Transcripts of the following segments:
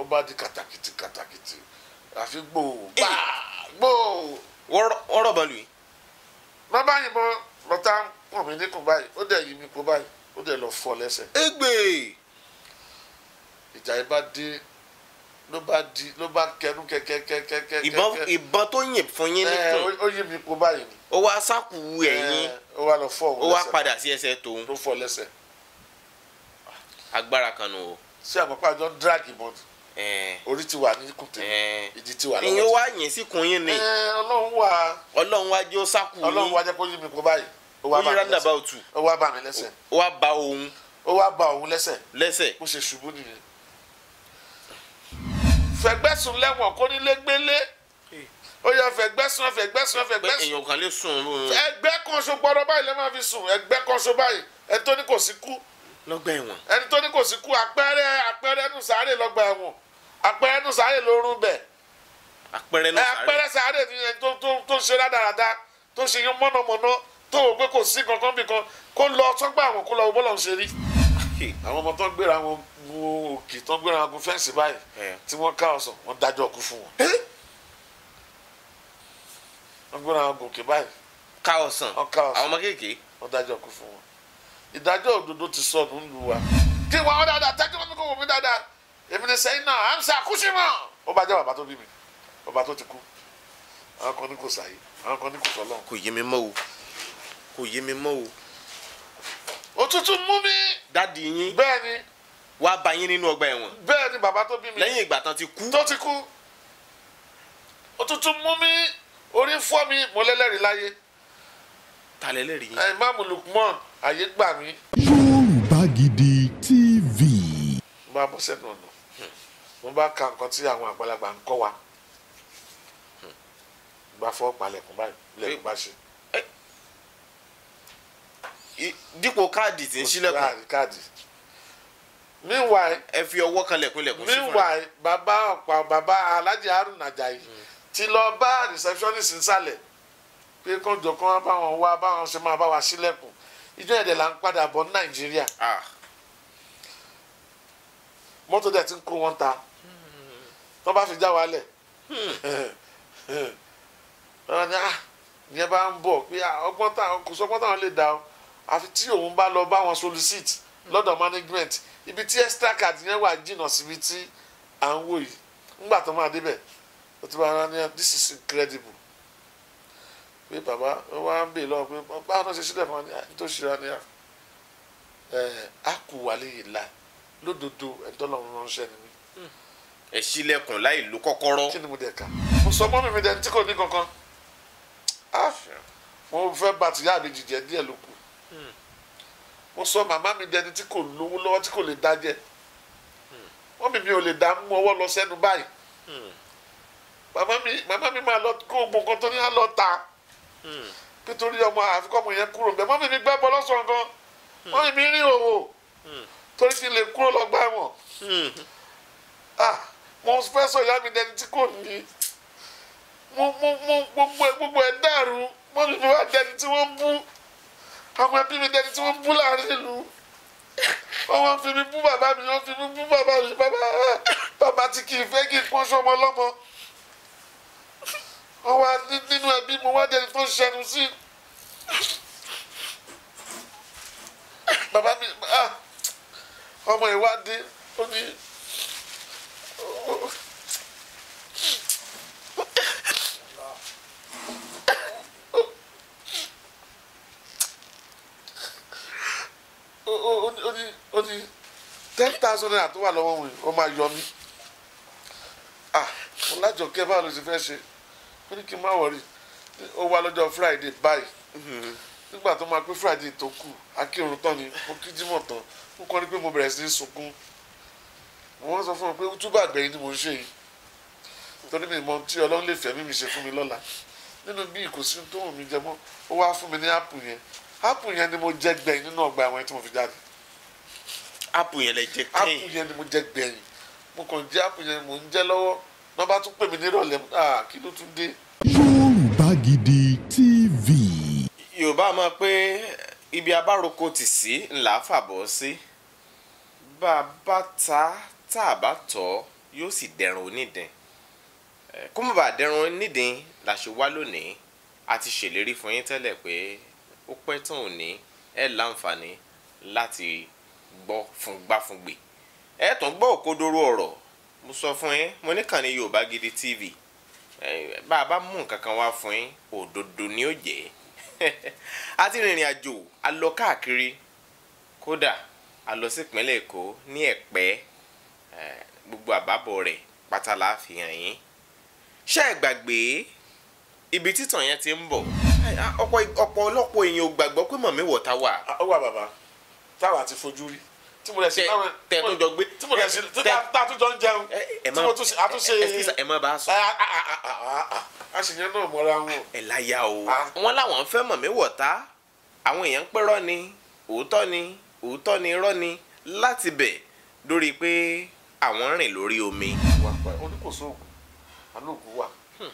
ó bá di kàtàkìtì kàtàkìtì àfi gbòò gbàà gbòò. wọ́n rọ̀ bọ́ọ̀lù yìí. wọ́n bá yìnbọn lọ́tà pọ̀ mí níkùn báyìí ó dẹ̀ yí mi kú báyìí ó dẹ̀ lọ fọ́ lẹ́sẹ̀. égbè. ìjà yìí bá dé ló bá di ló bá kẹnu kẹkẹkẹkẹkẹ. ìbọn ìbọn tó yìn fún yín níkùn. ó yí mi kú báyìí. ó wá sákù ẹ̀yìn. ó wá lọ fọ́ òun lẹ́sẹ̀. ó wá padà sí ẹsẹ̀ tòun. tó fọ́ lẹ́sẹ̀. agbára kan nù o. ṣé àpapọ̀ àjọ ń díràgì mọ́tò. Eh. orí ti wà níkùn tèmi eh. ìdí ti wà lọ́wọ́ ìyẹn wá yẹn sí kun yín ni. Eh, ọlọ́run wá ọlọ́run wá jẹ́ ó sákùn yín ọlọ́run wá jẹ́ kó yí mi kó báyìí ó wá bá mi lẹ́sẹ̀ ó wá bá mi lẹ́sẹ̀ ó wá bá òun ó wá bá òun lẹ́sẹ̀ lẹ́sẹ̀ ó ṣe ṣubú nìyẹn. fẹ̀gbẹ́sùn lẹ́wọ̀n kó nílé gbélé ó yẹ fẹ̀gbẹ́sùn fẹ̀gbẹ́sùn fẹ̀gbẹ́sùn. èèyàn kan lè sùn lóru. ẹgbẹ́ kan ṣo gbọ́dọ̀ báyìí lè máa fi sùn ẹgbẹ́ kan ṣo báyìí ẹni tó ní kò sí kú. lọ́gbà ẹ̀wọ̀n. ẹni tó ní kò sí kú àpẹẹrẹ àpẹẹrẹ nù sáré lọ́gbà ẹ̀wọ̀n àpẹẹrẹ nu sáré lórun bẹ àpẹẹrẹ nu sáré àpẹẹrẹ sáré tó tó tó ṣe rádaràda tó ṣe yín mọ̀nàmọ́ná tó wò pé kò sí kankan bìkan kó lọ sọ́gbà àwọn kó lọ wọ bọ́lọ̀ ń ṣe rí. àwọn ọmọ tó ń gbéra wọn gun òkè tó ń gbéra wọn gun fẹ́ǹsì báyìí tí wọ́n ká ọ̀sán wọ́n dájọ́ ọkú fún wọn. wọ́n gbéra wọn gun òkè báyìí. ká ọ̀sán àwọn ọmọ kéèké. wọ́n dájọ́ ọkú fún wọn. ìdájọ́ òdodo ti sọnù ń lu wa. kí wọn dáadáa tẹ́kí wọn kò wọ́n mi dáadáa èmi ni sẹ́yìn náà hamsa kúṣìmọ̀ ó bá jẹ́ bàbá tó bí mi bàbá tó ti kú àwọn kan ní kò sáyé àwọn kan ní kò sọ lọ́hùn. kò yé mi mọ́ o kò yé mi mọ́ o. òtútù mú mi. dádì yín bẹ́ẹ̀ ni. wàá bá yín nínú ọgbà ẹ̀wọ̀n. bẹ́ẹ̀ ni bàbá tó bí mi. lẹ́yìn ìgbà tán ti kú. tó ti kú òtútù mú mi orí fọ́ mi mo lẹ́lẹ́rìí láyé. ta lẹ́lẹ́rìí yín. ẹ̀ máàmù Lukman àyè gbà mí. Yorùbá Gidi TV. bá bọ́ sẹ́nu ọ̀nà wọ́n bá ka nǹkan tí àwọn àgbàlagbà ń kọ́ wa gba fọ́ palẹ̀kùn báyìí lẹ́kùn bá ṣe. dípò káàdì tí ń ṣílẹ̀kùn káàdì meanwhile ẹ fi ọwọ́ kan lẹ̀kùnlẹ̀kùn sí fún mi. meanwhile bàbá ọ̀pá bàbá Alhaji Haruna Ajayi hmm. ti lọ bá receptionist nsàlẹ̀ pé kàn jọ kàn báwọn wá báwọn ṣe máa bá wa ṣílẹ̀kùn ìjọ ẹ̀dẹ̀ là ń padà bọ̀ ní Nàìjíríà ah. mọ́tò dẹ̀ ti ń kó wọn ta tó bá fi já wa lẹ̀ hmm. ọ̀rọ̀ ni ah, ìyẹn bá ń bọ̀ pé ah, ọgbọ́n táwọn kò sọ́gbọ́n táwọn lè dá o àfi tí òun bá lọ bá wọn solicit hmm. lọ́dọ̀ management ibi tí extra card yẹn wà jìnnà síbi tí à ń wò yìí ńgbà tó máa débẹ̀ ó ti máa rán ní this is incredible pé bàbá wá ń bè lọ́wọ́ pé báwọn náà ṣe sílẹ̀ fún wa ní tó ṣe ra ní à eh, á kù wà léyìn la lódodo ẹ̀dọ́lọ́run ránṣẹ́ ni mí ẹ ṣílẹ̀kùn láì lo kọ́kọ́rọ́. kí ni mo dẹ̀ ka mo sọ mọ́mí mi dẹ̀ tí kò ní kankan mo fẹ́ bá tìyá mi jìjẹ díẹ̀ ló kù mo sọ màmá mi dẹni tí kò lówó lọ́wọ́ tí kò lè dá jẹ mọ́mí mi ò lè dá mú ọwọ́ lọ sẹ́nu báyìí màmá mi màmá mi máa lọ kó gbogbo nǹkan tó ní á lọ ta nítorí ọmọ àfikọ́ ọmọ yẹn kúrò bẹ́ẹ̀ mọ́mí mi gbẹ́ bọ́ lọ́sàn-án gan mọ́mí mi rí òwò torí kí n lè kúrò lọ́gbà ẹ̀wọ̀n hmm. ah mo fẹ́ sọ ìyá mi dẹni tí kò ní mo mo mo gbogbo ẹ gbogbo mo dàrú mo mi wá dẹni tí wọ́n bú àwọn ẹbí mi dẹni tí wọ́n bú láàrin ìlú wọ́n fi mi bú bàbá mi wọ́n fi mi bú bàbá mi bàbá bàbá tí kì í fẹ́ kí n pọ́n sọmọ lọ́mọ wọ́n wá nínú ẹbí mo wá dẹni tó ṣẹnu sí bàbá mi ah, ọmọ ìwádìí ó ní ó ní ten thousand naira tó wà lọ́wọ́ mi ó máa yọ mí ah mo lájọ kẹ́ báwo ló ti fẹ́ ṣe ó ní kí n má wọrí ó wá lọ́jọ́ friday báyìí mm-hmm. nígbà tó máa pé friday tó kù akírun tán ni mo kí jímọ̀ tán mo kọ́ ni pé mo bẹ̀rẹ̀ sí í sunkún wọ́n sọ fún mi pé túbọ̀ àgbẹ̀yìn ni mo ń ṣe yìí torí mi mọ tí ọlọ́run lè fẹ́ mímí ṣe fún mi lọ́la nínú bí ìkòsí tó wù mí jẹ mọ́ ó wá fún mi ní áàpù yẹn áàpù yẹn ni mo jẹ gbẹ̀yìn nínú ọgbà àwọn ẹni tí mo fi jáde. áàpù yẹn lè jẹ kẹ́yìn áàpù yẹn ni mo jẹ gbẹ̀yìn mo kàn jẹ áàpù yẹn mo ń jẹ lọ́wọ́ náà bá tún pè mí nírọ̀lẹ́ kí ló tún dé. Yorùbá Gidi TV. Yorùbá máa pé ibi abáròkọ tì sí ńlá fàbọ̀ sí bàbá ta tá a bá tọ̀ ọ́ yóò sì dẹrùn onídìn kó má bàa dẹrùn onídìn la ṣe wá lónìí a ti ṣèlérí fún yín tẹ́lẹ̀ pé ó pẹ́ tán òní ẹ láǹfààní láti gbọ́ fún gbáfúngbè ẹ tún gbọ́ òkodoro ọ̀rọ̀ mo sọ fún yín mo ní kàn ní Yorùbá Gidi TV bá a bá mú nǹkan kan wá fún yín òdodo ni ó jẹ́ a ti rìnrìn àjò a lọ káàkiri kódà a lọ sí ìpínlẹ̀ Èkó ní Ẹ̀pẹ́ gbogbo àbábọ̀ rẹ̀ pátá la fi hàn yín ṣé ẹ gbàgbé ibi títàn yẹn ti ń bọ̀ ọ̀pọ̀ ọlọ́pọ̀ èèyàn ò gbàgbọ́ pé mọ̀mí wọ̀ tá wà. ó wà bàbá táwa ti fojú rí tí mo lè ṣe láwọn tẹ tó jọ gbé tí mo lè ṣe tá a tó jọ ń jẹun tí mo tún ṣe àtúnṣe ẹ má bá a sọ. àṣeyàn náà mọra wọn. Ah, ẹ láyà o wọn làwọn fẹ́ mọ̀mí wọ̀ tá àwọn èèyàn ń pẹ́rọ́ ni òótọ́ ni òótọ́ ni irọ́ ni láti bẹ̀ lórí pé àwọn rìn lórí omi. oníkòso ògùn alóògùn wà hmm.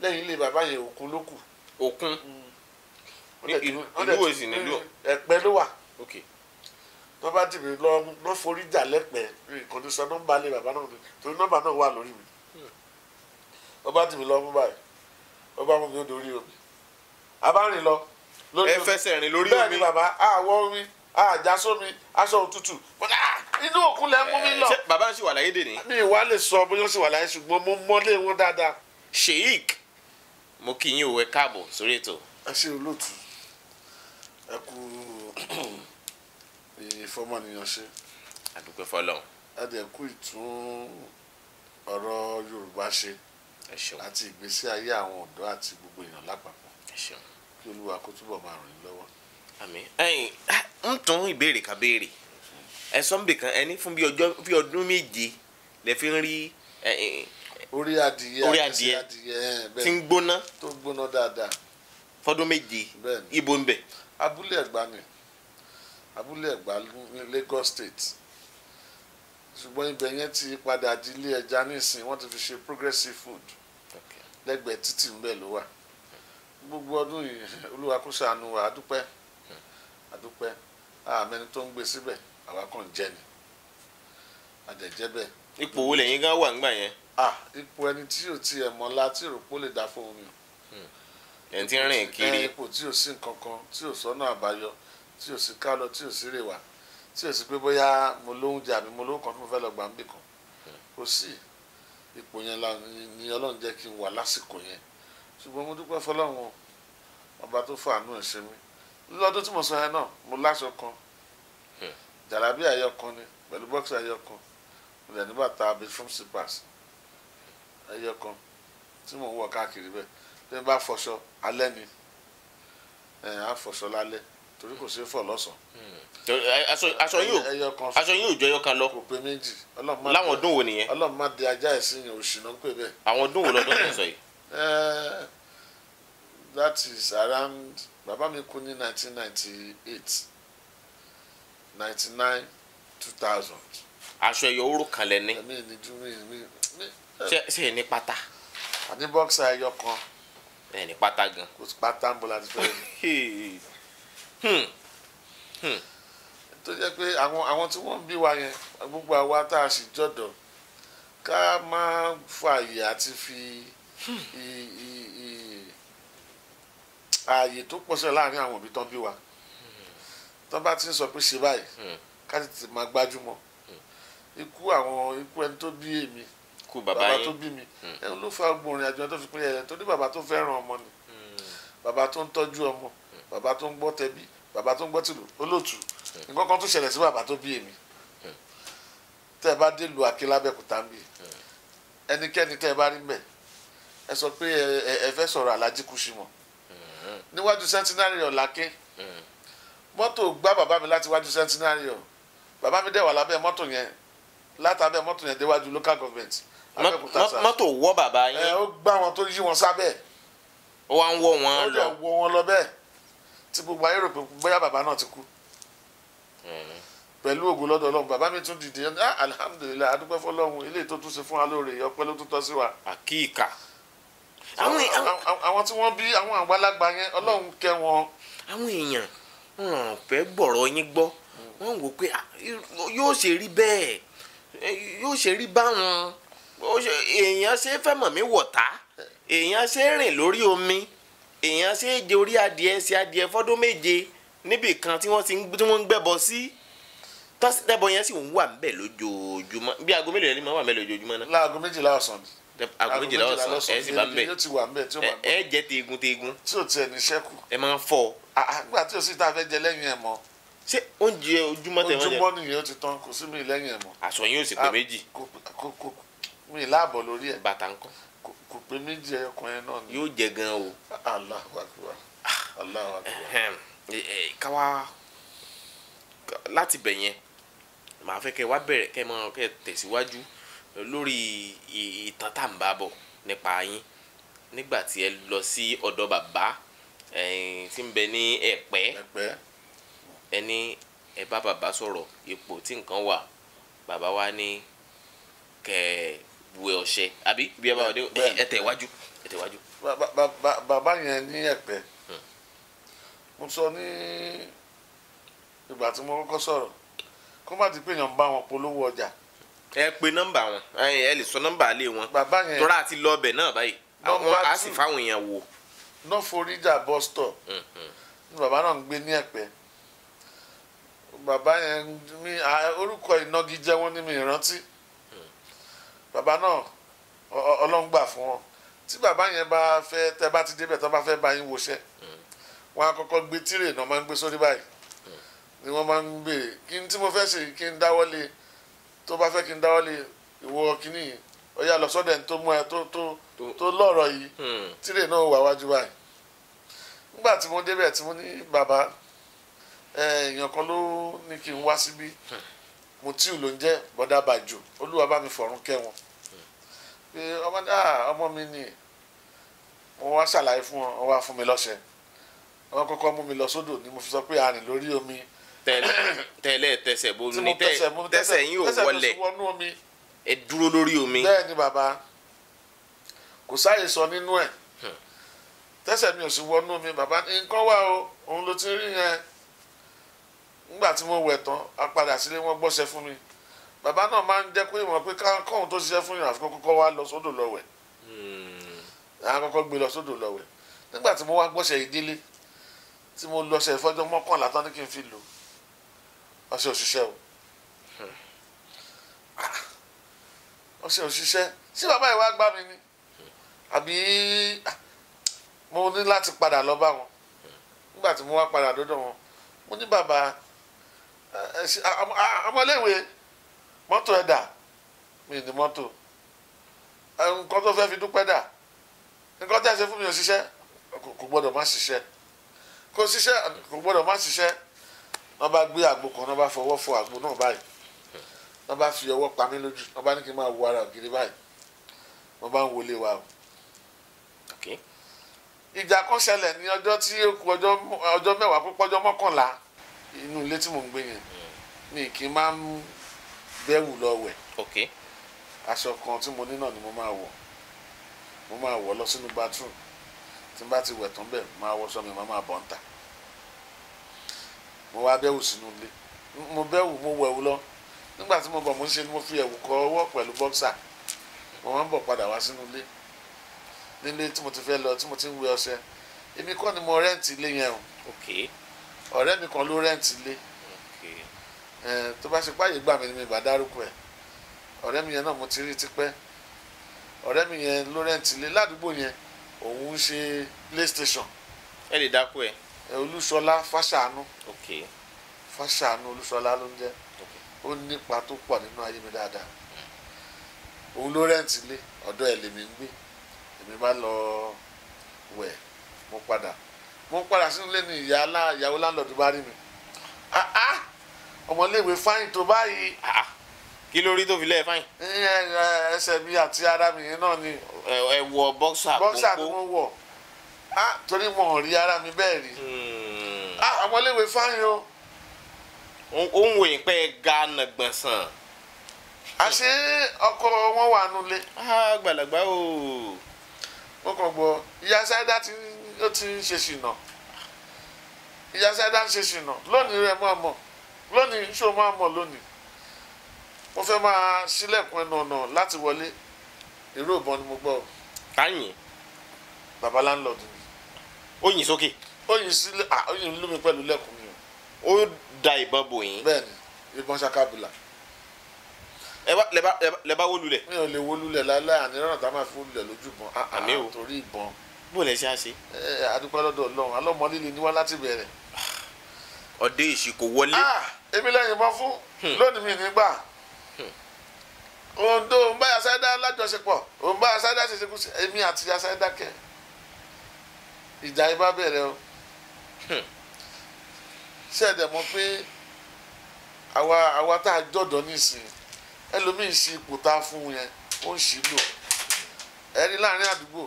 lẹ́yìn ilé bàbá yẹn òkun ló kù. òkun hmm. ìlú wo sì nílùú. ẹ̀pẹ́ ló wà tó bá dì mí lọ lọ forí jà lẹ́pẹ̀ẹ́ kò ní sọ nọ́mbà lé bàbá náà ni torí nọ́mbà náà wà lórí mi hmm. tó bá dì lọ mú báyìí tó bá mú mi ó dorí omi a bá rìn lọ. ẹ fẹsẹ̀ rìn lórí omi bẹ́ẹ̀ ni bàbá àwọ̀ omi àjàsó ah, mi aṣọ òtútù ah, inú òkun lẹ mú mi lọ. ṣé bàbá sì wà láyé dè ní. mi ìwà lè sọ bóyá sì wà láyé ṣùgbọ́n mo mọ́lé wọn dáadáa. sheik mo kì í yín òwe káàbọ̀ sórí ètò. ẹ ṣe olóòtú ẹ kú ìfọmọnìyàn ṣe. àdúgbò fọlọ. ẹ dẹ̀ kú ìtún ọ̀rọ̀ yorùbá ṣe àti ìgbésí ayé àwọn ọ̀dọ́ àti gbogbo èèyàn lápapọ̀ kí olúwa kó túbọ̀ máa ràn yín lọ́wọ́ àmín ẹ̀yin ń tún ìbéèrè kan béèrè ẹ sọ níbi kan ẹni fún bí ọjọ́ bí ọdún méje lè fi ń rí orí adìyẹ orí adìyẹ tí ń gbóná tó gbóná dáadáa fọdún méje ibo ń bẹ. abúlé ẹ̀gbá ni abúlé ẹ̀gbá ní Lagos State ṣùgbọ́n ibẹ̀ yẹn ti padà di ilé ẹja nísìn wọ́n ti fi ṣe progressive food lẹ́gbẹ̀ẹ́ títì ń bẹ̀ ló wà gbogbo ọdún yìí olúwa kó ṣàánú wa dúpẹ́. Okay àdúpẹ́ àmẹni tó ń gbé síbẹ̀ àwa kàn ń jẹ ni àjẹjẹ bẹ́ẹ̀. ipò wo lẹ́yìn gan wà nígbà yẹn. ah ipò ẹni tí yóò ti ẹ̀ mọ́lá tí òrùpó lè dá fún omi o. ẹ̀ ń tí ń rìn kiri. ipò tí yóò sí nǹkan kan tí yóò sọ́nà àbáyọ tí yóò sí kálọ tí yóò sí rèwà tí yóò sí pé bóyá mo lóhùn jẹ àbí mo lóhùn kan tí fẹ́ lọ gbà ń bì kan hmm. kò sí ipò yẹn ni ọlọ́run jẹ́ kí n wà lásìkò yẹn ṣùgbọ́n mo dúpẹ́ fọlọ́run ọba tó fàánú ẹ̀ ṣe mí lọ́dún tí mo sọ yẹn náà mo láṣọ kan jàlábí ayọ kan ni pẹ̀lú bọ́ọ̀sì ayọ kan mo dẹ̀ nígbà tá a bí fún slippers ayọ kan tí mo ń wọ káàkiri bẹ́ẹ̀ bí mo bá fọṣọ alẹ́ ni ẹ̀ á fọṣọ lálẹ́ torí kò sí fọ lọ́sàn-án. Hmm. aṣọ yóò aṣọ yóò jọ ẹyọ kan lọ. kò pé méjì láwọn ọdún wo nìyẹn. ọlọ́run má di ajá ẹ̀ sí yẹn òṣìnà ń pè bẹ́ẹ̀. àwọn ọdún wo lọ́dún tó sọ yìí. Eh, that is around Baba mi kú ní 1998 99 2000. aṣọ ẹ̀yọ̀ oró kan lẹ ní. ẹ̀mí ni ju mi mi. ṣe ṣe ní pátá. àní bọ́ksà ẹyọ kan. ẹ̀ ní pátá gan. kò sí pátá ń bọ̀ láti fẹ́ mi. Hmm. Hmm. tó jẹ́ pé àwọn àwọn tí wọ́n ń bí wa yẹn gbogbo àwa tá a sì jọ̀dọ̀ ká máa fààyè àti fi. Hmm. I, i, i, ààyè tó pọ̀ sẹ́yìn láàrin àwọn òbí tán bí wa tán bá ti ń sọ pé ṣe báyìí ká ti ti máa gbájúmọ́ ikú àwọn ikú ẹni tó bí èmi kú bàbá tó bí mi hmm. ẹni ló fa gbòòrìn àjọ tó fi pín ẹ̀yẹ tó ní bàbá tó fẹ́ràn ọmọ ni hmm. bàbá tó ń tọ́jú ọmọ hmm. bàbá tó ń gbọ́ tẹbí bàbá tó ń gbọ́ tìlù olóòtú nǹkan kan tó ṣẹlẹ̀ sí bàbá tó bí èmi tẹ́ ẹ bá dé lu àkè lábẹ́kúta ń bì ẹnikẹ́ni tẹ́ ẹ bá rí mẹ́ ẹ sọ pé ẹ fẹ́ sọ̀rọ̀ alájí Kúṣímọ̀ níwájú centenary ọ̀làkín hmm. mọ́tò gbá bàbá mi láti wájú centenary ọ̀ bàbá mi dẹ̀ wà lábẹ́ mọ́tò yẹn látàbẹ́ mọ́tò yẹn déwájú local government abẹ́òkúta sars mọ́tò wọ́ bàbá yín ẹ ó gbá wọn tó yí wọn sábẹ́ ó wá ń wọ́ wọn lọ ó dẹ̀ wọ́ wọn lọ bẹ́ẹ̀ tí gbogbo ayé rò pé bóyá bàbá náà ti kú hmm. pẹ̀lú ògùn lọ́dọ̀ ọlọ́run bàbá mi tún dìde ah, alhamdulilayi adúpẹ́ fọlọ́run ilé tó tún ṣe fún wa lóore ọpẹ́ ló tún tọ́ sí wa. àkíkà àwọn àwọn tí wọ́n bí àwọn àgbàlagbà yẹn ọlọ́run kẹ́ wọn. àwọn èèyàn wọn fẹ́ gbọ́rọ̀ yín gbọ́ wọ́n wò pé ah, yóò ṣe rí bẹ́ẹ̀ eh, yóò ṣe rí báwọn èèyàn ṣe fẹ́ mọ̀ mí wọ̀tá èèyàn ṣe rìn lórí omi èèyàn ṣe é jẹ orí adìẹ ṣe adìẹ fọ́dún méje níbì kan tí wọ́n ti ń gbẹ́bọ sí tọ́sí tẹ́bọ yẹn sì ń wà ń bẹ̀ lójoojúmọ́ bí aago mélòó yẹn ni mo wà ń bẹ̀ lójoojúmọ́ náà. láago méjìlá ọ̀sán bíi aago méjìlá ọ̀sán ẹ sì bá ń bẹ ẹ jẹ teegun teegun. o tiẹ̀ ní sẹ́kù. ẹ máa ń fọ. àgbà tí o sì ta fẹ́ jẹ lẹ́yìn ẹ̀ mọ́. ṣé oúnjẹ ojúmọ́ tẹ̀ wọ́n jẹ. ojúmọ́ nìyẹn ó ti tán kò sí mi lẹ́yìn ẹ̀ mọ́. aṣọ yín ò sì pé méjì. mi láàbọ̀ lórí ẹ̀. bàtà ńkọ́. kò pé méjì ọkùnrin náà ni. yóò jẹ gan o. Allahu Akbar Allahu Akbar. káwa láti bẹ̀ yẹn màá fẹ́ kẹ́ wá bẹ̀rẹ̀ kẹ́ lórí ìtàn tá à ń bá bọ̀ nípa yín nígbà tí ẹ lọ sí ọ̀dọ̀ bàbá tí ń bẹ ní ẹ̀pẹ́ ẹni ẹ bá bàbá sọ̀rọ̀ ipò tí nǹkan wà bàbá wa ní kẹ wẹ ọṣẹ àbí bí ẹ bá wọlé ẹ tẹ wájú ẹ tẹ wájú. bàbá yẹn ní ẹ̀pẹ́ hmm. mo sọ ní ìgbà tí mo kọ́kọ́ sọ̀rọ̀ kó má ti pé èèyàn bá wọn polówó ọjà. Ja ẹ pe nọ́mbà wọn ẹ lè sọ nọ́mbà lé wọn tọ́ra àti lọ́ọ̀bẹ̀ náà báyìí àwọn á sì fáwọn èèyàn wò. náà foríjà bus stop mhm. ni bàbá náà ń gbé ní ẹ̀pẹ́ bàbá yẹn mi orúkọ ìnagijẹ wọn ni mi rántí mhm. bàbá náà ọlọ́run gbà fún wọn tí bàbá yẹn bá fẹ́ tẹ́ bá ti débẹ̀ tó bá fẹ́ bá yín wọṣẹ́ mhm. wọn á kọ́kọ́ gbé tírè náà máa ń gbé sórí báyìí ni wọ́n máa ń gbé kí n tí mo fẹ́ ṣe kí n dáwọ́ lé e tó bá fẹ́ kí n dáwọ́lé ìwọ kínní yìí ó yá lọ sọ́dẹ̀ tó mú ẹ tó tó tó lọ́rọ̀ yìí hmm. tírè náà wà wájú báyìí nígbà tí mo débẹ̀ tí mo ní bàbá èèyàn kan ló ní kí n wá síbí mo tíù ló ń jẹ́ bọ́dá bàjò olúwa bá mi fọ̀run kẹ́ ọmọ mi ni mo wá ṣàlàyé fún wọn wá fún mi lọ́sẹ̀ wọn kọ́kọ́ mú mi lọ sódò ni mo fi sọ pé a rìn lórí omi tẹ́lẹ̀ tẹsẹ̀ bómi ni tẹsẹ̀ yín ò wọlẹ̀ ẹ dúró lórí omi. bẹ́ẹ̀ ni bàbá kò sáyè sọ nínú ẹ̀ hmm. tẹsẹ̀ mi ò sì wọnú baba, bàbá nǹkan wà o òun ló ti rí yẹn nígbà tí mo wẹ̀ tán a padà sílé wọ́n gbọ́sẹ̀ fún mi bàbá náà máa ń jẹ́ pé ìmọ̀ pé káwọn tó ṣiṣẹ́ fún yàn àfikún kọ́kọ́ wá lọ sódò lọ wẹ̀ àwọn hmm. kọ́kọ́ gbé lọ sódò lọ nígbà tí mo wá gbọ́sẹ̀ ìdílé tí mo lọ sẹ̀ fọ́jọ́ mọ́kànlá tán ní kí n fi lò ó ọṣẹ òṣìṣẹ́ o ọṣẹ òṣìṣẹ́ sí bàbá ìwà gbá mi ni àbí mo ní láti padà lọ bá wọn nígbà tí mo wá padà dọ́dọ̀ wọn mo ní bàbá ọmọléèwé mọ́tò ẹ̀ dà mi ní mọ́tò nǹkan tó fẹ́ fi dúpẹ́ dà nǹkan tó ẹ̀ ṣe fún mi ò ṣiṣẹ́ kò gbọ́dọ̀ má ṣiṣẹ́ kò ṣiṣẹ́ kò gbọ́dọ̀ má ṣiṣẹ́ wọ́n bá gbé àgbo kan wọ́n bá fọwọ́ fọ àgbo náà báyìí wọ́n bá fi ọwọ́ pa mí lójú wọ́n bá ní kí n máa wo ara ògiri báyìí wọ́n bá ń wọlé wa o. ìjà kan ṣẹlẹ̀ ní ọjọ́ tí ó ku ọjọ́ mẹ́wàá pípọ́ ọjọ́ mọ́kànlá inú ilé tí mò ń gbé yẹn mi kì í máa ń bẹ́wù lọ wẹ̀ aṣọ kan tí mo ní náà ni mo máa wọ̀ mo máa wọ̀ lọ sínú bathroom tí n bá ti wẹ̀ tán bẹ́ẹ̀ máa wọṣọ mi máa máa bọ̀ ń ta. Okay mo wá bẹ́wù sínú ilé mo bẹ́wù mo wọ ẹ̀wù lọ nígbà tí mo bọ̀ mo ń ṣe ni mo fi ẹ̀wù kọ ọwọ́ pẹ̀lú bọ́ksà mo máa ń bọ̀ padà wá sínú ilé nílé tí mo ti fẹ́ lọ tí mo ti ń wẹ ọṣẹ èmi kọ́ ni mo rẹ́ǹtì ilé yẹn o ọ̀rẹ́ mi kan ló rẹ́ǹtì ilé tó bá ṣe páyé gbà mí ni mi bá dárúkọ ẹ̀ ọ̀rẹ́ mi yẹn náà mo ti rí tipẹ́ ọ̀rẹ́ mi yẹn ló rẹ́ǹtì ilé ládùúgbò yẹn òun ń ṣe playstation. ẹ lè dákú ẹ olúṣọlá fásánù fásánù olúṣọlá ló ń jẹ ó nípa tó pọ̀ nínú ayé mi dáadáa hmm. òun ló rẹ́ǹtì lé ọ̀dọ̀ ẹ̀ lèmi ń gbé èmi bá lọ wẹ̀ mo padà mo padà sínú ilé ní ìyá ìyàwó láńlọ́ọ̀dù bá rí mi ọmọléèwé fáyìn tó báyìí kí ló rí tó fi lẹ́ẹ̀ fáyìn. ẹsẹ̀ mi àti ara mi náà ni. ẹ wọ bọ́ksà kókó bọ́ksà ni mo wọ̀ Ah, torí mo rí ara mi bẹ́ẹ̀ rí hmm. ah, àwọn iléèwé fáyín o. ó ń wòye pé ga nàgbọ̀nsán. àṣé ọkọ wọn wà nulẹ̀. Ah, gbàlagbà o. mo kàn gbọ́ ìyá sáyidá ó ti ń ṣe ṣìnà ìyá sáyidá ń ṣe ṣìnà lónìí rẹ máa mọ̀ lónìí ṣó máa mọ̀ lónìí mo fẹ́ máa ṣílẹ̀kùn ẹnu ọ̀nà láti wọlé ìró ìbọn ni mo gbọ́. táyìn baba láńlọ́ọ̀dù ó yìn sókè. ó yìn sílẹ̀ ó yìn lómi pẹ̀lú lẹ́kùn mi o. ó da ìbọn bò yín. bẹ́ẹ̀ni ìbọn ṣakabula. ẹ bá lẹ bá lẹ bá wó lulẹ̀. mi ò lè wó lulẹ̀ láéláé àní rárá tá a máa fi wó lulẹ̀ lójú ìbọn. àmì o torí ìbọn. bó lẹ ṣe á ṣe. ẹ adúpẹ́ lọ́dọ̀ ọlọ́run alọ́mọlélẹ̀ ni wá láti bẹ̀rẹ̀. ọdẹ èsì kò wọlé. èmi lẹ́yìn bọ́ fún hmm. lónìí mi nígbà òǹdó hmm. òǹbá yasẹ́dá lájọṣepọ̀ òǹbá yasẹ́dá ṣèṣekúṣe èmi àti yasẹ́dá kẹ́ẹ̀ ìjà yìí bá bẹ̀rẹ̀ o hmm. ṣé ẹ dẹ̀ mọ̀ pé àwa àwa tá a jọ̀dọ̀ nísìnyí ẹlòmíì ṣe ipò tá a fún yẹn ó ń ṣì lò ẹni láàrin àdúgbò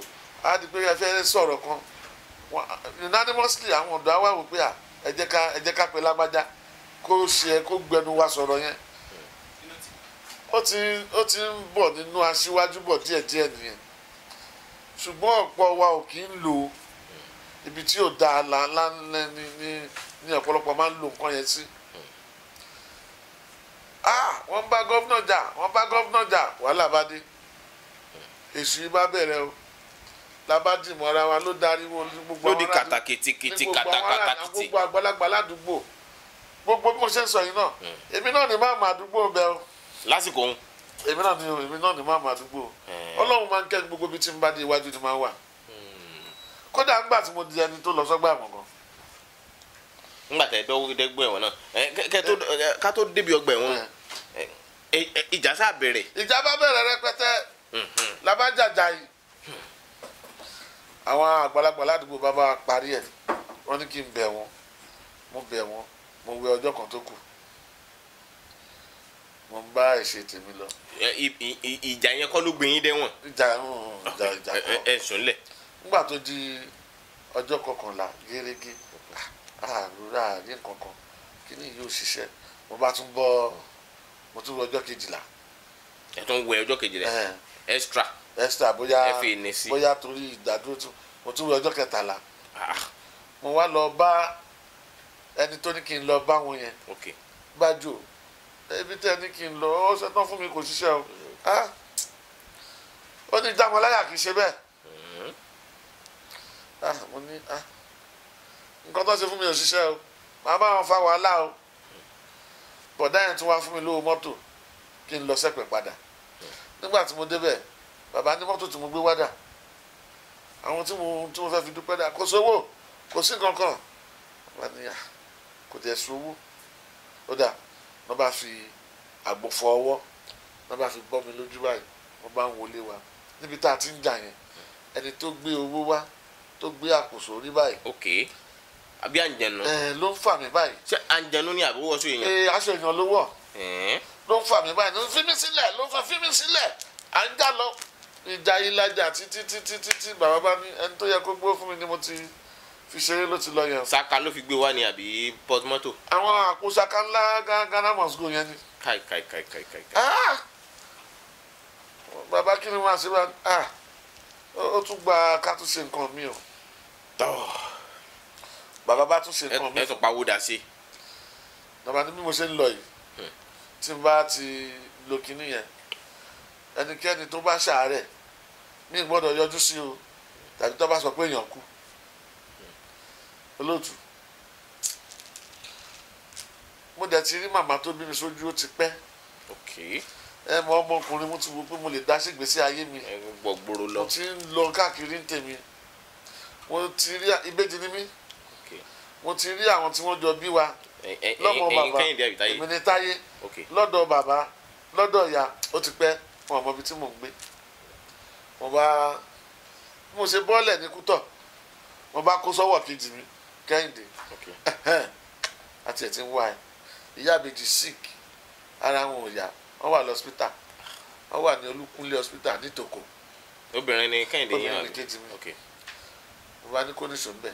á di pé ẹ sọ̀rọ̀ kan unanimously àwọn ọ̀dọ́ á wò pé à ká ẹ ká pe lágbájá kó ṣe kó gbẹnu wa sọ̀rọ̀ yẹn ó ti ó ti ń bọ̀ nínú aṣíwájú bọ̀ díẹ̀díẹ̀ nìyẹn ṣùgbọ́n ọ̀pọ̀ wa ò kì í lò ó ibi tí yóò da àlà ńlá ní ní ní ọ̀pọ̀lọpọ̀ máa ń lo nǹkan yẹn sí. ah wọ́n bá gọ́vnà jà wọ́n bá gọ́vnà jà wàhálà bá dé èsì bá bẹ̀rẹ̀ o labadi mọ́ra wa ló darí wo gbogbo àwọn lódì kàtàkìtìkìtì kàtàkàtàkìtì gbogbo àgbàlagbà ládùúgbò gbogbo bí mo ṣe sọ yìí náà hmm. èmi náà ní máa mọ àdúgbò bẹ o. lásìkò òun. èmi náà ní èmi náà ní máa mọ àdúgbò hmm. ọlọ́run máa ń kẹ́ gbogbo ibi tí ń bá dé iwájú ni máa wà kódà ńgbà tí mo di ẹni tó lọ sọ́gbà àmọ̀gàn. ńgbà tẹ dọ́wọ́ dẹ́gbọ́ ẹ̀wọ̀n náà ká tó débi ọgbà ẹ̀wọ̀n ìjà sá bẹ̀rẹ̀. ìjà bá bẹ̀rẹ̀ rẹpẹtẹ labájàjà yìí àwọn àgbàlagbà ládùúgbò bá bá parí ẹ̀ wọ́n ní kí n bẹ̀ wọ́n mo bẹ̀ wọ́n mo wẹ ọjọ́ kan tó kù mo ń bá ẹ̀ṣẹ̀ tèmi lọ. ìjà yẹn kọ́ ló gbé yín dẹ́wọ̀n. ìjà ìjà kọ́. ẹ ẹ sùn lẹ̀ nígbà tó di ọjọ́ kọkànlá gẹ́gẹ́ àrùrà ní nkankan kíní yóò ṣiṣẹ́ mo bá tún bọ́ mo tún wọ ọjọ́ kejìlá. ẹ tún wẹ ọjọ́ kejìlá extra. extra bóyá bóyá torí ìdádúró tún mo tún wọ ọjọ́ kẹtàlá ah. mo wá lọ bá ẹni tó ní kí n lọ bá wọn yẹn gbájú ibi tẹ́ ní kí n lọ ó ṣetán fún mi kò ṣiṣẹ́ o mm. ah. ó ní jáwọn láyà kì í ṣe bẹ́ẹ̀ ah mo ní ah nǹkan tó ṣe fún mi ò ṣiṣẹ́ o màá bá wọn fa wàhálà o bọ̀dá yẹn tún wá fún mi lówó mọ́tò kí n lọ sẹ́pẹ̀ padà nígbà tí mo débẹ̀ bàbá ní mọ́tò tí mo gbé wádà àwọn tí mo tí mo fẹ́ fi dúpẹ́ dà kò sówó kò sí kankan bàbá ní à ah, kò tẹ̀ sówó ó dà wọ́n bá fi àgbo fọ ọwọ́ wọ́n bá fi gbọ́ mi lójú báyìí wọ́n bá ń wọlé wa níbi tá a ti ń jà yẹn ẹni tó gbé owó wá tó gbé àpò sórí báyìí. ok àbí àǹjẹ̀nu. ẹ ló ń fà mí báyìí. ṣé àǹjẹ̀nu ni àbí wọ́sọ èèyàn. ee aṣọ èèyàn ló wọ̀. ló ń fà mí báyìí ló ń fi mí sílẹ̀ ló ń fa fi mí sílẹ̀ à ń já lọ ìjà ìlàjà títí títí títí bàbá bá ní ẹni tó yẹ kó gbó fún mi ni mo ti fi ṣeré ló ti lọ yẹn. saka ló fi gbé wá ni àbí port moto. àwọn àpò saka ńlá ghana must go yẹn ni. kai kai kai kai kai. Ah! bàbá kí ni wọn àṣẹ ah! ó tún gba ká tún ṣe nǹkan mi o tọ́ bàbá bá tún ṣe nǹkan mi. ẹ tún pawó dà sí. bàbá ní bí mo ṣe ń lọ yìí tí n bá ti lo kinní yẹn ẹnikẹ́ni tó bá ṣàárẹ̀ mi gbọ́dọ̀ yọjú sí o tàbí tó bá sọ pé èèyàn kú olóòtú mo dẹ̀ ti rí màmá tó bí mi sójú ó ti pẹ́ ẹ mọ ọmọkùnrin mo ti wo pé mo lè dá sígbésí ayé mi mo ti ń lọ káàkiri ń tèmi mo ti rí ìbejì ni mí mo ti rí àwọn tí wọ́n jọ bí wa lọ́mọ bàbá èmi ni táyé lọ́dọ̀ bàbá lọ́dọ̀ ìyá ó ti pẹ́ wọn ò mọ ibi tí mò ń gbé mo bá mo ṣe bọ́ọ̀lẹ̀ ní kútọ̀ mo bá kó sọ́wọ́ kejì mi kẹ́hìndé àti ẹ̀ ti ń wá ẹ ìyá àbèjì sick ara wọn ò yá wọn wà lọ́spítà wọn wà ní olúkúnlé hospital nítòkò obìnrin ni kẹ́hìndé yẹn obìnrin kejì mi. Okay mo bá ní kó nìṣó ńbẹ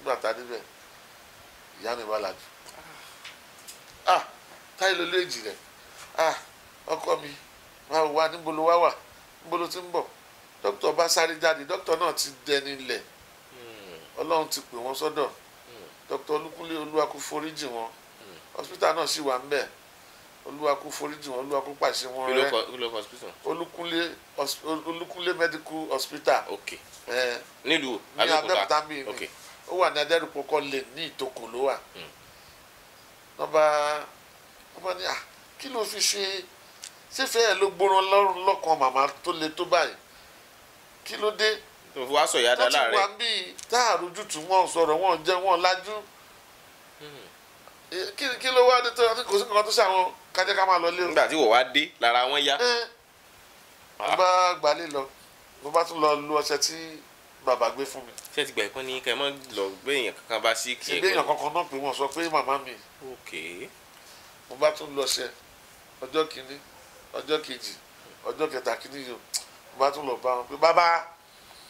nígbà tá a níbẹ̀ ìyá mi wà lájú ah, ah táyé ló lé èjì rẹ ah ọkọ mi máa wà níbo ló wá wà níbo ló ti ń bọ̀ dókítà bá sáré jáde dókítà náà ti dẹni lẹ̀ hmm. ọlọ́run ti pè wọ́n sọ́dọ̀ hmm. dókítà olúkúnlé olúwa kó foríjì wọn hmm. hospital náà sì wà ń bẹ̀ olúwa kó foríjì wọn olúwa kó pàṣẹ wọn rẹ olúkúnlé olúkúnlé medical hospital nílùú abẹ́òkúta mi mi ó wà ní adẹ́rùpọ̀kọ́ lè ní ìtòkò ló wà hmm. nọba nọba ní à ah, kí ló fi ṣe sífẹ́ ẹ̀ ló gbóná lọ́rùn lọ́kàn màmá tó le tó báyìí kí ló dé wá sọ ìyá dá láàrẹ tó ti wá bí tá àrójútùú wọn sọ̀rọ̀ wọn jẹ wọn lájú hmm. kí ló wá dé tó kò sí nǹkan tó ṣàwọn kájẹ́ ká máa lọ lé o. nígbà tí wò wá dé lára wọn yá. mo bá gbalẹ̀ lọ mo bá tún lọ lu ọṣẹ tí bàbá gbé fún mi. ṣé ti gbà ẹ̀kọ́ ni kẹ́ ẹ má lọ gbé èèyàn kankan bá sí kí ẹ. ìgbé èèyàn kankan náà pé wọ́n sọ pé màmá mi. ok. mo bá tún lọ ṣe ọjọ́ kìíní ọjọ́ kejì ọjọ́ kẹta kìíní yìí mo bá tún lọ bá wọn pé bàbá.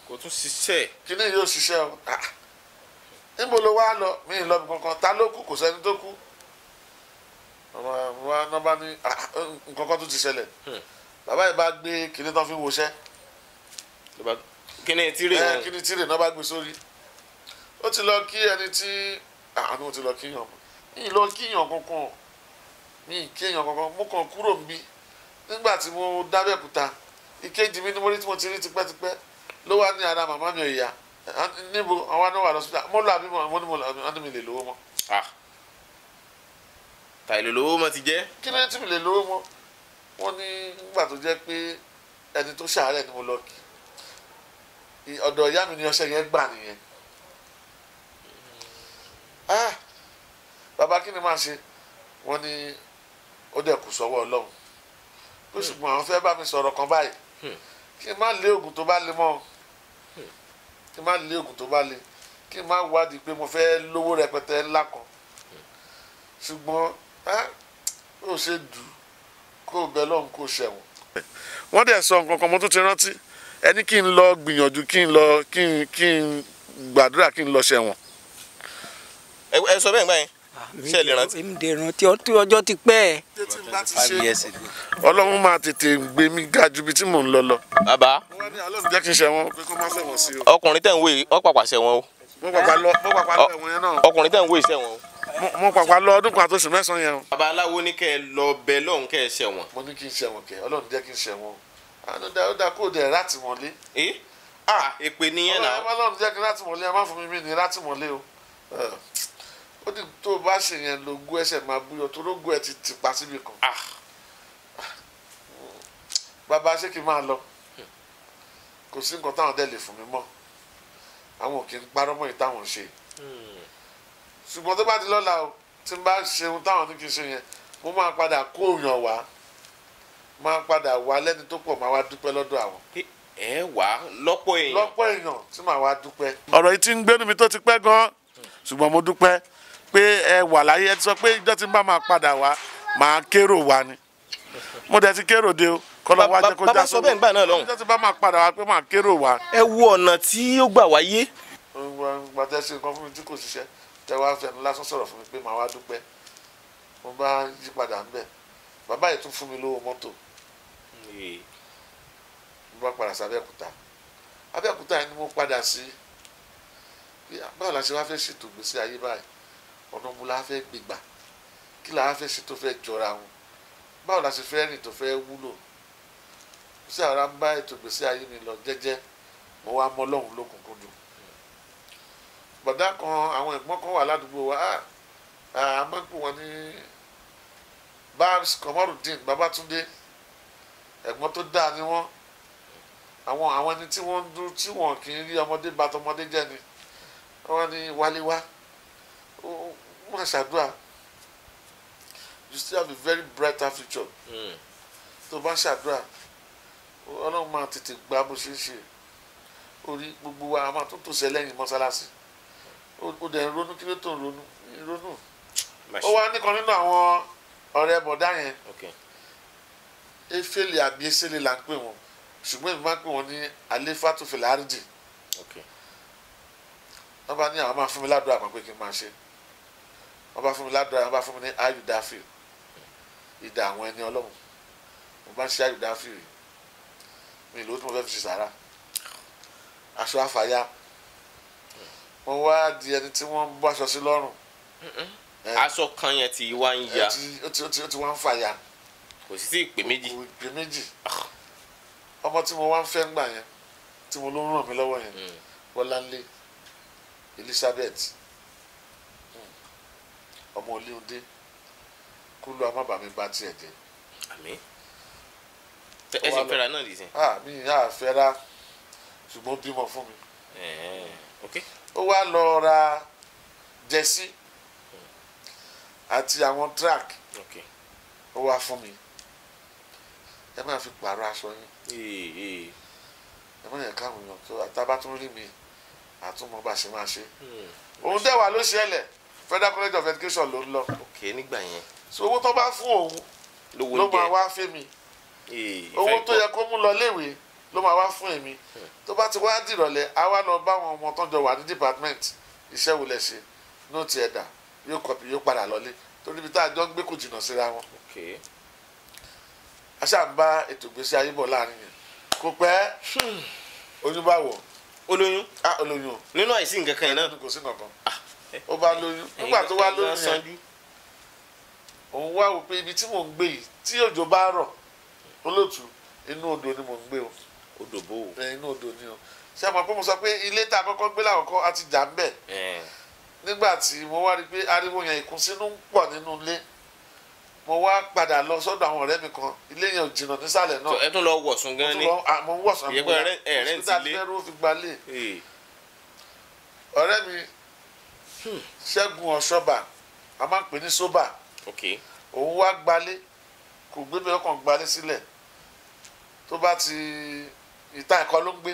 kò tún ṣiṣẹ́. kìíní yóò ṣiṣẹ́ o. Ah, níbo ló wá lọ mí lọ kankan ta ló kù kò sẹ́ni tó kù wa nọmba ní nǹkan kan tó ti ṣẹlẹ̀ hmm. bàbá yìí bá gbé kinní tán fi wọṣẹ́ kinní tírè eh, náà kinní tírè náà bá gbé sórí ó ti lọ kí ẹni tí ah, àánú ti lọ kíyàn yìí lọ kíyàn kankan mi kíyàn kankan mo kàn kúrò níbí nígbà tí mo dábẹ́kúta ìkejì mi ni mo rí tí mo ti rí tipẹ́tipẹ́ ló wá ní ara màmá mi ò yá níbo àwọn anáwó àlọ́sítà mo lọ àbí mo ní mo ní mi lè lówó mọ́. Ah tàìlè lówó mọ ti jẹ. kí ló tún lè lówó mọ wọn ní nígbà tó jẹ pé ẹni tó ṣàárẹ̀ ni mo lọ kí ọ̀dọ̀ ìyá mi ni ọṣẹ yẹn gbà nìyẹn ah bàbá kí ni màá ṣe wọn ní ó dẹ̀ kù sọ́wọ́ Ọlọ́run ló ṣùgbọ́n àwọn fẹ́ bá mi sọ̀rọ̀ kan báyìí hmm. kí n má lé oògùn tó bá lè mọ́ hmm. kí n má lé oògùn tó bá lè kí n má wádìí pé mo fẹ́ lówó rẹpẹtẹ ńlá kan hmm. ṣùgbọ́n ó ṣe dù kó bẹ lọ́hùn kó o wọ́n dẹ̀ sọ nǹkan kan mo tún ti rántí ẹni kí n lọ gbìyànjú kí n lọ kí n kí n gbàdúrà kí n lọ ṣẹ̀wọ̀n. ẹ sọ bẹ́ẹ̀ gbà yẹn ṣe lè rántí. èmi dè rántí ọtí ọjọ́ ti pẹ́ ẹ̀. ọlọ́run máa tètè gbé mi ga ju ibi tí mò ń lọ lọ. bàbá jẹ́ kí n ṣẹ̀wọ̀n pé kó má ṣẹ̀wọ̀n sí o. ọkùnrin tẹ̀ ń wé ọ pàpà ṣẹ̀wọ̀n o. mo pàpà lọ ẹ̀wọ̀n yẹn náà. ọkùnrin tẹ̀ ń wé ṣẹ̀wọ̀n o mo pàpà lọ ọdún kan àtòsùn mẹ́sàn-án yẹn. bàbá aláwo ní kẹ́ ẹ lọ bẹ lọ́hùn kẹ́ ẹ ṣẹ̀wọ̀n. mo ní kí n ṣẹ̀wọ̀n kẹ́ ọlọ́run jẹ́ kí n ṣẹ̀wọ̀n ó dáa kó o dẹ̀ láti mọ̀lé. ah èpè nìyẹn náà. ọlọ́run jẹ́ kí láti mọ̀lé ẹ má fún mi mí ní láti mọ̀lé o. ó ní tó o bá ṣe yẹn lo gún ẹsẹ̀ máa búyọ tó ló gún ẹ ti ti pa síbi kan. bàbá ṣé kí n máa lọ kò sí nǹkan táwọn dẹ̀ lè fún mi mọ́ àwọn ò kì parọ́ mọ́ ìtàwọn ṣùgbọ́n tó bá ti lọ́la o tí n bá ṣe ohun táwọn ní kí n ṣe yẹn mo máa padà kó òyàn wá máa padà wá lẹ́ni tó pọ̀ máa wá dúpẹ́ lọ́dọ̀ àwọn. ẹ wá lọ́pọ̀ èèyàn lọ́pọ̀ èèyàn tí màá wá dúpẹ́. ọ̀rọ̀ yìí ti ń gbénu mi tó ti pẹ́ gan-an ṣùgbọ́n mo dúpẹ́ pé ẹ wà láyé ẹ ti sọ pé ìjọ́ tí n bá máa padà wá máa kérò wá ni mo dẹ̀ ti kérò de o kọ́lọ́ wá jẹ́ kó já sóbò bàbá sọ bẹ́ẹ̀ ń gbà náà lọ́hùn. ìjọ́ tí n bá máa padà wá pé máa kérò wá. ẹ wo ọ̀nà tí ó gbà wáyé tẹ́wọ́ fẹnu lásán sọ̀rọ̀ fún mi pé màá wá dúpẹ́ mo bá yí padà ń bẹ̀ bàbá yìí tún fún mi lówó mọ́tò mo bá padà sí abẹ́òkúta abẹ́òkúta yẹn ni mo padà sí ah, báwo la ṣe wá fẹ́ ṣètò gbèsè ayé báyìí ọ̀nà mo la fẹ́ gbégbà kí la fẹ́ ṣe tó fẹ́ jọra wọn báwo la ṣe fẹ́ rìn tó fẹ́ wúlò sí àwọn ará ń bá ètò gbèsè ayé mi lọ jẹ́jẹ́ mo wá mọ́ Ọlọ́run lókùnkúndùn gbọ̀dá kan àwọn ẹ̀gbọ́n kan wà ládùúgbò wa ah, a máa ń pè wọ́n ní babs Komorudeen Babatunde ẹ̀gbọ́n tó dáa ni wọ́n àwọn àwọn ẹni tí wọ́n ń dún tí wọ́n kì í rí ọmọdé bá tọmọdé ni wọ́n ní wáléwá ó máa ṣàdúrà you still have a very bright future hmm. tó bá ṣàdúrà ọlọ́run máa tètè gba bó ṣe ń ṣe orí gbogbo wa a máa tó tòṣẹ́ lẹ́yìn mọ́ṣáláṣí o dẹ̀ ronú kí ló tó ronú ronú ó wá nìkan nínú àwọn ọ̀rẹ́ bọ̀dá yẹn efele àbí esele là ń pè wọn ṣùgbọ́n èmi máa ń pè wọn ní alefatu filaridi wọ́n bá ní àwọn máa fún mi ládùúrà kan pé kí n máa ṣe wọ́n bá fún mi ládùúrà wọ́n bá fún mi ní ayùdáfì ìdá àwọn ẹni ọlọ́run mo bá ń ṣe ayùdáfì mi ìlú tí mo fẹ́ fi ṣe sàrà aṣọ àfàyà wọ́n wá di ẹni tí wọ́n bọ́ aṣọ sí lọ́rùn. aṣọ kan yẹn ti wá ń ya. ó ti wá ń fàya. kò sí sí ìpè méjì. ìpè méjì ah. ọmọ tí mo wá ń fẹ́ ń gbà yẹn tí mo ló ń ràn mí lọ́wọ́ yẹn mm. Bọ́láńlé Elizabeth mm. ọmọ olóde kó ló amábàámi bá tiẹ̀ jẹ́. àmín ẹ ṣe fẹ́ra náà dì í ah, mi yà ah, á fẹ́ra ṣùgbọ́n bímọ fún mi ó wá lọ ra jẹsí àti àwọn track ó wá fún mi ẹ máa fi pààrọ̀ aṣọ yín ẹ máa yẹ káwọn èèyàn tó àtàbátún rí mi àtúmọ̀ bá ṣe máa ṣe òun hmm. dẹ́wà ló ṣẹlẹ̀ Federal College of Education ló ń lọ. ok nígbà yẹn. so owó tó bá fún òun ló máa wá fẹ́ mi owó tó yẹ kó mú lọ léwèé ló máa wá fún èmi tó bá ti wá dìrọ̀lẹ́ á wá bá àwọn ọmọ tó wà ní department iṣẹ́ wo lẹ ṣe ní òtí ẹ̀dà yóò kọ̀pì yóò padà lọlé torí ibi tá a jọ ń gbé kò jìnnà síra wọn. a ṣáà ń bá ètò ìgbésí ayé bọ̀ láàrin yẹn kò pẹ́ hmm. oyún bá wọ̀. olóyún. a olóyún. nínú àìsí nǹkan kan yìí náà. kò sí nǹkan ah. ó bá lóyún nígbà tó wá lóyún yẹn òun wá wò pé ibi tí mò ń gbé yìí tí òjò bá rọ̀ olóòtú inú odò ni mò ń gbé o odò bò ó. ẹ inú odò ni o ṣé àmọ́ pé mo sọ pé ilé tá a kọ́kọ́ gbé lákọ̀ọ́kọ́ a ti jà ń bẹ̀ nígbà tí mo wá rí i pé ariwo yẹn ìkùnsínú ń pọ̀ nínú ilé mo wá padà lọ sọ́dọ̀ àwọn ọ̀rẹ́ mi kan ilé yẹn ò jìnnà nísàlẹ̀ náà. ẹ tún lọ wọ̀sùn gan ni mo ń wọ̀sùn àmúgbà ẹ̀rẹ́ ń tilé hospital fi gba lé. ọ̀rẹ́ mi hmm. ṣẹ́gun ọ̀ṣọ́bà a máa ń pè ní sóbà òun wá gbalé kò gbé mi ọkàn gbalé sílẹ̀ tó bá ti ìta ẹ̀kọ́ ló ń gbé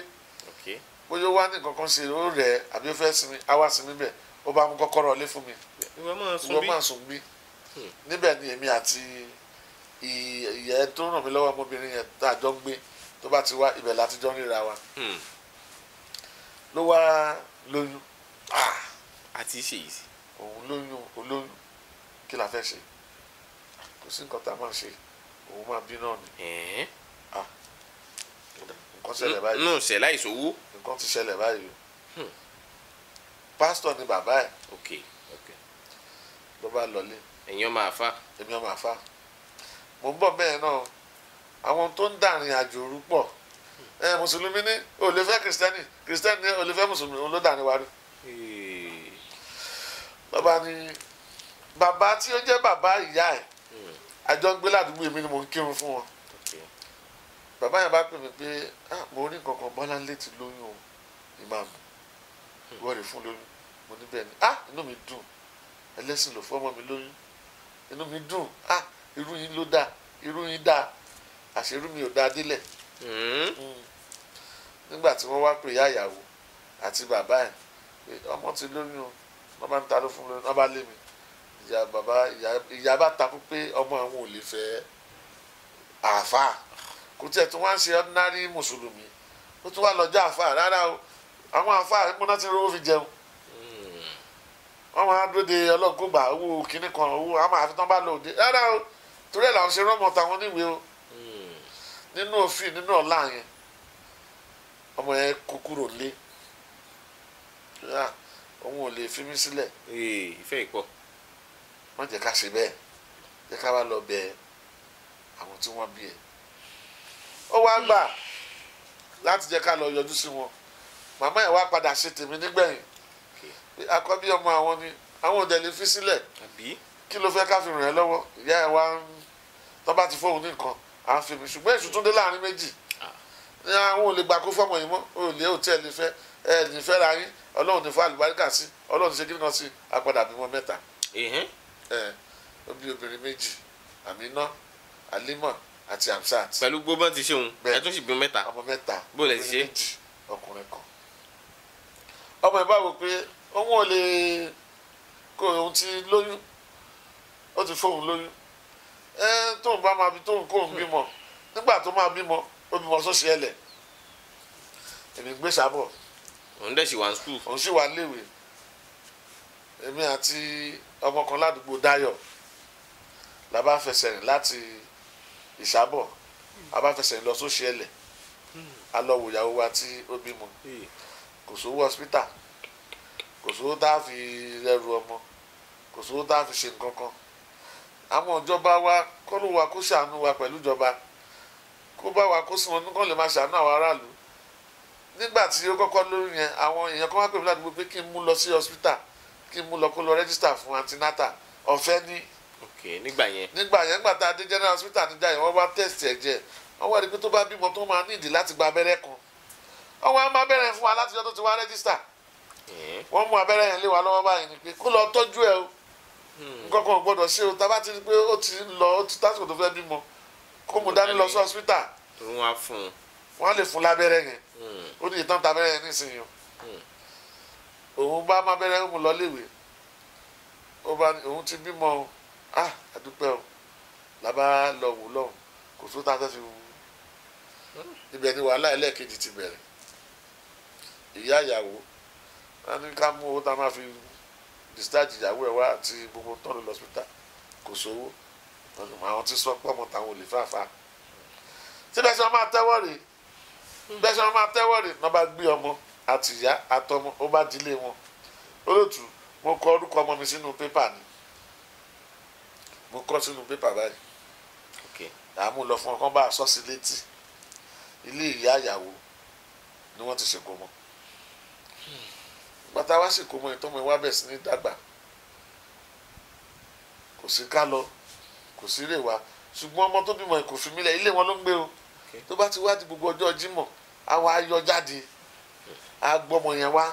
bóyá ó wá ní nǹkan kan ṣe ó rẹ̀ àbí ó fẹ́ sinmi á wá sinmi bẹ̀ ó bá mú kọ́kọ́rọ́ ilé fún mi ìwọ máa sùn bí hmm. níbẹ̀ ni èmi àti ìyẹ́ tó ràn mí lọ́wọ́ ọmọbìnrin yẹn tá a jọ ń gbé tó bá ti wá ibẹ̀ láti jọ ríra wa hmm. ló wá lóyún àti ah! ṣe yìí sí. òun lóyún olóyún kí la fẹ́ ṣe kò sí nǹkan tá a máa ṣe òun máa bí náà ni nǹkan ṣẹlẹ̀ báyìí. nù ṣẹlẹ̀ àìsówó. nǹkan ti ṣẹlẹ̀ báyìí o hmm. pásítọ̀ ni bàbá ẹ̀. ok ok. ló bá lọlé. èèyàn máa fa. èèyàn máa fa. mo ń bọ̀ bẹ́ẹ̀ náà àwọn tó ń dàrin àjò rú pọ̀ hmm. ẹ mùsùlùmí ní ó lè fẹ́ kìrìsìtẹ́nì kìrìsìtẹ́nì ní ó lè fẹ́ mùsùlùmí ló dàrin wa rú. bàbá ni bàbá tí ó jẹ́ bàbá ìyá ẹ̀ àjọ hmm. ń gbé ládùúgbò èmi ni mo ń kírun fún wọn bàbá yẹn bá pè mí pé ah, mo ní kankan bọ́lá létí lóyún o ìmáàmù hmm. wọ́n rè fún lóyún mo ní bẹ́ẹ̀ ni ah inú mi dùn ẹlẹ́sìn ló fún ọmọ mi lóyún inú mi dùn ah irú yín ló dáa irú yín dáa àṣẹ irú mi ò dáa délẹ̀ hmm. Hmm. nígbà tí wọ́n wá pè ya ìyàwó àti bàbá ẹ̀ pé ọmọ ti lóyún o wọ́n bá ń ta ló fún lóyún wọ́n bá lé mi ìyá bàbá ìyá bá takú pé ọmọ àwọn ò lè fẹ́ àáfàá kò tiẹ̀ tó wá ń ṣe ordinary mùsùlùmí ó tún wá lọ́jọ́ àfa rárá o àwọn àfa múná ti rówó fi jẹun hmm. wọ́n máa dúró de ọlọ́gbọ́gbà owó kínní kan owó àmọ́ àfitán bá lò dé rárá o torí ẹ̀ làwọn ṣe rọ́mọ táwọn níwèé o hmm. nínú òfin nínú ọ̀la yẹn ọmọ yẹn kó kúrò lé òun ò lè fi mí sílẹ̀. ìfẹ́ ìpọ̀. wọ́n jẹ́ ká ṣe bẹ́ẹ̀ jẹ́ ká wá lọ bẹ àwọn tí wọ́n bí ẹ̀ ó wá gbà láti jẹ́ ká lọ yọjú sí wọn màmá ẹ̀ wá padà ṣe tèmi nígbẹ̀yìn àkọ́bí ọmọ àwọn ni àwọn òde lè fi sílẹ̀ kí ló fẹ́ ká fi ràn ẹ́ lọ́wọ́ ìyá ẹ̀ wá ń tọ́ bá ti fóun ní nǹkan à ń fi mi ṣùgbọ́n èṣù tún dé láàrin méjì ní àwọn ò lè gbà kó fọmọ yìí mọ́ ò lè ò tẹ́ ẹ lè fẹ́ ẹ lè fẹ́ ra yín ọlọ́run ní fún àlùbáríkà sí ọlọ́run ṣe kí sí apàdà bímọ mẹ́ta. ẹ ó obìnrin méjì àmínà àlímọ̀ àti hamsat. pẹ̀lú gbogbo ti ṣe òun ẹ tún sì bí mẹ́ta ọmọ mẹ́ta bó lè ṣe ọkùnrin kan. ọmọ ẹ bá wò pé òun ò lè kó òun ti lóyún ó ti fóun lóyún ẹ tóun bá máa bí tóun kóun bímọ nígbà tó máa bímọ ó bímọ sọ́ọ̀ṣì ẹlẹ̀ èmi gbé sábọ̀. òun dẹ̀ sì wà ní skul. òun sì wà léwe èmi àti ọmọ kan ládùúgbò Dayọ̀ la bá fẹsẹ̀ rìn láti ìṣàbọ̀ abáfẹsẹ̀ lọ sóṣì ẹlẹ̀ alọ́wò ìyàwó wa tí ó bímọ hmm. kò sówó hospital kò sówó tá a fi rẹrù ọmọ kò sówó tá a fi ṣe nǹkan kan àwọn ìjọba wa kọ́lù wa kó ṣàánú wa pẹ̀lú ìjọba kó bá wa kó sùn wọn kàn lè máa ṣàánú àwọn aráàlú nígbà tí ó kọ́kọ́ lórí yẹn àwọn èèyàn kan wá pè mí ládùúgbò pé kí n mú lọ sí hospital kí n mú lọ kó lọ rẹ́gísítà fún antinata ọ̀fẹ́ ní ok nígbà yẹn. nígbà yẹn nígbà tá a dé general hospital nígbà yẹn wọ́n wá test ẹ̀jẹ̀ wọ́n wá rí pé tó bá bímọ tó máa nídìí láti gba abẹ́rẹ́ kan wọ́n wá máa bẹ̀rẹ̀ fún wa láti ọjọ́ tó ti wá rẹ́gísítà eh? wọ́n mú abẹ́rẹ́ yẹn lé wa lọ́wọ́ báyìí ni pé kó lọ tọ́jú ẹ o hmm. nǹkan kan ṣe o tá bá ti rí pé ó ti lọ ó ti tásìkò tó fẹ́ bímọ kó mu dání lọ sí hospital wọ́n lè fún lábẹ́rẹ́ yẹn hmm. ó ní ìtàn tábẹ́rẹ́ o hmm. òun bá má bẹ́rẹ́ mú lọ léwe òun ti bímọ Ah, àdúpẹ́ o làbá lọ wò lọ́hùn kò tó tá a fẹ́ fi wò ibẹ̀ ni wàhálà ẹlẹ́ẹ̀kejì ti bẹ̀rẹ̀ ìyá ìyàwó wọn ní ká mú owó tá a máa fi discharge ìyàwó ẹ̀ wá àti gbogbo tọ́lù lọ́sítà kò sówó àwọn ti sọ pé ọmọ táwọn ò lè fàáfà tí bẹ́ẹ̀ sọ máa tẹ́wọ́ rè bẹ́ẹ̀ sọ máa tẹ́wọ́ rè náà bá gbé ọmọ àtìyá àtọmọ ó bá dilé wọn olóòtú mo kọ orúkọ ọmọ mi sínú pépà ni mo kọ́ sínú pépà báyìí àmú lọ fún ọ kán bá a sọ́ọ̀sì létí ilé ìyá ìyàwó ni wọ́n ti ṣèkó mọ́ bàtà wá ṣèkó mọ́ ìtọ́mọ ìwà bẹ̀ sí ní dàgbà kò sí ká lọ kò sí lè wá ṣùgbọ́n ọmọ tó bímọ kò fi mí lẹ̀ ilé wọn ló ń gbé o tó bá ti wá di gbogbo ọjọ́ Jímọ̀ á wá yọ jáde á yẹn wá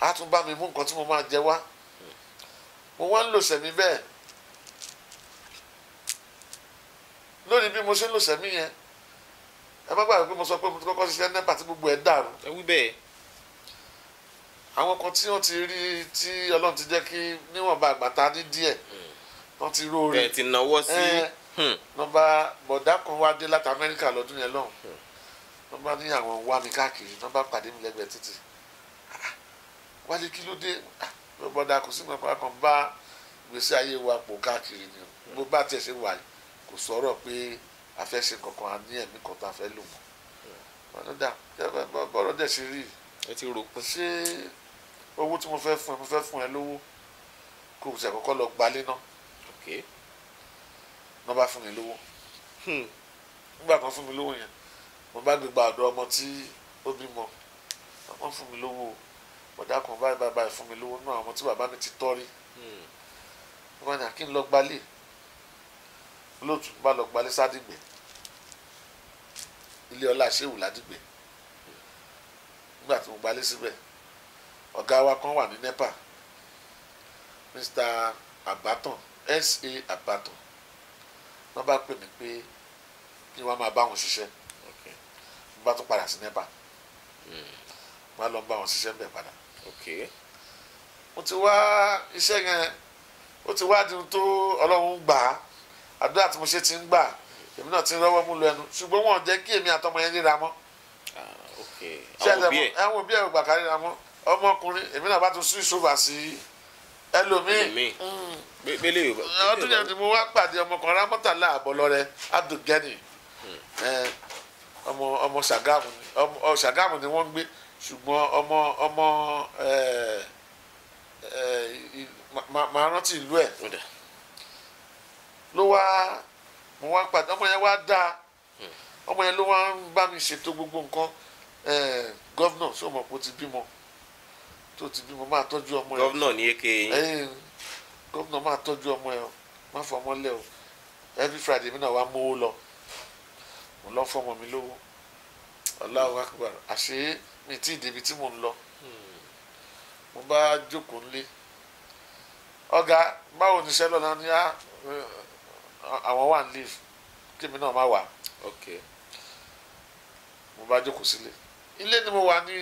á tún bá mi mú nǹkan tí mo máa jẹ wá mo wá ń lò sẹ̀mí bẹ́ẹ̀ lórí bí mo ṣe ń lò sẹ̀mí yẹn ẹ má gbàgbé pé mo sọ pé mo ti kọ́kọ́ ṣiṣẹ́ nẹ́pà tí gbogbo ẹ̀ dàrú. ẹ wí bẹ́ẹ̀. àwọn kan tí wọ́n ti rí tí ọlọ́run ti jẹ́ kí níwọ̀nba àgbàta ní díẹ̀ hmm. wọ́n ti ró orí. ẹ ti náwó sí. Hmm. nọ́mbà bọ̀dá kan wá dé láti amẹ́ríkà lọ́dún yẹn lọ́hùn hmm. nọ́mbà ní àwọn wá mi káàkiri nọ́mbà pàdé mi lẹ́gbẹ̀ẹ́ títì ah, wálé kí ló dé ah, bọ́dà kò sí nǹkan kan bá gbèsè ayé wa pò káàkiri ni bó bá tiẹ̀ ṣe wà kò sọ̀rọ̀ pé a fẹ́ ṣe kankan a ní ẹ̀mí kan tá a fẹ́ lò mọ́ ọ̀nà dà bọ́ọ̀rọ̀ dẹ̀ ṣe rí ẹ ti rò pé ṣé owó tí mo fẹ́ fún ẹ mo fẹ́ fún ẹ lówó kò sì àkọ́kọ́ lọ gbalé náà wọ́n bá fún mi lówó hmm. nígbà kan fún mi lówó yẹn mo bá gbégbá ọ̀dọ̀ ọmọ tí ó bímọ wọ́n fún mi lówó o bọ̀dá kan báyìí báyìí báyìí fún mi lówó nú àwọn tí bàbá mi ti tọ́ rí hmm. wọn ni kí n lọ gbalẹ̀ olóòtú bá lọ gbalẹ̀ sádìgbẹ́ ilé ọlá ṣéwù ládìgbẹ́ nígbà tí mo gbalẹ̀ síbẹ̀ ọ̀gá wa kan wà ní nepa mr abatan sa abatan wọn bá pè mí pé kí wọn máa bá wọn ṣiṣẹ́ wọn bá tún padà sí nepa wọn hmm. lọ bá wọn ṣiṣẹ́ ń bẹ̀ padà okay mo ti wá iṣẹ́ yẹn ó ti wá di ohun tó ọlọ́run gbà á àdúrà tí mo ṣe ti ń gbà èmi náà ti ń rọ́wọ́ mú lu ẹnu ṣùgbọ́n wọn ò jẹ́ kí èmi àtọmọ yẹn ríra mọ́ ah, àwọn òbí ẹ̀ ò gbà ká ríra mọ́ ọmọkùnrin èmi náà bá tún sún ìṣòfà sí ẹlòmíì hmm. ọdún yẹn ni mo wá pàdé ọmọkùnrin rámọ́tàlá àbọ̀lọ́rẹ́ Abdulgani hmm. ọmọ ṣàgámù ni wọ́n ń gbé ṣùgbọ́n ọmọ ọmọ màá rántí ìlú ẹ̀ ló wá mo wá ń padà ọmọ yẹn wá dáa hmm. ọmọ yẹn ló wá ń bá mi ṣètò gbogbo nǹkan gọ́vnà sọ ma kó ti bímọ tó ti bímọ máa tọ́jú ọmọ yẹn gọ́vnà ní èké yín gọ́vnà máa tọ́jú ọmọ yẹn má fọmọ lẹ o every friday mi náà wá mówó lọ mo lọ fọmọ mi lówó Allahu akbar àṣeyé mi tí ì débi tí mò ń lọ hmm. mo bá jókòó ńlé ọ̀gá báwo ni sẹ́lọ̀ náà ní ah, eh, àwọn wà ń leave kémi náà má wà mo bá jókòó sílé ilé ni mo wà ní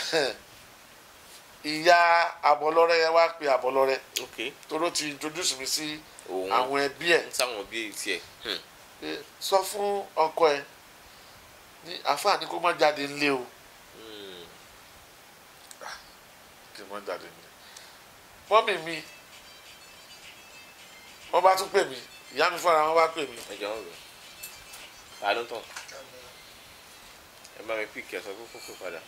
ìyá àbọ̀lọ́rẹ́ yẹn pe àbọ̀lọ́rẹ́ toró ti introduce mi sí àwọn ẹbí ẹ̀ hmm. eh, sọ fún ọkọ ẹ̀ ní àfáà ní kó má jáde ńlé o hmm. ah, kí n má jáde ńlé mọ́mì mi wọ́n bá tún pè mí ìyá mi fúnra wọn bá pè mí. ẹ jọ̀wọ́ bẹ̀ àánú tán ẹ bá mi píìkì ẹ̀sán kó kókó padà.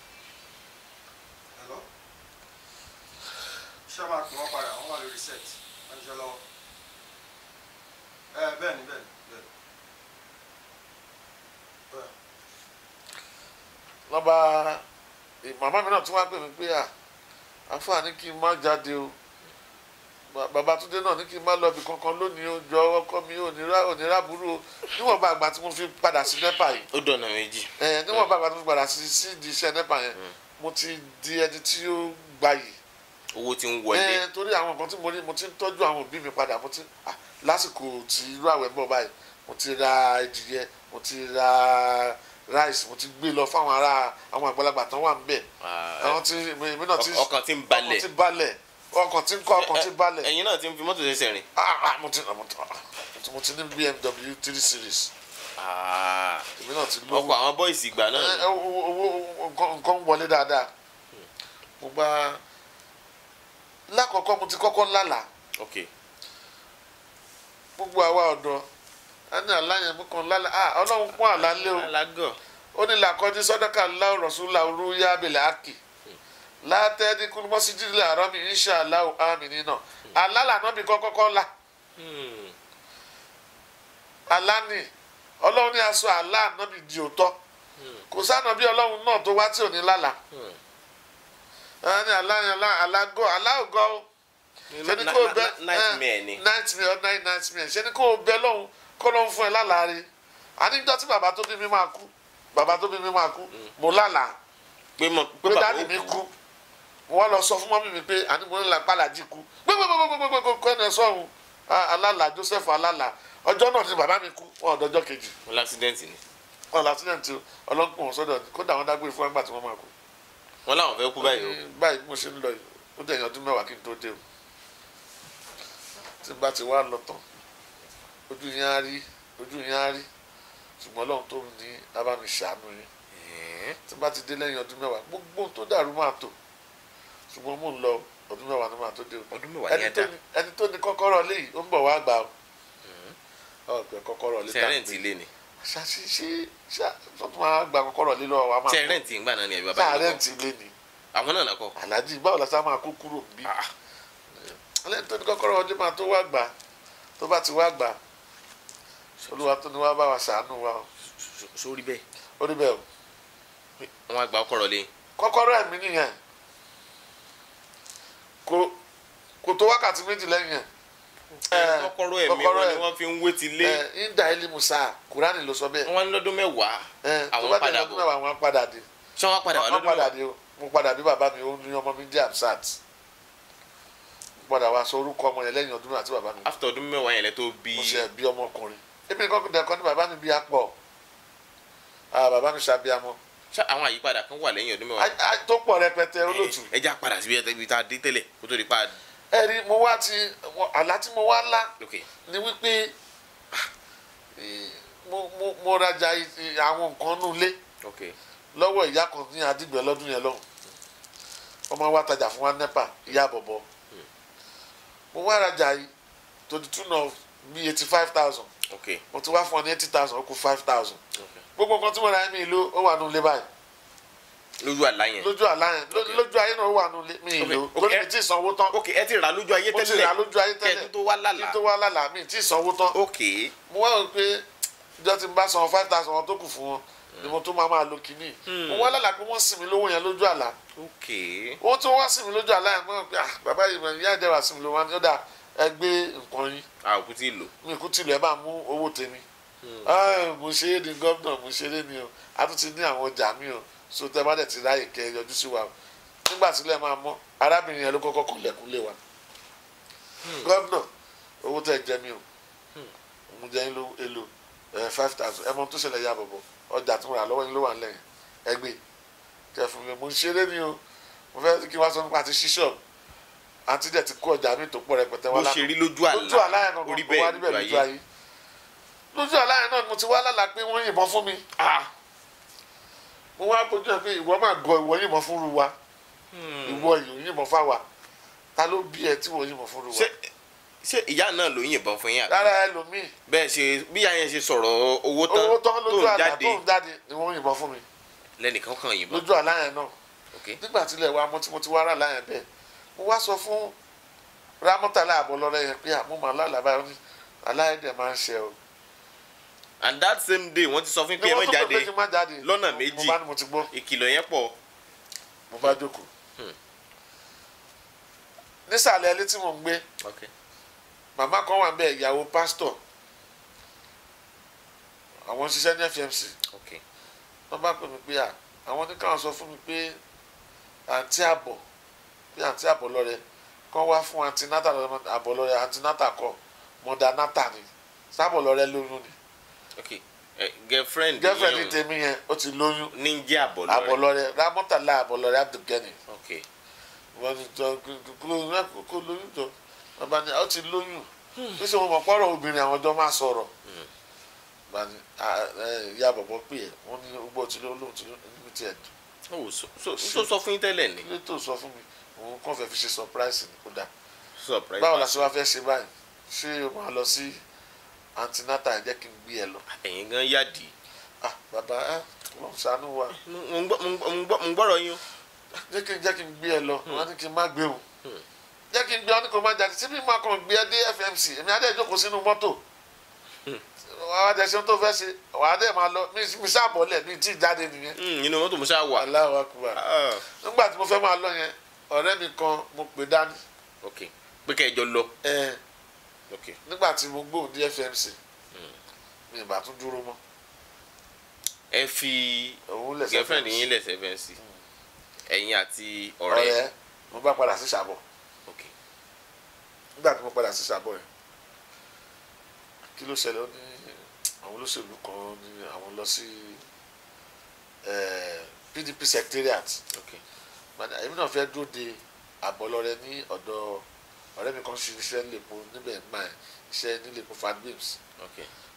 ṣé máa pè wọ́n padà wọ́n wà lórí set wọ́n jẹ́ lọ́wọ́ bẹ́ẹ̀ ni bẹ́ẹ̀ ni bẹ́ẹ̀ ni lọ́ba eh, màmá mi náà tún wá pè mí pé à àfáà ní kí n má jáde o Babátúndé náà ní kí n má lọ ibì kankan lónìí o jọ ọkọ mi ò ní o níwọ̀nba àgbà tí mo fi padà sí NEPA yìí. ó dọ̀nà méjì. ẹ níwọ̀nba àgbà tí mo padà sí sí di iṣẹ́ NEPA yẹn hmm. mo ti di ẹni tí ó gbayì. owó ti ń wọlé. ẹ torí àwọn nǹkan tí mo rí mo ti ń tọ́jú àwọn òbí mi padà mo ti lásìkò tí irú àwẹ̀ bọ̀ báyìí mo ti ra ìdìyẹ mo ti ra rice mo ti gbé lọ fáwọn ará àwọn àgbàlagbà tán wà níbẹ̀ ah, eh, àwọn tí èmi náà ti ọkàn ti ń balẹ̀ ọkàn ti ń balẹ̀ ọkàn ti ń kọ ọkàn ti ń eh, eh, balẹ̀. ẹ̀yin náà ti ń fi mọ́tò ṣẹ̀ṣẹ̀ rìn. Ah, ah, mo ti mo ti ní BMW three series. èmi náà ti lówó ọkọ àwọn bọ́ìsì ìgbà náà. nǹkan wọlé dáadáa mo gbá lákọ̀ọ́kọ́ mo ti kọ́kọ́ lálàá. ok gbogbo àwa ọ̀dọ́. ẹni aláyẹn mú kan lálẹ́ ah ọlọ́run pọ́n àlálẹ́ o ó ní làkọ́jú sọ́dọ́kà látẹ́ẹ́dì mi àmì nínà kọ́kọ́kọ́ la aláni hmm. ọlọ́run ní aṣọ àlá ànábì di òótọ́ hmm. kò sáànà bí ọlọ́run náà tó wá tí ò ní lálà hmm. ẹni alágọ́ aláògọ́ ni kò bẹ nightmare kò bẹ lọ́hùn. kọ́lọ́ ń fún ẹ lálàáre àníjọ́ tí bàbá tó bí mi máa kú bàbá tó bí mi máa kú mo lálàá pé dáàdì mi kú mo wá lọ sọ fún mọ́mí mi pé àníbo ńlá pàlàjì kú gbégbégbégbégbégbé ẹnẹ sọ̀hún alálà Joseph alálà ọjọ́ náà ni bàbá mi kú wọn ọ̀dọ́jọ́ kejì. wọn lásìdẹ́ǹtì ni. wọn lásìdẹ́ǹtì ọlọ́pàá wọn sọ́dọ̀ kódà wọn dágbére fún ẹgbàá tí wọ́n máa kú. wọn làwọn fẹ́ kú báyìí o. báyìí mo ṣe ń lọ yìí ó dẹ̀ yàn ọdún mẹ́wàá kí n tó dé o tí n bá ti wá lọ tán ojú yẹn á rí ojú yẹn á rí ṣùgbọ́n ọlọ́run tó ń ní abámi ṣàánú yín tí bá ti dé lẹ́yìn ọdún mẹ́wàá gbogbo tó dàrú máa tò ṣùgbọ́n mò ń lọ ọdún mẹ́wàá ni màá tó dé ọdún mẹ́wàá yẹn dá ẹni tó ní kọ́kọ́rọ́ lé yìí ó ń bọ̀ wá gbà ó ọ̀gbẹ́ kọ́kọ́rọ́ lé tàbí sẹ́rẹ̀ǹtì lé ni ṣàṣì ṣe ṣá tó máa gba kọ́kọ́rọ́ lé lọ́wọ́ wa máa kọ́ sẹ́rẹ̀ǹtì ń gbà náà ni ẹ̀bí bàbá yìí sẹ́rẹ̀ǹtì lé ni àwọn náà nàkọ́ aláàjì báwo olúwa tó ní wá bá wa ṣàánú wa o. sórí bẹ́ẹ̀. ó rí o. wọ́n á gba ọkọ̀rọ̀ lé. kọ́kọ́rọ́ ẹ̀mí nìyẹn kò kò tó wákàtí méjì lẹ́yìn ẹ̀. kọ́kọ́rọ́ ẹ̀mí wọn ni wọ́n fi ń wé ti lé. ìdá ilé musa kúránì ló sọ bẹ́ẹ̀. wọ́n ń lọ́dún mẹ́wàá àwọn padà bọ̀. tó bá dé lọ́dún mẹ́wàá wọ́n padà dé. ṣé wọ́n padà wà lọ́dún mẹ́wàá mo padà bí bàbá mi ó ní ọmọ mi jẹ́ absat mo padà wá sọ orúkọ ọmọ yẹn lẹ́yìn ọdún àti bàbá mi. after ọdún mẹ́wàá yẹn lẹ tó bí. mo ṣe bí ọmọkùnrin ebi kọ́kọ́ dẹ̀ kọ́ ní bàbá mi bí apọ̀ bàbá mi ṣàbíamọ́. ṣá àwọn àyípadà kan wà lẹ́yìn ọdún mẹ́wàá. tó pọ̀ rẹpẹtẹ olóòtú. ẹ já padà síbi ibi tá a dé tẹ́lẹ̀ kó tó di pa. ẹ rí mo wá ti àlá tí mo wá lá ni wípé mo rajà àwọn nǹkan nù lé lọ́wọ́ ìyá kan ní Adígbẹ́ lọ́dún yẹn lọ́hùn ọmọ wa tajà fún wa nẹ́pà ìyá àbọ̀bọ̀ hmm. mo wá rajà yìí tó di tune of bíi eighty five thousand mo ti wá fún ọ ní eighty thousand ó five thousand gbogbo nǹkan tí mo ra mi ìlú ó wà nù lé báyìí lójú àlá yẹn lójú àlá yẹn lójú ayé náà wà nù mí ìlú lórí mi tí ìsanwó tán ok ẹ ti rà lójú ayé tẹ́lẹ̀ mo ti rà lójú ayé tẹ́lẹ̀ kẹ́ni tó wá lálàá tó wá lálàá mi tí ìsanwó tán ok mo wá wò pé ìjọ tí bá san five thousand wọn tó kù fún wọn ni mo hmm. tún máa máa lo kínní hmm. mo wá lálàá pé wọ́n sìn mí lówó yẹn lójú àlá ok wọ́n tún wá sìn mí lójú àlá yẹn mo rò pé ah bàbá yìí ìyá ìdẹ́wà sìn mí lówó wọn ni dáa ẹ gbé nǹkan yín. a kú lò. mi kú tí lò ẹ bá mú owó tèmi. Hmm. mo ṣe é ní gómìnà mo ṣe é ní o a tún ti ní àwọn ọjà mi o so tẹ bá dẹ̀ ti ráyè kẹ yọjú sí wa o nígbà tílẹ̀ máa mọ́ arábìnrin yẹn ló kọ́kọ́ kọlẹ̀kùn lé wa. Hmm. gómìnà owó tẹ̀ jẹ mi o hmm. mo jẹ́ ìlú èlò five thousand ẹ tó ṣẹlẹ̀ ya bọ̀bọ̀ ọjà tó rà lọ́wọ́ yín ló wà lẹ́yìn ẹgbẹ́ kẹfù mi mo ṣeré ni o mo fẹ́ kí wọ́n sọ nípa ti ṣíṣọ́ọ̀bù àti dẹ̀ ti kó ọjà mi tó pọ̀ rẹpẹtẹ wá lánàá bó ṣe rí lójú àlá lójú àlá yẹn náà mo wá níbẹ̀ lójú ayé lójú àlá náà mo ti wá lálà pé wọ́n yìnbọn fún mi mo wá bójú ẹ pé ìwọ máa gọ ìwọ yìnbọn fún ru wa hmm. ìwọ yìnbọn fáwa ta ló bí ẹ tí wọ́n yìnbọn fún ru wa ṣé ìyá náà ló ń yìnbọn fún yín àbí. rárá ẹ bẹ́ẹ̀ ṣe bí ìyá yẹn ṣe sọ̀rọ̀ owó tán tó ń jáde ni wọ́n yìnbọn fún mi. lẹ́nìkan kan yìnbọn. lójú àlá yẹn náà nígbà tí ilẹ̀ wa mo ti mo ti wá rà láyẹn bẹ́ẹ̀ wá sọ fún ramọtala àbọlọrẹ yẹn pé àmúmọ alálàbá aláìdẹ máa ń ṣe o. and that same day wọ́n ti sọ fún pé ẹ má jáde lọ́nà méjì ìkìlọ̀ yẹn pọ̀. mo bá jókòó hmm. nísàlẹ̀ ilé tí mò ń gbé màmá kan wà bẹ́ẹ̀ ìyàwó pásítọ̀ àwọn ṣiṣẹ́ ní FMC wọ́n bá pè mí pé à àwọn oníkàwọn sọ fún mi pé àǹtí àbọ̀. Okay pé àǹtí àbọ̀lọ́rẹ́ kọ́ wá fún antinata àbọ̀lọ́rẹ́ antinata kọ́ mọ̀dánátà ni sábọ̀lọ́rẹ́ lóyún ni. ok eh, girlfriend girlfriend tèmi yẹn ó ti lóyún. ní ń jẹ́ àbọ̀lọ́rẹ́ àbọ̀lọ́rẹ́ ramọ́tàlá àbọ̀lọ́rẹ́ abdulgani. ok wọ́n ti jọ kúrò ní àkókò lóyún jọ bàbá ni ó ti lóyún níṣẹ́ hmm. wọn mọ̀ pọ́rọ̀ obìnrin àwọn ọjọ́ máa sọ̀rọ̀ hmm. bani ya bọ̀bọ̀ pè é wọ́n ní gbogbo ti lóyún ti lóyún ti ẹ̀ dùn. ó oh, sọ fún yín tẹ́lẹ̀ ni. ilé tó sọ fún mi òun kàn fẹ́ fi ṣe surprise ni kódà báwo la ṣe wá fẹ́ ṣe báyìí ṣé o máa lọ sí antinata ẹ jẹ́ kí n gbé ẹ lọ. ẹ̀yin gan yàdí. ah bàbá ẹ lọ ṣàánú wa. mo ń gbọ́rọ̀ yín o. jẹ́ kí n jẹ́ kí n gbé ẹ lọ hmm. wọ́n ní kí n má gbé o hmm. jẹ́ kí n gbé ọ ní kó má jáde síbí máa kàn gbé ẹ dé FMC èmi á dẹ̀ jókòó sínú mọ́tò hmm. wàá dẹ̀ ṣe tó fẹ́ ṣe wàá dẹ̀ máa lọ mi sábọ̀ lẹ̀ mi tí ì jáde nìyẹn. nínú mọ́tò mo ṣáà wà. aláwọ̀ akùbà ah. nígbà tí mo fẹ́ máa lọ yẹn ọ̀rẹ́ mi kan mo pè dání. ok pé kẹjọ lọ. ẹ ok nígbà tí mo gbóhùn ní FMC hmm. mi ìbá tún dúró mọ́. ẹ fi girlfriend yín lẹ̀ FMC hmm. ẹ̀yin àti ọ̀rẹ́. ọ̀rẹ́ mo bá padà sí Ṣàbọ̀. ok nígbà tí mo padà sí Ṣàbọ̀ yẹn kí ló ṣẹlẹ̀ ó ní àwọn olóṣèlú kan ní àwọn lọ sí PDP eh, secretariat. Okay gbàdá èmi náà fẹ́ dúró de àbọ̀lọ́rẹ ní ọ̀dọ̀ ọ̀rẹ́ mi kan ṣiṣẹ́ nílépo níbẹ̀ gbà ẹ̀ iṣẹ́ nílépo fan beams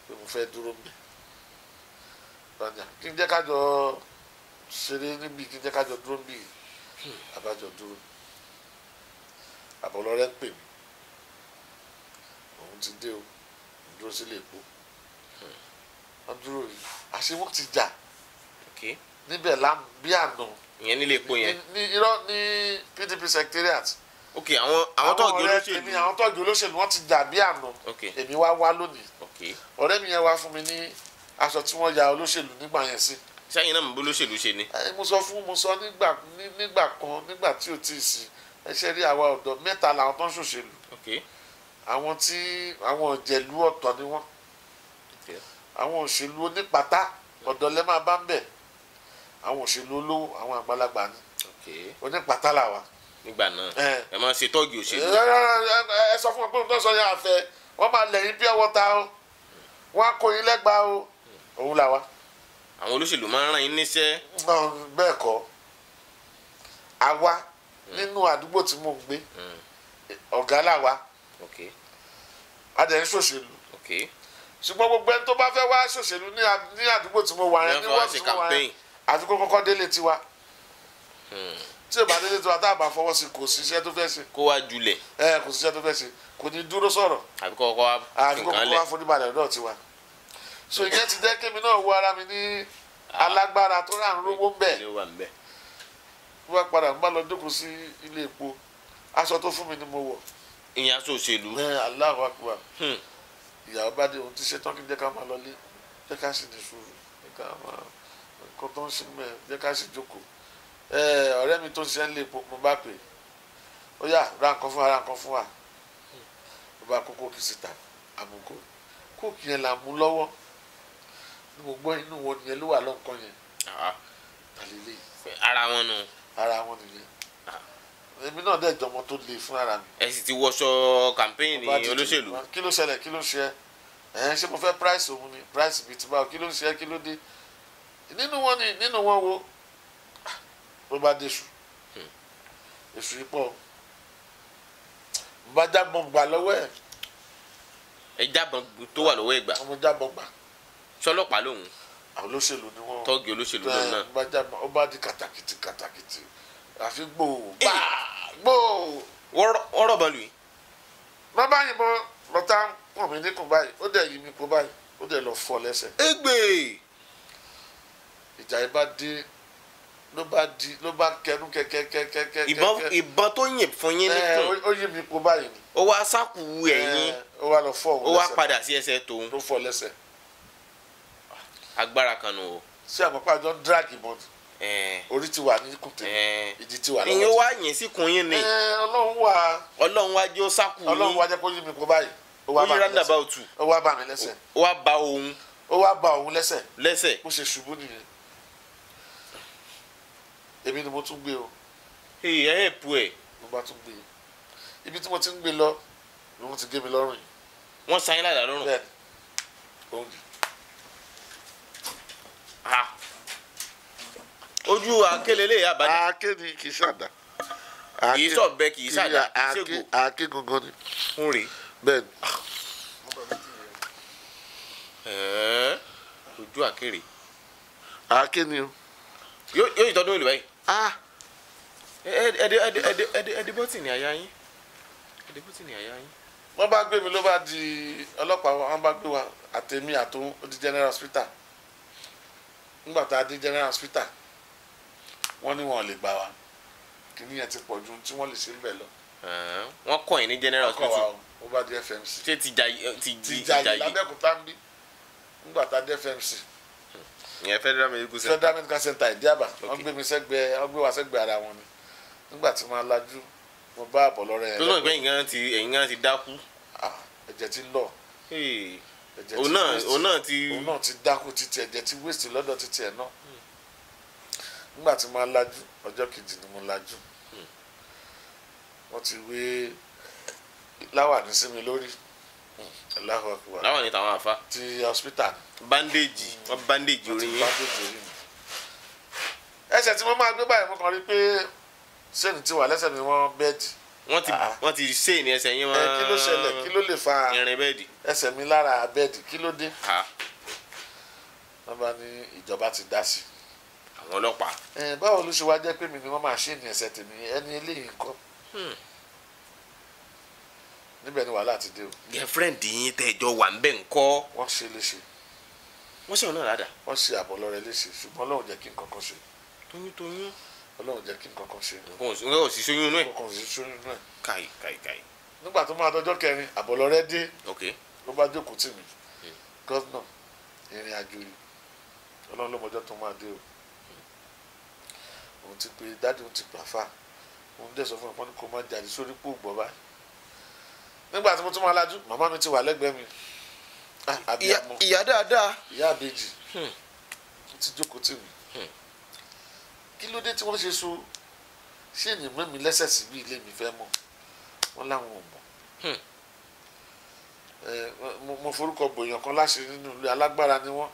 pé mo fẹ́ dúró mi gbàdá kí n jẹ́ ká jọ ṣeré níbi kí n jẹ́ ká jọ dúró níbi àbájọ hmm. dúró àbọ̀lọ́rẹ ń pè mí òun ti dé o dúró sílé epo hmm. wọ́n dúró yìí àṣé wọ́n ti jà níbẹ̀ bí ìyẹn nílé epo yẹn. ní irọ́ ní PDP secretariat. ok àwọn àwọn tọ́ọ̀gì olóṣèlú èmi àwọn tọ́ọ̀gì olóṣèlú wọ́n ti dàbí àná èmi wá wá lónìí ọ̀rẹ́ mi yẹn wá fún mi ní aṣọ tí wọ́n ya olóṣèlú nígbà yẹn sí. sẹ́yìn náà mo bó olóṣèlú ṣe ni. mo sọ fún mo sọ nígbà nígbà kan nígbà tí ò tí ì sí ẹ ṣe rí àwa ọ̀dọ́ mẹ́ta làwọn tó ń ṣòṣèlú àwọn tí àwọn òjèlú ọ̀tọ̀ ni wọ́n àwọn òṣèlú onípàtà ọ̀dọ́ lẹ́ máa bá ń bẹ̀ àwọn òṣèlú olówó àwọn àgbàlagbà ni oní pátá là wa. nígbà náà ẹ máa ṣe tọ́ọ̀gì òṣèlú. ẹ sọ fún wọn pé òun tó sọ yẹn àfẹ wọn máa lẹyìn pure water o wọn á kó yín lẹ́gbàá o òun là wa. àwọn olóṣèlú máa ń ràn yín níṣẹ́. bẹ́ẹ̀ kọ́ àwa nínú àdúgbò tí mò ń gbé hmm. ọ̀gá làwa adẹ̀ ń ṣòṣèlú ṣùgbọ́n gbogbo ẹni tó bá fẹ́ wá ṣòṣèlú ní àdúgbò tí mo wà yẹn ní wọ́n tí mo wà yẹn àfi kó kọ́kọ́ délé tiwa hmm. tí o bá délé tiwa tá a bá fọwọ́ sí kò síṣẹ́ tó fẹ́ ṣe. kó wá julẹ̀. ẹ kò síṣẹ́ tó fẹ́ ṣe kò ní dúró sọ̀rọ̀. àfi kó kọ́kọ́ wá fún ìkànlẹ̀ àfi kó kọ́kọ́ wá fún ìbàdàn náà tiwa. so ìyẹn ti jẹ́ kémi náà wo ara mi ní ah. alágbára tó rà ń rówó ń bẹ̀. wọ́n padà ń bá lọ dúkùú sí ilé epo aṣọ tó fún mi ni mo wọ̀. ìyẹn aṣọ òṣèlú. ẹ Allahu akbar hmm. ìyàwó bá dé òun ti ṣetán kí n jẹ́ ká máa lọ lé jẹ́ ká sì ní sùúrù jẹ́ ká máa kó tó ń ṣe mẹ jẹ́ ká sì jókòó ẹ ọ̀rẹ́ mi tó ń ṣe ń lè po mo bá pè ó yá ra nǹkan fún wa ra nǹkan fún wa mo bá kó kóòkì síta àmúkó kóòkì yẹn là ń mú lọ́wọ́ ni mo gbọ́ inú wọn yẹn ló wà lọ́nkàn yẹn ah. tàlélẹ́ ara wọn nù ara wọn nìyẹn ah. èmi náà dẹ̀ jọmọ tó le fún ara mi. ẹ sì ti wọṣọ kàmpẹ́yìn ní olóṣèlú. kí ló ṣẹlẹ̀ kí ló ṣe ẹ ṣé mo fẹ́ price òun ni price bíi ti báwo kí ló ṣe ẹ kí ló dé nínú wọn ni nínú wọn wo ló bá dé sùn hmm. èsù yìí pọ̀ bá jábọn gbà lọ́wọ́ ẹ̀. ẹ jábọn tó wà lọ́wọ́ ẹ̀ gbà. ọmọ jábọn gbà. sọlọ́pàá lòun. olóṣèlú ni wọn. tọ́gì olóṣèlú náà náà. bá jábọn ó bá di kàtàkìtì kàtàkìtì àfi gbòò eh! bá gbòò. wọ́n rọ̀ bọ́ọ̀lù yìí. bàbá yìnbọn bàtà pọ̀ mí níkùn báyìí ó dẹ̀ yí mi kú báyìí ó dẹ̀ lọ fọ́ lẹ́sẹ̀. égbè ìjà yìí bá dé ló bá di ló bá kẹnu kẹkẹkẹkẹ. ìbọn ìbọn tó yìn fún yín nìkan. ó yí mi kó báyìí ni. ó wá sákùú ẹ̀yìn. ó wá lọ fọ́ òun lẹ́sẹ̀. ó wá padà sí ẹsẹ̀ tòun. ló fọ́ lẹ́sẹ̀. agbára kan nù o. ṣé àpapọ̀ àjọ drag ìbọn orí ti wà ní kùtè ìdí ti wà lọ́wọ́. ìyẹn wá yìn sí kun yín ni. ọlọ́run wá. ọlọ́run wá jẹ́ ó sákùú yín. ọlọ́run wá jẹ́ kó yí mi kó báyìí. ó wá bá mi lẹ́sẹ̀. ó wá bá òun lẹ́sẹ̀. lẹ́sẹ̀. bó ṣe ṣubú nìyẹn èmi ni mo tún gbé o. èyí ẹ èpù ẹ. mo bá tún gbé ibi tí mo ti ń gbé lọ ni wọ́n ti gé mi lọ́rùn yìí. wọ́n san yín ládàá lọ́rùn. bẹ́ẹ̀ni òun jù. ojú akélélé àbájá. aké ni kì í ṣàdá. kì í sọ̀bẹ kì í ṣàdá kì í ṣègùn. aké gangan ni. ń rè. bẹ́ẹ̀ni. ojú akéré. aké ni o. yóò yóò ìtọ́jú olùbáyìí ah ẹdẹ ẹdẹ ẹdẹ ẹdẹ ẹdẹ bọ́tì ní àyà yín ẹdẹ bọ́tì ní àyà yín. wọ́n bá gbé mi ló bá di ọlọ́pàá wọn bá gbé wa àtẹ̀mí àtòun ó di general hospital nígbà tá a di general hospital wọ́n ní wọn ò lè gbà wá kìnìún yẹn ti pọ̀ ju tí wọ́n lè ṣe bẹ́ẹ̀ lọ. wọ́n kọ́ ẹ̀ ní general hospital ó bá di FMC. ṣé ti jayi ti jayi lábẹ́kúta ń bí nígbà tá a di FMC ìyẹn federal medical center federal medical center ìdíyàbá wọ́n gbé mi sẹ́gbẹ́ wọ́n gbé wa sẹ́gbẹ́ ara wọn ni nígbà tí mo lajú mo bá àbọ̀ lọ́rọ̀ yẹn. lọ́nà ìgbẹ́ ìyẹn ti ẹ̀yìn náà ti dákú. ẹ̀jẹ̀ ti lọ. òun náà òun náà ti. òun náà ti dákú títí ẹ̀jẹ̀ ti waste lọ́dọ̀ títí ẹ̀ náà. Hmm. nígbà tí mo lajú ọjọ́ kejì ni mo lajú. Hmm. wọ́n ti wé láwàní sí mi lórí. Hmm. láwàní tàwọn àfa. ti hospital ni bandage wọn bandage orí yín. ẹsẹ̀ tí mo máa gbé báyìí mo kàn rí pé sẹ́ni ti wà lẹ́sẹ̀ mi wọ́n bẹ́ẹ̀dì. wọ́n ti ah. wọ́n ti sẹ́yìn ní ẹsẹ̀ yín wọ́n. ẹ eh, kí ló ṣẹlẹ̀ kí ló lè fa irin bẹ́ẹ̀dì. ẹsẹ̀ mi lára bẹ́ẹ̀dì kí ló dé. wọ́n bá ní ìjọba ti dá sí. àwọn ọlọ́pàá. ẹ eh, báwo ló ṣe wá jẹ́ pé mi ni wọ́n máa ṣe ní ẹsẹ̀ tèmi ẹni eléyìí nǹkan. Hmm. níbẹ̀ ni wàhálà ti dé o. girlfriend yín tẹ́ wà ń bẹ̀ ń kọ́. wọ́n ṣe léṣe wọ́n sì hàn náà ládàá. wọ́n ṣe àbọ̀ lọ́rẹ́ léṣe ṣùgbọ́n ọlọ́run jẹ́ kí n kankan ṣe. toyún toyún. ọlọ́run jẹ́ kí n kankan ṣe. o sì ṣoyún inú ẹ̀. o sì ṣoyún inú ẹ̀. káì káì káì. nígbà tó máa dọjọ́ kẹrin àbọ̀ lọ́rẹ́ dé. ok. ló bá jókòó tì mí. Hmm. gọ́vnà ìrìn àjò yìí ọlọ́run lọ́mọjọ́ tó máa dé o. òun ti pe dáàdi òun ti gbà fà òun dẹ̀ sọ fún ọ̀pọ̀ ní kó má jáde sórí pò gbọ́ báyìí. nígbà tí mo tún máa lajú màmá mi ti Ah, ìyá dáadáa. ìyá àbèjì ó hmm. ti jókòó tì mí hmm. kí ló dé tí wọ́n ṣe so ṣé ènìyàn mẹ́mi lẹ́sẹ̀ sí bí ilé mi fẹ́ mọ̀ wọ́n láwọn ò mọ̀ hmm. mo forúkọ bòyàn kan láṣẹ nínú ilé alágbára ni wọ́n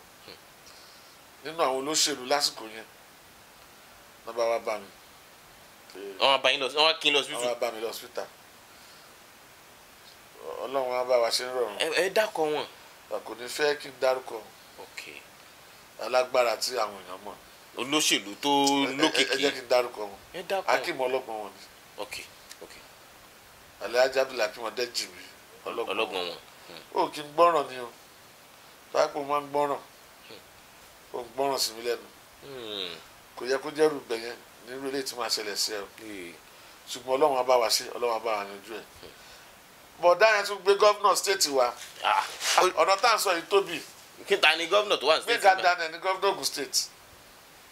nínú àwọn olóṣèlú lásìkò yẹn náà bá wá bá mi. wọ́n wá bá yín lọ wọ́n kí n lọ síbítù. wọ́n wá bá mi lọ síbítà ọlọ́run á bá wa ṣe ń rọrùn. ẹ dákọ̀ wọn kò ní fẹ́ kí n dárúkọ alágbára tí àwọn èèyàn mọ̀. olóṣèlú tó lókìkí ẹ jẹ́ kí n dárúkọ wọn akíìmọ̀ ọlọ́gbọ̀n wọn ni alhaji abdullahi akíìmọ̀ dẹ́jìmí ọlọ́gbọ̀n wọn hmm. ó kí n gbọ́ràn ni o pápá máa ń gbọ́ràn hmm. ó ń gbọ́ràn sí mi lẹ́nu hmm. kò yẹ kó jẹ́rù gbẹ̀yẹn nínú ilé tí máa ṣẹlẹ̀ sí ẹ ṣùgbọ́n ọlọ́run á bá wa ṣe ọlọ́run á bá wa ẹ̀ bọ̀dá yẹn tún gbé gọ́vnọ̀ stéètì wa ah. ọ̀nà tá à ń sọ yìí tóbi. kíta ni gọ́vnọ̀ tó wà ní stéètì náà. gbẹ̀gàdà nẹ̀ ni gọ́vnọ̀ Ògùn stéètì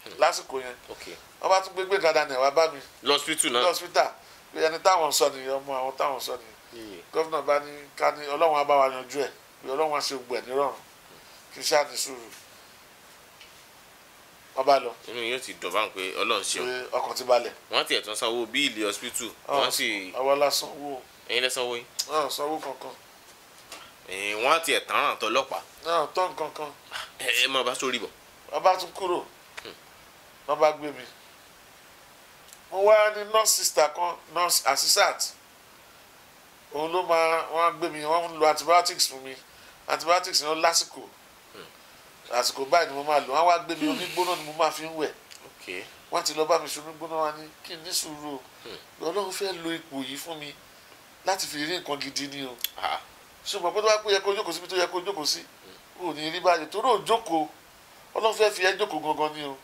hmm. lásìkò yẹn wọ́n bá tún gbé gbẹ̀gàdà nẹ̀ wá bá mi. lọ́sítù náà lọ́sítà ẹni táwọn sọ nìyẹn ọmọ àwọn táwọn sọ nìyẹn hmm. gọ́vnọ̀ bá ní ká ní ọlọ́run á bá wa yanjú ẹ̀ pé ọlọ́run á ṣe gbẹ̀ nírọ̀rùn kí sáà ní sùúrù ọba lọ. inú yóò ti dùn báwọn pé ọlọ́run ṣeun. ọkàn ti balẹ̀. wọ́n ti ẹ̀tún sanwó bíìlì hospital. wọ́n sì. ọwọ́ lásán wò ẹ̀yin lẹ sanwó yín. ọ̀ sanwó kankan. wọ́n á tiẹ̀ tán àtọ́ ọlọ́pàá. ọ̀ tán kankan. ẹ ẹ máa bá sórí bọ̀. ọba tún kúrò hmm. wọ́n bá gbé mi mo wá ní nurse sister kan nurse assistant òun ló máa wọ́n gbé mi wọ́n ń lo antibiotics fún mi antibiotics ni wọ́n lásìkò hmm. àsìkò báyìí ni mo máa lò wọ́n wá gbé mi hmm. onígbóná ni mo máa fi ń wẹ̀ wọ́n ti lọ bá mi ṣe onígbóná wa ní kí n ní sùúrù o ọlọ́run fẹ́ lo ipò yìí fún mi. Hmm láti fi rí nǹkan gidi ni o ṣùgbọ́n pé tó bá pé yẹ kó jókòó síbi tó yẹ kó jókòó sí ò ní rí báyìí torí ò jókòó ọlọ́run fẹ́ fi ẹ́ jókòó gangan ni o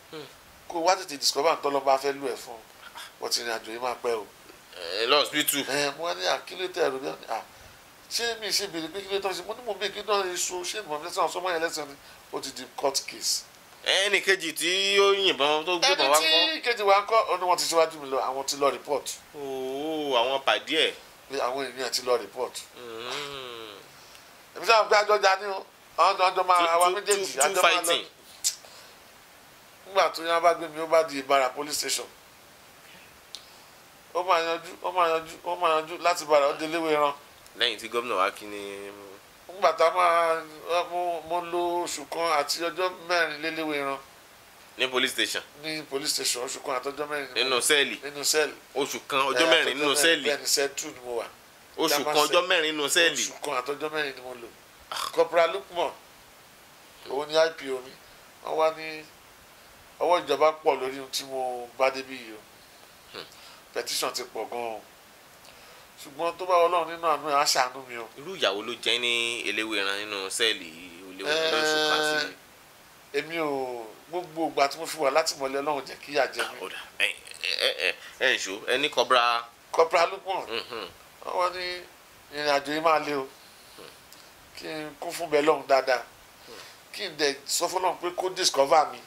kó wá tètè discover nǹkan lọ́ba fẹ́ lù ẹ̀ fún un wọ́n ti rìn àjò yìí máa pẹ́ o. ẹ lọ hospital. ẹ mo wá ní àkílẹ̀ tẹ̀ ẹ̀rọ bí wọ́n ní à ṣé mi ṣe béèrè pé kílẹ̀ tán ṣe mo ní mo béèrè kí náà èso ṣé ìmọ̀ fẹ́ sàn sọ́mọ́ yẹn lẹ́sẹ̀ ni ó ti di court case. ẹnì kejì tí ó yìnbọn tó gbé bọ̀ wá kọ́. ẹni tí kejì wa ń kọ́ ọ ní wọ́n ti ṣíwájú mi lọ àwọn ti lọ report. ooo àwọn pàdé ẹ̀ pé àwọn èèyàn ti lọ report mm-hmm. èmi sábà pé àjọjà ni o àwọn tó àjọ máa wa méjèèjì àjọ máa lọ nígbà tó yẹn bá gbé mi ó bá di ìbára police station ó máa yanjú ó máa yanjú ó máa yanjú láti bára ó délé wéran. lẹ́yìn tí gómìnà wa kí ni. nígbà tá a máa mo lo oṣù kan àti ọjọ́ mẹ́rin léléwéran ní police station. ní police station oṣù kan àtọjọ́ mẹ́rin. nínú sẹ́ẹ̀lì nínú sẹ́ẹ̀lì. oṣù kan ọjọ́ eh, mẹ́rin nínú sẹ́ẹ̀lì. bẹ́ẹ̀ni sẹ́ẹ̀ tù ni mo wà. oṣù kan ọjọ́ mẹ́rin nínú sẹ́ẹ̀lì. oṣù kan àtọjọ́ mẹ́rin ni mo lò. Ah. corporal lukman òun ni ipo mi wọ́n wá ní ọwọ́ ìjọba pọ̀ lórí ohun tí mo bá débi yìí o hmm. petition ti pọ̀ gan-an ṣùgbọ́n tó bá ọlọ́run nínú àánú ẹ̀ á ṣàánú mi o. irú ìyàwó ló jẹ́ ní eléwé ran nínú sẹ́ẹ̀lì olówó lóṣù kan sí i. Eh, èmi ò gbogbo ìgbà tí mo fi wà látìmọ́lé Ọlọ́run jẹ́ kí ìyà jẹ mí. ẹ ẹ ẹ ṣó ẹ ní kọbra. kọbra Lukman mm-hmm. wọn ní ìrìn àjò yìí máa le o kí n kún fún bẹ́ẹ̀ lọ́hùn dáadáa kí n dẹ̀ sọ fún Ọlọ́run pé kó discover mi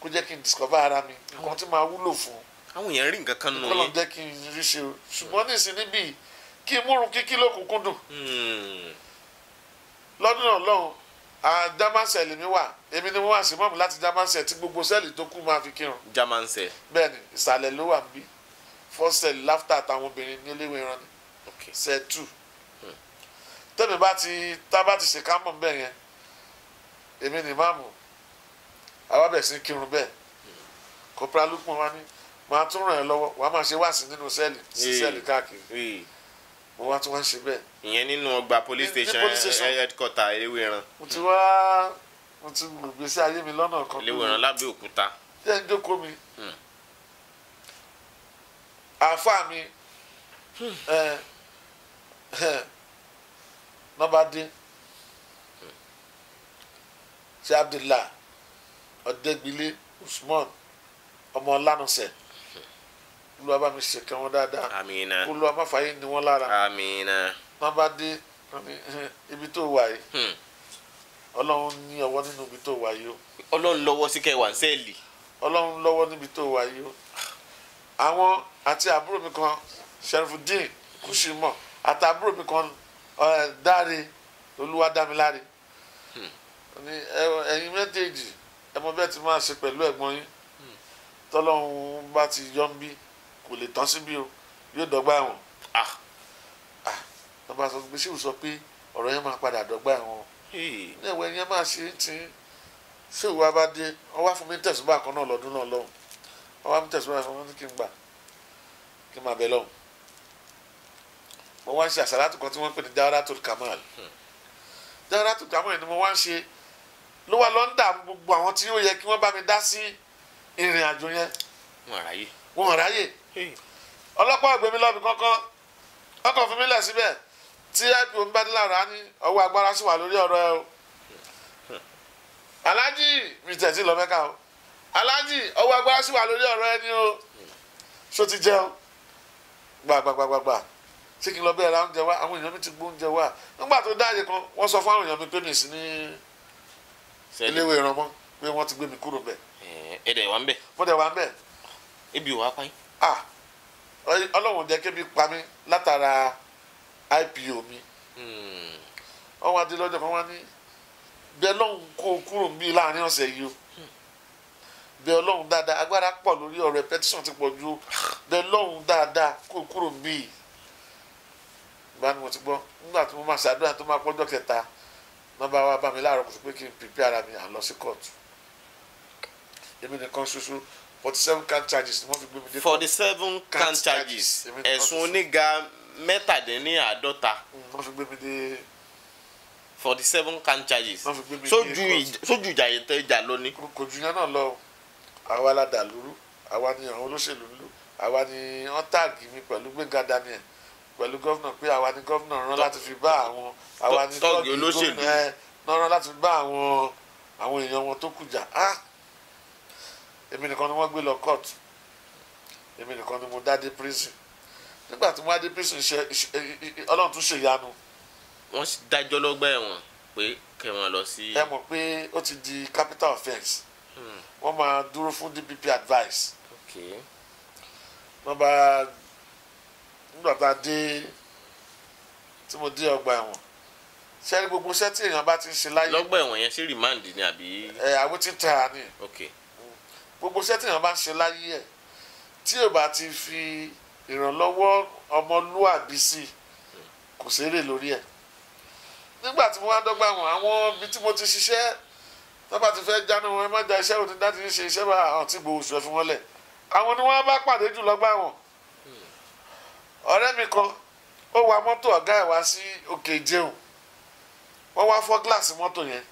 kó jẹ́ kí n discover ara mi nǹkan tí màá wúlò fún. àwọn èèyàn rí nǹkan kan nù yín. Ọlọ́run jẹ́ kí n rí ṣe o ṣùgbọ́n nísìnyí níbí kí n múrun kíkí lókùnkúndùn hmm. lọ́dún náà lọ́hùn german cell mi wà èmi ni mo wà sí mọ́mù láti german cell tí gbogbo sẹ́ẹ̀lì tó kù máa fi kírun. german cell. bẹ́ẹ̀ni ìsàlẹ̀ ló wà níbí first cell láftà àtàwọn obìnrin ní ilé ìwé ni cell two hmm. tẹ́mi bá ti tá bá ti ṣe kámọ̀ bẹ́ẹ̀ yẹn èmi ni máàmù àwa bẹ̀ sí kírun bẹ́ẹ̀ kọ́pẹ́rẹ́ alúpùn wa ni màá tún ràn ẹ́ lọ́wọ́ wàá máa ṣe wáàsí nínú sẹ́ẹ̀lì sí sẹ́ẹ̀lì káàkiri mo wá tún wá ṣe bẹ́ẹ̀. ìyẹn nínú ọgbà police station eh, eh, headquarter eléwéran. mo ti wá mo ti gbègbè sí ayé mi lọ́nà kan. eléwéran lábẹ́òkúta. ṣé ẹ jókòó mi hmm. àáfàá mi nọmba dín ṣe abdullahi ọ̀dẹ́gbilé usman ọmọ ọlánúṣẹ́ olúwa bá mi ṣèkẹ́ wọn dáadáa àmín olúwa má fàáyé ni wọ́n lára àmín má bá dé ibi tó wà yìí hmm. ọlọ́run ní ọwọ́ nínú ibi tó wà yìí o. ọlọ́run lọ́wọ́ sí kẹwàá sẹ́ẹ̀lì. ọlọ́run lọ́wọ́ níbi tó wà yìí o. àwọn àti àbúrò mi kan Sherifudeen Kushimo àti àbúrò mi kan eh, Dáre Olúwadámiláre hmm. ni ẹ̀yin méjèèjì ẹ mọ ti máa ṣe pẹ̀lú ẹ̀gbọ́n yín hmm. tọ́lọ́run bá ti yọ ń bí kò lè tán síbi o yóò dọ́gba ẹ̀wọ̀n ah ah lọ́ba sọ pé síwù sọ pé ọ̀rọ̀ yẹn máa padà dọ́gba ẹ̀wọ̀n ní ẹ̀wọ̀ ẹ̀yẹn máa ṣe é tí ṣé ìwà bá dé wọ́n wá fún mi tẹ̀sùbà kan náà lọ́dún náà lọ́hùn wọ́n wá fún mi tẹ̀sùbà kan náà kí n gbà kí n máa bẹ lọ́hùn mo wá ń ṣe àṣàlátù kan tí wọ́n ń pè ní Dawratul Kamal Dawratul hmm. Kamal ni mo wá ń ṣe ló wà lọ́ńdà gbogbo àwọn tí ó yẹ kí wọ́n bá mi dá sí ìrìn àjò yẹn wọ́n ráyè ọlọ́pàá ògbémi lọ́bì kankan ọkọ̀ fún mi lẹ̀ síbẹ̀ tí ipo ń bẹ́ lára ní ọwọ́ agbára sì wà lórí ọ̀rọ̀ ẹ o aláàjì mi tẹ̀sí lọ mẹ́ka o aláàjì ọwọ́ agbára sì wà lórí ọ̀rọ̀ ẹ ní o so ti jẹun gbàgbàgbàgbà ṣé kí n lọ bẹ́ẹ̀ ra oúnjẹ wá àwọn èèyàn mi ti gbó oúnjẹ wá nígbà tó dáàyè kan wọ́n sọ fún àwọn èèyàn mi pé mi sí ní iléèwé ìrànmọ́ pé wọ́n ti gbé mi kúrò bẹ́ẹ̀. ẹ̀ẹ́dẹ̀ wà ń bẹ̀. mo dẹ̀ wà ń bẹ̀. ebi ò wá pa yín. à ah, ọlọ́run jẹ́ kébi pa mí látara ipo mi hmm. wọ́n wá lọ́jọ́ kan wá ní bẹ́ẹ̀ lọ́hùn kó o kúrò ń láàrin ọ̀sẹ̀ yìí o bẹ́ẹ̀ ọlọ́run dáadáa agbára pọ̀ lórí ọ̀rọ̀ ti pọ̀ ju bẹ́ẹ̀ lọ́hùn dáadáa kó o kúrò ń bí mo ti gbọ́ nígbà tí mo máa ṣàdúrà tó máa pọ́jọ́ kẹta nọ́mbà wa bá mi láàárọ̀ forty-seven count charges for the seven can charges ẹ̀sùn oníga mẹ́tàdínláàádọ́ta. wọ́n fi gbé mi dé. seven can charges hmm, sójú sójú ìjà yẹn tẹ́ ìjà lónìí. kò ju yẹn náà lọ àwa la dà lóru àwa ni àwọn olóṣèlú ń lò àwa ni wọ́n táàgì mi pẹ̀lú Gbénga Daniel pẹ̀lú gọ́vnà pé àwa ni gọ́vnà rán láti fi bá àwọn àwa ni tọ́ọ̀gì olóṣèlú rán láti fi bá àwọn àwọn èèyàn wọn tó kù ah èmi nìkan ni wọ́n gbé lọ court èmi nìkan ni mo dá dé prison nígbà tí mo dá dé prison ṣe ọlọ́run tún ṣe ìyanu. wọ́n dájọ́ lọ́gbà ẹ̀wọ̀n pé kẹwọn lọ sí. ẹ mọ̀ pé ó ti di capital offence hmm. wọ́n máa dúró fún DPP advice wọ́n bá nígbà tá a dé tí mo dé ọgbà ẹ̀wọ̀n ṣé gbogbo iṣẹ́ tí èèyàn bá ti ń ṣe láyé. lọ́gbà ẹ̀wọ̀n yẹn ṣé remand ni àbí. ẹ àwọn tí ń tẹ̀ ẹ́ okay gbogbo iṣẹ́ tí èèyàn bá ń ṣe láyé ẹ̀ tí ò bá ti fi ìrànlọ́wọ́ ọmọlúwàbí sí kò ṣeré lórí ẹ̀ nígbà tí mo wá dọ́gba wọn àwọn ibi tí mo ti ṣiṣẹ́ tọ́ba ti fẹ́ jáná wọn ẹ má ja iṣẹ́ òní dáàtì ṣe iṣẹ́ bá àwọn tí gbòòsù ẹ̀ fún wọn lẹ̀ àwọn ni wọ́n bá pàdé jù lọ́gbà wọn ọ̀rẹ́ mi kan ó wa mọ́tò ọ̀gá ẹ̀ wá sí òkè jẹun wọ́n wá fọ́ gíláàsì mọ́tò yẹn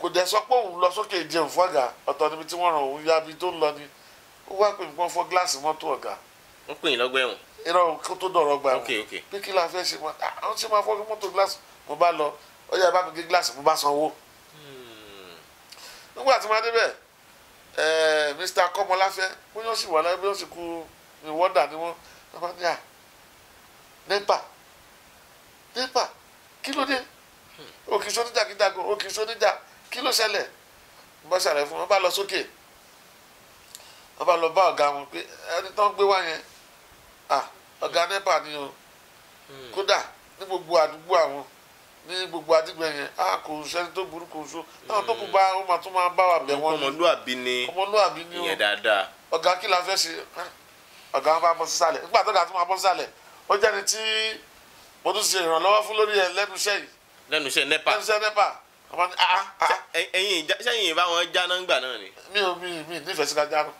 kò dẹ̀ sọ pé òun lọ sókè jẹun fún ọ̀gá ọ̀tọ̀ níbi tí wọ́n ràn òun yábi tó ń lọ ni ó wá pè mí pọ́n fọ́ gíláàsì mọ́tò ọ̀gá. ń pè yín lọ́gbà ẹ̀wọ̀n. irọ́ kó tó dọ̀rọ̀ gba ẹ̀wọ̀n pé kí la fẹ́ ṣe mọ́ ah, àwọn tí ma fọ́ mọ́tò gíláàsì mo bá lọ ó yá bá mi gé gíláàsì mo bá sanwó. Hmm. nígbà tí ma débẹ̀ ẹ̀ẹ́ Mr. Kọ́mọláfẹ́ bí wọ́n sì wà láyé bí wọ́n sì kú mi wọ́dà ni wọ́n lọ́ba ní à ah, nẹ́pà nẹ́pà kí ló dé òkè sóníjà kí dàgbọ́ òkè sóníjà kí ló ṣẹlẹ̀ bọ́ ṣàlàyé fún wọn bá lọ sókè wọ́n bá lọ bá ọ̀gá wọn pé ẹni tó ń gbé wá yẹn ọ̀gá nepa ni o hmm. kódà ní gbogbo àdúgbò àwọn ní gbogbo àdìgbò yẹn a kò sẹ́ni tó burú kò so náà tó kù bá wọn máa tún máa bá wà bẹ̀ wọ́n ni ọmọlúàbí ni ọmọlúàbí ni o dáadáa ọ̀gá kí la fẹ́ ṣe ọ̀gá wọn bá bọ́ sísàlẹ̀ nígbà tó dà tó máa bọ́ sísàlẹ̀ ó jẹ́ni tí mo tún ṣe ìrànlọ́wọ́ fún lórí ẹ̀ lẹ́nu iṣẹ́ yìí lẹ́nu iṣẹ́ nepa lẹ́nu iṣẹ́ nepa ah ah, ah ẹyin sẹyìn bá wọn jáná ńgbà náà ni. mi ò mi mi nífẹ̀ẹ́ sí ká jáná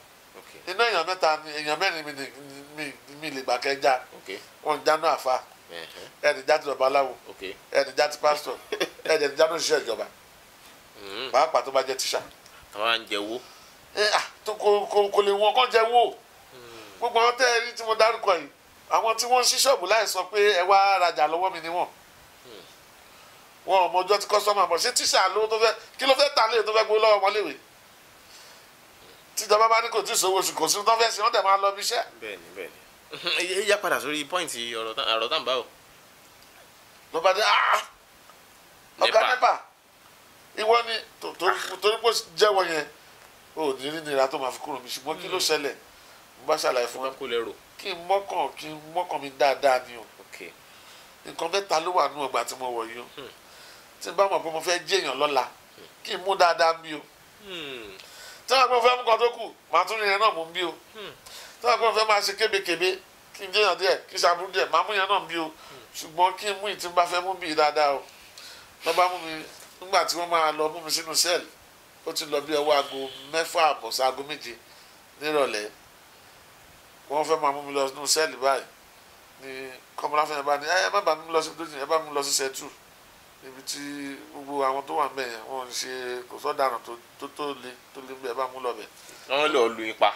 iná èèyàn mẹ́ta ni èèyàn mẹ́rin mi mi mi lè gbà kẹ́ já wọn jáná àfa ẹni já ti babaláwo ẹni já ti pásítọ̀ ẹni já ti ṣiṣẹ́ ìjọba hmm. pàápàá tó bá jẹ́ tíṣà. àwọn à ń jẹ wo. Ah, kò lè wọn kàn jẹ wo hmm. gbogbo àwọn tẹ́ ẹ rí tí mo dárúkọ yìí àwọn tí wọ́n ń ṣí ṣọ́ọ̀bù láì sọ pé ẹ wá rajà lọ́wọ́ mi ni wọ́n wọn ò mọjọ́ tí kọ́sọ́mà bọ̀ ṣé tíṣà ló tó fẹ́ kí ló fẹ́ ta lé tó fẹ́ gbé lọ́wọ́ ọmọléèwé tíjọba bá ní kò tí ì sówó oṣù kò sí tó fẹ́ sí wọ́n tẹ̀ máa lọ bí iṣẹ́. bẹ́ẹ̀ni bẹ́ẹ̀ni ẹ yá padà sórí pọ́ìntì ọ̀rọ̀ tá n bá o. ló bá dé ah, ah, ọ̀gá nípa ìwọ ni torí pé jẹ́wọ́ yẹn ò ní rí nira tó máa fi kúrò mi ṣùgbọ́n kí ló hmm. ṣẹlẹ̀ mo bá ṣàlàyé fún ọ kí n mọ́kàn kí n mọ́kàn mi dáadáa ni o nǹkan mẹ́ta ló wà nú ọgbà tí mo wọ̀ yìí o. Hmm tí n bá mọ̀ pé mo fẹ́ jẹ́yàn lọ́la kí n mú dáadáa ń bí o hmm. tí wọ́n pẹ́ fẹ́ mú kan tó kù màá tún yẹn náà mú ń bí o hmm. tí wọ́n pẹ́ fẹ́ máa ṣe kébékébé kí n jẹ́yàn díẹ̀ kí n ṣàbùrú díẹ̀ màá mú yẹn náà ń bí o hmm. ṣùgbọ́n kí n mú ìtí n bá fẹ́ mú bí dáadáa o lọ́ bá mú mi nígbà tí wọ́n máa lọ mú mi sínú sẹ́ẹ̀lì ó ti lọ bí ọwọ́ aago mẹ́fà àbọ̀ sí aago méje nírọ̀lẹ́ wọ́n fẹ́ máa mú mi lọ sínú sẹ́ẹ̀lì báyìí ni kọ́mọláfẹ́ yẹn bá ní ẹ má bàa mú mi lọ sí ibi tí gbogbo àwọn tó wà mẹ́ẹ̀ wọn ń ṣe kò sọ́daràn tó tó le tó le bẹ́ẹ̀ bá mú lọ bẹ̀. wọ́n lọ lu ipa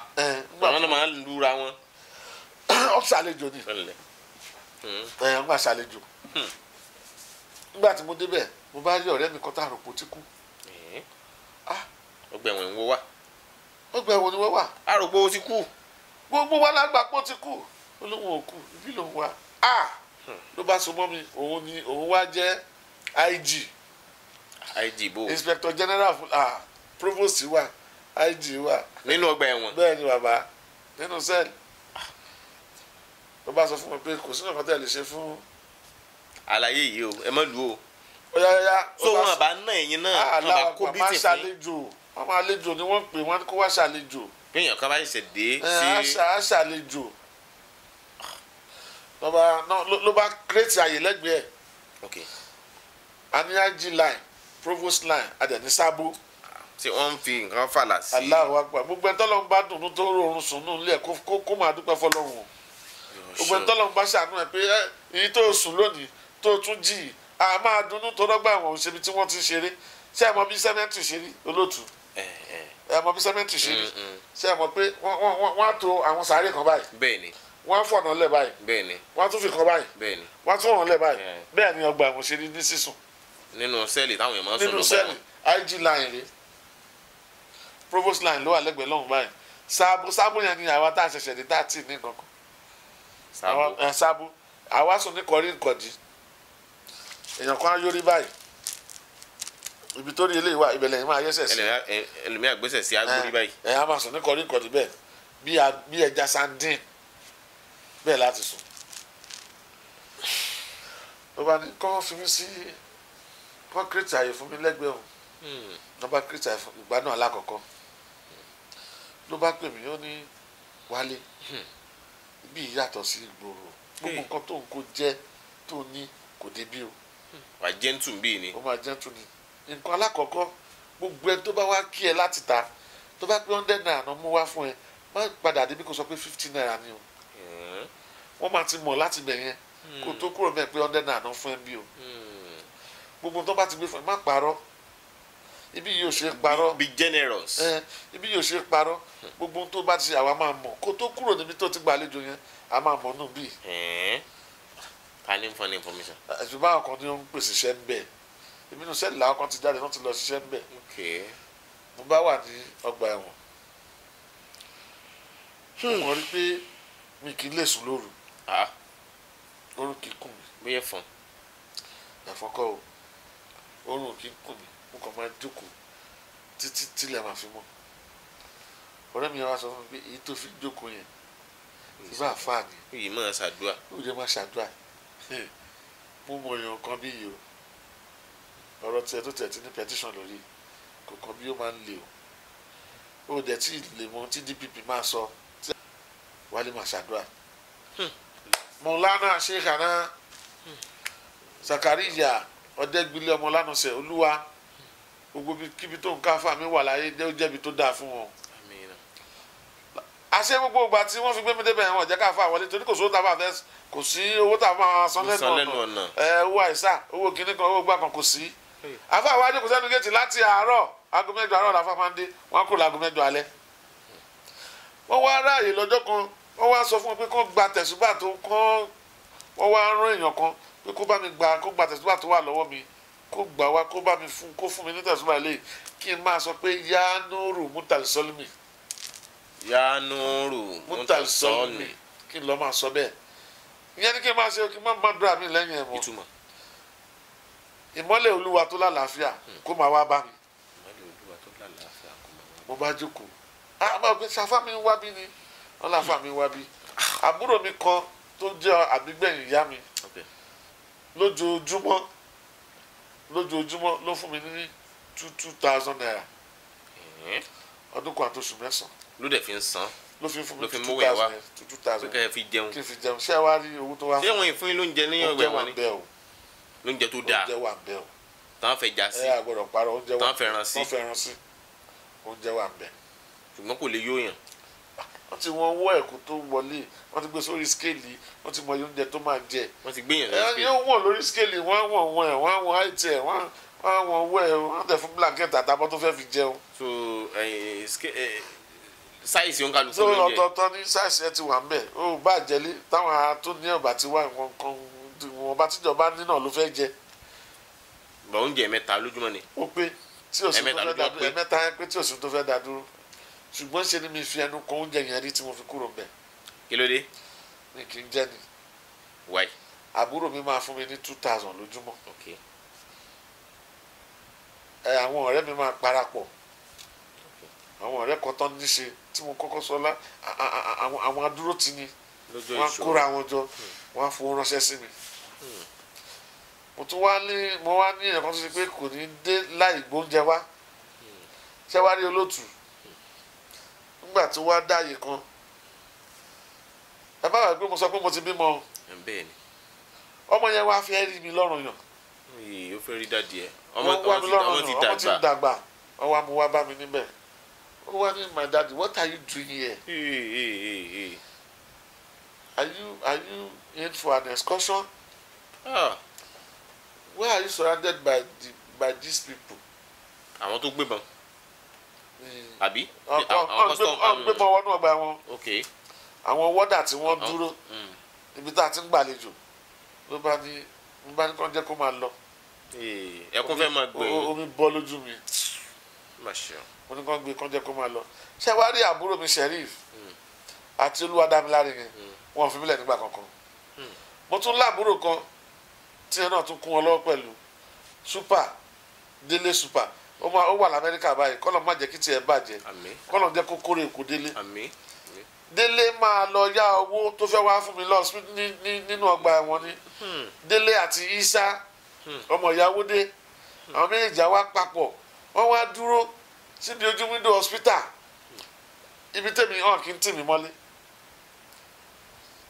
àwọn náà máa ń lura wọn. ọ ṣàlejò ni ẹ̀yàn gbà ṣàlejò hmm. nígbà tí mo débẹ̀ mo bá rí ọ̀rẹ́ mi kan tá a rò pó tí kú. Eh? Ah! ọgbà ẹ̀wọ̀n ìwọ wà. ọgbà ẹ̀wọ̀n ìwọ wà. arògbó ti kú. gbogbo wa lágbà pọ̀ ti kú olóhùn òkú ibi lòun wà. ló bá so mọ́ mi òun ni òun wá jẹ́ IG IG bò inspector general ah provost wa IG wa. nínú ọgbà ẹ̀wọ̀n. bẹ́ẹ̀ ni bàbá nínú sẹ́ẹ̀lì ló bá sọ fún mi pé kò sínú ọ̀kan tẹ̀ lè ṣe fún. àlàyé yìí o ẹ má lù ú o. ọ̀yáyá tó wọn bá ná ẹ̀yin náà ah, wọn bá kó bí tì fún. wọn máa lejò ni wọ́n pè wọ́n kó wá ṣàlejò. péyàn kan bá ṣẹ̀ṣẹ̀ dé eh, sí. ẹ á ṣàlejò ló bá kírètì àyè lẹ́gbẹ̀ẹ́ aniyanji line provost line adẹni sábó. tí fi nǹkan fàlà sí. Allahu Akbar gbogbo ẹni tọ́lọ́run bá dùn tó rọrùn sùn nù lẹ̀ kó máa dúpẹ́ fọlọ́run o gbogbo ẹni tọ́lọ́run bá ṣàánú ẹ pé èyí tó sùn lónìí tó tún jì í a máa dunnú tó dọ́gba àwọn òṣèlú tí wọ́n ti ṣeré ṣé ẹ mọ̀ bí sẹ́mẹ́ntì ṣe olóòtú ẹ mọ̀ bí sẹ́mẹ́ntì ṣe mm, mm. ṣé ẹ mọ̀ pé wọ́n á to àwọn sàárè kan báyìí. bẹ́ẹ̀ni á fọ̀nà lẹ̀ báyìí. bẹ́ẹ̀ni á tún fi kan báyìí. bẹ́ẹ̀ni á tún fọ̀nà lẹ̀ báyìí. bẹ́ẹ̀ ni ọgbà àwọn òṣèlú ní sísun nínú sẹ́ẹ̀lì táwọn èèyàn máa ń sùn lọ́gbà nínú sẹ́ẹ̀lì ig line rè provost line ló wà lẹ́gbẹ̀ẹ́ lọ́hùn báyìí sáàbù sáàbù yẹn ni àwa tá a ṣẹ̀ṣẹ̀ dé tá a tì ní kankan sáàbù àwa sùn ní kọrí nkọ̀dí èèyàn kan yórí báyìí ibi tó rí eléyìí wà ibẹ̀ lẹ́yìn máa yẹ́sẹ̀ sí. ẹlòmíà gbèsè sí agbórí báyìí. ẹ a máa sùn ní kọrí nkọ̀dí bẹ́ẹ̀ bí ẹja sandin bẹ́ẹ̀ láti sùn ló ní kọ́ fi mí sí wọn kírètì àyè fún mi lẹ́gbẹ̀ẹ́ o ló hmm. bá kírètì àyè fún ìgbà náà lákọ̀ọ́kọ́ ló bá pè mí ó ní wálé hmm. bí yàtọ̀ sí ìgboro gbogbo nǹkan tó ń kó jẹ́ tó ní kò débí o. Hmm. wà jẹ́ntù bíi ni. ó máa jẹ́ntù ni nǹkan alákọ̀ọ́kọ́ gbogbo ẹni tó bá wá kí ẹ láti ta tó bá pé hundred naira náà mú wá fún ẹ má padà débi kó sọ pé fifty naira ni o wọ́n máa ti mọ̀ láti bẹ̀ yẹn kó tó kúrò mẹ́ pé hundred naira náà fún ẹ bí o. Mm gbogbo tó bá ti gbé fún ẹ má parọ́ ibi yóò ṣe parọ́ be generous ẹ ibi yóò ṣe parọ́ gbogbo tó bá ti ṣe àwa máa mọ̀ kó tó kúrò níbi tó ti gbàlejò yẹn a máa mọ̀ nù bí. ta ni fún ni information. ṣùgbọ́n àwọn kan ní wọ́n ń pèsè iṣẹ́ ń bẹ̀ ibi inú sẹ́ẹ̀lì làwọn kan ti jáde wọ́n ti lọ ṣiṣẹ́ ń bẹ̀. mo bá wà ní ọgbà ẹ̀wọ̀n mo rí pé mi kì í lè sùn lóru ah. orúkọ ikùn mi. bí ẹ̀fọn. ẹ̀fọn kọ́ o oorun kì í kùn mí mo kàn máa jókòó títí tílẹ̀ máa fi mọ́ ọ̀rẹ́ mi wá sọ fún mi pé èyí tó fi jókòó yẹn ti bá fà ní. yìí máa ṣàdúrà. yóò jẹ́ máa ṣàdúrà mo mọ èèyàn kan bí yìí o ọ̀rọ̀ tiẹ̀ tó tiẹ̀ ti ní petition lórí kọ̀ọ̀kan bí ó máa ń le o ó dẹ̀ tí ì lè mọ tí DPP máa sọ tí wálé máa ṣàdúrà. mo ṣe kànáà Zakariya. Hmm ọ̀dẹ́gbilé ọmọ lánàṣẹ olúwa gbogbo kíbi tó ń ká fún mi wà láyé ó jẹ́bi tó dáa fún wọn. àṣẹ gbogbo ìgbà tí wọ́n fi gbé mi débẹ̀ wọn jẹ́ ká fún àwọlé torí kò sówó tá a bá fẹ́ kò sí owó tá a máa san lẹ́nu ọ̀nà owó àìsàn owó kìíní kan owó gbà kò sí. àfa àwọn adékòsí ẹnu géètì láti àárọ̀ aago mẹ́jọ àárọ̀ làfa máa ń dé wọn kúrò láago mẹ́jọ alẹ́. wọ́n wá ráàyè lọ́jọ́ kan wọ́n wá sọ fún wọn pé kán gba tẹ̀sùbà tó kán wọ́n wá rán èèyàn kan pé kó bá mi gba kó gba tẹ̀síwá tó wà lọ́wọ́ mi kó gbà wá kó bá mi fún kó fún mi ní tẹ̀síwá ilé kí n máa sọ pé yánúrù mútàlísọ́lùmí. yánúrù mútàlísọ́lùmí kí n lọ́ máa sọ bẹ́ẹ̀ ìyẹn ni kí n máa ṣe kí n má má dúrà mí lẹ́yìn ẹ̀ mọ́ ìtumọ̀ hmm. ìmọ́lẹ̀ olúwa tó lálàáfíà kó máa wá bá mi mo bá jókòó ah bá gbé safa mi wá bí ni wọn láfa mi wá bí hmm. àbúrò mi kan tó jẹ́ àbígbẹ̀yìn ìyá mi. Okay lójoojúmọ́ lójoojúmọ́ ló fún mi ní two two thousand naira ọdún kan àtòṣù mẹ́sàn-án. ló dẹ̀ fi ń san ló fi fún mi two thousand naira two thousand naira kí n fi jẹun ṣé wàá rí owó tó wá fún mi. ṣé wọn ìfún yín lóúnjẹ ní ọgbẹ wọn ni lóúnjẹ tó dáa lóúnjẹ wà bẹ́ẹ̀ o tán fẹ́ já sí tán fẹ́ ran sí oúnjẹ wà bẹ́ẹ̀. ṣùgbọ́n kò lè yóò yàn wọ́n ti wọn owó ẹ̀kú tó wọlé wọ́n ti gbé sórí skéèlì wọ́n ti mọ iye oúnjẹ tó máa jẹ. wọ́n ti gbìyànjú skéèlì. yóò wọ̀n lórí skéèlì wọ́n wọ̀n wọ̀n ẹ̀ wọ́n wọ̀n àìtì ẹ̀ wọ́n wọ̀n owó ẹ̀ wọ́n tẹ̀ fún blanket àtàbọ̀ tó fẹ́ fi jẹun. so sáìsì ń kálukú lóúnjẹ. so ọ̀tọ̀ọ̀tọ̀ ní sáìsì ẹ ti wà mẹ́ o bá jẹlé táwọn tó ní ọ̀bà ti wá nǹkan kan wọn bá tíjọba ní náà ló fẹ́ jẹ. bọ̀ oúnjẹ mẹ́ta lójúmọ́ ni. ó pé tí ṣùgbọ́n ṣe ni mi fi ẹnu kan oúnjẹ yẹn rí tí mo fi kúrò ń bẹ̀. kí mi kì í jẹ́ ni. wáyé. àbúrò mi máa fún mi ní two thousand lójúmọ́. ok. ẹ àwọn ọ̀rẹ́ mi máa parapọ̀ àwọn ọ̀rẹ́ kan tán ní ṣe tí mo kọ́kọ́ sọ lá àwọn adúró ti ni wọ́n á kóra wọn jọ hmm. wọ́n á fowó ránṣẹ́ sí mi. Hmm. mo tún wá ní mo wá ní ẹ̀kọ́ tó ṣe pé kò ní dé láì gbóúnjẹ wá hmm. ṣé wá rí olótùú nígbà tí wọ́n á dáàyè kan ẹ bá wà pé mo sọ pé mo ti bímọ ọmọ yẹn wá fẹ́ rí mi lọ́rùn yàn. ó fẹ́ rí dàdí ẹ ọmọ ti dàgbà ọmọ ti dàgbà ọwọ́ àmú wá bá mi níbẹ̀ ó wá ní my daddy what are you doing here. are you are you in for an excursion. Ah. where are you surrounded by the by these people. àwọn tó gbébọn. Hmm. àbí àwọn custom àwọn gbé wọn wọnú ọgbà wọn àwọn wọ́dà tí wọ́n dúró hmm. ibi tá a ti ń gbàlejò ló bá ní ló bá ní kàn jẹ́ kó máa lọ. Eh, ẹkún fẹ́ máa gbé omi bọ́ lójú mi mo ní kàn gbé kàn jẹ́ kó máa lọ ṣé wàá rí àbúrò mi sheriff hmm. àti olúwadámiláre yẹn wọn fi mílẹ̀ nígbà kankan mo tún láàbúrò kan tí ẹ náà tún kún ọ lọ́wọ́ pẹ̀lú super délé super ó wà lamẹ́ríkà báyìí kọ́lọ̀ má jẹ́ kí tiẹ̀ bàjẹ́ kọ́lọ̀ jẹ́ kó kórè kó délé délé máa lọ yá owó tó fẹ́ wá fún mi lọ nínú ọgbà ẹ̀wọ̀n ni hmm. délé àti isa hmm. ọmọ ìyàwó dé hmm. àwọn méjèèjì àwa papọ̀ wọ́n wá dúró síbi ojú wíńdò hospital ibi tèmi hàn kí n tì mí mọ́lé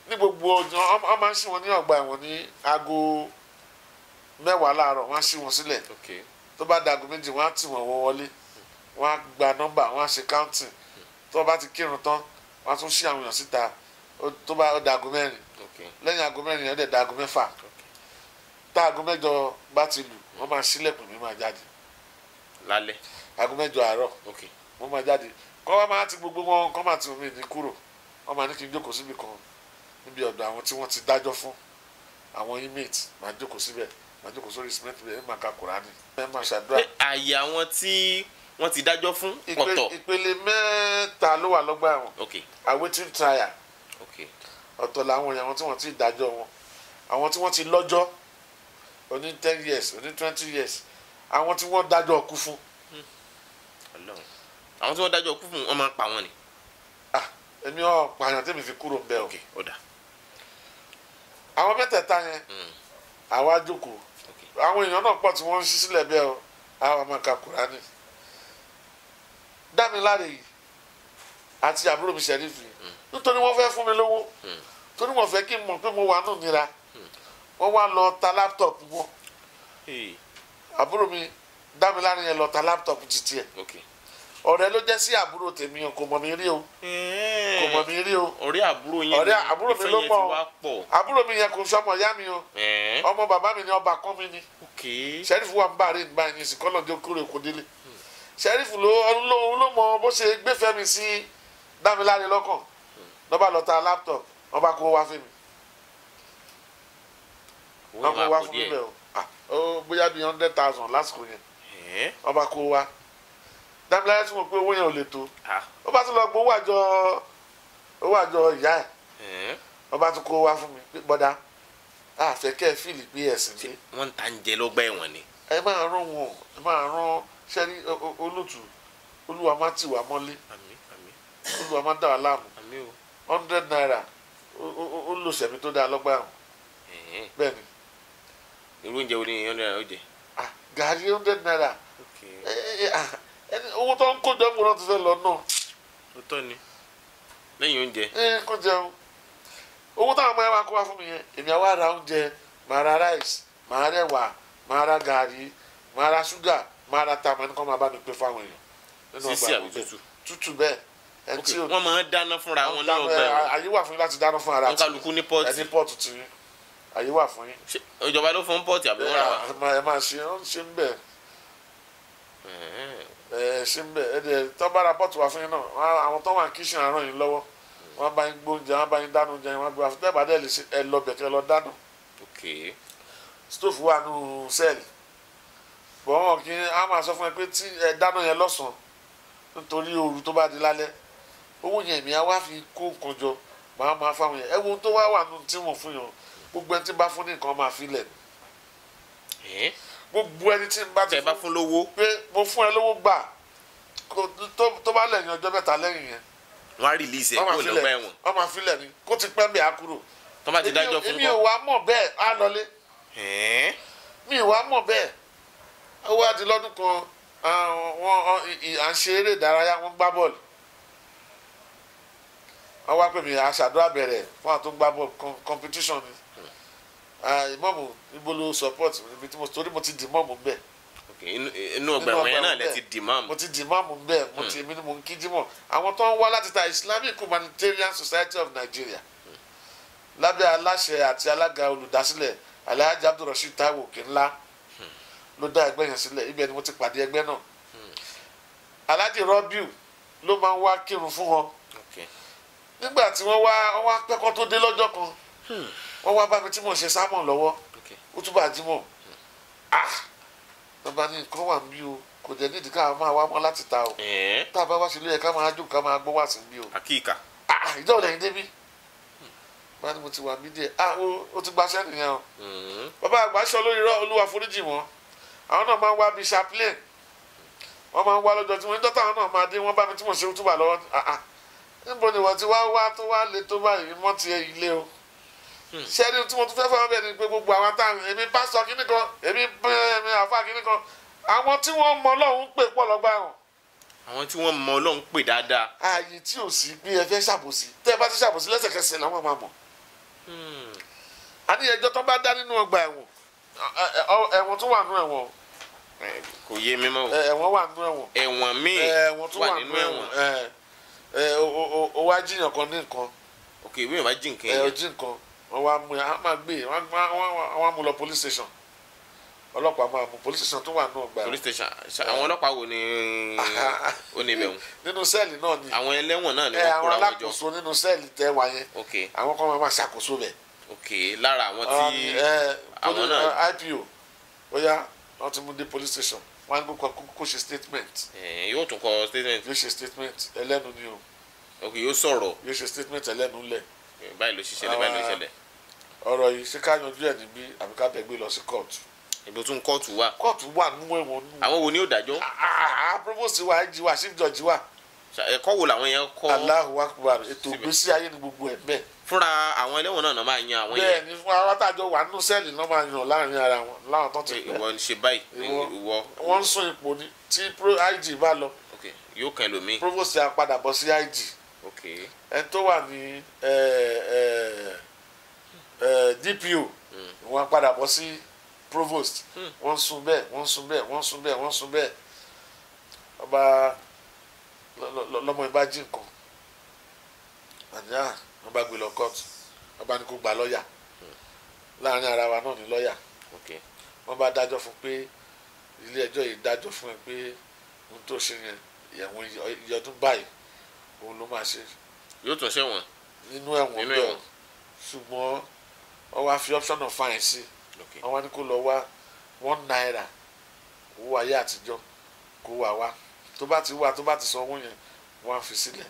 ní gbogbo ọjọ́ wọ́n máa ń ṣí wọn ní ọgbà ẹ̀wọ̀n ní aago mẹ́wàá láàárọ̀ wọ́n á ṣí wọn sílẹ̀ tó bá dago méjì wọ́n á tì wọ́n wọlé wọ́n á gba nọ́mbà wọ́n á ṣe counting tó bá ti kírun tán wọ́n á tún ṣí àwọn èèyàn síta tó bá dago mẹ́rin lẹ́yìn ago mẹ́rin yẹn ó dẹ̀ dago mẹ́fà tá ago mẹ́jọ bá ti lù wọ́n máa ṣílẹ̀kùn mi máa jáde. lálẹ́. ago mẹ́jọ àárọ̀ wọ́n máa jáde kọ́ wá máa ti gbogbo wọn kọ́ máa ti omi ní kúrò wọ́n máa ní kí n jókòó síbi kan níbi ọ̀dọ̀ àwọn tí wọ́n ti dájọ́ fún àwọn inmate máa jókòó síbẹ̀ màtí kò sórí cement bẹ́ẹ̀ máa ka kurani. ẹ máa ṣàdúrà. àyè àwọn tí wọ́n ti dájọ́ fún ọ̀tọ̀. ìpele mẹ́ta ló wà lọ́gbà wọn. ok awaiting trial. ọ̀tọ̀ làwọn èèyàn tí wọ́n ti dájọ́ wọn àwọn tí wọ́n ti lọ́jọ́ oní ten years oní twenty years àwọn tí wọ́n dájọ́ ọkú fún. àwọn tí wọ́n dájọ́ ọkú fún wọn máa ń pa wọn ni. ah èmi ọ̀ pààyàn tẹ́mi fi kúrò ń bẹ́ẹ̀ o. ok ó àwọn mẹ́tẹ̀ẹ̀ta yẹn hmm. àwa jókòó àwọn èèyàn náà pọ̀ tí wọ́n ń ṣí sílẹ̀ bẹ́ẹ̀ o àwọn ọmọ nǹkan kúránì dámiláre yìí àti àbúrò mi ṣẹ̀rífì hmm. nítorí wọ́n fẹ́ fún mi lówó hmm. torí wọ́n fẹ́ kí n mọ̀ pé mo wà nù nira hmm. wọ́n wá lọ ta láptọ̀pù wọn àbúrò mi dámiláre yẹn lọ ta láptọ̀pù títí ẹ̀. Okay ọ̀rẹ́ ló jẹ́ sí àbúrò tèmi o kò mọ̀ mí rí o kò mọ̀ mí rí o ọ̀rẹ́ àbúrò yẹn ọ̀rẹ́ àbúrò mi ló mọ̀ àbúrò mi yẹn kò sọmọ ìyá mi o ọmọ bàbá mi ni ọba kan mi ni sẹ́rífù wà ń bá rí nígbà yẹn sìkọ́ lọ́dẹ kúrò èkó délé sẹ́rífù ló mọ bó ṣe gbéfẹ́ mi sí dámiláre lọ́kàn lọ́ba lọ ta laptop wọ́n bá kó wá fún mi wọ́n kó wá fún mi bẹ́ẹ̀ o ah, bóyá bíi hundred thousand last yẹn wọ́n bá kó wá dábìláyà tí mo pé owó yẹn ò lè tó ó bá tún lọ gbowó àjọ owó àjọ ìyá ẹ̀ ó bá tún kó wá fún mi pé gbọ́dá a fẹ́ kẹ́ ẹ fíìlì pé ẹ̀sìn dé. wọ́n ń ta ń jẹ lọ́gbà ẹ̀wọ̀n ni. ẹ máa rán wọn ẹ máa rán sẹ́rí olótù olúwa má tì wá mọ́lé àmín olúwa má dà wá láàmú o hundred naira ó lò sẹ̀mí tó dáa lọ́gbà ẹ̀wọ̀n bẹ́ẹ̀ ni. irú oúnjẹ wo ni hundred naira ó jẹ. Ah, gàrí hundred naira. Eh, eh, eh, ah, owó tó ń kójọ fún náà ti fẹ́ lọ náà. ó tọ́ ni lẹ́yìn oúnjẹ. ẹ kó jẹun owó táwọn ọmọ yẹn wá kó wá fún mi yẹn èmi àwa ra oúnjẹ màá ra rice màá ra ẹ̀wà màá ra gàrí màá ra ṣúgà màá ra tàmà ní kó máa bá mi pé fáwọn èèyàn. sísí àbí tútù tútù bẹ́ẹ̀ ẹ tí o wọ́n máa ń dáná fúnra wọn ní ọgbà ẹ̀wọ̀n àyè wà fún yín láti dáná fún ara tí kálukú ní pọ́ọ̀tì ẹni pọ́ọ̀tì tí àyè wà fún yín. ìjọba ló fún pọ́ọ̀tì àbí wọ́n rà wá. ẹ máa ṣe ń bẹ̀ ẹ ṣe ń bẹ ẹ dẹ tọ́ba ra pọ́ọ̀tù wá fún yín náà àwọn tó wà ní kíṣìn àárọ̀ yín lọ́wọ́ wọ́n bá yín gbóúnjẹ wọ́n bá yín dáná oúnjẹ wọ́n gbé àfitẹ́ ìbàdàn lè ṣe ẹ lọ bẹ̀kẹ́ lọ dáná. stóòfù wà nù sẹ́ẹ̀lì bọ̀ wọ́n kí á máa sọ fún ẹ pé tí ẹ dáná yẹn lọ́sàn-án nítorí ooru tó bá di lálẹ́ owó yẹn mi á wá fi kó nǹkan jọ màá máa fáwọn yẹn ẹ tó wá wà nù tí mo fún yàn gbogbo ẹni tí bá fún ní nǹkan máa fi lẹ̀ gbogbo ẹni tí n bá ti fún tẹ bá fún lówó pé mo fún ẹ lówó gbà tó bá lẹ́yìn ọjọ́ mẹ́ta lẹ́yìn yẹn. wọ́n á rìlíìsì ẹ̀ kúrò lọ́gbà ẹ̀wọ̀n. wọ́n máa filẹ̀ ni kó ti pẹ́ mi á èmi ò wá mọ̀ bẹ́ẹ̀ á lọlé. mi ò wá mọ̀ bẹ́ẹ̀ ó wá lọ́dún kan à ń ṣe eré ìdárayá wọ́n gbá bọ́ọ̀lù. wọ́n wá pè mí àṣàdúrà bẹ̀rẹ̀ fún àtúngbá bọ́ọ̀lù competition ni. Ah, mọ́mù níbo support mi tí mo torí mo ti di mọ́mù bẹ́ẹ̀. inú ọgbà ẹ̀wọ̀n yẹn náà lẹ ti di mọ́mù. mo ti di mọ́mù bẹ́ẹ̀ mo ti hmm. èmi ni mo ń kí jímọ̀ àwọn tó ń wá láti ta Islamic Humanitarian Society of Nigeria hmm. lábẹ́ aláṣẹ àti alága olùdásílẹ̀ Alhaji Abdulrasheed Taiwo Okinla hmm. ló dá ẹgbẹ́ yẹn sílẹ̀ ibẹ̀ ni mo ti pàdé ẹgbẹ́ náà Alhaji Robiu ló máa ń wá kírun fún wọn nígbà tí wọ́n wá wọ́n wá pẹ́kọ́ tó dé lọ́jọ́ kan. Hmm wọ́n wá bá mi tí mò ṣe sámọ̀ lọ́wọ́ ó túbọ̀ àjímọ̀ ah bàbá ní nǹkan wà mí o kò jẹ́ nídìí ká máa wá mọ́ láti ta o tá a bá wá sí ilé ẹ̀ ká máa dùn ká máa gbọ́ wá sí mi o. àkíkà. ah ìjọ ò lẹ́yìn débi bá ní mo ti wà mí dé ah o ti gbaṣẹ́ nìyẹn o bàbá àgbà aṣọ lórí rọ olúwa foríjì wọn àwọn náà máa ń wá bíi chaplain wọ́n máa ń wá lọ́jọ́ tí wọ́n ń dọ́tà àwọn náà máa dé wọ́n bá mi tí mo ṣe túbà lọ́wọ́ ah! Ah! níbo ni wọ́n ti wá wá tó wá le tó báyìí mọ́ ti ilé o sẹ́ni tí mo tún fẹ́ fẹ́ bẹ́ẹ̀ ni pé gbogbo àwọn tá èmi pásítọ̀ kínní kan èmi èmi àfa kínní kan àwọn tí wọ́n mọ Ọlọ́run pè pọ̀ lọ́gbà wọn. àwọn tí wọ́n mọ Ọlọ́run pè dáadáa. ààyè tí ò sí pé ẹ fẹ́ ṣàbòsí tẹ́ ẹ bá ti ṣàbòsí lẹ́sẹ̀kẹsẹ̀ làwọn máa mọ̀. àníyànjọ́ hmm. tó bá dá nínú ọgbà ẹ̀wọ̀n ẹ̀wọ̀n tó wà nínú ẹ̀wọ̀n kò yé mi mọ́ o. ẹ̀wọ̀n wà nínú ẹ̀wọ̀n. ẹ̀wọ̀n míì wà nínú ẹ̀wọ̀n. o wá jiyàn kan ní nǹkan. ok bí mi bá jí nǹkan yẹn. ẹ o jí nǹkan wọ́n wá mú ẹ máa gbé wọ́n wá mú lọ police station ọlọ́pàá máa mú police station tó wà náà gbà. police station eh. àwọn ọlọ́pàá wo ni ó ní ibẹ̀ wọn. nínú sẹ́ẹ̀lì náà ni. àwọn ẹlẹ́wọ̀n náà ni eh, wọ́n kóra wọn jọ. àwọn alákòóso nínú sẹ́ẹ̀lì tẹ wá yẹn. ok àwọn kan máa ṣàkóso bẹ̀. ok lára àwọn tí um, eh, àwọn náà. ipo ó yá wọ́n ti mú dé police station wọ́n á gbé kó ṣe statement. yóò tún kọ statement. yóò ṣe statement ẹlẹ́nu ni o. ok yóò sọ̀rọ̀. yóò ṣe statement ẹlẹ́nu lẹ̀ báyìí ló ṣiṣẹ́ báyìí ló ṣẹlẹ̀. ọ̀rọ̀ yìí ṣé ká yanjú ẹ̀ níbí àbí ká tẹ̀ gbé lọ sí kóòtù. ìbò tún kóòtù wà. kóòtù wà nú ẹ̀wọ̀n nú. àwọn wo ni yóò dájọ́. Ah, ah, ah, provost wa ig wa chief judge wa. ẹ̀kọ́ wo làwọn yẹn kọ́. Allahu akbar ètò ìgbésí ayé ni gbogbo ẹ̀ bẹ́ẹ̀. fúnra àwọn ẹlẹ́wọ̀n náà máa yan àwọn yẹn. bẹ́ẹ̀ ni fúnra wọn tàjọ wà nínú sẹ́ẹ̀lì náà máa yan láàrin ara wọn láwọn tó ti pẹ́. ìwọ ń ṣe báyìí ìwọ. wọ́n ń sún ipò ní tí ig bá lọ. yóò kàn lómi ẹni tó wà ní DPO hmm. wọ́n padà bọ́ sí provost hmm. wọ́n sùn bẹ́ẹ̀ wọ́n sùn bẹ́ẹ̀ wọ́n sùn bẹ́ẹ̀ wọ́n sùn bẹ́ẹ̀ ọba lọ́mọ ìbá jí nǹkan àdìyà ah, wọ́n bá gbé lọ kóòtù wọ́n bá ní kó gba lọ́ọ̀yà hmm. láàrin ara wa náà ní lọ́ọ̀yà wọ́n bá dájọ́ fún pé ilé ẹjọ́ yìí dájọ́ fún ẹ pé ohun tó ṣe yẹn ìyẹ̀wọ̀n ìyọdún báyìí òun ló máa ṣe. yóò tún ṣẹ̀wọ̀n. nínú ẹ̀wọ̀n bẹ́ẹ̀ ṣùgbọ́n wọ́n wá fi option of fine sí wọ́n wá ní kó lọ wá one naira owó ayé àtijọ́ kó wà wá tó bá ti wà tó bá ti san owó yẹn wọ́n á fi sílẹ̀.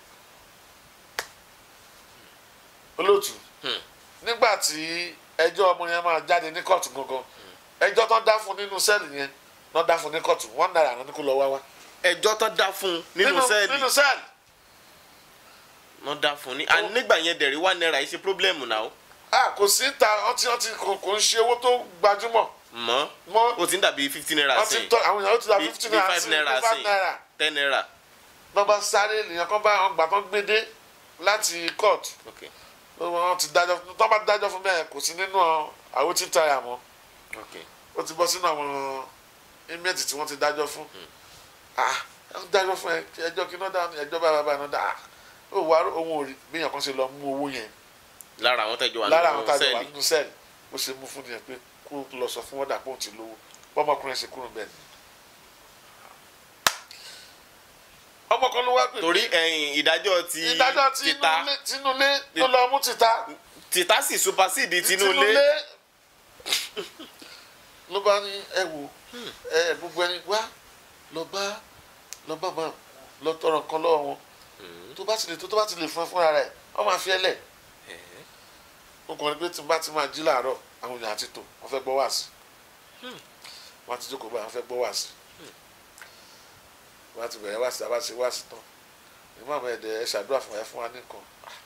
olóòtú hmm. nígbà tí ẹjọ́ ọmọ yẹn máa jáde ní kóòtù gangan hmm. ẹjọ́ tó dá fún nínú sẹ́ẹ̀lì yẹn náà dá fún ní kóòtù one naira náà ní kó lọ wá wá. ẹjọ́ tó dá fún nínú sẹ́ẹ̀lì wọn dá fún ni and nígbà yẹn dẹ̀rí wà náírà yìí ṣe pírọ́blẹ́mù náà o. a ah, kò sí ta ọtí ọtí kò ń ṣe owó tó gbajúmọ̀. mọ o ti ń dàbí fifteen naira sí i àwọn èèyàn ó ti dà fifteen naira sí i five naira ten naira. bàbá sáré nìyẹn kan bá ọgbà kan gbé dé láti court wọn ti dájọ́ tó bá dájọ́ fún bẹ́ẹ̀ kò sí nínú àwọn tí ń ta àmọ́ ó ti bọ́ sínú àwọn inmate tí wọ́n ti dájọ́ fún hmm. ah dájọ́ fún ẹjọ́ kí náà dá ẹjọ́ bá bàbá náà dá ah ó wà owó bíyàn kan ṣe lọ mú owó yẹn. lára àwọn tẹjọ wà nínú sẹ́ẹ̀lì ó ṣe mú fún yẹn pé kó lọ sọ fún wọ́dà pé òun ti lówó bọ́mọkùnrin ṣe kúrò bẹ́ẹ̀ ni. ọmọ kan ló wá pè. torí ẹyin ìdájọ́ ti ìdájọ́ ti tinúlé ló lọ mú tita tìta sì supersede tinúlé. ló bá ní ẹ wò hmm. ẹ gbogbo ẹni wá lọ bá lọ bá máa lọ tọrọ nǹkan lọ́wọ́ wọn Mm-hmm. tó bá ti lè tó tó bá ti lè fún ẹ fúnra rẹ ọ máa fi ẹ lẹ eh? mo kàn ní pé tí n bá ti máa jí làárọ̀ àwọn èèyàn àti tò wọ́n fẹ́ gbọ́ wá sí hmm. wọ́n ti jókòó báyìí wọ́n fẹ́ gbọ́ wá sí hmm. wọ́n ti bẹ̀rẹ̀ wá sí abá ṣe wá sí tán ìmọ̀ àwọn ẹ̀dẹ̀ ẹ̀ ṣàdúrà fún ẹ fún wa ní nǹkan ah,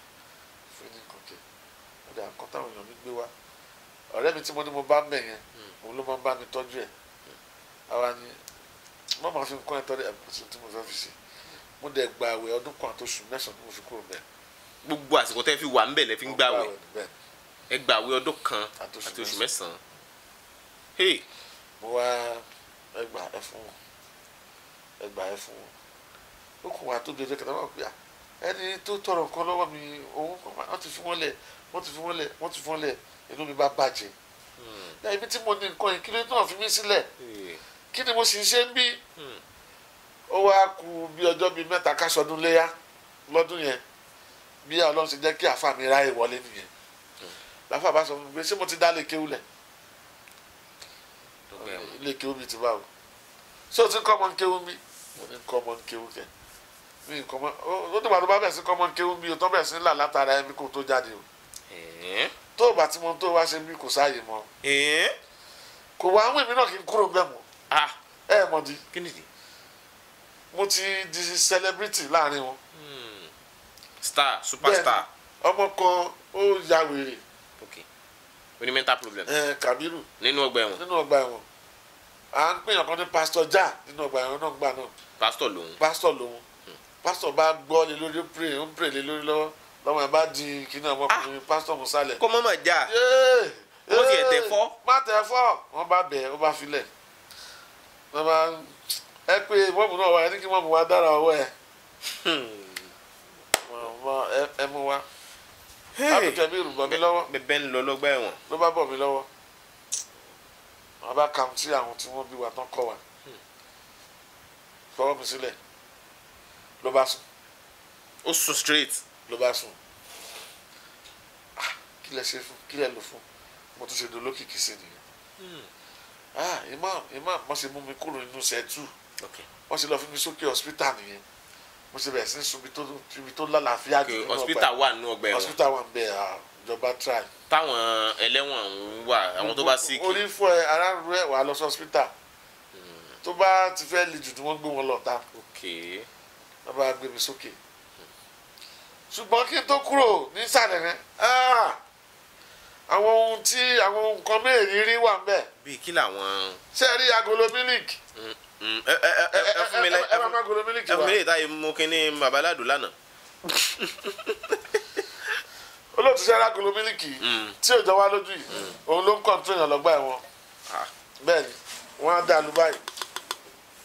fún ní nǹkan kẹ ọ̀dà nǹkan táwọn èèyàn mi gbé wá ọ̀rẹ́ mi tí mo ní mo bá ń yẹn hmm. òun ló máa ń bá mi tọ́jú ẹ̀ àwa ni mọ́ máa fi nǹkan ẹ̀ tọ́jú ẹ̀ tí mo fẹ́ fi ṣe mo dẹ̀ gba àwẹ̀ ọdún kan àtòṣù mẹ́sàn-án tí mo fi kúrò bẹ́ẹ̀. gbogbo àsìkò tẹ́ fi wà ń bẹ̀ lẹ́ fi ń gbà wẹ̀ ẹ gba àwẹ̀ ọdún kan àtòṣù mẹ́sàn-án. mo wá ẹgbà ẹ fún wọn ẹgbà ẹ fún wọn ó kò wá tóbi ẹjọ́ kẹta wọn pé ẹni tó tọrọ nǹkan lọ́wọ́ mi òun wọ́n ti fún wọn lẹ̀ wọ́n ti fún wọn lẹ̀ wọ́n ti fún wọn lẹ̀ inú mi bá bàjẹ́ hmm. ibi tí mo ní nǹkan yìí kí ló tó fi mí sílẹ̀ kí ni mo sì ń ṣe ń bí. Hmm ó wá ku bí ọjọ́ bíi mẹ́ta kásọdún léyà lọ́dún yẹn bí ọlọ́run ṣe jẹ́ kí àfa mi ráyè wọlé nìyẹn láfa bá sọ fún mi pé ṣé mo ti dá lè kéwù lẹ̀ lè mi ti bá o ṣé o ti kọ́ ọmọ kéwù mi mo ní kọ́ ọmọ kéwù kẹ mi kọ́ ọmọ ó dìgbà tó bá bẹ̀ sí kọ́ ọmọ kéwù mi o tó bẹ̀ sí là látara ẹni kó tó jáde o tó bá ti mọ tó wá ṣe mí kò sáàyè mọ kò wá àwọn èmi náà kí n kúrò bẹ́ẹ̀ mọ́ ah. ẹ mọ̀ di. kí ni di mo ti di celebrity láàrin wọn. Hmm. star superstar. ọmọ kan ó ya wèrè. ó ní mental problem. ẹ eh, Kabiru. nínú ọgbà ẹ̀wọ̀n. nínú ọgbà ẹ̀wọ̀n à ń pèyàn kan ní pastor ja nínú ọgbà ẹ̀wọ̀n náà gbà náà. pastor lòun. pastor lòun hmm. pastor bá gbọ́ lé lórí pray ń pray lé lórí lọ́wọ́ lọ́wọ́ ẹ̀ bá di kíní ọmọkùnrin ah! pastor musalẹ̀. kó mọ́mọ́ já mo ti ẹ̀ tẹ̀ fọ́. má tẹ̀ fọ́ wọ́n bá bẹ̀ ẹ́ wọ́n bá filẹ̀ wọ́n bá ẹ pé mọ́mù náà wá ẹ ní kí mọ́mù wá dára ọwọ́ ẹ hmm. ẹ mú wá abùkẹ́ mi bọ̀ mí lọ́wọ́ bẹ́ẹ̀ ń lọ lọ́gbà ẹ̀wọ̀n ló bá bọ̀ mí lọ́wọ́ wọn bá kà sí àwọn tí wọ́n bí wa tán kọ́ wa hmm. fọwọ́ mi sílẹ̀ ló bá sùn ó sùn straight ló bá sùn ah, kí lẹ ṣe fún kí lẹ lò fún mo tún ṣe dolókìkí sí nìyẹn hmm. ah, imam imam mo ṣe mú mi kúrò nínú sẹ́tù wọ́n ṣe lọ fún mi sókè hospital nìyẹn mo ṣe bẹ̀rẹ̀ sí sun ibi tó lálàáfíà jù nínú ọgbà hospital wà nínú ọgbà ẹ̀wọ̀n hospital wà nbẹ̀ ìjọba try. táwọn ẹlẹ́wọ̀n ń wà àwọn tó bá sí kí. orí fún ẹ aráàlú ẹ wà lọ sí hospital hmm. tó bá ti fẹ́ le jù ni wọ́n gbé wọn lọ ta wọ́n bá gbé mi sókè ṣùgbọ́n kí n tó kúrò ní sàlẹ̀ rẹ̀ ah, àwọn ohun tí àwọn nǹkan mẹ́rìírí wà ńbẹ̀. bíi kí làwọn. ṣé ẹ rí agolo mílíkì. Mm, mm, ẹ fún mi lẹ́yìn ẹ fún mi agolo mílíkì wa. ẹ fún mi lẹ́yìn táyé mú kínní babaláàdù lánàá. olóòtú sẹ́ra agolo mílíkì mm. tí òjò wá lójú yìí òun ló ń kọ́ńtò èèyàn lọ́gbà ẹ̀wọ̀n ah. bẹ́ẹ̀ ni wọ́n á dàlú báyìí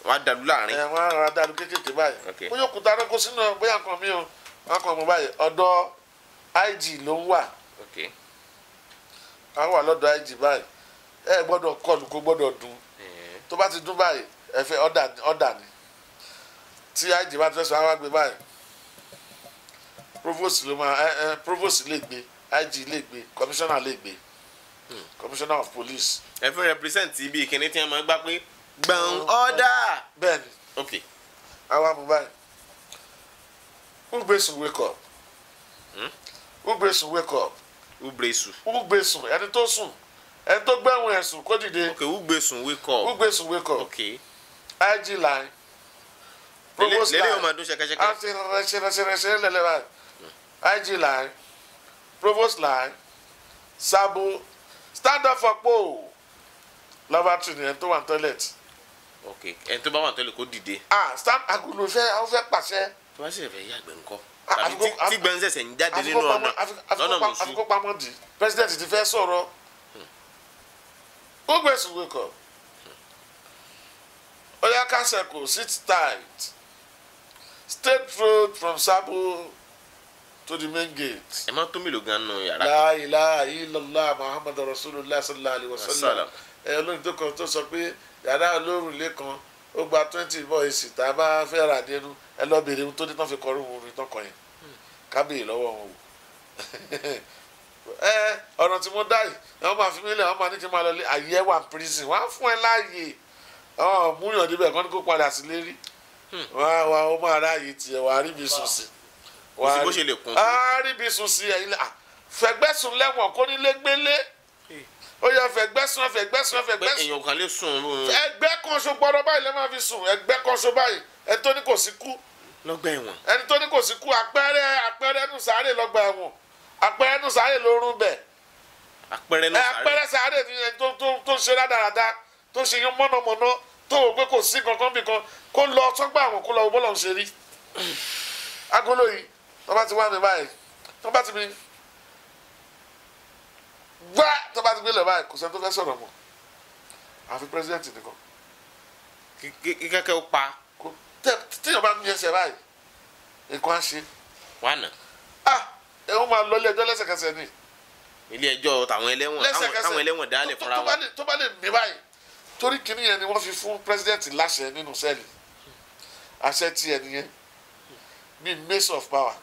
wọn á dàlú láàrin. ẹ wọn á rà dàlú kékeré báyìí bóyá òkúta rẹ kó sínú bóyá nǹkan mi o wọn kàn mọ báyìí ọ̀dọ̀ ig ló ń wà àwọn wà lọ́dọ̀ ig báyìí ẹ gbọ́dọ̀ kọlù kó gbọ́dọ̀ dùn tó bá ti dùn báyìí ẹ fẹ́ ọ̀dà ni tí ig bá ti fẹ́ sọ àwọn àgbẹ̀ báyìí provost ló máa ẹ ẹ provost lè gbé ig lè gbé commissioner lè gbé hmm. commissioner of police. ẹ fẹ́ represent ibi ìkíní tí wọ́n máa gbá pé gbọ̀n ọ̀dà. Hmm. bẹ́ẹ̀ni ok àwọn àmú báyìí who gbé sùn wake up hmm? who gbé sùn wake up ugbesu. ugbesu ẹni tó sùn ẹni tó gbẹ̀wọ̀n ẹ̀sùn kó dìde. ok ugbesu wake ugbesu wake ok. ig line. provost line lele yóò máa dún ṣẹkẹṣẹkẹ. àti rẹṣẹrẹṣẹrẹṣẹ lẹlẹ báyìí. ig line provost line sabo stand up for pole lavatory ni ẹni tó wà ní toilet. ok ẹni tó bá wà ní toilet kó dìde. ah stand agolo fẹ́ àwọn fẹ́ pàṣẹ. tó bá sì fẹ́ yàgbẹ́ ńkọ́ tàbí tí gbẹ̀nsẹ̀sẹ̀ ń jáde nínú ọ̀nà lọ́nà mọ̀sú. àfikún pamọ́ di president ti fẹ́ sọ̀rọ̀ go gbèsè wake up oya kaseko sit tight straight road from sabo to the main gate. ẹ má tó mélòó gan nù yàrá. la ilaha illallah muhammadu rasulillah sallallahu alaihi wa sallam ẹ olórí tó kàn tó sọ pé yàrá olórùlé kan ó gba twenty boys tá a bá fẹ́ rà dénú ẹ lọ bèrè ohun tó ní tán fi kọrí ohun orin tán kọ yẹn kábíyè lọ́wọ́ wọn o ẹ ọ̀nà tí mo dá yìí wọ́n máa fi mí lẹ̀ wọ́n máa ní kí n máa lọ lé àyè ẹ̀wà prison wọ́n á fún ẹ láàyè ọ̀ múyàn níbẹ̀ kán ní kó padà sí lérí hmm. wọ́n á wá ó máa ráàyè tiẹ̀ wà á rí mi sùn sí wà á rí mi sùn sí ẹ̀yìn lẹ́ fẹ̀gbẹ́sùn lẹ́wọ̀n kónílégbélé ó yẹ fẹ̀gbẹ́ sùn fẹ̀gbẹ́ sùn fẹ̀gbẹ́ sùn. èèyàn kan lè sùn lóorun. ẹgbẹ́ kan ṣo gbọ́dọ̀ báyìí lè máa fi sùn ẹgbẹ́ kan ṣo báyìí ẹni tó ní kò sí kú. lọ́gbà ẹ̀wọ̀n. ẹni tó ní kò sí kú àpẹẹrẹ àpẹẹrẹ nù sáré lọ́gbà ẹ̀wọ̀n àpẹẹrẹ nù sáré lórun bẹ̀. àpẹẹrẹ nù sáré. àpẹẹrẹ sáré ni ẹni tó ń ṣe rádaràda tó ń ṣe yán mọ́nàmọ́ná tó wò pé kò sí kankan bì kan kó lọ sọ́gbà àwọn kó lọ bọ́lọ̀ ń ṣe rí. agolo yìí wọ́n bá ti wá mi báyìí wọ́n bá ti mi gbá tó bá ti gbélé báyìí kò sẹ́ni tó fẹ́ sọ̀rọ̀ mọ́ àfi president nìkan. kíkẹ́kẹ́ ó pa. tíyọ̀ bá ń yẹsẹ̀ báyìí nǹkan á ṣe. wà á nà. ah ẹ̀hún máa lọ ilé ẹjọ́ lẹ́sẹ̀kẹsẹ̀ ni. ilé ẹjọ́ tàwọn ẹlẹ́wọ̀n táwọn ẹlẹ́wọ̀n dálẹ̀ fúnra wa. tó bá lè mí báyìí torí kìnìún yẹn ni wọ́n fi fún president láṣẹ nínú sẹ́ẹ̀lì àṣẹ tiẹ̀ nìyẹn bíi mace of power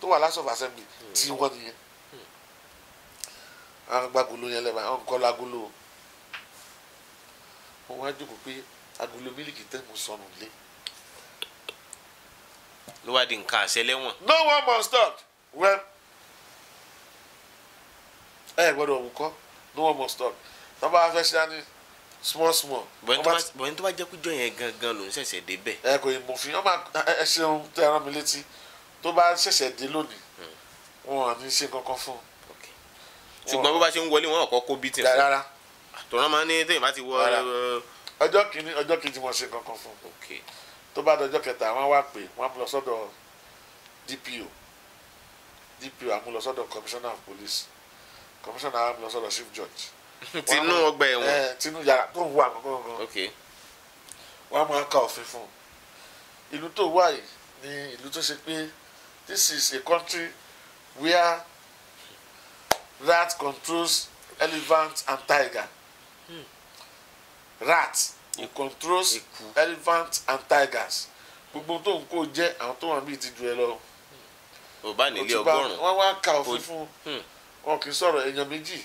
tó wà lásọ̀ fàṣẹ́ bíi tiwọn nìyẹn àwọn gbàgolo yẹn lẹ́ba àwọn kọ́ lagolo wọn wá jókòó pé agolo mílìkì tẹ́ mo sọnù lé. ló wá di nǹkan àṣẹlẹ́wọ̀n. no one must talk well ẹ ẹ gbọ́dọ̀ òun kọ́ no one must talk tọ́ba afẹ́ ṣe small small. bọ̀yìn tó bá jẹ́ kújọ yẹn gangan ló ń ṣẹ̀ṣẹ̀ dé bẹ̀. ẹ kò yẹ mọ̀fin ọmọ ẹ ṣeun tẹ ẹran mi létí tó bá ṣẹ̀ṣẹ̀ dé lónìí hmm. wọn à ní ṣe kankan fún un ṣùgbọ́n bó bá ṣe ń wọlé wọn ọ̀kọ́ kó bítì fún rárá tòun máa ní téèyàn bá ti wọ. Uh, ọjọ́ kìíní ọjọ́ kìíní tí ṣe kankan fún tó bá dọjọ́ kẹta wọ́n wá pè wọ́n lọ sọ́dọ̀ DPO DPO àmúlọsọ́dọ̀ commissioner of police commissioner àmúlọsọ́dọ̀ chief judge tinú ọgbà ẹ̀wọ̀n eh, tinú yàrá tó ń wà gangan wọ́n máa ka òfin fún un ìlú tó wà yìí ni ìlú tó ṣe pé this is a country where that controls elephant and tiger. Hmm. Rat it controls Eku. elephant and tigers. Gbogbo tó ń kó jẹ́ àwọn tó wà níbi ti jù ẹ lọ. Ò bá nílé ọgọ́rùn-ún. Wọ́n wá ka òfin fún hmm. wọn kì í sọ̀rọ̀ èèyàn méjì.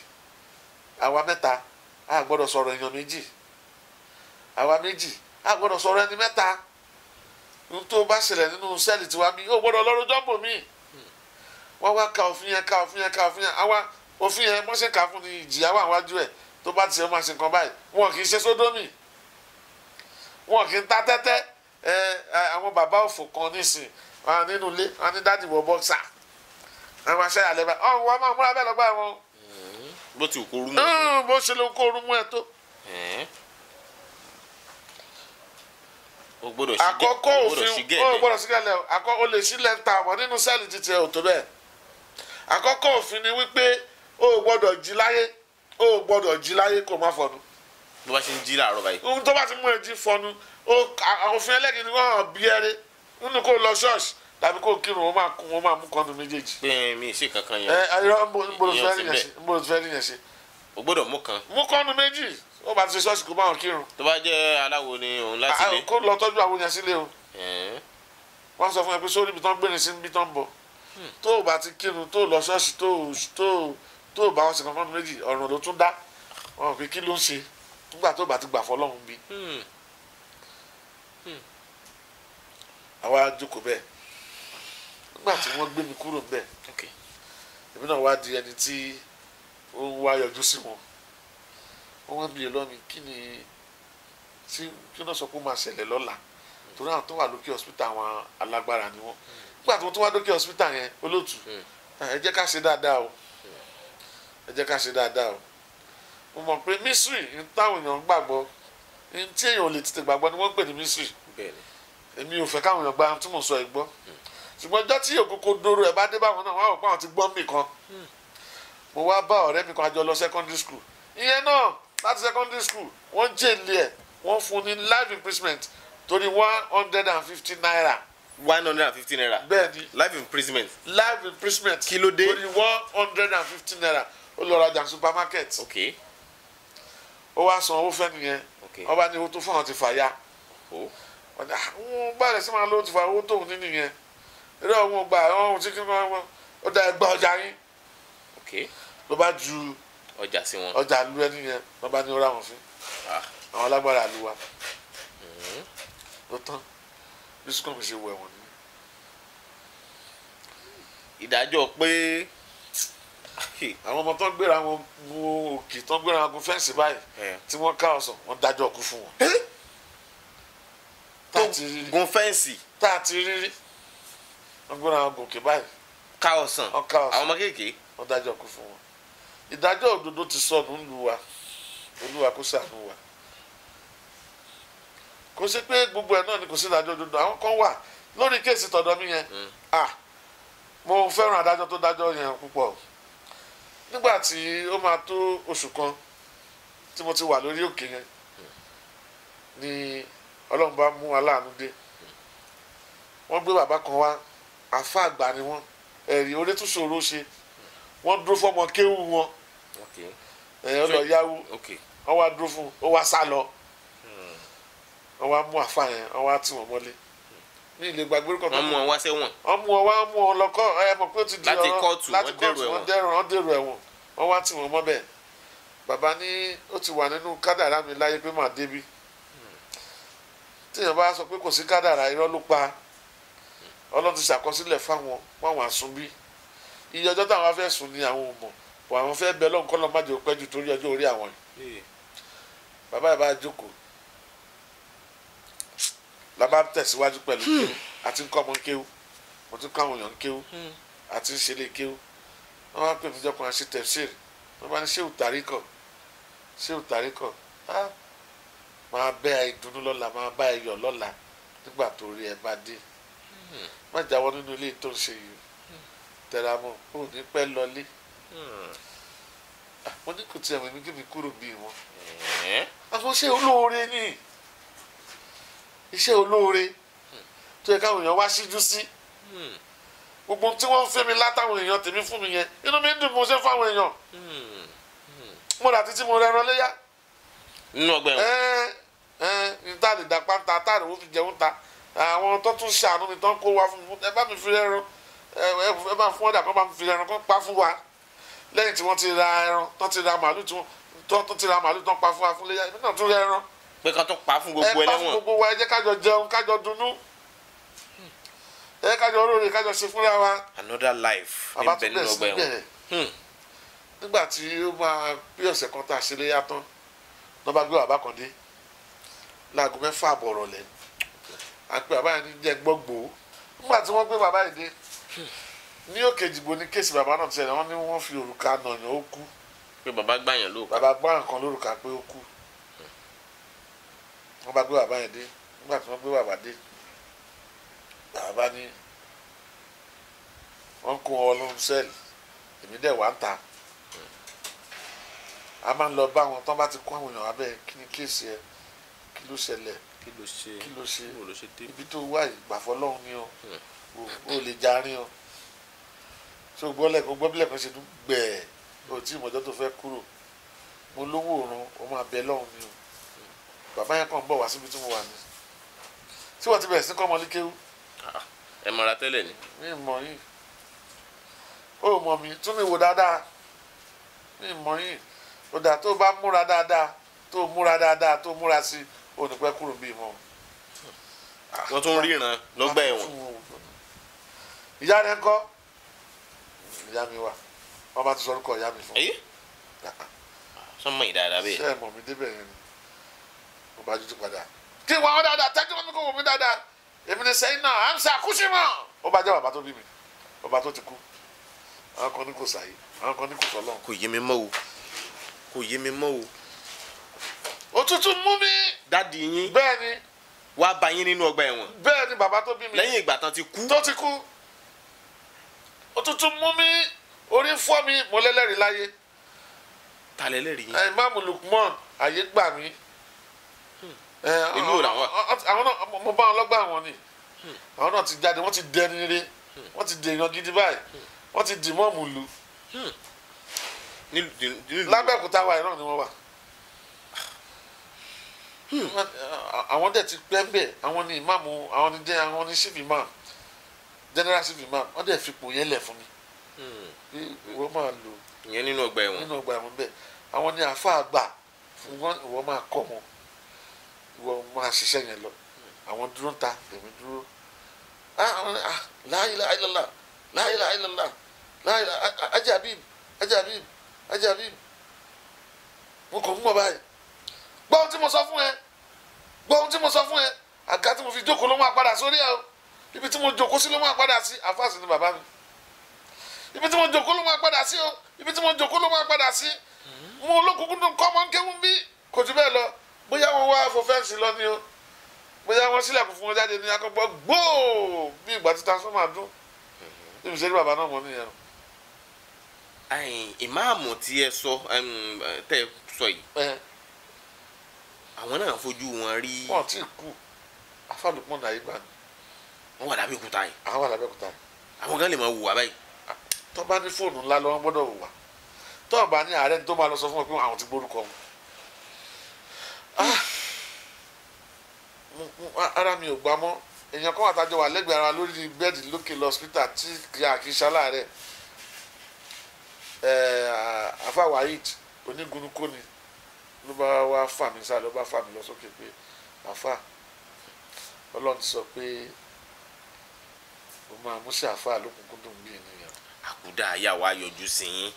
Àwa mẹ́ta a gbọ́dọ̀ sọ̀rọ̀ èèyàn méjì. Àwa méjì a gbọ́dọ̀ sọ̀rọ̀ ẹni mẹ́ta. N tó bá ṣẹlẹ̀ nínú sẹ́ẹ̀lì tiwa mi, ó gbọ́dọ̀ lọ́rọ̀ jọ́pọ̀ mi. Hmm. Wọ́n wá ka òfin yẹn ka òfin yẹn ka òfin yẹn. Àwa òfin yẹn wọ́n ṣe kà fún ni ìjìyà wà wájú ẹ̀ tó bá ti ṣe máa ṣe nǹkan báyìí wọn kì í ṣe sódómì wọn kì í ta tẹ́tẹ́ ẹ àwọn bàbá òfò kan nísìn wọn nínú ilé wọn ní dáàdì wọ bọ́ksà àwọn aṣáájú àlẹ́ báyìí ọ̀hún wọn máa múra bẹ́ẹ̀ lọ́gbà wọn. bó ti kó rúmú ẹ bó ṣe ló kó rúmú ẹ tó. àkọ́kọ́ òfin ó gbọ́dọ̀ sí o àkọ́ ó lè sí lẹ́ńtà àmọ́ nínú sẹ́ẹ̀lì títí ẹ̀ ò bẹ́ẹ̀ àkọ́kọ́ òfin ni wípé o gbọ́dọ̀ jí láyé o gbọ́dọ̀ jí láyé kó má fọnu. bó bá ṣe ń jí làárọ̀ báyìí. ohun tó bá ti mú ẹ jí fọnu òfin ẹlẹ́gìn ni wọ́n hàn bí ẹrẹ́ nínú kó lọ ṣọ́ọ̀ṣì tàbí kó kírun ó máa kún ó máa mú kọ́nu méjèèjì. bẹ́ẹ̀ mi ṣe kankan yẹn. ẹ ayọ mbolo fẹ́ nìyẹn ṣe. o gbọ́dọ̀ mú kan. mú kọ́nu méjì ó bá ti ṣe ṣọ́ọ̀ṣì kó bá wọn kírun. tó o. wọ́n sọ fún ẹ pé sórí ibi tán gbérin sí ibi tán bọ̀. Hmm. tó o bá ti kírun tó o lọ ṣọ́ọ̀ṣì tó o tó o bá wọn sìnkàn fún méjì ọ̀run ló tún dá wọn pé kí ló ń ṣe nígbà tó o bá ti gbà fọlọ́run bí. Hmm. Hmm. àwa jókòó bẹ́ẹ̀ nígbà tí wọ́n gbé mi kúrò ń bẹ̀ èmi náà wá di ẹni tí ó ń wá yọjú sí wọn wọ́n wá bìí lọ́mi kí ni tí kí wọ́n sọ pé ó máa ṣẹlẹ̀ lọ́la torí àwọn tó wà lókè hospital àwọn alágbára ni wọ́n hmm. nígbà tí wọ́n tún wá lókè hospital yẹn olóòtú ẹ jẹ́ ká ṣe dáadáa o. Mm ẹ jẹ́ ká ṣe dáadáa o mo mọ̀ pé mísírì ń táwọn èèyàn gbàgbọ́ ń tí èèyàn ò lè tètè gbàgbọ́ ni wọ́n ń pè ní mísírì èmi ò fẹ́ káwọn èèyàn gba tí mò ń sọ ẹ̀ gbọ́ ṣùgbọ́n ọjọ́ tí òkókó dóró ẹ̀ bá dé báwọn náà wọ́n á rò pé àwọn ti gbọ́ mì kan mo wá bá ọ̀rẹ́ mi kan àjọ lọ secondary school ìyẹn náà láti secondary school wọ́n jèlé ẹ̀ wọ́n fún ní life imprisonment torí one hundred and fifty naira one hundred and fifty naira bẹ́ẹ̀ni life imprisonment life imprisonment kí ló dé torí one hundred and fifty naira ó lọ rajà ní supermarket ó wá san owó fẹ́ nìyẹn ọba ní owó tó fún àwọn ti fà ya ọ̀nà àwọn ah, bàrẹ̀ sí máa ló ti fà owó tóun ní nìyẹn eré ọ̀hún gbà ọ̀hún tí kí wọ́n ó da ẹgbẹ́ ọjà yín ló bá ju ọjà sí wọn ọjà lu ẹni yẹn ló bá ní ó rà wọn fún ah. àwọn alágbára àlùwà ló mm-hmm. tán bí sukùn mi ṣe wọ ẹ̀wọ̀n ni. ìdájọ́ pé àwọn ọmọ tó ń gbéra wọn mú òkè tó ń gbéra wọn gun fẹ́ǹsì báyìí tí wọ́n ká ọsàn wọ́n dájọ́ kú fún wọn. tó gun fẹ́ǹsì. tá a ti rírí wọ́n gbéra wọn gòkè báyìí. ká ọsàn àwọn ọmọ kéèké. wọ́n dájọ́ kú fún wọn. ìdájọ́ òdodo ti sọnù ńlu wa olúwa kó ṣàánú wa kò sí pé gbogbo ẹ̀ náà ni kò sí ìdájọ́ òdodo àwọn kan wà lórí kéèsì tọ̀dọ̀ mi yẹn mm. ah, mo fẹ́ràn adájọ́ tó dájọ́ yẹn púpọ̀ o nígbà tí ó máa tó oṣù kan tí mo ti wà lórí òkè yẹn ni ọlọ́run bá mú aláàánú dé wọ́n gbé bàbá kan wá àfa àgbà ni wọ́n ẹ̀rí orí tún ṣòro ṣe wọ́n dúró fọ́mọ kéwù wọn ẹ̀yọ́ lọ yáwó wọ́n wá dúró fún un ó wá sá lọ hmm. wọ́n wá mú àfa yẹn wọ́n wá tì wọ́n mọ́lé ní ilé gbàgbé kọ́ tó. wọ́n mú ọ wá sẹ́wọ̀n. wọ́n mú ọ wá mú ọ lọ kọ́ ẹ mọ̀ pé ó ti di ọ̀rọ̀ láti kóòtù wọ́n dẹ̀rù wọ́n dẹ̀rù ẹ̀wọ̀n wọ́n wá tì wọ́n mọ́ bẹ́ẹ̀ bàbá ní ó ti wà nínú kádàrá mi láyé pé màá débi tíyẹn bá sọ pé kò sí kádàrá irọ́ ló pa ọlọ́run ti ṣàkọsílẹ̀ fáwọn fáwọn àsunbí iye ọjọ́ táwọn afẹ́ sùn ni àwọn ò mọ̀ bọ̀ àwọn fẹ́ bẹ lọ́nkọ́ lọ́ọ́ má jẹ́ òpẹ́jù torí ọjọ́ orí àwọn yìí bàbá yìí bá jókòó la máa ń tẹ̀síwájú pẹ̀lú hmm. kéwú àti ń kọ́ ọmọ kéwú mo ti ń kọ́ àwọn èèyàn kéwú àti hmm. ń ṣẹlẹ̀ kéwú wọ́n máa ń pè mí jọkùnrin àti tẹ̀síìr wọ́n máa ń ṣe òtàríkọ̀ ṣe òtàríkọ̀ á máa bẹ́ ẹ dùnnú lọ́la máa bá ẹ yọ̀ lọ́la nígbà tó rí ẹ bá dé hmm. má jáwọ́ nínú ilé tó ń ṣe yìí tẹ̀ra mọ́ ò ní pẹ́ lọlé ah, mo ní kò tiẹ̀ mọ̀ mí kí mi kúrò bí wọn. àfọ̀ṣe olóore ni iṣẹ́ olóore tó yẹ káwọn èèyàn wá síjú sí hmm. gbogbo tí wọ́n ń fẹ́ mi látàwọn èèyàn tèmi fún mi yẹn inú mi ń dùn mo ṣe fáwọn èèyàn hmm. Hmm. mo rà títí mo rẹran léyà. nínú ọgbà ẹ̀wọ̀n. ẹ ẹ níta lè dà pátá tá àdéhùn fi jẹun ta àwọn tó tún ṣàánú mi tán kó wa fún mi ẹ bá mi fi ẹran ẹ bá fún ọ̀dà kan bá mi fi ẹran kan pa fún wa lẹ́yìn tí wọ́n ti ra ẹran tán ti ra màálù tán ti ra màálù tán pa fún wa fún léyà ìbí náà tún rẹ ẹran pé ká tún pa fún gbogbo ẹlẹ́wọ̀n. ẹ pa fún gbogbo wa ẹ kájọ jẹun kájọ dunnú ẹ kájọ olóore kájọ ṣe fúnra wa. another life ní bẹ nínú ọgbà ẹ̀wọ̀n. Hmm. nígbà tí ó máa bí ọ̀sẹ̀ kan tá a ṣe léyà tán lọ́ bá gbé bàbá kan dé láago mẹ́fà àbọ̀ ọ̀rọ̀lẹ́ àpè bàbá yẹn ní jẹ́ gbọ́gbó nígbà tí wọ́n gbé bàbá yìí dé ní òkè ìdìbò ní kéèsì bàbá náà ti ṣẹlẹ̀ wọ́n ní wọ́n fi òrùka nà ó kú. pé bàbá gbàyàn lóòkà. bàbá gbàyàn kan lórùka pé ó kú wọ́n bá gbé bàbá yẹn dé nígbà tí wọ́n gbé bàbá dé bàbá ní wọ́n kó wọn sẹ́ẹ̀lì èmi dẹ̀ wá ń ta a máa ń lọ bá wọn tán bá ti kó àwọn èèyàn abẹ́ kí ni kéèsì ẹ kí ló ṣẹlẹ̀ kí ló ṣe kí ló ṣe ibi tó wà ìgbàfọ́ lọ́hùn ni hmm. o o lè jarin o so gbọ́ lẹ́kọ̀ọ́ gbọ́ bí lẹ́kọ̀ọ́ ṣe dún gbẹ̀ẹ́ o tí ìmọ̀jọ́ tó fẹ́ kúrò mo lówó òrùn o máa bẹ ni o bàbá yẹn kàn ń bọ̀ wá síbi tí mo wà ní tí wọ́n ti bẹ̀rẹ̀ sí kọ́ ọmọ líkéwú. Ah, ẹ mọ̀ra tẹ́lẹ̀ ni. mi mọ̀ yìí ó mọ̀ mi tún mi wò dáadáa mi mọ̀ yìí ó dà tó bá múra dáadáa tó múra dáadáa tó múra sí onípẹ́ kúrò bí mọ́. Ah, wọ́n tún ríran lọ́gbà ẹ̀wọ̀n. ìyá rẹ̀ ń kọ́ ìyá mi wà wọ́n bá ti sọ orúkọ ìyá mi fún mi. Ah, sọ́mọ ìdáadáa bẹ́ẹ̀. sẹ́ẹ̀ mọ̀ mi débẹ̀ yẹn ni ó bá dúdú padà kí wọn dáadáa tẹ́tí wọn kò wò mí dáadáa èmi ni sẹ́yìn náà à ń sẹ́ àkúṣe mọ́ ó bá jẹ́ bàbá tó bí mi bàbá tó ti kú àwọn kan ní kò sàyè àwọn kan ní kò sọlọ. kò yé mi mọ́ o kò yé mi mọ́ o. òtútù mú mi. dádì yín bẹ́ẹ̀ ni. wàá bá yín nínú ọgbà ẹ̀wọ̀n. bẹ́ẹ̀ ni bàbá tó bí mi. lẹ́yìn ìgbà tán ti kú. tó ti kú òtútù mú mi orí fọ́ mi mo lẹ́lẹ́rìí láyé. ta lẹ́lẹ́rìí yín. ẹ̀ máàmù Lukman àyè gbà mí ìlú ò làwọn. àwọn náà mo bá wọn lọ́gbà wọn ni àwọn náà ti jáde wọ́n ti dẹni rí wọ́n ti dèèyàn gidi báyìí wọ́n ti dì mọ́ọ̀mù lu lábẹ́òkúta wa ìran ni wọ́n wà hmm. àwọn dẹ̀ ti pẹ́ bẹ́ẹ̀ àwọn ni ìmáàmù àwọn ni jẹ́ àwọn ni sífì máa general sífì máa wọ́n dẹ̀ fipò yẹn lẹ̀ fún mi hmm. ìwọ máa lò ìyẹn nínú ọgbà ẹ̀wọ̀n nínú ọgbà ẹ̀wọ̀n bẹ́ẹ̀ àwọn ni àfa àgbà ìwọ máa kọ́ wọn wọ́n máa ṣiṣẹ́ yẹn lọ àwọn dúró ń ta tèmi dúró láyìlá àìlọ́lá láyìlá àìlọ́lá láyìlá ajabib ajabib ajabib mo kàn fún ọ báyìí gbọ́ ohun tí mo sọ fún ẹ gbọ́ ohun tí mo sọ fún ẹ àga tí mo fi jókòó ló máa padà sórí ẹ o ibi tí mo jókòó sí ló máa padà sí àfáàsì ni bàbá mi ibi tí mo jókòó ló máa padà sí o ibi tí mo jókòó ló máa padà sí mo olókùnkùn tó ń kọ́ ọmọ ń bí kò jù bẹ́ẹ̀ lọ bóyá wọn wá fọ fẹ́ǹsì lọ ni o bóyá wọn sílẹ̀kùn fún wọn jáde ní akọ́gbọ́ gbóò bí ìgbà tí transformer dún mhm. níbi sẹ́ni bàbá náà mọ̀ nìyẹn. ìmáàmù tí ẹ sọ tẹ sọ yìí àwọn náà fojú wọn rí. wọn ti kú afálùpọ̀ náà yígbà ni. wọn wà lábẹ́ òkúta yìí. àwọn wà lábẹ́ òkúta yìí. àwọn gan lè máa wù wá báyìí. tó bá ní fóònù ńlá lọ́wọ́ gbọ́dọ̀ wù wá tó ní ààrẹ tó máa lọ sọ fún wọn pé àwọn ti gbórúkọ wọn. Ah. ara mi ò gbà mọ́ èèyàn kan àtàjọ wà lẹ́gbẹ̀ẹ́ ara lórí bẹ́ẹ̀dì lókè lọ́sítà tí kì í ṣalá rẹ̀ afa wahid onígunnukóni ló bá wá fà mí sálẹ̀ ó bá fà mí lọ sókè pé afa ọlọ́run ti sọ pé ó máa múṣẹ́ afa lókùnkúndùn bí ènìyàn. àkúdà ayá wa yọjú sí yín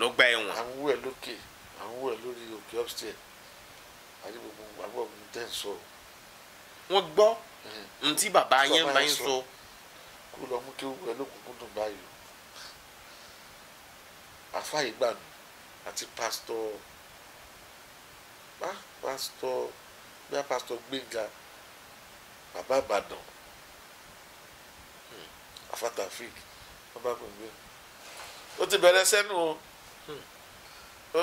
lọ́gbà ẹ̀wọ̀n. à ń wẹ̀ lókè à ń wẹ̀ lórí òkè upstairs àti gbogbo àbúrò mi tẹ̀ ń sọ̀rọ̀. wọ́n gbọ́ ohun tí bàbá yẹn bá yín sọ. kó lọ mú kí ó wẹ lókùnkùn dùn báyìí àfa ìgbàanù àti pásítọ̀ pásítọ̀ bíi pásítọ̀ gbẹ̀ngà bàbá ìbàdàn afatafik hmm. bàbá gbẹ̀ngbẹ̀ ó ti bẹ̀rẹ̀ sẹ́nu o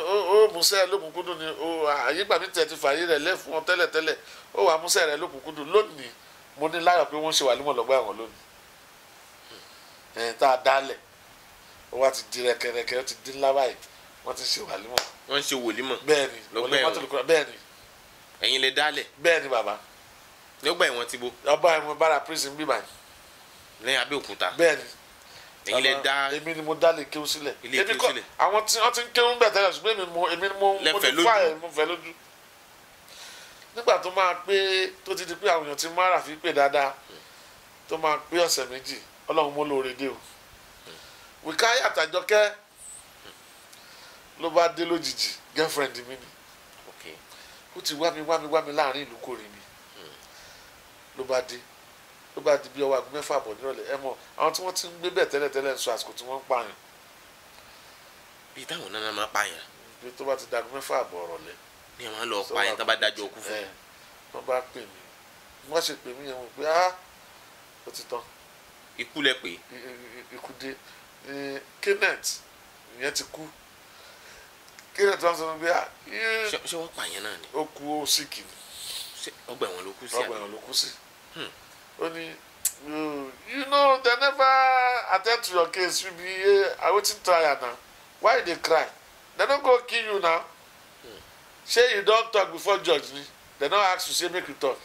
ó musẹ́ lókùnkúndùn ni ó àyígbà mi tẹ̀ ti fààyè rẹ̀ lẹ́fún wọn tẹ́lẹ̀tẹ́lẹ̀ ó wà musẹ́ rẹ̀ lókùnkúndùn lónìí mo ní láyọ̀ pé wọ́n ṣe wà límọ̀ lọ́gbà wọn lónìí ẹ̀ tá a dálẹ̀ ó wá ti di rẹ̀kẹ̀rẹ̀kẹ̀ ó ti di ńlá báyìí wọ́n ti ṣe wà límọ̀. wọ́n ṣe wòlímọ̀ bẹ́ẹ̀ni wòlímọ̀ bẹ́ẹ̀ni. ẹ̀yin lè dálẹ̀. bẹ́ẹ̀ni bàbá. lọ́gbà ẹ̀wọ̀n ti bo. ọgbà ẹ̀wọ̀n bára prison bíbá. lẹ́yìn Abẹ́òkúta. bẹ́ẹ̀ni èyí lè da èmi ni mo dá lè kéwú sílẹ̀ èmi kọ́ àwọn tí wọ́n ti ń kéwú bẹ̀ tẹ́lẹ̀ ṣùgbọ́n èmi mo èmi mo mo ti fà ẹ̀ mo fẹ́ lójú nígbà tó máa pé tó ti di pé àwọn èèyàn ti máa rà fi pè dáadáa tó máa pé ọ̀sẹ̀ méjì ọlọ́run mo lóore dé o wíkáyé àtàjọkẹ́ ló bá dé lójijì girlfriend mi ni ó ti wá mi wá mi wá mi láàrin ìlú kò rí mi hmm. ló bá dé ó gbà di bí ọwọ́ aago mẹ́fà bọ̀ nírọ̀lẹ́ ẹ mọ̀ àwọn tí wọ́n ti ń gbé bẹ́ẹ̀ tẹ́lẹ̀ tẹ́lẹ̀ ń sọ àsìkò tí wọ́n ń pààyàn. bí táwọn nana máa pààyàn. bí tó bá ti di aago mẹ́fà bọ̀ ọ̀rọ̀lẹ́. ní àwọn lọ pààyàn tó bá dájọ́ òkú fún un. wọ́n bá pè mí wọ́n ṣe pè mí yẹn wọ́n pé ah ó ti tán. ikú lẹ pé. ikú dé kenneth ìyẹn ti kú kenneth wọn sọ pé ah. ṣé wọ́n pààyàn náà ni. ó kú ó sì kì í. ọgbà ẹ̀wọ̀n ló kú sí. ọgbà ẹ̀wọ̀n ló kú sí. Hmm only you hmm, you know they never attend to your case you be a eh, i wetin tire now why you dey cry they no go kill you now hmm. say you don talk before judge me they no ask you say make you talk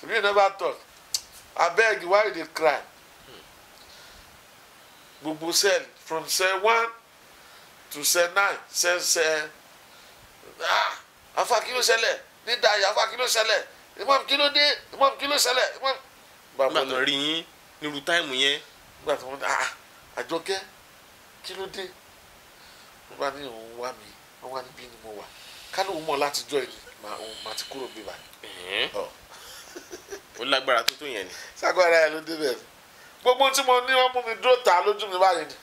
so you never talk abeg why you dey cry hmm. gbogbo hmm. cell from cell one to cell nine cell cell ah afa kilo ló ṣẹlẹ̀ ní dayo afa kilo ló ṣẹlẹ̀ imam kilo ló imam kilo ló ṣẹlẹ̀ imam nígbà tó rí yín nírú táìmù yẹn nígbà wọn ah àjọkẹ́ kí ló dé ló bá ní òun wá mi wọn wá níbí ni mo wà kánú òun mọ̀ látijọ́ yìí màá ti kúrò bíbá. ó lágbára tó tó yẹn ni. sagbara yẹn ló débẹ̀ gbogbo tí mo ní wọn mú mi dúró ta lójú mi báyìí ni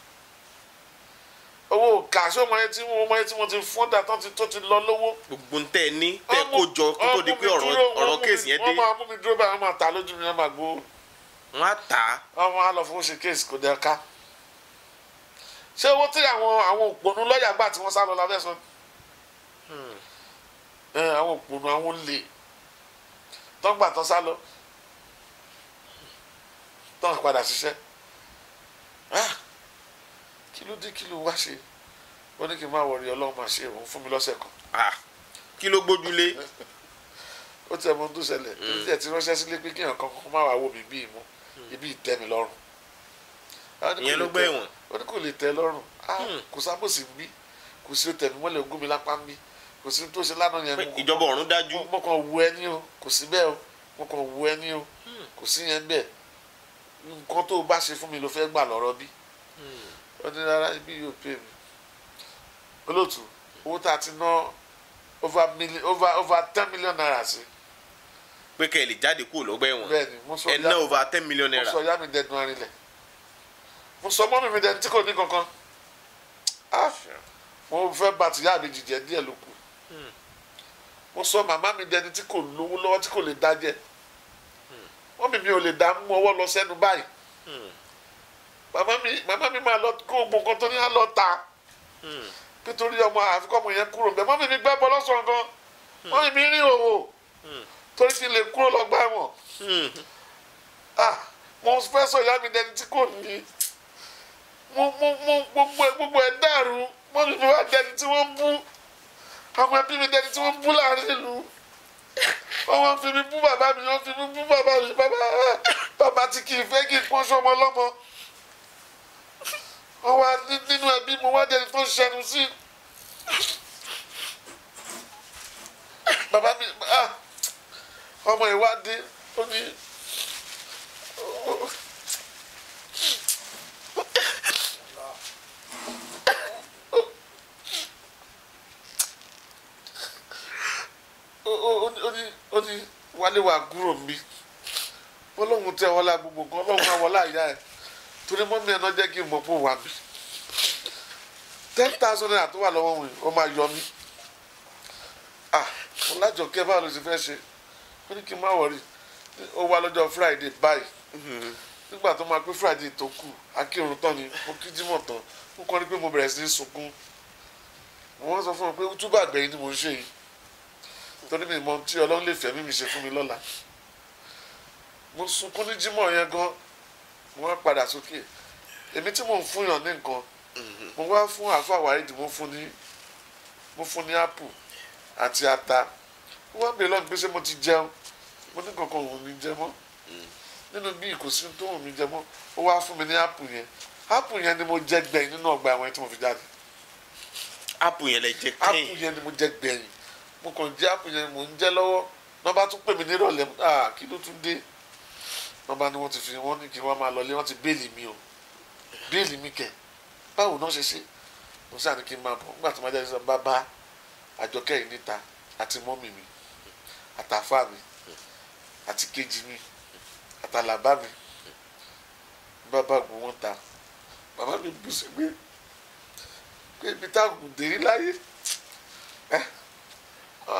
owó kà sí ọmọ yẹn tí wọn ọmọ yẹn tí wọn ti fún dà tán tó ti lọ lówó. gbogbo ń tẹ ní tẹ kó jọ kó tó di pé ọ̀rọ̀ kéèsì yẹn dé. wọ́n máa mú mi dúró báyìí wọ́n máa ta lójú mi wọ́n máa gbó. wọ́n á tà á. wọ́n máa lọ fún ṣe kéèsì kò dé ká. ṣé owó tí àwọn àwọn òpònú lọ́ọ̀yà gbà tí wọ́n sá lọ lábẹ́ sọ. Hmm. àwọn òpònú àwọn olè tán gbà tán sá lọ tán padà ṣiṣẹ́. Ah! kí ló dé kí ló wá ṣe ó ní kí n má wọrí ọlọ́run máa ṣe òun fún mi lọ́sẹ̀ kan. Ah, kí ló gbójúlé. ó tiẹ̀ mọ ohun tó ṣẹlẹ̀ tó hmm. tiẹ̀ ti ránṣẹ́ sílé pé kíyàn kan kó má wàá wò mí bí ìmú hmm. ibi ìtẹ́ mi lọ́rùn. ìyẹn ló gbẹ́ ìwọ̀n. ó ní kò lè tẹ́ lọ́rùn ah, hmm. kò sábòsì ń bí kò sí ó tẹ̀ mí mọ́lẹ̀ ogún mi lápá ń bí kò sí tó ṣe lánàá yẹn. ìjọba ọ̀run dájú. mo kàn wù ẹ́ ní o kò sí bẹ́ẹ̀ o mo kàn wù ẹ́ ní o kò sí yẹn bẹ́ẹ̀ nǹkan tó o bá ṣe fún mi ló fẹ́ gbà lọ́rọ̀ bíi ó ní rárá ibi yóò pè mí olóòtú owó tá a ti ná over million over over ten million naira sí. pé kẹ́ ẹ lè jáde kúrò lọ́gbà ẹ̀wọ̀n ẹ ná over ten million naira. mo sọ ìyá mi dẹnu arinlẹ̀ mo sọ mọ́mí mi dẹnu tí kò ní kankan mo fẹ́ bá tìyá mi jìjẹ díẹ̀ ló kù hmm. mo sọ màmá mi dẹni tí kò lówó lọ́wọ́ tí kò lè dá jẹ hmm. mọ́mí mi ò lè dá mú ọwọ́ lọ sẹ́nu báyìí. Hmm màmá mi màmá mi máa lọ kó oògùn kan tó ní á lọ ta hmm. nítorí ọmọ àfikọ́mọ yẹn kúrò bẹ́ẹ̀ mọ́mí mi gbẹ́ bọ́ lọ́sàn-án gan mọ́mí mi rí òwò hmm. torí kí n lè kúrò lọ gbá ẹ̀wọ̀n hmm. mo fẹ́ sọ ìyá mi dẹni tí kò ní mo mo mo gbogbo ẹ̀ dàrú mọ́mí mi wá dẹni tí wọ́n bú àwọn ẹbí mi dẹni tí wọ́n bú láàrin ìlú wọ́n wọ́n fi mi bú bàbá mi wọ́n fi mi bú bàbá mi bàbá bàbá tí kì í fẹ́ kí n pọ́n sọmọ lọ́mọ ó wá nínú ẹbí mo wá dẹni tó ń ṣẹnu sí bàbá mi ah, ọmọ ìwádìí ó ní wálé wàá gúrò mi ọlọ́run tẹ́ wọ́lá gbogbo nǹkan ọlọ́run máa wọlá ẹ̀ torí mọ́mí ẹ̀ náà jẹ́ kí n mọ̀ pé wà mí ten thousand naira tó wà lọ́wọ́ mi ó máa yọ mí ah Ọlájọkẹ́ báwo ló ti fẹ́ ṣe ó ní kí n má wọrí ó wá lọ́jọ́ Friday báyìí mm-hmm. nígbà tó máa pé Friday tó kù akírun tán ni mo kí Jímọ̀ tán ó kọ́ ni pé mo bẹ̀rẹ̀ sí í sunkún wọ́n sọ fún mi pé túbọ̀ àgbẹ̀yìn ni mo ń ṣe yìí torí mi mọ tí Ọlọ́run lè fẹ́ mi mi ṣe fún mi lọ́la mo sunkún ní Jímọ̀ yẹn gan-an mo wá padà sókè èmi tí mò ń fún yàn ní nǹkan mhm. mo wá fún àáfàá wàrídìí mo fún ní mo fún ní apple àti ata mo wá bèèrè lọ́nà pé ṣé mo ti jẹun mo ní kankan òun mi jẹ mọ́ mhm. nínú bí ìkòsí tó òun mi jẹ mọ́ ó wá fún mi ní apple yẹn apple yẹn ni mo jẹ gbẹ̀yìn nínú ọgbà àwọn ẹni tí mo fi jáde apple yẹn lè jẹ kẹ́yìn apple yẹn ni mo jẹ gbẹ̀yìn mo kàn jẹ apple yẹn mo ń jẹ lọ́wọ́ nọ́ba tún pè mí nírọ̀lẹ́ ah, kí tún dé wọ́n bá ní wọ́n ti fi wọ́n ní kí wọ́n máa lọlé wọ́n ti béèlì mi o béèlì mi kẹ̀ báwo náà ṣe ṣe mo sáà ní kí n máa bọ̀ nígbà tí mo jáde sọ bàbá àjọkẹ́ yìí níta àti mọ́mì mi àtàfà mi àti kejì mi àtàlàbá mi bàbá gbọ́ wọn ta bàbá mi bú sí pé pé ibi táàkùn dèrí láyé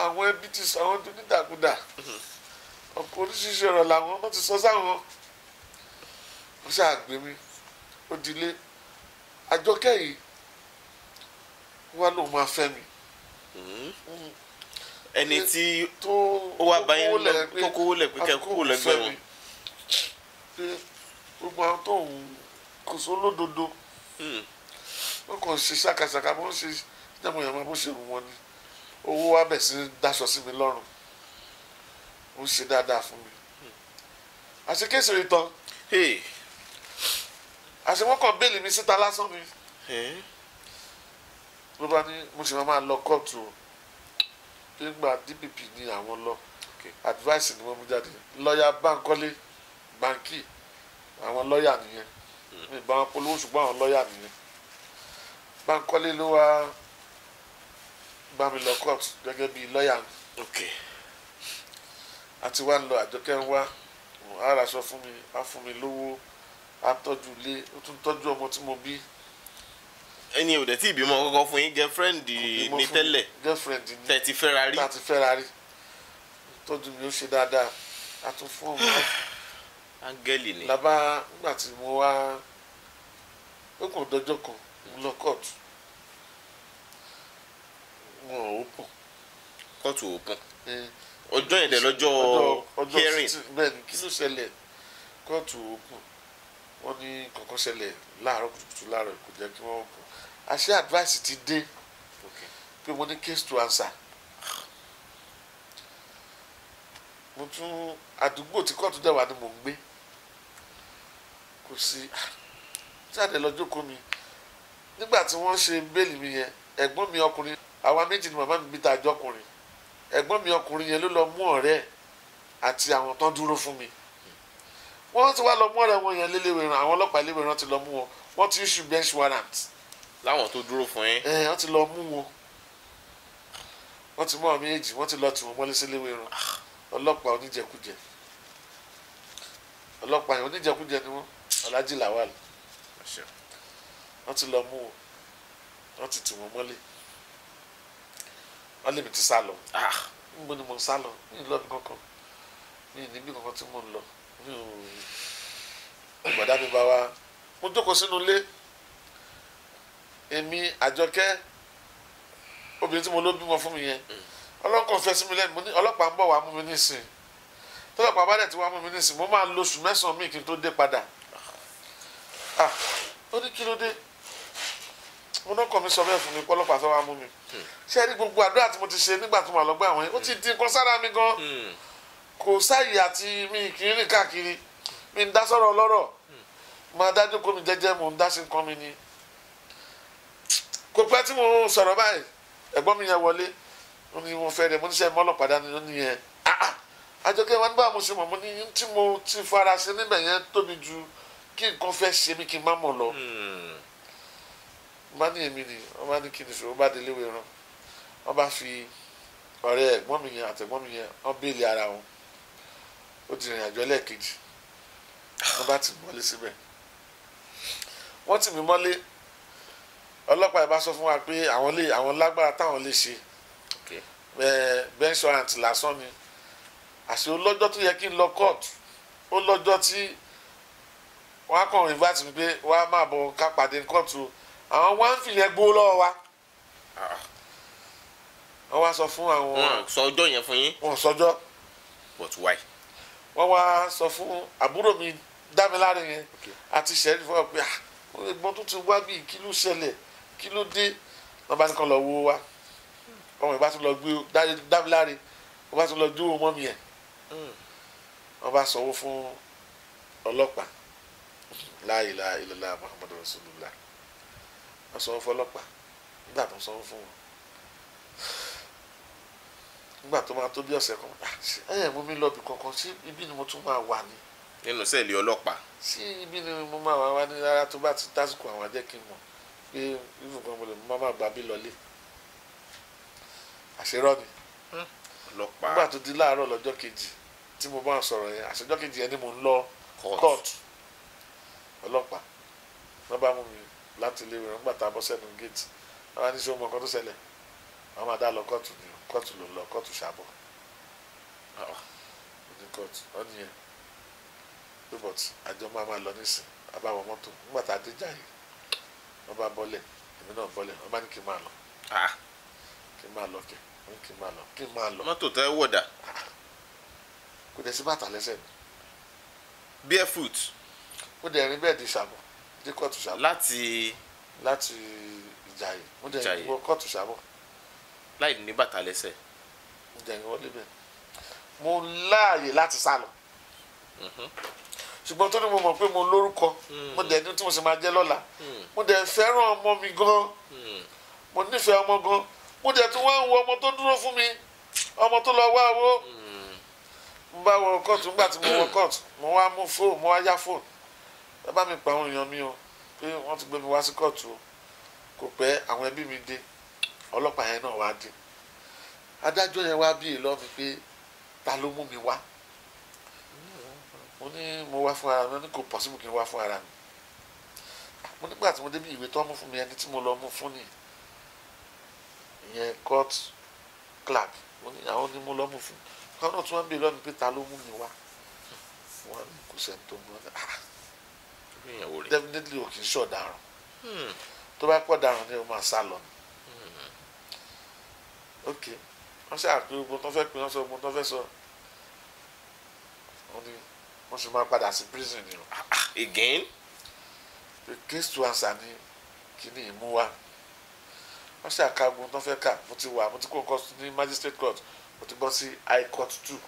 àwọn ẹbí ti sọ àwọn tó ní ọkọ oríṣiríṣi ọ̀rọ̀ làwọn wọ́n ti sọ sáwọn ó ṣàgbé mi ó dilé àjọkẹ́ yìí wá lòun máa fẹ́ mi. Hmm. Hmm. ẹni tí ó wá báyìí tó kówó lẹ̀ pé kẹ́ kúrò lẹ́gbẹ̀ẹ́ wọn. gbogbo àwọn tó ń kò sólódodo hmm. wọn kàn ṣe ṣàkàṣàkà wọn ṣe jẹ́mọ̀yàmọ̀ bó ṣe wù wọn ni owó wa bẹ̀ sí dáṣọ sí mi lọ́rùn ń ṣe dáadáa fún mi àṣẹ kéṣèré tán àṣẹ wọn kàn béèlì mi síta lásán mi ló bá ní mo ṣe máa lọ kóòtù o nígbà DPP ni àwọn lọ advice ni wọ́n mú jáde lọ́ọ̀yà Bánkọ́lé Bánkì àwọn lọ́ọ̀yà nìyẹn hmm. mi bá wọn polówó ṣùgbọ́n àwọn lọ́ọ̀yà nìyẹn Bánkọ́lé ló wá bá mi lọ kóòtù gẹ́gẹ́ bíi lọ́ọ̀yà mi. okay àti wá ń lọ àjọkẹ́ ń wá àràṣọ fún mi á fún mi lówó á tọ́jú ilé ó tún tọ́jú ọmọ tí mo bí. ẹni ò dẹ̀ tí ìbímọ kọ́kọ́ fún yín girlfriend ní tẹ́lẹ̀ tẹ̀tí fẹ́ra rí tẹ̀tí fẹ́ra rí tọ́jú mi ó ṣe dáadáa a tún fún ọmọ áńgẹ́lì ni. làbá nígbà tí mo wá ó kàn dọjọ́ kan mo lọ kóòtù wọn ò pọ̀. kóòtù ò pọ̀ ọjọ́ yẹn dẹ̀ lọ́jọ́ hearing. bẹ́ẹ̀ni kí ló ṣẹlẹ̀ kóòtù òkun wọ́n ní kọ̀ọ̀kan ṣẹlẹ̀ láàárọ̀ kùtùkùtù láàárọ̀ kò jẹ́ kí wọ́n kọ̀ àṣẹ advice ti dé pé mo ní case to answer mo tún àdúgbò tí kóòtù dẹ̀ wà ni mò ń gbé kò sí jáde ah, lọ́jọ́ kó mi nígbà tí wọ́n ṣe bẹ́ẹ̀lì mi yẹn ẹ̀gbọ́n mi ọkùnrin àwa méjì ni màmá mi bí ta àjọkùnrin ẹ̀gbọ́n mi ọkùnrin yẹn ló lọ mú ọ̀rẹ́ àti àwọn tó ń dúró fún mi wọ́n ti wá lọ mú ọ̀rẹ́ wọn yẹn léléwéran àwọn ọlọ́pàá léléwéran ti lọ mú wọn wọ́n ti issue bench warrant. láwọn tó dúró fún yín. ẹ wọ́n ti lọ mú wọn wọ́n ti mú àwọn méjì wọ́n ti lọ tì wọ́n mọ́lé sí léléwéran ọlọ́pàá oníjẹkújẹ ọlọ́pàá yẹn oníjẹkújẹ ni wọ́n Ọlájí Lawal wọ́n ti lọ mú wọn wọ́n ti tì wọ́n mọ́lé wọ́n lé mi ti sá lọ ah mo ni mo sá lọ mi ì lọ́bi kankan mi ì níbi kankan tí mo ń lọ mi ò gbọ̀dá mi bá wa mo jókòó sínú ilé èmi àjọkẹ́ obìnrin tí mo ló bímọ fún mi yẹn ọlọ́kàn fẹ́ sí mi lẹ́nu mo ní ọlọ́pàá ń bọ̀ wá mú mi nísìn tọ́lọ́pàá bá dẹ̀ ti wá mú mi nísìn mo máa lo oṣù mẹ́sàn-án mi kí n tó dé padà ah ó ní kí ló dé mo náà kọ mi sọ bẹ́ẹ̀ fún mi pọlọpàá tó wá mú mi hmm. ṣé ní gbogbo àdúrà tí mo ti ṣe nígbà tó mà lọ gbà wọn ó ti di nǹkan sára mi gan hmm. kò sáàyè àti mi kì í rìn káàkiri mi ń dá sọ̀rọ̀ ọlọ́rọ̀ hmm. máa dájú kó mi jẹ́jẹ́ mo ń dá sí nǹkan mi ni kò pẹ́ tí mo sọ̀rọ̀ báyìí ẹ̀gbọ́n mi yẹn wọlé ó ní mo fẹ́ rẹ̀ mo níṣẹ́ mọ́lọ́pàá dání ló nìyẹn àjọkẹ́ wa nígbà mo ṣe mọ̀ mo ní tí mo ti fara ṣe níbẹ̀ yẹn tóbi ju kí nǹkan fẹ́ ṣe mí kí n má mọ̀ lọ ọba ní èmi ni ọba ní kí ni sọ ọba délé wẹ̀ rán ọba fi ọ̀rẹ́ ẹ̀gbọ́n mi yẹn àtẹ̀gbọ́n mi yẹn wọ́n béèlì ara wọn ó ti rìn àjò ẹlẹ́ẹ̀kejì wọ́n bá ti mọ́lé síbẹ̀ wọ́n tì mí mọ́lé ọlọ́pàá ìbá sọ fún wa pé àwọn lè àwọn lágbára táwọn lè ṣe bẹ́ńsọ̀ràǹtì lásán ni àṣé olọ́jọ́ tó yẹ kí n lọ kóòtù ó tí wọ́n á kàn rìn bá ti pé wọ́n á máa bọ̀ ká pàdé kóòtù o àwọn wá ń fìyẹn gbó lọ́wọ́ wa ah. wọ́n wá sọ fún àwọn. wọn sọ ọjọ́ yẹn fún yín. wọn sọjọ́. but why. wọ́n wá sọ fún àbúrò mi dámiláre yẹn àti sẹ́ẹ̀rì fún ọ pé ìbọn ah, tó ti wá bíi kí ló ṣẹlẹ̀ kí ló dé wọ́n bá ti kàn lọ wo wa ọmọ ìbá tó lọ gbé dámiláre wọ́n bá tó lọ dúró mọ́ mi hmm. yẹn wọ́n bá sọ owó fún ọlọ́pàá la ilaha illallah muhammadu rasulullah wọ́n sanwó fọlọ́pàá nígbà tó ń sanwó fún wọn nígbà tó máa tó bí ọ̀sẹ̀ kan ah, ẹ̀ mú mi lọ bí kankan sí ibi ni mo tún máa wà ní. nínú sẹ́ẹ̀lì ọlọ́pàá. sí ibi ni mo máa wà wá ní rárá tó bá ti tásìkò àwọn ajẹ́ kí n mọ̀ pé irú kan mo lè mú máma gbà bí lọlé àṣerọ́ ni. ọlọ́pàá nígbà tó di láàárọ̀ lọ́jọ́ kejì tí mo bá ń sọ̀rọ̀ yẹn àṣejọ́ kejì yẹn ni mo ń lọ kóòtù ọlọ́pàá wọ́n bá mú mi láti ilé ìwé ńgbà tá a bọ́ sẹ́nu gate àwọn àníṣe ọmọ nǹkan tó ṣẹlẹ̀ wọ́n máa dá lọ kóòtù ni kóòtù ló lọ kóòtù ṣàbọ̀ ah, ah, ní kóòtù wọ́n nìyẹn robert àjọ máa máa lọ nísìn àbáwọ̀ mọ́tò ńgbà tá a dé jáde wọ́n bá bọ́lẹ̀ èmi náà bọ́lẹ̀ wọ́n bá ní kí n máa lọ ah. kí n máa lọ kẹ́ wọ́n kí n máa lọ kí n máa lọ. mọ́tò tẹ́ wọ̀dà. kò dẹ̀ sí bàtà lẹ́sẹ̀ mi. barefoot. ó dẹ̀ rin bẹ́ẹ̀ di ṣàbọ̀ dé kóòtù ṣàbọ̀. láti. láti ìjàyè mo dẹ̀ wọ kóòtù ṣàbọ̀. láì ní bàtà lẹ́sẹ̀. mo dẹ̀ wọlé bẹ́ẹ̀ mo láàyè láti sá lọ mm-hmm. ṣùgbọ́n tó ní mo mọ̀ pé mo lórúkọ mo mm. dẹ̀ ní tí mo sì máa jẹ́ lọ́la mm. mo dẹ̀ fẹ́ràn ọmọ mi gan mm. mo nífẹ̀ẹ́ ọmọ gan mo dẹ̀ tún wá ń wo ọmọ tó dúró fún mi ọmọ tó lọ wá owó mo bá wọ kóòtù nígbà tí mo wọ kóòtù mo wá mú fóònù mo wá yá fóònù ẹ bá mi pa àwọn èèyàn mi o pé wọ́n ti gbé mi wá sí kóòtù o kò pẹ́ àwọn ẹbí mi dé ọlọ́pàá yẹn náà wá dé adájọ́ yẹn wá bí èlò mi pé ta ló mú mi wá mo ní mo wá fún ara mi ní kò pọ̀sibú kí n wá fún ara mi mo nígbà tí mo débi ìwé tó mú fún mi ẹni tí mo lọ mú fún ni ìyẹn court clerk mo ní àwọn ni mo lọ mú fún káwọn náà tún wá ń bèèrè lọ́nà pé ta ló mú mi wá wọn kò sẹ́ni tó mú ọ níyàwó rẹ̀ definitely o kì í ṣọ̀daràn hmm. tó bá pọ̀ daràn ni o máa sá lọ hmm. ok wọ́n ṣe àpè ogun tó fẹ́ pè wọ́n sọ ogun tó fẹ́ sọ wọ́n ní wọ́n ṣe máa padà sí prison ni o. Ah, ah, again. the case to answer ni kíní ìmú wa wọ́n ṣe àkàgùn tó fẹ́ kà mo ti wà mo ti kó nǹkan ní magistrate court mo ti bọ́ sí high court too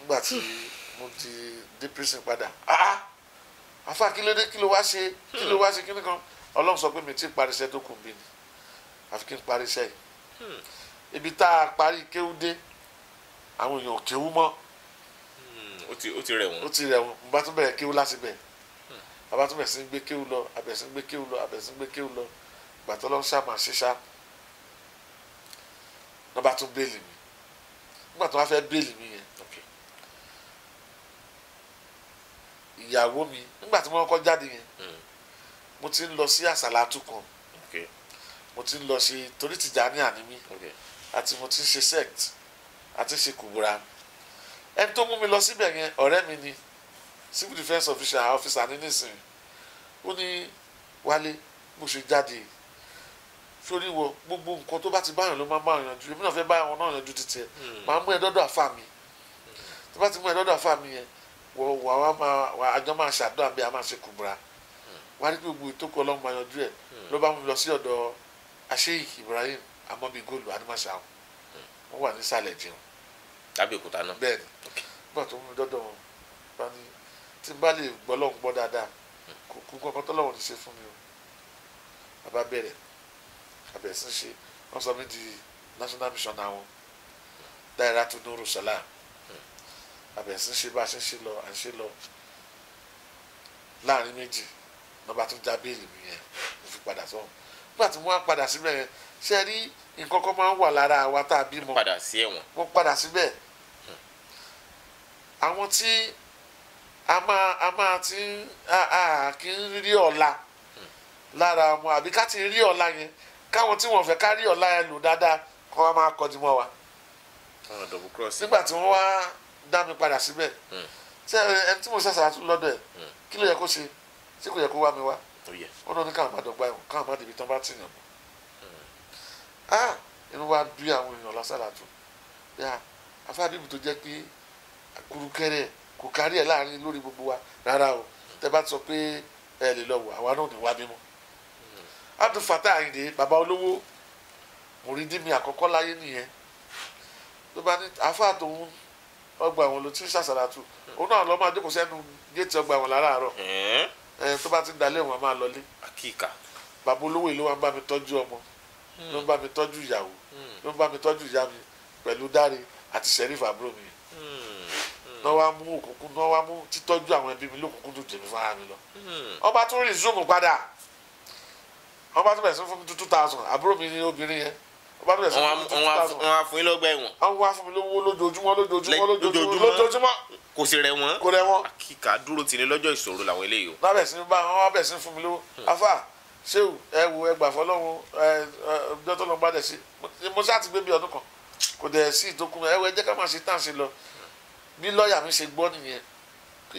nígbà tí. Hmm mo ti dé padà ah àfa kí ló dé kí ló wá ṣe kí ló hmm. wá ṣe kí ni kan ọlọ́run sọ pé mi ti parí iṣẹ́ tó kù bí ni àfi kí n parí iṣẹ́ yìí hmm. ibi tá a parí kéwú dé àwọn èèyàn kéwú mọ́ hmm, ó ti ó ti rẹ̀ wọ́n ó ti rẹ̀ wọ́n mo bá tún bẹ̀rẹ̀ kéwú láti bẹ̀ bàbá tún bẹ̀rẹ̀ sí ń gbé kéwú lọ abẹ̀rẹ̀ sí ń gbé kéwú lọ abẹ̀rẹ̀ sí ń gbé kéwú lọ gbàtọ́ lọ́n ṣàmà ṣíṣá lọ́ba tún bẹ́ẹ̀lì mi nígbà tó wá fẹ́ bẹ́ẹ̀lì mi yẹn ìyàwó mi nígbà tí mo kọ́ jáde yẹn hmm. mo ti ń lọ sí àsàlátù kan mo ti ń lọ ṣe torí Tìjàní àní mi àti mo ti ń ṣe sect àti ṣe kùbùrà ẹni tó mú mi lọ síbẹ̀ yẹn ọ̀rẹ́ mi ni civil defence officer officer ní nísìnyí ó ní wálé bó ṣe jáde sórí wọ gbogbo nǹkan tó bá ti báyàn ló máa báyàn yanjú èmi náà fẹ́ báyàn náà yanjú títí ẹ̀ hmm. máa mú ẹ dọ́dọ̀ àfa mi hmm. tó bá ti mú ẹ dọ́dọ̀ àfa mi yẹn wɔ wɔ wa ma wa adzɔ ma se aɖɔ abe ama se kubra wa ni gbogbo to kɔ lɔn ma yɔdu yɛ ló bá mu lọ sí aseyi ibrahim amabi golu adumasa o wọn wà ní sàlẹ̀ jẹun. tàbí òkúta náà. bẹ́ẹ̀ni bọ́ọ̀ tó ń mi dọ́dọ̀ wọn bá ní tí n bá lè gbọ́ lọ́hùn gbọ́ dáadáa kò kú kọ́kọ́ tó lọ́wọ́ ti ṣe fún mi o bàbá bẹ̀rẹ̀ àbẹ̀sìn ṣe wọ́n sọ mí di national mission àwọn dáìrà tó nuru salam àbẹ̀sí ń ṣe bá a ṣe ń ṣe lọ à ń ṣe lọ láàrin méjì lọ́ba tó já béèlì mi yẹn mo fi padà sọ nígbà tí wọ́n á padà síbẹ̀ yẹn ṣe rí nǹkan kan máa ń wà lára àwa tá a bímọ padà sí ẹ̀wọ̀n mo padà síbẹ̀ hmm. àwọn tí a máa a máa ti a kì í rí ọ̀la hmm. lára ọmọ àbí ká ti rí ọ̀la yẹn káwọn tí wọ́n fẹ́ ká rí ọ̀la yẹn lò dáadáa kọ́ wa máa kọjú mọ́ wa nígbà tí wọ́n wá dá mi padà síbẹ̀ hmm. ṣé ẹni tí mo ṣe sàrátù lọ́dọ̀ ẹ̀ hmm. kí ló yẹ kó ṣe ṣé kò yẹ kó wá mi wá ó lọ ní káwọn má dọ̀gba ẹ̀wọ̀n káwọn má débi tán bá tì yàn mọ́ hmm. ah inú wa bí àwọn èèyàn lásàrátù yà afábíbi tó jẹ́ pé kurukẹ́rẹ́ kò kárí ẹ̀ láàrin lórí gbogbo wa rárá o tẹ́ bá sọ pé ẹ lè lọ wò àwa náà ní wá mímọ́ Abdul Fattah Ayinde bàbá olówó mòrídìmí àkọ́kọ́ láyé nìyẹn ló bá ní àfáà tòun ọgbà ẹ̀wọ̀n ló ti ń ṣàṣàlàtù òun náà lọ máa jókòó sẹ́nu géètì ọgbà ẹ̀wọ̀n láràárọ̀ tó bá ti ń dalẹ̀ wọn máa lọlé. àkìkà. bàbá olówó ìlú wa ń bá mi tọ́jú ọmọ ló ń bá mi tọ́jú ìyàwó hmm. ló ń bá mi tọ́jú ìyá mi pẹ̀lú dáre àti sẹ́rífà àbúrò mi hmm. náà wá mú òkùnkùn náà wá mú títọ́jú àwọn ẹbí mi lókùnkùn tó tèmi fara mi lọ. Hmm. ọba tún rìn zoom padà ọba tún bẹ̀rẹ̀ sí fún mi two thousand àbúrò mi ní obìnrin yẹn ọba tó lè sọ fún mi two thousand. wọn á fún yín lọ́gbà ẹ̀wọ̀n. àwọn wa fún mi lówó lójoojúmọ́ lójoojúmọ́ lójoojúmọ́ lójoojúmọ́. kò sì rẹ̀ wọ́n. kò rẹ̀ wọ́n. kíkà dúró tì ní lọ́jọ́ ìṣòro làwọn eléyìí o. lábẹ̀ sí bá wọn wá bẹ̀ sí fún mi lówó afa ṣé ẹ wo ẹ gbà fọlọ́run ẹ ẹ ọjọ́ tó lọ bá dẹ̀ sí mo ṣáà ti gbé bí ọdún kan kò dẹ̀ sí ìdókun ẹ wọ ẹ jẹ́ ká máa ṣe tán ṣe lọ bí lọ́ọ̀yà mi ṣe gbọ́ nìyẹn kí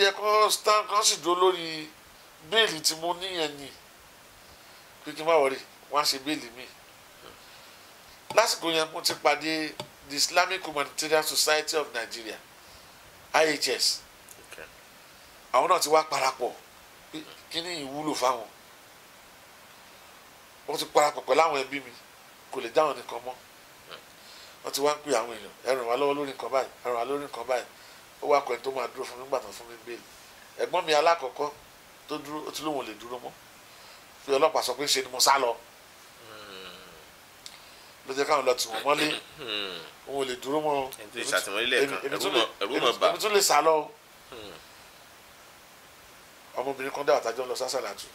yẹ kó stand kan sì dúró lórí bíìlì tí mo níyẹn nìyẹn pé kí n má wọlé wọn á ṣe bẹ́ẹ̀lì mi lásìkò yẹn mo ti pàdé the Islamic Humanitarian Society of Nigeria IHS àwọn náà ti wá parapọ̀ pé kí ni ìwúlò fáwọn wọ́n ti parapọ̀ pẹ̀lú àwọn ẹbí mi kò lè dáhùn nìkan mọ́ wọ́n ti wá ń pè àwọn èèyàn ẹ ràn wá lọ́wọ́ lórí nǹkan báyìí ẹ ràn wá lórí nǹkan báyìí ó wá kọ́ ẹni tó máa dúró fún mi nígbà fún mi bẹ́ẹ̀lì ẹ̀gbọ́n mi alákọ̀ọ́kọ́ tó dúró ó ti lóun ò lè dúró mọ́ tí ọlọ́pàá sọ pé ṣe ni mo sá lọ hmm. ló jẹ́ káwọn lọ tì wọ́n mọ́lé hmm. òun ò lè dúró mọ́ èmi tún lè sá lọ hmm. ọmọbìnrin kan dá àtàjọ lọ sásàlà tù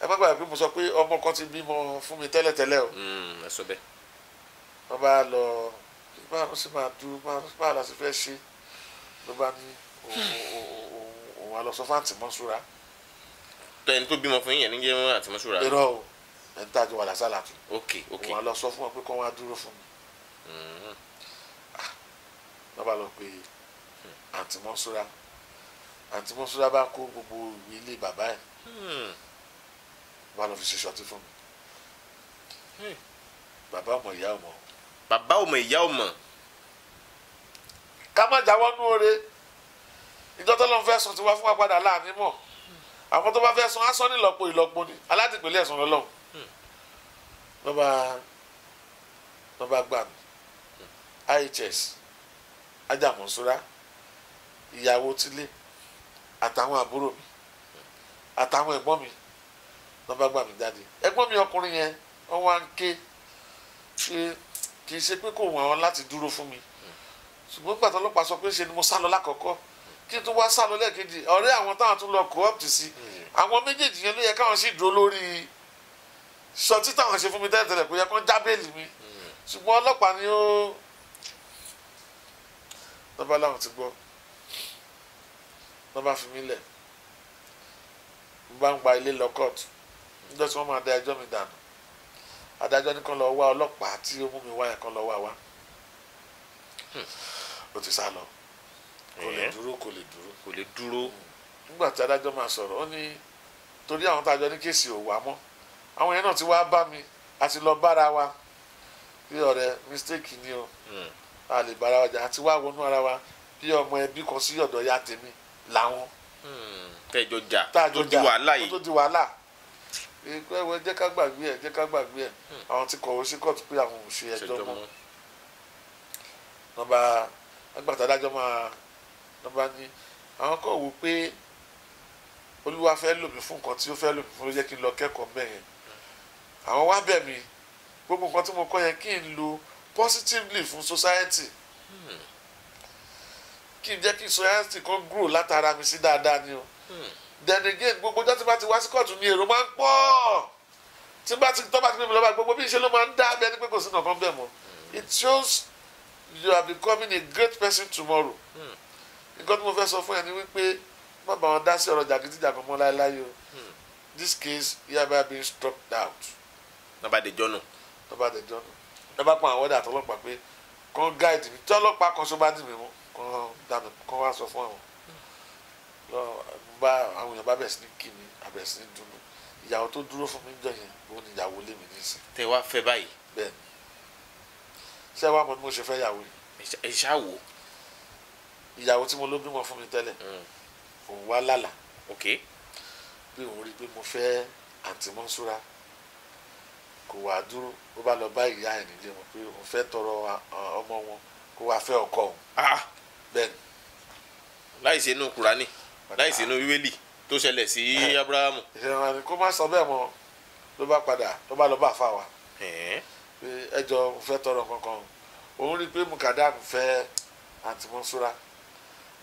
ẹ bá gbàgbé mo sọ pé ọmọ kan ti bímọ fún mi tẹ́lẹ̀tẹ́lẹ̀ o wọ́n bá lọ báwo sì máa dúró báwo la sì fẹ́ ṣe ló bá ní òun àlọ́sọ fáǹtì mọ́ṣúra tẹni tó bímọ fún yín ní jẹmọ àti mọṣúra. irọ́ o ẹni tá a jọ wà lásàlà fi. ok ok wọn lọ sọ fún wọn pé kọ́ wọn á dúró fún mi. bàbá mm-hmm. ah, lọ pé hmm. àǹtí mọ́ṣúra àǹtí mọ́ṣúra bá kó gbogbo ìwé ilé bàbá ẹ̀ bàbá hmm. lọ fi ṣe ṣọtí fún mi. Hmm. bàbá ọmọ ìyá ọmọ. bàbá ọmọ ìyá ọmọ. ká má jáwọ́ nú oore ìjọ́tọ́ ló ń fẹ́ sùn ti wá fún wa padà láàánú mọ́ àwọn tó bá fẹ́ san asán nílọ́po ìlọ́po ni aládìpínlẹ̀ ẹ̀sán lọ́lọ́run hmm. nọmba nọmba gbà ihs ajamusura ìyàwó tílé àtàwọn àbúrò mi àtàwọn ẹ̀gbọ́n mi nọmba gbà mí jáde ẹ̀gbọ́n mi ọkùnrin yẹn wọ́n wá ń ké ṣe kì í ṣe pé kò wọ́n láti dúró fún mi hmm. ṣùgbọ́n gbàtọ́ ọlọ́pàá sọ pé ṣe ni mo sá lọ lákọ̀ọ́kọ́ kí tó wá sálọ lẹ́ẹ̀kejì ọ̀rẹ́ àwọn táwọn tún lọ co-opt sí àwọn méjèèjì yẹn ló yẹ káwọn sì dúró lórí sọtí táwọn ṣe fún mi tẹ́lẹ̀tẹ́lẹ̀ kó yẹ kó jábẹ́ẹ̀lì mi ṣùgbọ́n ọlọ́pàá ni ó lọ́ba láwọn ti gbọ́ lọ́ba fi mí lẹ̀ mo bá ń gba ilé lọ kóòtù níjọ́ tí wọ́n máa da ẹjọ́ mi dànù adájọ́ ní kàn lọ wá ọlọ́pàá tí ó mú mi wá yẹn kàn lọ wá wá hmm, ó ti sá lọ kò lè eh? dúró kò lè dúró kò lè dúró. Hmm. nígbà tí adájọ́ máa sọ̀rọ̀ ó ní torí àwọn tájọ ní kéèsì ò wá mọ́ àwọn yẹn náà ti wá bá mi a ti lọ bára wa bí ọ̀rẹ́ mistake ni o hmm. a lè bára wa jà a ti wá wọnú ara wa bí ọmọ ẹbí kan sí ọ̀dọ̀ ya tèmi làwọn. Hmm. tẹjọ jà tó di wàhálà yìí tó di wàhálà ìpẹ́ wọ jẹ́ ká gbàgbé ẹ̀ jẹ́ ká gbàgbé ẹ̀ àwọn ti kọ̀wé sí kóòtù pé àwọn ò ṣe ẹjọ́ mọ́ nọ́mbà agbàtà adájọ́ máa lọ́ba ní àwọn kan wò pé olúwa fẹ́ lò mí fún nǹkan tí ó fẹ́ lò mí fún ló jẹ́ kí n lọ kẹ́kọ̀ọ́ bẹ́ẹ̀ yẹn àwọn wá bẹ̀ mí gbogbo nǹkan tí mo kọ́ yẹn kí n lo positively fún society hmm. kí n jẹ́ kí society kan grow látara mi sí dáadáa ni o hmm. then again gbogbo ọjọ́ tí bá ti wá sí kóòtù ni èrò máa ń pọ̀ tí bá ti tọ́ bá ti gbé mi gbogbo bí ìṣe ló máa ń dá abẹ́ ní pé kò sí nǹkan bẹ́ẹ̀ mọ́ hmm. it shows you are becoming a great person tomorrow. Hmm nǹkan tí mo fẹ́ sọ fún ẹ ni wípé má bàa dá sí ọ̀rọ̀ jàgídíjàgan mọ́ láéláé o hmm. this case yaba being struck out. nọba de jọnu. nọba de jọnu nọba pa àwọn ọ̀dà àtọlọ́pàá pé kàn gáìdì mi tí ọlọ́pàá kan sọ́ba dì mí mú kàn dànù kàn wá sọ fún àwọn bá àwọn èèyàn bá bẹ̀ sí ní kí mi àbẹ̀ sí ní dunu ìyàwó tó dúró fún mi jọ yẹn òun ìyàwó lé mi nísìn. tẹ wá fẹ́ báyìí. bẹ́ẹ̀ ṣé wàá mọ bí mo ṣe fẹ́ yàwó yìí. ìṣàwò ìyàwó tí mo ló bímọ fún mi tẹ́lẹ̀ hmm. òun wá lálà bí òun rí i pé mo fẹ́ àǹtí mọ́ṣúra kò wá dúró ó bá lọ bá ìyá ẹ̀ nílé wọn pé òun fẹ́ tọrọ ọmọ wọn kó wá fẹ́ ọkọ òun ah, ah. bẹ́ẹ̀ ni. láì ṣe inú Kùránì láì ṣe inú Bíbélì tó ṣẹlẹ̀ sí Ábúráhámù. ìṣẹ̀lẹ̀ ni kó má sọ bẹ́ẹ̀ mọ́ ló bá padà ló bá lọ bá àfa wa ẹ jọ mo fẹ́ tọrọ kankan òun rí i pé mukadam fẹ́ àǹtí mọ́ṣúra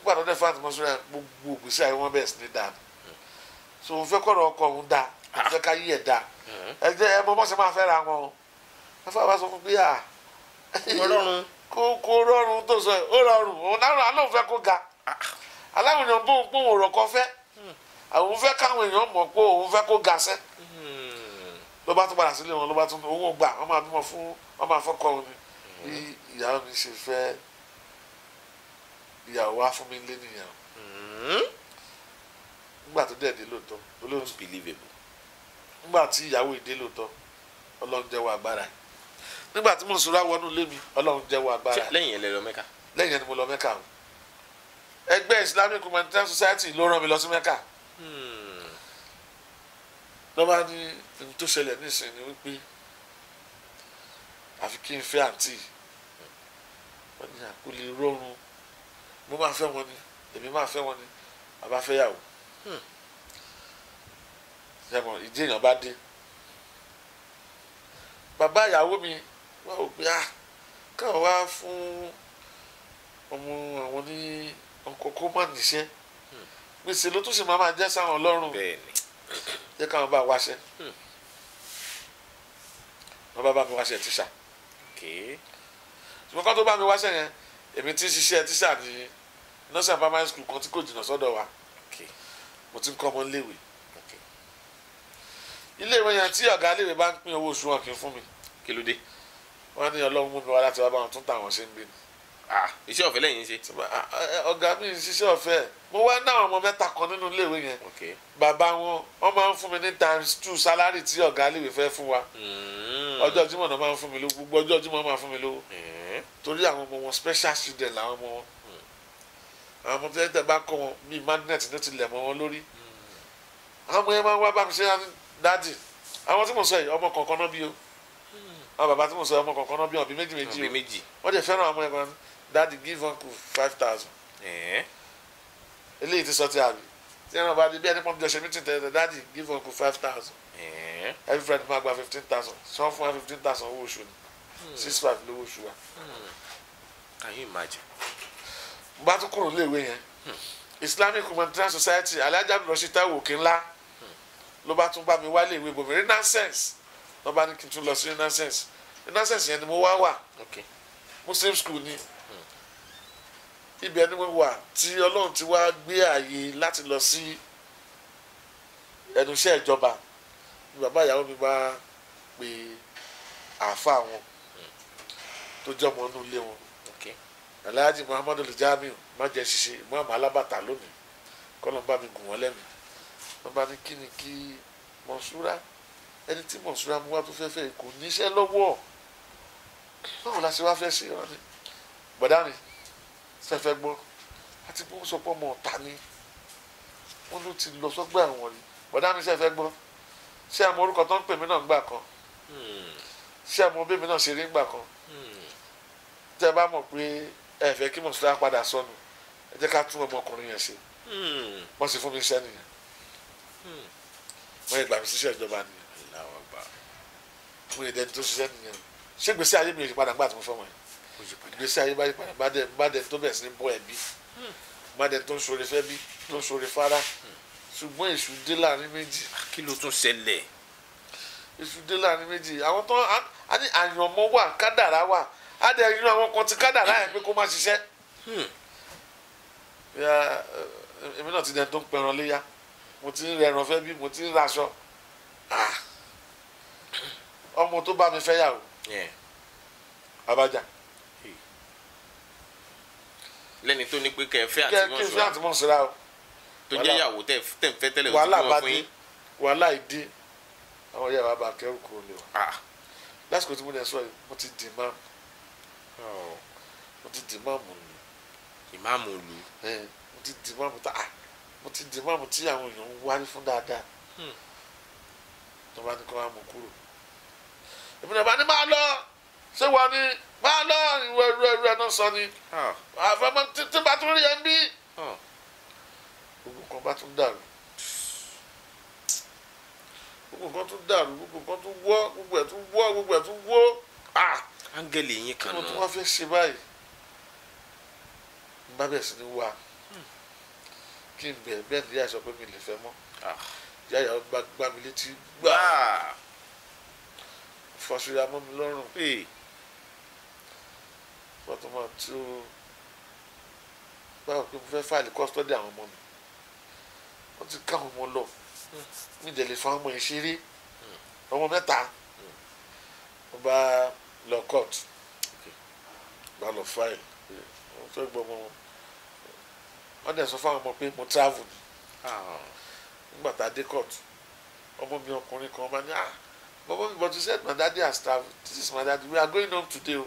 gbogbo àtọ́jú fáńtì mọ́ sọ́ra gbogbo ògbésí ayé wọn bẹ̀rẹ̀ sí ní dáa so òun fẹ́ kọ́ra ọkọ òun dáa òun fẹ́ ká yí ẹ̀ dáa ẹ jẹ́ ẹ mọ bọ́sẹ̀ máa fẹ́ ra wọn afa bá sọ fún bí a kó kó rọrùn tó sọ ó rọrùn òun náà aláwọ̀ fẹ́ kó ga ah. aláwọ̀ èèyàn bóun pé òun rọ̀kọ fẹ́ hmm. àwọn fẹ́ káwọn èèyàn mọ̀ pé òun fẹ́ kó ga sẹ́ hmm. ló bá tún padà sílé wọn ló bá tún owó gbà wọn máa bímọ fún wọn máa fọ́kọ òun ni bí hmm. ìyá mi ṣe fẹ́ẹ́ ìyàwó wa fún mi lé nìyàwó hmm? nígbà tó dẹ̀ dé lóòótọ́ olóhùn believable nígbà tí ìyàwó ìdé lóòótọ́ ọlọ́run jẹ́wọ́ agbára yìí nígbà tí mùsùlùmí wá wọnú ilé mi ọlọ́run jẹ́wọ́ agbára yìí. lẹ́yìn ẹ̀ lè lọ mẹ́ka. lẹ́yìn ẹ̀ ni mo lọ mẹ́ka o ẹgbẹ́ Islamic humanitarian society ló rán mi lọ sí mẹ́ka. Hmm. lọ́ba ní ohun tó ṣẹlẹ̀ nísìnyí ni wípé àfi kí n fẹ́ àǹtí wọ́n ní àkólé rọrùn mo máa fẹ́ wọn ni èmi máa fẹ́ wọn ni àbá fẹ́ yàwó hmm. ṣẹ́mọ̀ ìdí èèyàn bá dé bàbá ìyàwó mi wà ó gbé a ah, káwọn wá fún ọmọ àwọn ní ọkọ̀ kó má níṣẹ́ hmm. gbèsè ló tún sì máa máa jẹ́ sáwọn ọlọ́run jẹ́ káwọn bá wáṣẹ́ hmm. wọn bá bá mi wáṣẹ́ tíṣà ṣùgbọ́n ká tó bá mi wáṣẹ́ yẹn èmi ti ṣiṣẹ́ tíṣà nìyí nursery and primary school kan tí kò jìnnà sọ́dọ̀ wa mo ti ń kọ́ ọmọ iléèwé iléèwé yẹn tí ọ̀gá iléèwé bá ń pín owó oṣù wọn kì í fún mi kí ló dé wọ́n ní ọlọ́run mú mi wá láti wá bá tún tàwọn ṣe ń gbé ni. iṣẹ́ ọ̀fẹ́ lẹ́yìn ṣe. ọ̀gá mi ń ṣiṣẹ́ ọ̀fẹ́ mo wá náà ọmọ mẹ́ta kan nínú iléèwé yẹn bàbá wọn wọ́n máa ń fún mi ní times two salary tí ọ̀gá iléèwé fẹ́ fún wa hmm. ọjọ́ jímọ̀ náà máa ń fún mi lówó gbogbo ọjọ́ jímọ̀ máa ń fún mi lówó eh. torí àwọn ọmọ wọn special student làwọn ọmọ wọn àwọn ọmọ tẹ́lẹ̀ tẹ́ bá kọ́ wọn bíi magnet ní ti lẹ̀ mọ́ wọn lórí àwọn ọmọ yẹn máa ń wá bá mi ṣe dáàdì àwọn tí mo sọ yìí ọmọ kọ̀ọ̀kan náà bí o àwọn bàbá tí mo sọ ọmọ kọ̀ọ̀kan náà bí ọ̀bí méjì méjì o wọ́n dẹ̀ fẹ́ràn àwọn ẹ̀gbọ́n dáàdì give uncle five thousand eléyìí ti sọ ti àbí tí ẹran bá di bí ẹni pọ́n bí ọ̀sẹ̀ mítìn tẹ̀lé dáàdì give uncle five thousand every friend máa gba fifteen thousand sọ fún wa fifteen thousand owó oṣù ni hmm. six five lówó oṣù wa. Hmm. can you imagine bá tún kúrò léèwé yẹn islamic humanitarian society alhaji abdul rasheed taiwo òkè ńlá ló bá tún bá mi wá léèwé bomi renaissance ló bá ní kí n tún lọ sí renaissance renaissance yẹn ni mo wá wà muslim school ni ibẹ̀ ni mo wà tí ọlọ́run ti wá gbé àyè láti lọ sí ẹnu iṣẹ́ ìjọba ni bàbá ìyàwó mi bá pe àáfàá wọn tó jẹ́ ọmọ inú ilé wọn alhaji muhammadu lujamiu májẹ ṣiṣẹ imaamu alabata lónìí kọlọ ń bá mi gùn wọn lẹ́mìí wọn bá ní kí ni kí mọ̀ṣúra ẹni tí mọ̀ṣúra mú wá tó fẹ́fẹ́ kò níṣẹ́ lọ́wọ́ báwo la ṣe wá fẹ́ ṣe wọn ni gbọ̀dá ni fẹ́fẹ́ gbọ́ àti bó sọ pé ọmọ ọ̀tá ni wọn ló ti lọ sọ́gbà ẹ̀wọ̀n rí gbọ̀dá mi fẹ́fẹ́ gbọ́ ṣé àmọ́ orúkọ tó ń pè mí náà gbà kan hmm. ṣé àmọ́ bébí náà ṣe rí gbà kan hmm. tẹ́ bá mọ̀ pé ẹ fẹ́ kí mùsùlùmí padà sọnù ẹ jẹ́ ká tún ọmọkùnrin yẹn ṣe hmm. wọ́n sì fún mi iṣẹ́ nìyẹn hmm. wọ́n yẹ gbà mí síṣẹ́ ìjọba nìyẹn mo yẹ dẹni tó ṣiṣẹ́ nìyẹn ṣé gbèsè ayé mi yóò padà gbà tí mo fẹ́ wọ̀nyí gbèsè ayé bá yí padà bá dẹni tó bẹ̀rẹ̀ sí ní bọ́ ẹ̀ bí hmm. bá dẹni tó ń sọ̀rọ̀ fẹ́ bí tó ń sọ̀rọ̀ fara ṣùgbọ́n èṣù dé láàrin méjì. kí ló tún ṣẹlẹ̀. èṣù dé láàrin méjì àwọn tó àyànmọ́ wà kádàrá wà adẹ nínú àwọn kan ti kádà láyé pé kó má ṣiṣẹ́ hmm. eh, èmi náà ti dẹ̀ tó ń pẹran léyà mo ti ń rẹ ẹran fẹ́ bí mo ti ń raṣọ ah. ọmọ tó bá mi fẹ́ yà o abájá. lẹ́ni tó ní pé kẹ́ ẹ fẹ́ àtìmọ́sọ́ra kẹ́ ẹ o tó jẹ́ ìyàwó tẹ̀ ń fẹ́ tẹ́lẹ̀ òtún wọn fún yín. wàhálà ìdí àwọn yàrá bá kẹ́rù kúrò lé wa ah. lásìkò tí mo dẹ̀ sọ yìí mo ti dì máa mo ti di máàmù nù. ìmáàmù lu. mo ti di máàmù tá a ah, mo ti di máàmù tí àwọn èèyàn ń wárí fún dáadáa. Hmm. tó bá ní kó máa mú kúrò. èmi náà bá ní máa lọ ṣé wà ní máa lọ ìwé ìwé ìwé náà sọ ni. Ah. àfẹ́mọ́ títí bá tún rí ẹ ń bí. Ah. gbogbo kan bá tún dàrú gbogbo nǹkan tún dàrú gbogbo nǹkan tún wọ́ gbogbo ẹ̀ tún wọ́ gbogbo ẹ̀ tún wọ́ ah Angeli yín kan náà. mo tún wá fẹ́ ṣe báyìí bá bẹ̀rẹ̀ sí ni wá hmm. kí n bẹ̀rẹ̀ bẹ́ẹ̀ ni yáa sọ pé mi lè fẹ́ mọ́ ah. yáyà gbá mi létí gbá ah. fọṣúra mọ́ mi lọ́rùn fọtọmọ tí ó báwo pé mo fẹ́ fáìlì kọ́sítọ́dì àwọn ọmọ mi wọ́n ti ká àwọn ọmọ lọ hmm. mi dẹ̀ lè ọmọ yẹn hmm. ọmọ mẹ́ta mo lọ court gba lọ file wọn tó gbọ́ ọmọ wọn wọn dẹ̀ sọ fáwọn ọmọ pé mo travel ni ah. nígbà tá a dé court ọmọ mi ọkùnrin kan bá ní ah bàbá mi but you said my daddy has travel this is my daddy we are going home today o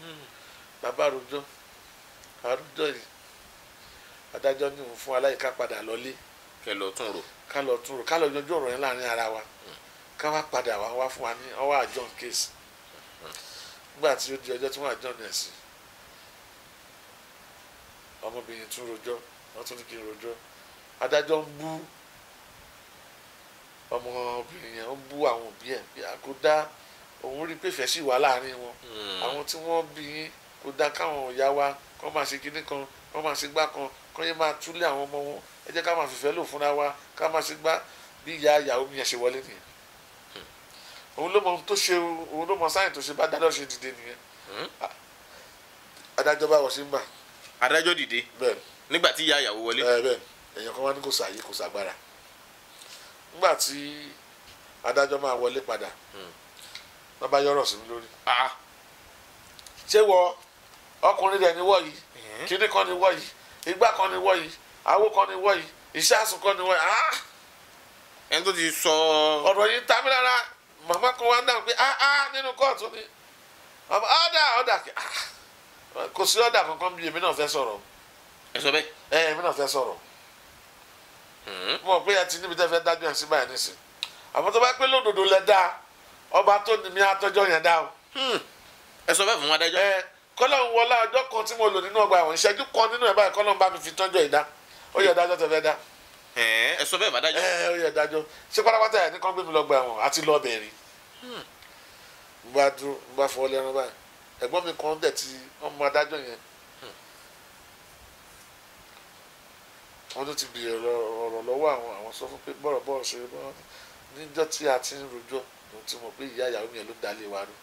hmm. bàbá àròjọ àròjọ yìí adájọ́ ní òun fún aláìka padà lọlé kẹ lọ tún rò ká lọ tún rò ká lọ yanjú ọ̀rọ̀ yẹn láàrin ara wa hmm. ká wá padà wá wá fún wa ní ọwọ́ àjọ case nígbà tí ó di ọjọ́ tí wọ́n àjọ ní ẹ̀sìn ọmọbìnrin tún rojọ́ wọ́n tún ní kí n rojọ́ adájọ́ ń bú ọmọbìnrin yẹn ń bú àwọn òbí ẹ̀ bí àkódá òun rí pé fẹ̀sí wà láàrin wọn hmm. àwọn tí wọ́n bí yín kò dá káwọn ọ̀yá wa kọ́ máa ṣe kinní kan kọ́ máa ṣe gbá kan kọ́ yẹn máa túlé àwọn ọmọ wọn ẹ jẹ́ ká máa fìfẹ́ lò fúnra wa ká máa ṣe gbá bí ìyá ìyàwó mi yẹn ṣe wọlé nìyẹn òun ló mọ tó ṣe òun ló mọ sáyìn tó ṣe bá dájọ́ ṣe dìde nìyẹn hmm? ah, adájọ́ báwọ̀ ṣe ń bà. adájọ́ dìde nígbà tí ìyá ìyàwó wọlé. Eh, bẹ́ẹ̀ èèyàn kan wá ní kò sàyè kò sàgbára nígbà tí adájọ́ máa wọlé padà hmm. wọ́n bá yọ̀rọ̀ sí mi lórí. Ah. ṣé wọ ọkùnrin rẹ̀ ni wọ́ yìí hmm? kíní kan ni wọ́ yìí igbá kan ni wọ́ yìí awó kan ni wọ́ yìí ìṣáàsùn kan ni wọ́ yìí. Ah! ẹni tó ti sọ. ọ̀rọ̀ yìí ta mí lára. màmá kan wá náà pé áá ah, ah, nínú kóòtù ni ọ̀dà ah, ọ̀dà kò sí kankan bí èmi náà fẹ́ sọrọ ẹ sọ sọrọ ẹ èmi náà hmm. mọ̀ pé àti níbi tẹ́ fẹ́ dájú ẹ̀ sí báyìí nísìn àmọ́ tó bá pé lódodo lẹ dáa ọba tó mi àtọ́jọ́ yẹn dáa o. Hmm. ẹ sọ fún ẹ ń ọjọ kan tí mo lò nínú ọgbà àwọn kan nínú báyìí ń bá mi fi tọ́jọ́ ìdá ó yẹ ẹ sọ bẹ́ẹ̀ bá dájọ́. ẹ ó yẹ dájọ́ ṣé pátápátá ẹ ní kán gbé mi lọ gba ẹ̀wọ̀n àti lọ bẹ̀rẹ̀ hmm. mo bá dún mo bá fọwọ́ lẹ́ran báyìí ẹ̀gbọ́n mi kan dẹ̀ ti ọmọ adájọ́ yẹn hmm. wọ́n tún ti bèrè ọ̀rọ̀ lọ́wọ́ àwọn àwọn sọ fún pé bọ́rọ̀ bọ́rọ̀ ṣe bọ́rọ̀ níjọ́ tí a ti ń rojọ́ ló ti mọ̀ pé ìyá ìyàwó mi yẹn ló dalé wa rú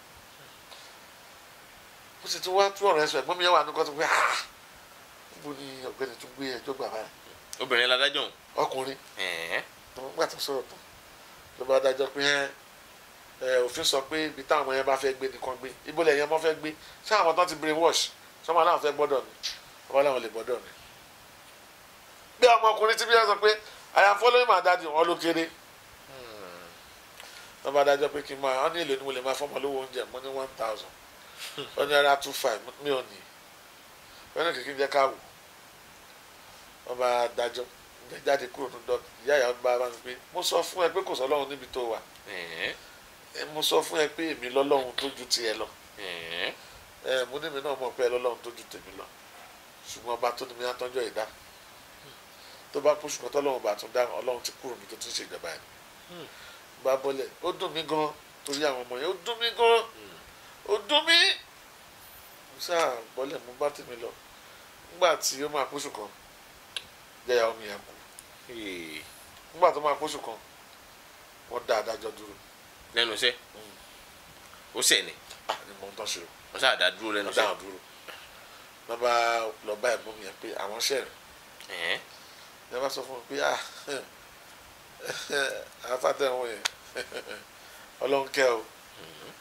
ó sì tún wá tún ọ̀rọ̀ ẹ̀sùn ẹ̀gbọ́n mi yẹn wà ní kọ́tù pé ah níbo ni ọ̀gbẹ́ni tún gbé ẹjọ́ gbà báyìí obìnrin ladájọ́ òun. ọkùnrin nígbà tó sọ̀rọ̀ tán ló bá dájọ́ pé òfin sọ pé ibi táwọn yẹn bá fẹ́ gbé nìkan gbé ibo lẹ̀ yẹn bá fẹ́ gbé ṣé àwọn tán ti brain wash sọmọ aláwọ̀ fẹ́ gbọ́dọ̀ ni ọmọ aláwọ̀ lè gbọ́dọ̀ ni. bí ọmọkùnrin ti bí wọ́n sọ pé I am following my daddy wọn ló kéré hmm. wọ́n bá dájọ́ pé kí n máa wọ́n ní èlò ni mo lè máa fọ́mọ lówó oúnjẹ mo ní one thousand wọ́n ní ara two five mi ò ní wọ́n ní kìkì jẹ́ káwọ́ wọ́n bá dájọ́ gbé jáde kúrò ní dọ́ọ̀kì ìyá ìyá bá bá mi pé mo sọ fún ẹ pé kò sọ́lọ́run níbi tó wà mo sọ fún ẹ pé èmi lọ́lọ́run tó ju tiẹ̀ lọ mo ní mi náà mọ̀ pé ẹ lọ́lọ́run tó ju tèmi lọ ṣùgbọ́n ọba tó ní mi á ìdá tó bá kú ṣùgbọ́n tọ́lọ́run bá tún dáhùn ọlọ́run ti kúrò mi tó tún ṣèjọba ẹ̀ bá bọ́lẹ̀ ó dùn mí gan torí àwọn ọmọ yẹn ó dùn mí gan hmm. ó dùn mí sáà bọ́lẹ̀ mo bá tèmi lọ nígbà tí ó máa kú ṣùgbọ́n jẹ́ ìyàwó mi yẹn kú nígbà tó máa kóṣù kan wọ́n dá adájọ́ dúró. lẹ́nu iṣẹ́ hmm. ó sẹ̀ ni. ni mo ń tọ́ sí o. wọ́n sá àdá dúró lẹ́nu iṣẹ́. wọ́n dá dúró wọ́n bá lọ bá ẹ̀gbọ́n mi yẹn pé àwọn ṣẹ̀rẹ̀ ní bá sọ fún mi pé ah afátẹ̀ wọn yẹn ọlọ́run kẹ́ o hmm.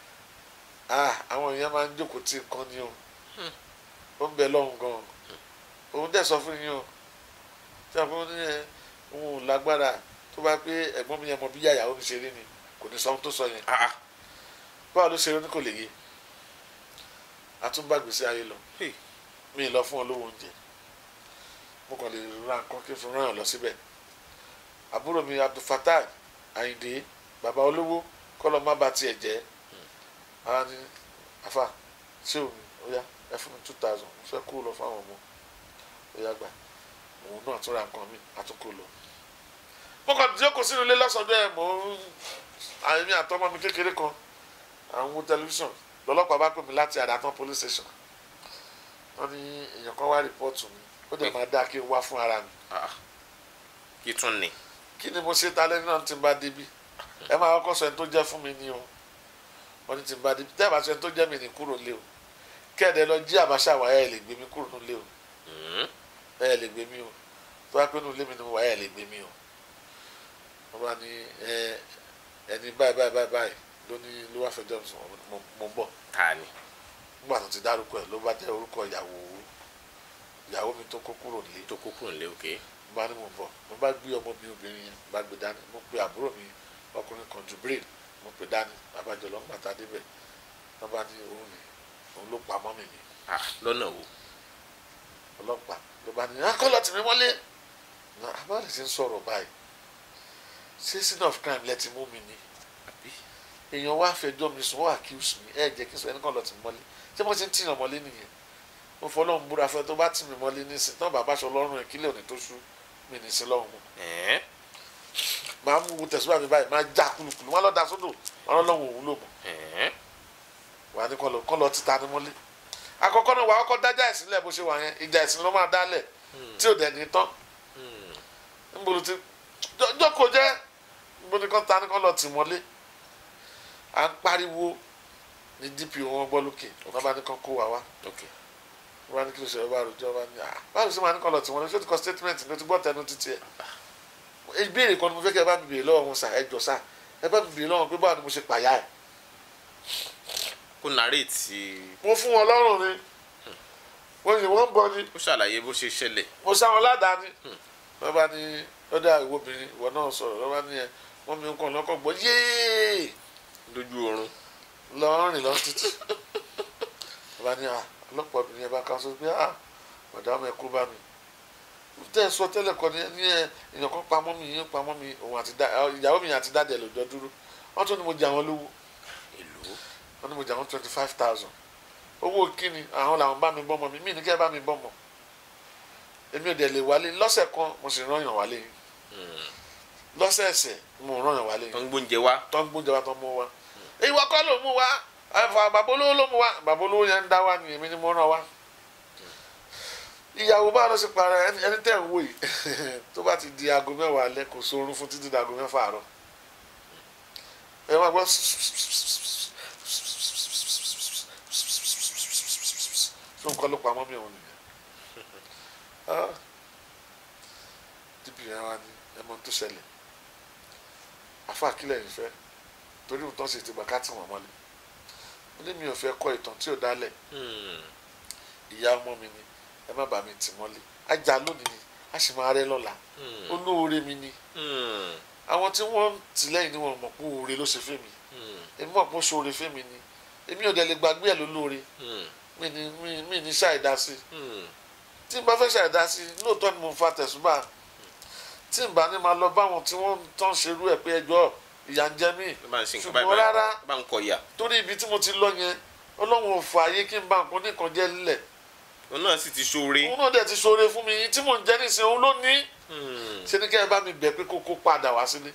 ah àwọn èèyàn máa ń jókòó tí nǹkan ni o hmm. ó ń bẹ lọ́hùn gan-an òun dẹ̀ sọ fún yín o tí a fún ní òun lágbára tó bá pé ẹ̀gbọ́n mi yẹn mọ bí yàyà ó ní ṣe rí ni kò ní sọ́n tó sọ yẹn báwo ló ṣe rí ni kò lè yé àtúbàgbèsè ayé lọ mi lọ fún olówó oúnjẹ mo kàn lè ra nǹkan kí n fi ràn lọ síbẹ̀ àbúrò mi abdulfatai ayinde bàbá olówó kọ́lọ́ má ba tiẹ̀ jẹ́ ara ni àfa ṣé omi ó yá ẹ fún mi two thousand mo fẹ́ kó lọ fún àwọn ọmọ ó yá gbà òun náà tún ra nǹkan mi àtúnkò lọ. mo kàn tí ó kò sínú ilé lọ́sọ̀dọ̀ ẹ̀ mò ń àmì àtọmọ mi kékeré kan àwọn wo tẹlifíṣàn lọ́lọ́pàá bá pè mí láti àdàtàn police station wọ́n ní èèyàn kan wá rìpọ́ọ̀tù mi ó dẹ̀ máa dáa kí n wá fún ara mi. Ah, kí tún ni. kí ni mo ṣe ta lẹ́ni náà tí n bá débi ẹ máa kọ́kọ́ sọ ẹni tó jẹ́ fún mi ni o wọ́n ní tí n bá débi tẹ́ bá sọ ẹni tó jẹ́ mi ní kúrò lé o kẹ́ẹ̀dẹ́ lọ jí àbáṣà wáyà ẹ̀ lè gbé mi kúrò nílé o. Hmm ẹ lè gbé mi o tó wá pé nínú ilé mi ni mo wà ẹ lè gbé mi o wọ́n bá ní ẹ ẹni báyìí báyìí báyìí báyìí ló ní ló wá fẹjọ́ mi sùn mo ń tani. nígbà tó ti dárúkọ ẹ ló bá jẹ́ orúkọ ìyàwó ìyàwó mi tó kó kúrò nílé. tó kó kúrò nílé òkè. mo bá ní mo bọ̀ mo bá gbé ọmọ mi obìnrin yẹn mo bá gbé dání mo pe àbúrò mi ọkùnrin kan Jubril mo pe dání abájọ lọ́gbà tá a débẹ̀ bá ní òun ni òun ló pa mọ́mì mi. Ah, lọ́nà wo. ọlọ́pàá lọ́ba ní akọ́ láti mi wọlé na amadi ti ń sọ̀rọ̀ báyìí ṣé sin of crime lẹ́ti mú mi ni èèyàn wá fẹjọ́ mi sùn ó accuse mi ẹ jẹ́ kí n sọ ẹni kan lọ tì mí mọ́lé ṣé mo ti ń tìyàn mọ́lé nìyẹn mo fọ́ lọ́hùn búra fẹ́ tó bá tì mí mọ́lé ní sin tán bàbá aṣọ lọ́rùn ẹ̀ kílẹ̀ òní tó ṣú mi ní sin lọ́hùn mu máa mú wo tẹ̀síwájú mi báyìí máa já kulukulu wọn lọ́ọ́ da sódò wọn lọ́ọ́ lọ́hùn òun lò mọ́ wà á ní kọ́ lọ títa ní mọ́lé àkọ́kọ́ náà wàá kọ́kọ́ dájà ẹ̀sìn lẹ̀ bó ṣe wà yẹn ìjà ẹ̀sìn ló máa dálẹ̀ hmm. tí ò dẹ̀gbin tán hmm. nbolo ti jókòó jẹ́ nbolo kan ta ni kan lọ tì mọ́lé à ń pariwo ní dp wọn gbọ́ lókè wọn bá ní kan kó wa wá wọn bá kí ló ṣe ọba àròjọ wọn ní ah báwo ṣe máa ní kan lọ tì mọ́lé ṣé o ti kọ statement ní o ti gbọ́ tẹnu títí ẹ̀ ìbéèrè kan ni mo fẹ́ kí ẹ bá mi béèrè lọ́wọ́ wọn sà ẹ jọ sà ẹ bá mi béèrè lọ́wọ́ pé báwo ni mo ṣe pàyà ẹ̀ kó narrate. mo fún wọn lọ́rùn ni mo sì wọ́n bọ ni. ó ṣàlàyé bó ṣe ṣẹlẹ̀. mo sáwọn ládàáni. Hmm. wọ́n bá ní lọ́dọ̀ àgbo obìnrin ìwọ náà sọ̀rọ̀ lọ́wọ́ ní ẹ wọ́n mi ń kàn lọ́kọ̀ gbọ́ yéé. lójú oorun. lọ́rùn lọ títì. wọ́n bá ní ọlọ́pàá obìnrin ẹ bá ká sọ pé ah mọ̀dámù ẹ kú bá mi tẹ sọ tẹ́lẹ̀ kọ ní ẹ èèyàn kan pamọ́ mi yín pamọ́ mi òun àti ìyàwó mi àti dáadẹ lọ́jọ́ dúró wọ́n tún ní mo jẹ àwọn lówó wọ́n ní mo jà wọ́n twenty five thousand owó kíni àwọn làwọn bá mi bọ́ mọ́ mi mí ní kí ẹ bá mi bọ́ mọ́ èmi ò dẹ̀ lè wálé lọ́sẹ̀ kan mo sì rán yàn wálé hmm. lọ́sẹ̀ẹ̀sẹ̀ mo rán yàn wálé. tó ń gbóúnjẹ wá. tó ń gbóúnjẹ wá tó mú wá. ìwọ kọ́ ló mú wá bàbá olówó ló mú wá bàbá olówó yẹn ń dá wá ni èmi ni mo rán wá. ìyàwó bá lọ sí para ẹni tẹ́ ń wò yìí tó bá ti di aago mẹ́wàá alẹ́ kò sórun fún títí di aago mẹ́fà àárọ̀ ẹ máa gbọ́ tó nǹkan ló pamọ́ mi òun nìyẹn ah, dp yẹn wá ní ẹmọ tó ṣẹlẹ̀ afa akílẹ̀ yìí fẹ́ torí òun tán sì ti gbà ká tì wọ́n mọ́lẹ̀ mo ní mi ò fẹ́ kọ́ ìtàn tí ò dálẹ̀ hmm. ìyá ọmọ mi ni ẹ má bà mí tì mọ́lẹ̀ ajá lónìí ni a sì máa rẹ lọ́la hmm. olóore mi ni hmm. àwọn tí wọ́n ti lẹ́yìn ni wọ́n mọ̀ pé oore ló ṣe fẹ́ èmi mọ̀ pé ó oore fẹ́ ni èmi ò dẹ̀ lè gbàgbé ẹ̀ lólóore mi ni mi mi ni ṣàìdásí hmm. tí n bá fẹ́ ṣàìdásí lóòótọ́ ni mo fa tẹ̀sùbà tí n bá ní máa lọ báwọn tí wọ́n tán ṣerú ẹ̀ pé ẹjọ́ ìyà ń jẹ mí ṣùgbọ́n rárá torí ibi tí mo ti lọ yẹn ọlọ́run ò fà ayé kí n bá nǹkan nìkan jẹ́ nílẹ̀ òun náà sì ti ṣoore òun náà dẹ̀ ti ṣoore fún mi tí mò ń jẹ́ nísìnyí òun ló ní hmm. ṣe ni kẹ́ bá mi bẹ̀ pé kókó padà wá sílé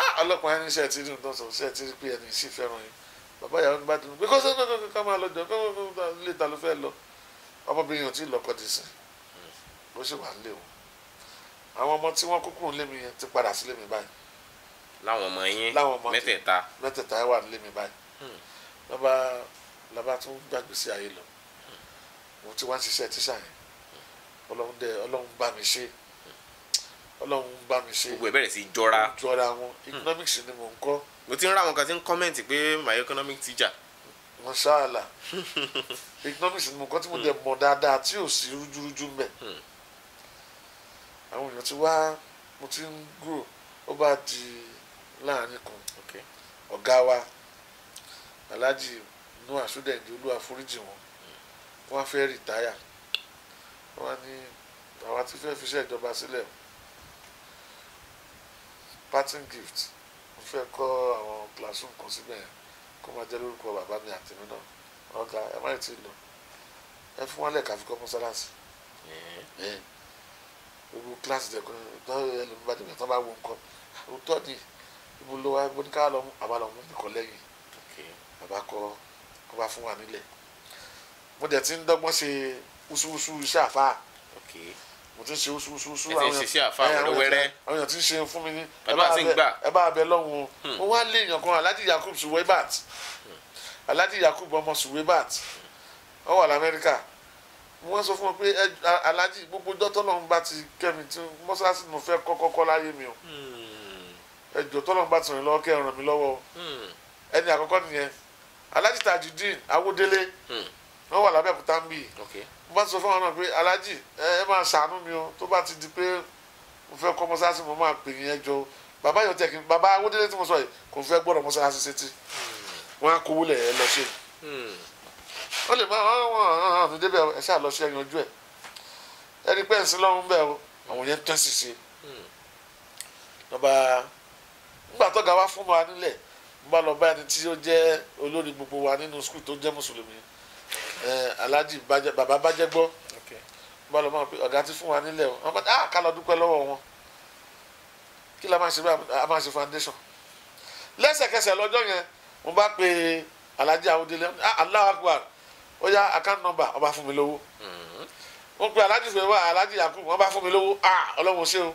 ah, ọlọ́pàá ẹni ṣe ti rí nǹkan sọ ṣe ti rí pé ẹni sì fẹ́ràn yín bàbá ìyàwó nígbà tó ń gbé kọ́sẹ́ kọ́kọ́ ká máa lọ jọ kọ́kọ́ lè ta ló fẹ́ lọ ọmọbìnrin yòó tí ì lọ́kọ ti sìn bó ṣe wà nílé wọn àwọn ọmọ tí wọ́n kúkú nílé mi yẹn ti padà sílé mi báyìí. láwọn ọmọ yín mẹ́tẹ̀ẹ̀ta mẹ́tẹ̀ẹ̀ta wà nílé mi báyìí bàbá làbá tó ń gbàgbé sí ayé lọ hmm. mo ti wá ń ṣiṣẹ́ tíṣà yẹn ọlọ́run dẹ ọlọ́run bá mi ṣe hmm. ọlọ́run bá mi ṣe. gbogbo ẹ bẹ̀rẹ̀ sí jọra. jọra wọn hmm. economics ni mò ń kọ́ mo ti ń ra àwọn kan tí ń kọ́mẹ̀ntì pé my economic teacher. mashala economics ni mo kọ́ tí mo dẹ̀ mọ̀ dáadáa tí ò sí rújúrújú mẹ́ hmm. àwọn èèyàn ti wá mo ti ń grow ó bá di láàrin kan ọ̀gá wa alhaji noah sudẹ̀ndì olúwa foríjì wọn hmm. wọn fẹ́ rìtáyà wọn ní àwa ti fẹ́ fiṣẹ́ ìjọba sílẹ̀ parting gift fẹ́ kọ́ àwọn classroom kan síbẹ̀ yẹn kó máa jẹ́ lórúkọ bàbá mi àti mi náà ọ̀gá ẹ má ti lọ ẹ fún wọn lẹ́ẹ̀ka fi kọ́ mọ́sálásì gbogbo kíláàsì tẹ̀ kọ́ ẹlòmíbàdàn mi àtàwọn bá wo nǹkan òótọ́ ni ibo ló wá ibo ní ká lọ àbá lọ mú nǹkan lẹ́yìn bàbá kọ́ kó bá fún wa nílẹ̀ mo dẹ̀ ti ń dọ́gbọ́n ṣe wúsúwúsú iṣẹ́ àfáà mo ti ń ṣe oṣù oṣù oṣù àwọn èèyàn ti ń ṣe fún mi ní ẹ bá abẹ lọ́wọ́ hmm. mo wá lé èèyàn kan alhaji yakub suwebat alhaji yakub ọmọ suwebat ó wà lamẹ́ríkà wọ́n sọ fún mi pé alhaji gbogbo dọ́tọ́ náà ń bá ti kẹ́mi tí mọ́ṣáláṣí mo fẹ́ kọ́kọ́ kọ́ láyé mi o hmm. ẹjọ́ tọ́lọ́ ń bá ti rìn lọ́wọ́ kẹ́ ẹ ràn mí lọ́wọ́ hmm. ẹni àkọ́kọ́ nìyẹn alhaji tajudeen awodele wọ́n wà lábẹ́òkúta ń bì mo bá sọ fún àwọn náà pé aláàjì ẹ máa ṣàánú mi o tó bá ti di pé mo fẹ́ kọ́ mọ́sáàsì mo máa pè yín ẹjọ́ bàbá yóò tẹ̀kí bàbá awódélé tí mo sọ yìí kò fẹ́ gbọ́dọ̀ mọ́sáàsì sétí hmm. wọn á kówó lẹ̀ ẹ lọ sí i wọ́n lè máa wọ́n wọ́n hàn hàn ní débẹ̀ ẹ ṣáà lọ sí ẹyin ojú ẹ̀ ẹni pẹ́ ǹsìn lọ́run bẹ́ẹ̀ o àwọn yẹn tán sì ṣe lọ́ba hmm. nígbà tó ga wá fún wa nílẹ̀ mo bá lọ bá ẹni tí ó jẹ́ olórí gbogbo wa nínú skul tó jẹ́ mùsùlùmí alhaji baba bàjẹ́gbọ́ bá lọ máa pe ọ̀gá ti fún wa nílẹ̀ o wọ́n bá ah ká lọ dúpẹ́ lọ́wọ́ wọn kí la máa ṣe bá a máa ṣe foundation lẹ́sẹ̀kẹsẹ̀ lọ́jọ́ yẹn mo bá pe alhaji awudele ah Allahu Akbar ó yá account number ó bá fún mi lówó mm-hmm. mo pe alhaji fẹ́ wá ah, alhaji yakub wọ́n bá fún mi lówó ah ọlọ́run ṣé o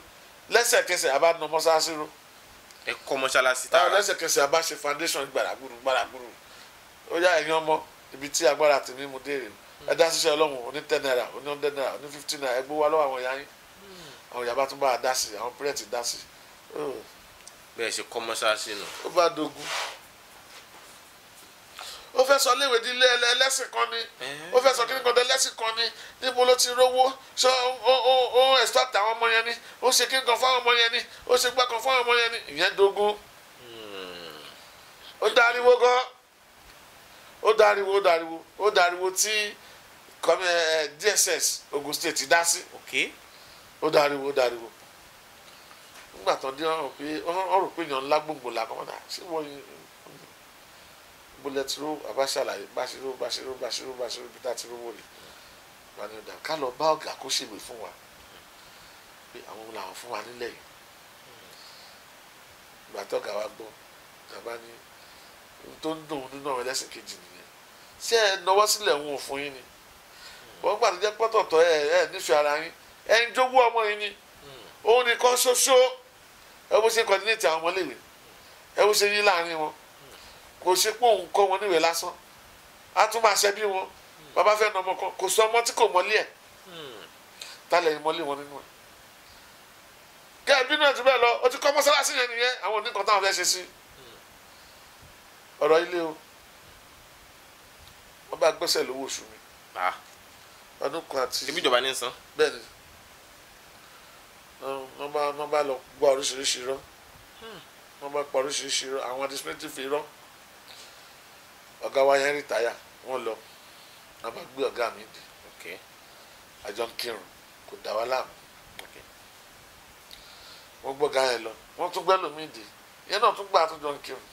lẹ́sẹ̀kẹsẹ̀ a bá nà mọ́ṣáláṣí ro ẹ kọ́ mọ́ṣáláṣí tààrà lẹ́sẹ̀kẹsẹ̀ a bá ṣe foundation gbàràgbùrù gbàràgbùrù ó yá ẹ̀yin ọmọ ibi tí agbára tèmi mu dé rè hmm. ẹ dá síṣẹ́ ọlọ́run oní ten naira oní hundred naira oní fifty naira ẹgbẹ́ wa lọ́wọ́ àwọn ìyá yín hmm. àwọn ìyá bá tún bá a dá sí àwọn pírẹ́tì dá sí. Hmm. bẹ́ẹ̀ ṣe kọ́ mọ́ṣáláṣí nù. ó bá dogun ó fẹ́ sọ léwé di ilé ẹlẹ́sìn kan ni eh. ó fẹ́ sọ kíníkan ẹlẹ́sìn kan ni níbo ló ti rówó ṣé ó ó ó extract àwọn ọmọ yẹn ni ó ṣe kíníkan fáwọn ọmọ yẹn ni ó ṣe gbàkan fáwọn ọmọ yẹn ni ìyẹn dogun ó dáríwó gan-an ó dariwo ó dariwo ó dariwo tí DSS Ogun State dá sí ó dariwo ó dariwo nígbà tó dé ọ̀rọ̀ pé ọ̀rọ̀ pé èèyàn ńlá gbòǹgbò là kọ́ mọ́tà ṣé wọ́n bulẹtiro abaṣalaye baṣiro baṣiro baṣiro baṣiro bí táti rówó ni wà ní ọ̀dà ká lọ bá ọ̀gá kó ṣègbè fún wa pé àwọn làwọn fún wa nílẹ̀ yìí ìgbà tó ọ̀gá gbọ́ tàbá ní tó ń dùn nínú àwọn ẹlẹ́sìn kejì ni ṣé ẹ nọwọ́ sílẹ̀ ń wò fún yín ni wọ́n gbà tó jẹ́ pọ́tọ̀tọ̀ ẹ ẹ nífẹ̀ẹ́ ara yín ẹ ń jogún ọmọ yín ni òun nìkan ṣoṣo ẹ bó ṣe kọ́dínétì àwọn ọmọléèwé ẹ bó ṣe yí láàrin wọn kò ṣe pé òun kọ́ wọn níwèé lásán á tún máa ṣe bí wọn bàbá fẹ́ nà ọmọ kan kò sọ ọmọ tí kò mọ́lé ẹ̀ tálẹ̀ ìmọ́lé wọn nínú ẹ̀ kẹ́ ẹ bínú ẹ̀ jù bẹ́ẹ̀ lọ o ti kọ́ mọ́sálásí yẹn nìyẹn àwọn oníkan táwọn fẹ́ ṣe sí ọ̀rọ̀ ilé o wọ́n bá gbẹ́sẹ̀ lówó oṣù mi ah. ọdún kan àti. ibi ìjọba ní ń san. bẹ́ẹ̀ni wọ́n bá lọ gbọ́ oríṣiríṣi irọ́ hmm. wọ́n bá pa oríṣiríṣi irọ́ àwọn administrative irọ́ ọ̀gá wa yẹn rìtáyà wọ́n lọ wọ́n bá gbé ọ̀gá mi dì àjọ ń kírun kò dá wa láàmú wọ́n gbọ́ gáyẹn lọ wọ́n tún gbẹ́ lómi dì yẹn náà tún gbà àtúnjọ ń kírun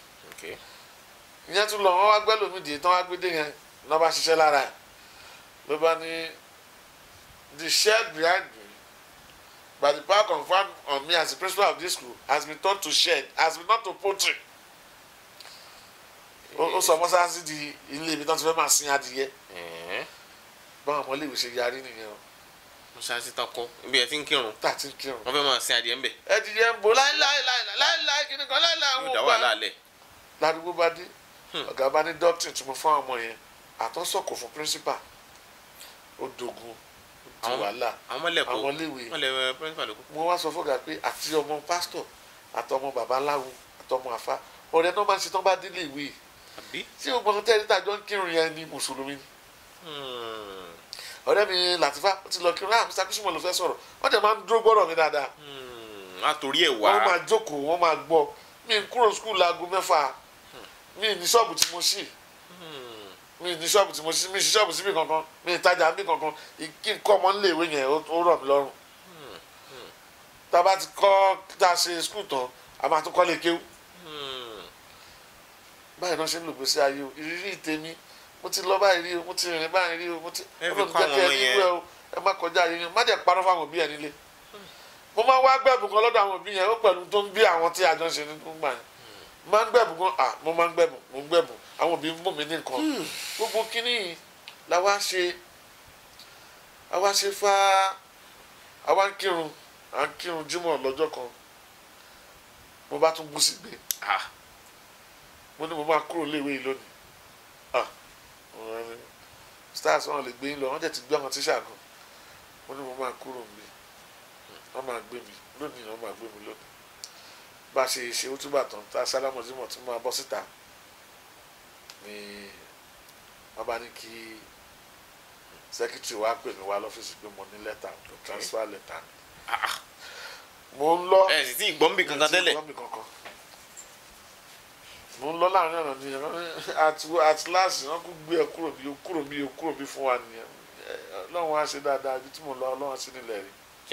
ìyẹn tún lọ wọ́n wá gbẹ́ lómi dì tán wá gbé dé yẹn náà bá ṣiṣẹ́ lára ẹ̀ ló bá ní the shared me, by the power confirmed on me as the principal of this school has been turned to shed has been turned to poultry. ó sọ mọ́sáàsì di ilé ibi tó ti fẹ́ máa sin adìyẹ báwọn ọmọ iléèwé ṣe yarí nìyẹn o. mọ́sáàsì tọkọ ibi ẹ̀ ti ń kírun tá a ti ń kírun wọ́n fẹ́ máa sin adìyẹ ń bẹ̀. ẹdìyẹ ń bo láíláí láíláí kìnnìkan láíláí àwọn ọgbà ládùúgbò bá dé hmm. ọ̀gá bá ní dọ́kítì tí mo fún ọmọ yẹn àtọ́sọ̀kò fún principal ó dogun ó di wàhálà àwọn iléèwé mo wá sọ fọ́gà pé àti ọmọ pásítọ̀ àtọmọ babaláwo àtọmọ àfa ọ̀rẹ́ náà máa ń ṣe tán bá délé ìwé tí o gbọ́n tẹ́lẹ̀ tí àjọ ń kírun yẹn ni mùsùlùmí ni hmm. ọ̀rẹ́ mi làtífà ó ti lọ kírun náà ah, mr kúsùmọ̀ ló fẹ́ sọ̀rọ̀ wọ́n jẹ́ máa ń dúró gbọ́dọ̀ mi dáadáa. àtòrí hmm. ẹ̀ wá wọ́n máa jókòó wọ́n máa gbọ́ mi kúrò skul aago mẹ́fà hmm. mi ní ṣọ́ọ̀bù tí mo ṣì mi ní ṣọ́ọ̀bù tí mo ṣí mi ṣí ṣọ́ọ̀bù síbi kankan mi ìtajà mi kankan kí n kọ́ ọmọ nílé ìwé yẹn ó rọ̀ mí lọ́rùn hmm, hmm. tá a bá ti kọ́ tá a ṣe skul tán a máa tún kọ́lé kéwú hmm. báyìí náà ṣe ń lò gbèsè ayé o ìrírí tèmi mo ti lọ báyìí rí o mo ti rìn báyìí rí o mo ti ọlọ́run jẹ́ kí ẹ ní ẹ má kọjá yìí má jẹ́ parọ́ fáwọn òbí ẹ nílé mo máa wá gbẹ̀bùn kan lọ́dọ̀ àwọn òbí yẹn ó pẹ̀lú tó ń bí àwọn tí àjọ ń ṣe nínú gbà yẹn máa ń gbẹ̀bùn gan ah mo máa ń gbẹ̀bùn mo ń gbẹ̀bùn àwọn òbí ń bùn mí ní nǹkan hmm. gbogbo kínní yìí la wá ṣe a wá ṣe fá a wá ń kírun à ń kírun jímọ̀ lọ́jọ́ kan mo bá tún gúúsì gbé ah, mo ní mo máa kúrò léèwé yìí lónìí ah, stars wọn lè gbé yín lọ wọn jẹ ti gbé àwọn tíṣà kan mo ní mo máa kúrò ń wọn máa gbé mi lónìí wọn máa gbé mi lónìí bá a ṣe ṣe útúbà tán tá a sálámù tí mo tún máa bọ́ síta ni wọ́n bá ní kí sẹ́kítì wa pè mí wá lọ́fíìsì pé mo ní lẹ́tà transfer lẹ́tà ah, ah. mo ń lọ ẹ sì tí ì gbọ́n kankan tẹ́lẹ̀ mo ń lọ láàrin ọ̀nà ni at last wọn kò gbé ẹ kúrò bí kúrò bí kúrò bí fún wa nìyẹn ọlọ́run á ṣe dáadáa ibi tí mo lọ ọlọ́run sí nílẹ̀ rí.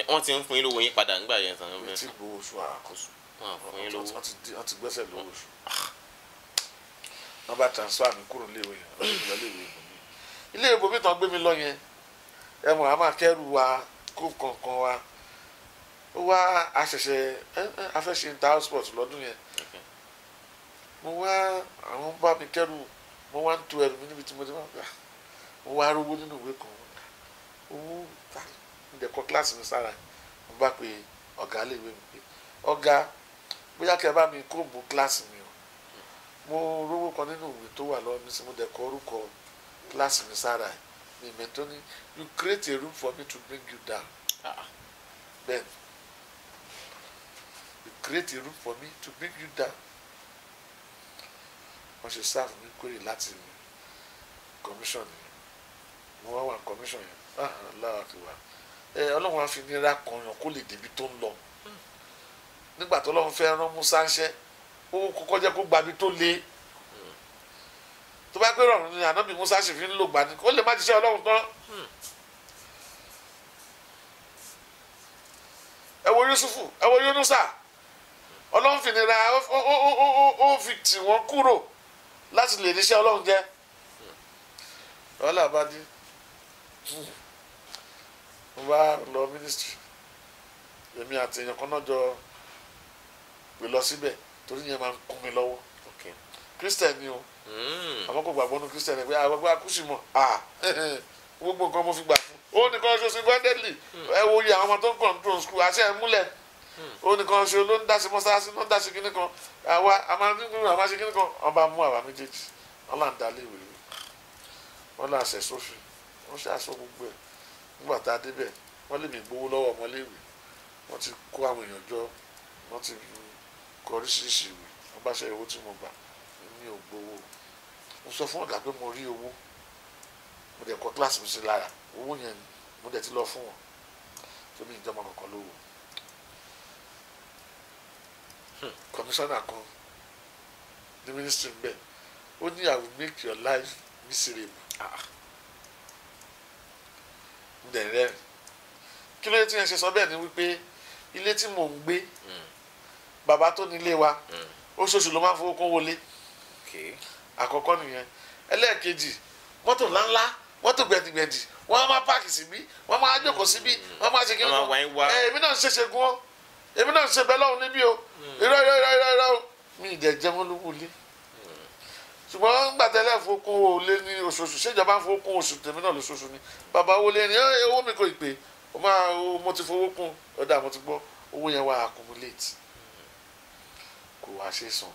wọ́n ti ń fún yín lówó yín padà nígbà yẹn sàn. mi ti gbowó oṣù àkóso. Ah, fún yín lówó. wọ́n ti gbẹ́sẹ̀ lówó oṣù wọ́n bá transfer mi kúrò léwe lọ léwe ibòmí ilé ibòmí tán gbé mi lọ yẹn ẹ mọ̀ àmà kẹ́rù wa kó kankan wa ó wá àṣẹ̀ṣẹ̀ afẹ́ṣe ta hospital lọ́dún yẹn mo wá àwọn bá mi kẹ́rù mo wá ń tu ẹrù mi níbi tí mo ti máa gbà mo wá rówó nínú ìwé kan owó ìdẹ̀kọ́ kíláàsì mi sára mo bá pe ọ̀gá léwe mi pé ọ̀gá bóyá kí ẹ bá mi kó bu kíláàsì mi o mo rówó kan nínú ìwé tó wà lọ́wọ́ mi sí mo dẹ̀ kọ orúkọ kíláàsì mi sára ẹ̀ mi mẹ́tọ́ ni you create a room for me to bring you down then ah. you create a room for me to bring you down wọ́n ṣe sáà fún mi kórè láti commission yẹn mo wá wà commission yẹn ọlọ́run á fi nira kan yàn kó lè débi tó ń lọ nígbà tó lọ́n fẹ́ rán Musa ṣẹ́ ó kọ́kọ́ jẹ́ kó gbabi tó le tó bá pé rọrùn ni ànábì Musa sì fi ń lò gbani ó lè má ti ṣe Ọlọ́run tán ẹ wo Yusufu ẹ wo Yunusa Ọlọ́run fi nira ó fi tì wọ́n kúrò láti lè níṣẹ́ Ọlọ́run jẹ́ wàhálà bá dé mo bá lọ mínísítì èmi àti èèyàn kan náà jọ gbé lọ síbẹ̀ torí yẹn máa ń kún mi lọ́wọ́ christian ni o hmm. àmọ́ kò gbàgbọ́ nu christian ẹgbẹ́ àgbàgbà kùsì mọ́ à gbogbo nǹkan mo fi gbà fún ó nìkan ṣoṣo gbẹ́ndẹ́lì hmm. ẹ wo iye àwọn ọmọ tó ń control school àṣẹ ẹ̀ múlẹ̀ hmm. ó nìkan ṣo ló ń dáṣe mọ́ṣáláṣí ló ń dáṣe kíní kan àwa àmàlùmíkùn àmàṣe kíní kan ọba mú àwa méjèèjì wọn là ń dalé ìwé wọn là ń ṣẹ̀ sófin wọn ṣe àṣọ gbogbo ẹ̀ nígbà tá a débẹ̀ wọ́n lè mí gbowó lọ́wọ́ ọmọléèwé wọ́n ti kó àwọn èèyàn jọ wọ́n ti kọ oríṣiríṣi ìwé wọ́n bá ṣe owó tí mo gbà mi ò gbowó mo sọ fún ọ̀gá pé mo rí owó mo dẹ̀ kọ kíláàsì mi sí lára owó yẹn ni mo dẹ̀ ti lọ fún wọn tóbi ìjọba kankan lówó hmm. kọmíṣánná kan ní mínísítì ń bẹ ó ní i make your life miserable ah. mo dẹ̀ rẹ́rìn kí ló dé tí yẹn ṣe sọ bẹ́ẹ̀ ni wípé ilé tí mò ń gbé. Hmm bàbá tó nílé wa hmm. oṣooṣù ló máa ń fowó kó wọlé àkọ́kọ́ nìyẹn ẹlẹ́ẹ̀kejì mọ́tò ńláńlá mọ́tò gbẹ̀dìgbẹ̀dì wọ́n máa páàkì síbí wọ́n máa jókòó síbí hmm. wọ́n máa ṣe kí wọ́n ẹ èmi náà ń ṣe ṣègùn ọ́ èmi náà ń ṣe bẹ́ẹ̀ lọ́hùn níbí o hmm. irọ́ irọ́ irọ́ irọ́ irọ́ mi ìdẹ̀ jẹ́ wọn lówó lé ṣùgbọ́n gbàtẹ́lẹ̀ fowókún olé ní oṣooṣù ṣèjọba fowókún oṣù tèmi náà lóṣooṣù ni bàbá owó lé ní owó mi kò ì pé mo ti fowókún ọ̀dà mo ti gbọ́ owó yẹn wà accumulate kò wá ṣe sùn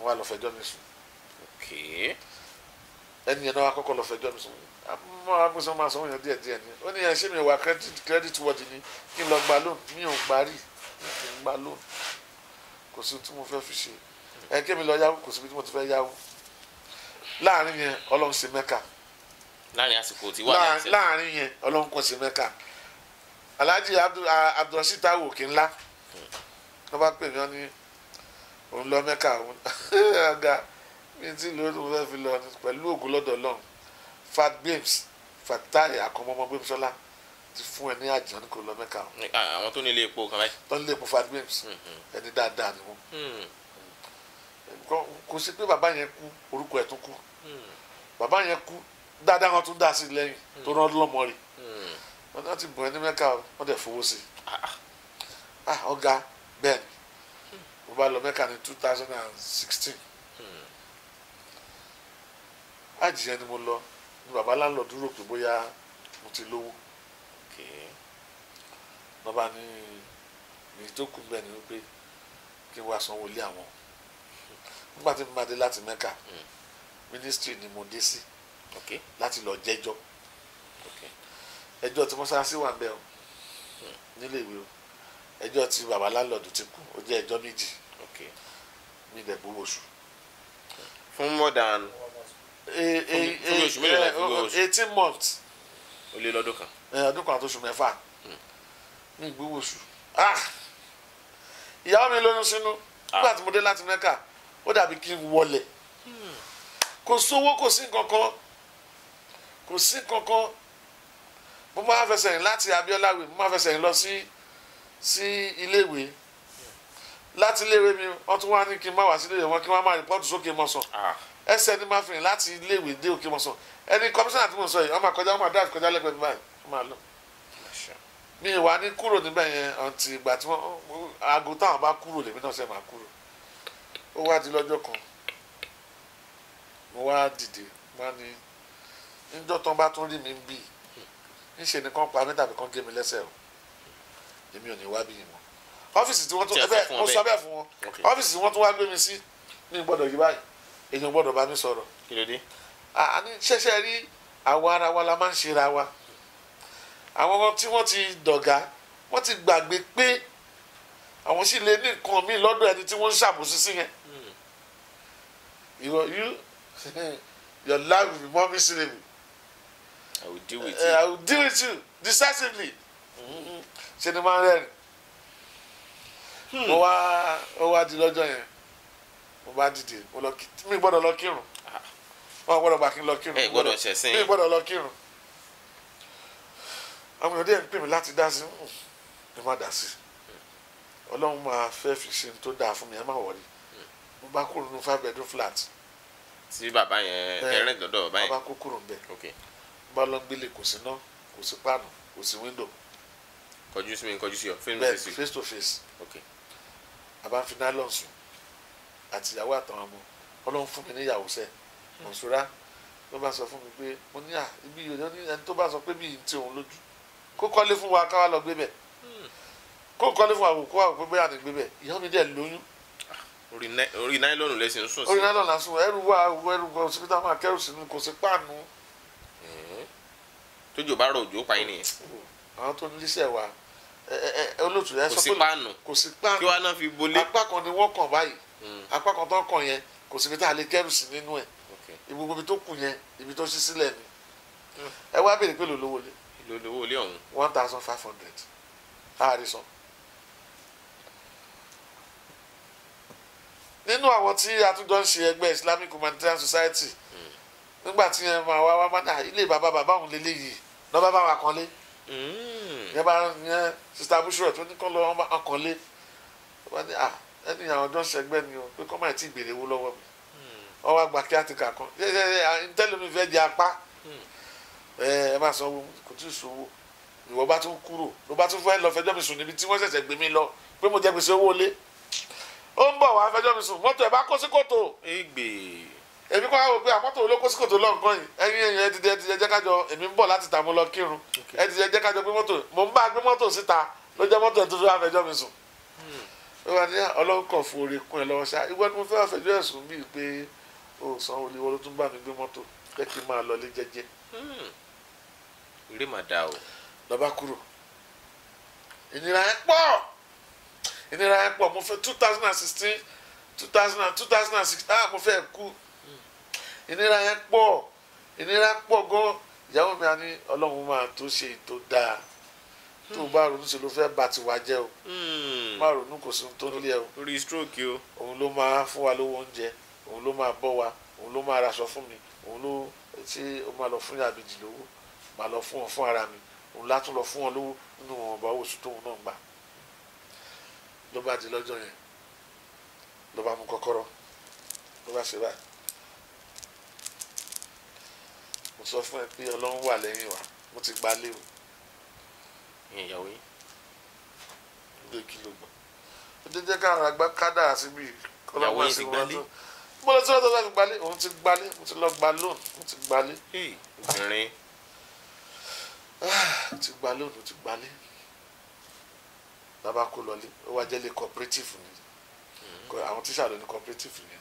wọ́n wá lọ fẹjọ́ mi sùn ẹni yẹn náà wá kọ́kọ́ lọ fẹjọ́ mi sùn àmọ́ agbésọ́ máa sọ wọ́n yẹn díẹ̀díẹ̀ ni ó ní yẹn ṣé mi wà credit credit word ni kí n lọ gba loan mi ò gba rí kí n gba loan kò sí tí mo fẹ́ fi ṣe ẹ kí mi lọ yáwó kò síbi tí mo ti fẹ́ yáwó láàrin yẹn ọlọ́run sí mẹ́ka láàrin yẹn ọlọ́run kò sí mẹ́ka alhaji abdulrasheed taiwo kì ńlá hmm wọ́n bá pè mí wọ́n ní òun lọ mẹ́ka òun ọ̀gá mi ti lóyún tó fẹ́ fi lọ pẹ̀lú ògùn lọ́dọ̀ lọ́hùn fat games fatai akọmọmọ gbẹmísọ́lá ti fún ẹ ní àjọ ní kò lọ mẹ́ka òun. àwọn tó ní epo kan báyìí. tó ní epo fat games hmm, hmm. ẹni dáadáa ni wọn. Hmm. kò sí pé bàbá yẹn kú orúkọ ẹ̀ tún kú bàbá yẹn kú dáadáa wọn tún dá sí lẹ́yìn tó rán lọ́mọ rẹ̀ wọ́n ti bọ̀ ẹ́ ní mẹ́ka wọ́n dẹ̀ fowó sí i ah, ah. Ah, ọ̀gá bẹ́ẹ̀ mo bá lọ mẹ́ka ní two thousand and sixteen hmm. àjìyẹ ni mo lọ ní baba láńlọ dúró pé bóyá mo ti lówó lọ́ba ní mi tó kù bẹ́ẹ̀ ni wípé kí wàá sanwó ilé àwọn nígbà tí mo máa dé láti mẹ́ka hmm. ministry ni mo dé sí láti lọ jẹ́jọ́ ẹjọ́ tí mo sá sí wà bẹ́ẹ̀ o hmm. nílé ìwé o ẹjọ́ tí baba láńlọ́ọ̀dù ti kú ó jẹ́ ẹjọ́ méjì mi dẹ̀ gbowó oṣù. fún more than. E, e, e, eighteen months. ó lé lọ́dún kan. ọdún kan àtọ́sù mẹ́fà mi hmm. gbowó oṣù. Ah! ìyàwó mi lóyún sínú ah. nígbà tí mo dé láti mẹ́kà ó dàbí kí n wọlé kò hmm. sówó kò sí kankan kò sí kankan mo máa fẹsẹ̀ rìn láti Abiola wẹ̀ mo máa fẹsẹ̀ rìn lọ sí. Si sí iléèwé láti iléèwé mi wọ́n tún wá ní kí n má wá sí iléèwé wọn kí wọ́n má rìpọ́tù sókè mọ́sán ah. ẹsẹ̀ ni máa fi rìn láti iléèwé dé òkè mọ́sán ẹni kọmíṣánná tí mo sọ yìí wọ́n máa kọjá wọ́n máa dáàbò kọjá lẹ́gbẹ̀ẹ́ mi báyìí wọ́n máa lọ. mi wà ní kúrò níbẹ̀ yẹn ọ̀ǹtì ìgbà tí wọ́n aago táwọn bá kúrò lèmi náà ṣe máa kúrò ó wá di lọ́jọ́ kan mo wá dìde mo wá ní níjọ́ tán bá tún rí mi ń bì í ńṣe nìkan pa mí tàbí kan gé mi lẹ́sẹ̀ o èmi ò ní wá bí yìí mọ́ ọ́fíìsì tí wọ́n tún ẹbẹ́ mo sọ bẹ́ẹ̀ fún wọn ọ́fíìsì tí wọ́n tún wá gbé mi sí ní gbọ́dọ̀ yìí báyìí èèyàn gbọ́dọ̀ bá mi sọ̀rọ̀ àní ṣẹ̀ṣẹ̀ rí àwa ara wa la máa ń ṣe ra wa àwọn tí wọ́n ti dọ̀gá wọ́n ti gbàgbé pé àwọn sì lè ní nǹkan míì lọ́dọ̀ ẹni tí wọ́n ń ṣàbòsí sí yẹn hmm. you your life will be more miserable I will deal with eh, you I will deal with you decisively. Mm-hmm ṣe ni máa ń rẹ́rìn hmm. mo wá ó wá di lọ́jọ́ yẹn mo bá dìde mo lọ mi gbọ́dọ̀ lọ kírun wọn gbọ́dọ̀ gbà kí n lọ kírun mi gbọ́dọ̀ lọ kírun àwọn èèyàn díẹ̀ ń pè mí láti dá sí hmm, ẹ má dá sí ọlọ́run máa fẹ́ fi ṣe tó dáa fún mi ẹ má wọlé mo bá kúrò nínú five bedroom flat. tí bàbá yẹn ẹrẹ́ dọ̀dọ̀ bàbá yẹn bàbá kúkúrò ń bẹ̀ bá lọ gbélé kò sí ná kò sí páànù kò sí wíńdò kọjú sí mi kọjú sí ọ fíìmù face to face to face àbá ń fi náà lọ́n sùn àtìyàwó àtàwọn ọmọ ọlọ́run fún mi níyàwó sẹ́ hmm. mọ̀sùrá ló bá sọ fún mi pé mo ní à ibi yìí ní ẹni tó bá sọ pé bíi ti òun lójú kó kọ́lé fún wa káwá lọ gbé bẹ̀ hmm. kó kọ́lé fún wa kó wà gbé bẹ́ẹ̀ àti gbé bẹ̀ ìyá mi dẹ̀ lóyún. Ah, orí náílọ̀nù lẹ́sìn ń sùn sí. orí náílọ̀nù lásùn ẹrù wà ẹrù wà òsínbítà máa kẹrù sínú kò sí páànù. tójú bá rọ òjò pa yín nìyẹn. Oh àwọn tó níṣẹ́ wa olóòtú yẹn sọ pé kò sí páànù kò sí páànù kí wàá náà fi bolé apá kan ni wọ́n kàn báyìí hmm. apá kan tó ń kàn yẹn kò sí ibi tá a lè kẹ́rù sí nínú ẹ̀ gbogbo ibi tó kù yẹn ibi tó ṣí sílẹ̀ ni hmm. ẹ wá béèrè pé lòlówó lé lòlówó lé ọ̀hún one thousand five hundred àrísàn. nínú àwọn tí àtúndọ̀ ń ṣe ẹgbẹ́ Islamic Humanitarian Society hmm. nígbà tí yẹn máa wá wá má ilé bàbá bàbá òun lélẹ́yìí lọ́ba bá kan lé. Mm. yẹn bá yẹn sista busuro tó ní kọ́ lọ́wọ́ bá akọ́lé ó bá ní à ah, ẹni àwọn ọjọ́ sẹgbẹ́ ni o pé kọ́ máa ti gbèrè owó lọ́wọ́ mi mm. ọ wá gba kíá ti kà kan yẹ yẹ yẹ ntẹ́lẹ̀ mi fẹ́ di apá mm. ẹ ẹ má sanwó kò tí ì sanwó ìwọ bá tún kúrò ló bá tún fẹ́ lọ fẹjọ́ mi sùn níbi tí wọ́n ṣẹ̀ṣẹ̀ gbé mi lọ pé mo jẹ gbèsè owó lé ó ń bọ̀ wá fẹjọ́ mi sùn mọ́tò ẹ̀ bá kó sí kòtò èmi kọ́ àwọn pé àpọ́tò olóko síkòtò lọ́nkàn yìí ẹ̀yin ẹ̀yin ẹ̀ dìde ẹ̀dìde jẹ́ kájọ èmi ń bọ̀ láti tààmú lọ kírun ẹ̀dìde jẹ́ kájọ gbé mọ́tò mò ń bá gbé mọ́tò síta ló jẹ́ mọ́tò ẹ̀ tó fi àfẹjọ́ mi sùn. Hmm. ó wà ní ah, ọlọ́run kan fún oore kún ẹ lọ́wọ́ ṣá ìwọ ni mo fẹ́ àfẹjọ́ ẹ̀sùn bíi pé o san olè wọ́n ló tún bá mi gbé mọ́tò pé kí n máa hmm. lọ lé jẹ́jẹ́. eré mà dá o. lọ́ba kúrò ìnira ẹ̀ pọ̀ ìnira ẹ̀ ah mo fẹ́ kú ìnira yẹn pọ̀ ìnira pọ̀ gan ìyàwó mi á ní ọlọ́run máa tó ṣe tó dáa tó bá ronú sí ló fẹ́ bá tiwa jẹ́ o hmm. má ronú kò sí tó nílé o orí stroke o òun ló máa fún wa lówó oúnjẹ òun ló máa bọ́ wa òun ló máa raṣọ fún mi òun ló tí ó máa lọ fún ìyàbèjì lówó máa lọ fún ọ fún ara mi òun látún lọ fún ọ lówó nínú ọba owó oṣù tóun náà gbà ló bá di lọ́jọ́ yẹn ló bá mú kọ́kọ́rọ́ ló bá ṣe báyìí mo sọ fún ẹ pé ọlọ́run wà lẹ́yìn wa mo ti gba léwu ìyẹn ìyàwó yín lè kí ló gbọ́ ó jẹ́ jẹ́ ká ara gbá kádà síbi ìyàwó yín ti gbalé mo lọ sí ọ̀dọ̀ láti gbalé òun ti gbalé mo ti lọ gba lóòn mo ti gbalé. obìnrin. Ah, ti gba lóòn ti gbalé bàbá kó lọlé ó wá jẹ́lé cooperative ni hmm. àwọn tíṣà ló ní cooperative ni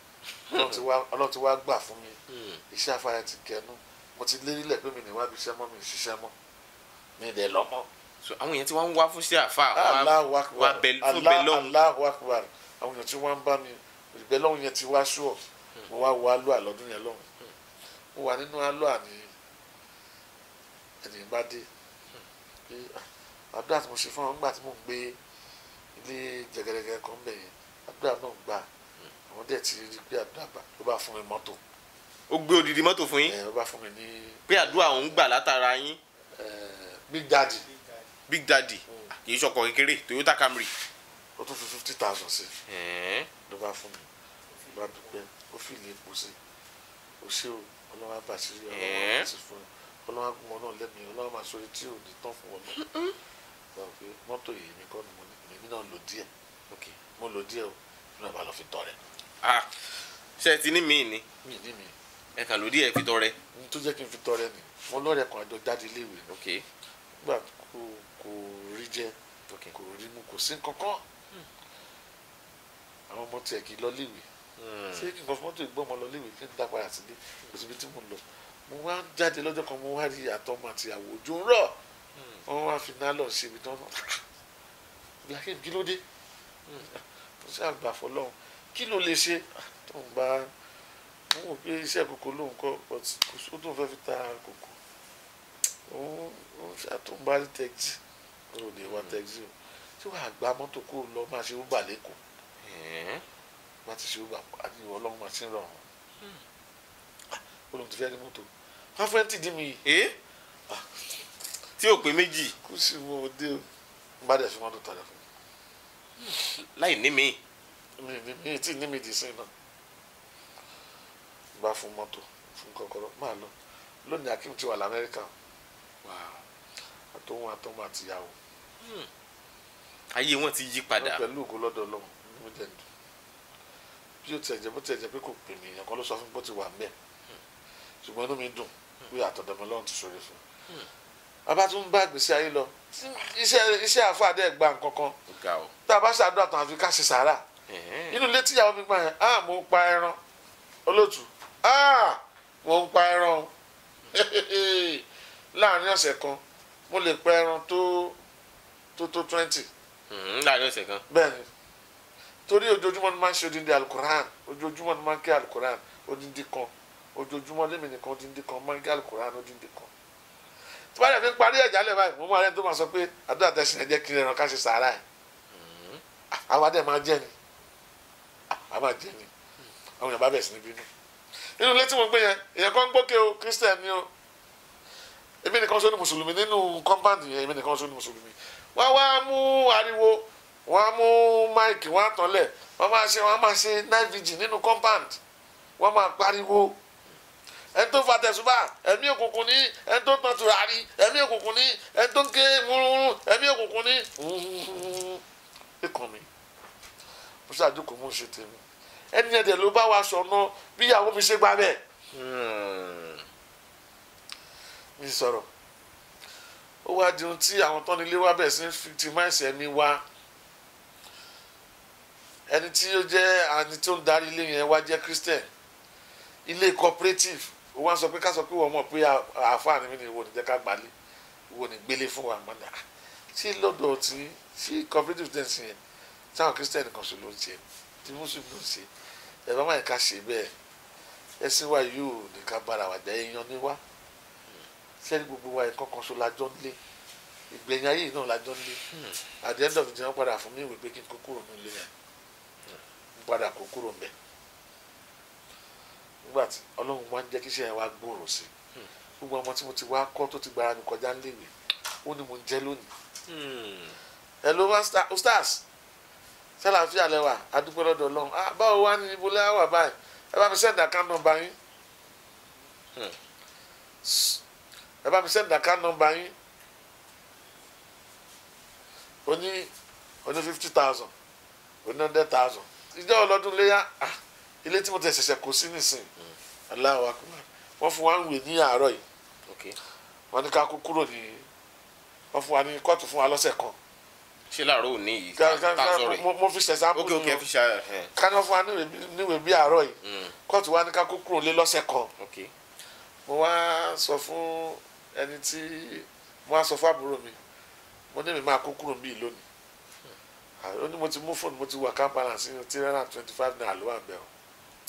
ọlọ́run ti wá gbà fún mi hmm. iṣẹ́ afárá ti gẹnu mo ti lérí lẹ̀ pé mi ní wábi iṣẹ́ mọ́ mi ṣiṣẹ́ mọ́ mi dẹ̀ lọ mọ́. so àwọn èèyàn tí wọ́n ń wá fún sí àfa wa bẹ fún bẹ lọ́hùn. Allahu Akbar àwọn èèyàn tí wọ́n ń bá mi ìgbẹ́ lọ́hùn yẹn ti wá sùọ̀ hmm. mo wá wo alọ́ àlọ́dún yẹn lọ́hùn hmm. mo wà nínú alọ́ àní ẹ̀nìyàn bá dé hmm. ah, àdúrà tí mo ṣe fún ọ tí mo ń gbé ilé jẹgẹrẹgẹ kan bẹ̀yẹn àdúrà náà gbà àwọn dẹ̀ ti rí pé àdúrà bá fún mi mọ́tò o gbé odidi mọ́tò fún yín. ẹ ó bá fún mi ní. pé àdúrà òun gbà látara yín. big daddy. big daddy hmm. kì í ṣọkọ̀ kékeré toyota camry. ó tún fi fifty thousand sí. ló bá fún mi ló bá dúpẹ́ ó fi ilé epo sí ó ṣe o ọlọ́wà bá sí ọlọ́wà bá sí fún ọ ọlọ́wà gún ọ náà lẹ́mìí ọlọ́wà máa sọ etí ò ní tán fún ọ náà mọ́tò yìí mi kọ́ ni mo ní èmi náà lò díẹ̀ mo lò díẹ̀ o mi lọ fi tọrẹ. Ah, ṣe ti ní mi ni. mi ni mi ẹ kàn lódì ẹ fi tọrẹ. n tó jẹ́ kí n fi tọrẹ ni mo lọ́ọ̀rẹ́ kan àjọ jáde léwe nígbà kò kò rí jẹ kò rí mu kò sí kankan hmm. àwọn ọmọ tiẹ̀ kì í lọ léwe hmm. ṣé kí n kọ́ fún mọ́tò ìgbọ́n ọmọ lọ léwe kí n dá padà sílé kò síbi tí mo lọ mo wá ń jáde lọ́jọ́ kan mo wá rí àtọmọ àti àwò ojú ń rọ̀ hmm. wọ́n wá fi nálọ̀ ṣe ibi tí wọ́n lákè kí ló dé mo ṣe àgbà fọlọ́run kí ló lè ṣe tó ń bá n wò pé iṣẹ́ kòkó ló ń kọ́ but kò sóò tó fẹ́ fi ta kòkó òun òun ṣàtúnbá ní tẹ́kì òun lè wá hmm. tẹ́kì o tí wàá gba mọ́tò kó lọ máa ṣe uber lẹ́kọ̀ọ́ bá ti ṣe uber àti ìwọ ọlọ́run máa ṣe ń rọrùn olùtí fẹ́ẹ́ ní mọ́tò wọ́n fẹ́ẹ́ tì dí mi yìí. Ah. tí ò pé méjì. kò sí wo òde o bá dẹ̀ fi mọ́tò tọ̀lẹ̀ fún mi. láì ní mi. mi mi tí ní mi dì sí náà bá fún mọ́tò fún kọ́kọ́rọ́ máa lọ lónìí akim ti wà lamẹ́ríkà wà àtòhun àtọmọ àtìyàwó. Hmm. ayé wọn ti yí padà. pẹ̀lú ògo lọ́dọ̀ ọlọ́run ní mo jẹ́ ń dùn bí o tiẹ̀ jẹ́ bó tiẹ̀ jẹ́ pé kò pè mí èèyàn kan ló sọ fún mi bó ti wà mẹ́ẹ̀ hmm. ṣùgbọ́n inú mi dùn hmm. pé àtọ̀dọ̀mọ́ ti ṣòro fún un. tún bá ìgbésí ayé lọ iṣẹ́ àfáàdé ẹ̀gbá nǹkan tá a bá ṣàdúrà tán àfi ká ṣe sàárà inú ilé tíyàwó mi gbà yẹn àmọ́ pa ẹran olóòtú Ah, wọ́n ń pa ẹran láàrin ọ̀sẹ̀ kan mo lè pa ẹran tó tó tó twenty. Hmm, láàrin ọ̀sẹ̀ kan. bẹ́ẹ̀ni torí ojoojúmọ́ ni máa ń ṣe odindi alukoran ojoojúmọ́ ni máa ń ké alukoran odindi kan ojoojúmọ́ lémi nìkan odindi kan máa ń ké alukoran odindi kan tí wọ́n yẹ kí n parí ẹ̀já lẹ́ báyìí mo máa rẹ́ tó máa sọ pé àdúrà tẹ̀sán ẹ̀jẹ̀ kiri ẹ̀ràn ká ṣe sàárà ẹ̀ hmm. àwọn adé máa jẹ́ ni àwọn máa jẹ́ ni àwọn yàrá bẹ̀rẹ̀ sí ní bínú nínú ilé tí mo gbé yẹn èèyàn kan gbókè o christian ni o èmi nìkan sọ ní mùsùlùmí nínú compound yẹn èmi nìkan sọ ní mùsùlùmí wọ́n wá mú ariwo wọ́n á mú máìkì wọ́n á tọ́lẹ̀ wọ́n máa ṣe wọ́n máa ṣe night vigil nínú compound wọ́n máa pariwo ẹni tó fa tẹ̀sùbà ẹ̀mí òkùnkùn ní ẹni tó tàn tùràrí ẹ̀mí òkùnkùn ní ẹni tó ń ké wúrúwúrú ẹ̀mí òkùnkùn ní. ikùn mi mo ṣàdúkùn mo ṣe tèmi ẹni yẹn dẹ̀ ló bá wa sọ̀nà bí ìyàwó mi ṣe gba bẹ́ẹ̀ hmm. mi sọ̀rọ̀ ó wá di ohun tí àwọn tó nílé wa bẹ̀rẹ̀ sí ní victimize ẹ̀mí wa ẹni tí ó jẹ́ ẹni tó ń darí ilé yẹn wá jẹ́ christian ilé cooperative ó wá sọ pé ká sọ pé wọ́n mọ̀ pé àáfàá ni mí ni ìwọ ni jẹ́ ká gbalẹ̀ ìwọ ni gbélé fún wa mọ́ ni tí lọ́dọ̀ tí tí cooperative dẹ́sìn yẹn táwọn christian kan ṣe ló ń ṣe ni tí mùsùlùmí ṣe ẹ bá wọn ẹ̀ka ṣe bẹ́ẹ̀ ẹ̀sìn wa yóò nìkan bára wà jẹ́ èèyàn ní wá sẹ́ni gbogbo wa ẹ̀kọ́ kan ṣo lájọ́ nílé ìgbẹ̀yìn ayé náà lájọ́ nílé at the end of the day wọ́n padà fún mi ìwé pé kí n kó kúrò nílé yẹn n padà kó kúrò mbẹ́ nígbà tí ọlọ́run máa ń jẹ́ kí iṣẹ́ yẹn wá gbòòrò sí gbogbo ọmọ tí mo ti wá kọ́ tó ti gbára mi kọjá níléèwé ó ní mo ń jẹ́ lónìí hmm. hello stars sálàáfíà lẹ́wà adúpẹ́ lọ́dọ̀ ọlọ́run ah, báwo wá ní ibo lẹ́wà báyìí ẹ bá mi sẹ́ndà account number yín hmm. ẹ bá mi sẹ́ndà account number yín ó ní fifty thousand ó ní hundred thousand ìjọ ọlọ́dún léyà ah ilé tí mo tẹ̀ ṣẹ̀ṣẹ̀ kó sí nìsín hmm. Allahu akbar wọ́n fún wa ń wè ní àárọ̀ yìí wọ́n ní ká kú kúrò ní wọ́n fún wa ní kóòtù fún wa lọ́sẹ̀ kan ṣé làárọ̀ òní yìí tá a sọ̀rọ̀ yìí mo fi ok sample nù kaná fún wa níwèé bí àárọ̀ yìí mm. kóòtù wa ní ká kó kúrò lé lọ́sẹ̀ kan mo wá sọ fún ẹni tí mo wá sọ fún àbúrò mi mo ní mi máa kó kúrò bíi lónìí ó ní mo ti mú fóònù mo ti wà kámpala sí three hundred and twenty five naira ló bẹ́ẹ̀ o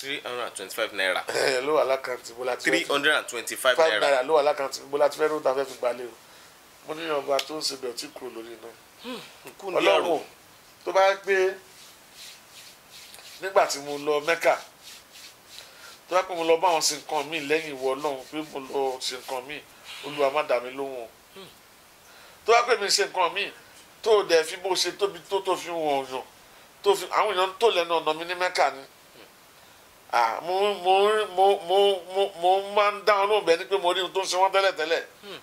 three hundred and twenty-five naira. ẹ ló wà lákàntì bó láti fẹ́ three hundred and twenty-five naira ló lákàntì bó láti fẹ́ ló ta fẹ́ fi gbalẹ̀ o mo ní ọba tó ń ṣe bẹ̀ ọtí kúrò lórí náà ọlọ́run tó bá pé nígbà tí mo lọ mẹ́kà tó bá pé mo lọ bá àwọn sí nǹkan míì lẹ́yìn ìwọ ọlọ́run pé mo lọ sí nǹkan míì olúwa má dà mí lóhùn hmm. tó bá pé mi ṣe nǹkan míì tó o dẹ̀ fi bó ṣe tóbi tó tó fi wọ̀n yàn tó fi àwọn èèyàn tó lẹ́nu ọ̀nà mi ní mẹ́kà ni mo mo mo mo mo máa ń dá ọlọ́run bẹ́ẹ̀ ni pé mo rí ohun tó ń ṣe wọ́n tẹ́lẹ̀tẹ́lẹ̀. Hmm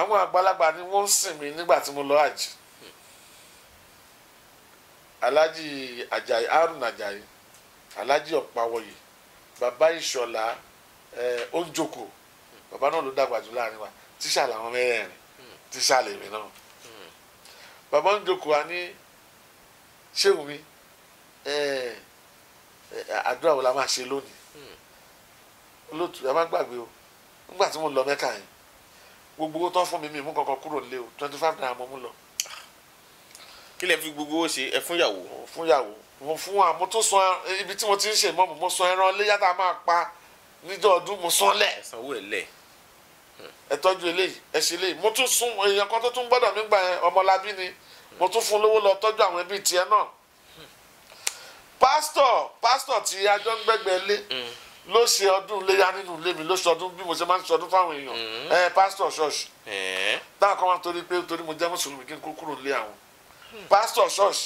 àwọn àgbàlagbà ni wọ́n ń sìn mí nígbà tí mo lọ àjì alájì àjàyí arun àjàyí alájì ọ̀páwọ̀yì bàbá ìṣọ̀lá ọ̀njòkò bàbá náà ló dàgbà jù láàrin wa tíṣà làwọn mẹ́rẹ̀ẹ̀rin tíṣà lèmi náà bàbá ọ̀njòkò wa ní ṣéwù mi àdúrà wo la máa ṣe lónìí olóòtú ẹ má gbàgbé o nígbà tí mo lọ mẹ́ka yẹn gbogbo owó tán fún mi mi mú kankan kúrò nílé o twenty five naira mo mú lọ. kí lẹ fi gbogbo owó ṣe ẹ fún ìyàwó. fún ìyàwó mo fún wa mo tún san ibi tí mo ti ń ṣe mọ́ mo san ẹran léyà tá máa pa níjọ́ ọdún mo san lẹ̀. ẹ sanwó ẹ lẹ̀. ẹ tọ́jú eléyìí ẹ ṣe eléyìí mo tún sun èèyàn kan tó tún gbọ́dọ̀ mi gbà yẹn ọmọlábí ni mo tún fún lówó lọ tọ́jú àwọn ẹbí tiẹ̀ náà. pásítọ̀ pásítọ̀ tí ajọ́ ń gbẹ́gbẹ́ lé. Mm ló ṣe ọdún iléyà nínú ilé mi ló ṣe ọdún bí mo ṣe máa ń ṣe ọdún fáwọn èèyàn ẹ pásítọ̀ ṣọ́ọ̀ṣì táwọn kan máa ń torí pé torí mo jẹ́ mùsùlùmí kí n kó kúrò lé àwọn pásítọ̀ ṣọ́ọ̀ṣì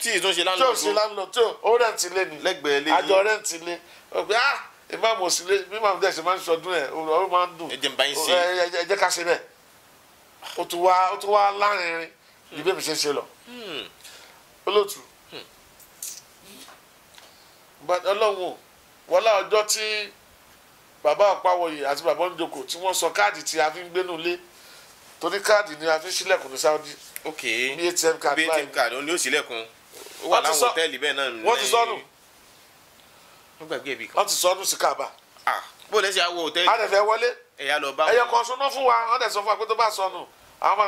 tí ìtún ṣe lánàá tó ṣe lánàá tó ó rẹ̀ǹtì lé ni lẹ́gbẹ̀ẹ́ lé ni àjọ rẹ̀ǹtì lé ó pé ah ìmáàmù ò sí lé bí màmú dẹ̀ ṣe máa ń ṣọdún ẹ̀ ó máa ń dùn ẹ jẹ́ ká ṣe bẹ́ẹ̀ ó tún wá ó tún wá lárinrin ìbí mi ṣe ṣe hmm. olóòtú hmm. ọlọ́run wọlé ọjọ́ tí bàbá ọ̀páwọyè àti bàbá oníjoko tí wọ́n sọ káàdì tí a fi ń gbénu lé torí káàdì ni a fi ń ṣílẹ̀kùn ní Saudi. ok bí ATM card báyìí bí ATM card ó ní ó ṣílẹ̀kùn ó wà láwọn hòtẹ́ẹ̀lì bẹ́ẹ̀ náà ní. wọ́n ti sọnù wọ́n ti sọnù sí Kaaba. bó o lè ṣe àwọn hòtẹ́ẹ̀lì. a lè fẹ́ wọlé ẹ̀yà kan sọ́nà fún wa wọ́n dẹ̀ sọ fún wa pé tó bá sọnù àwọn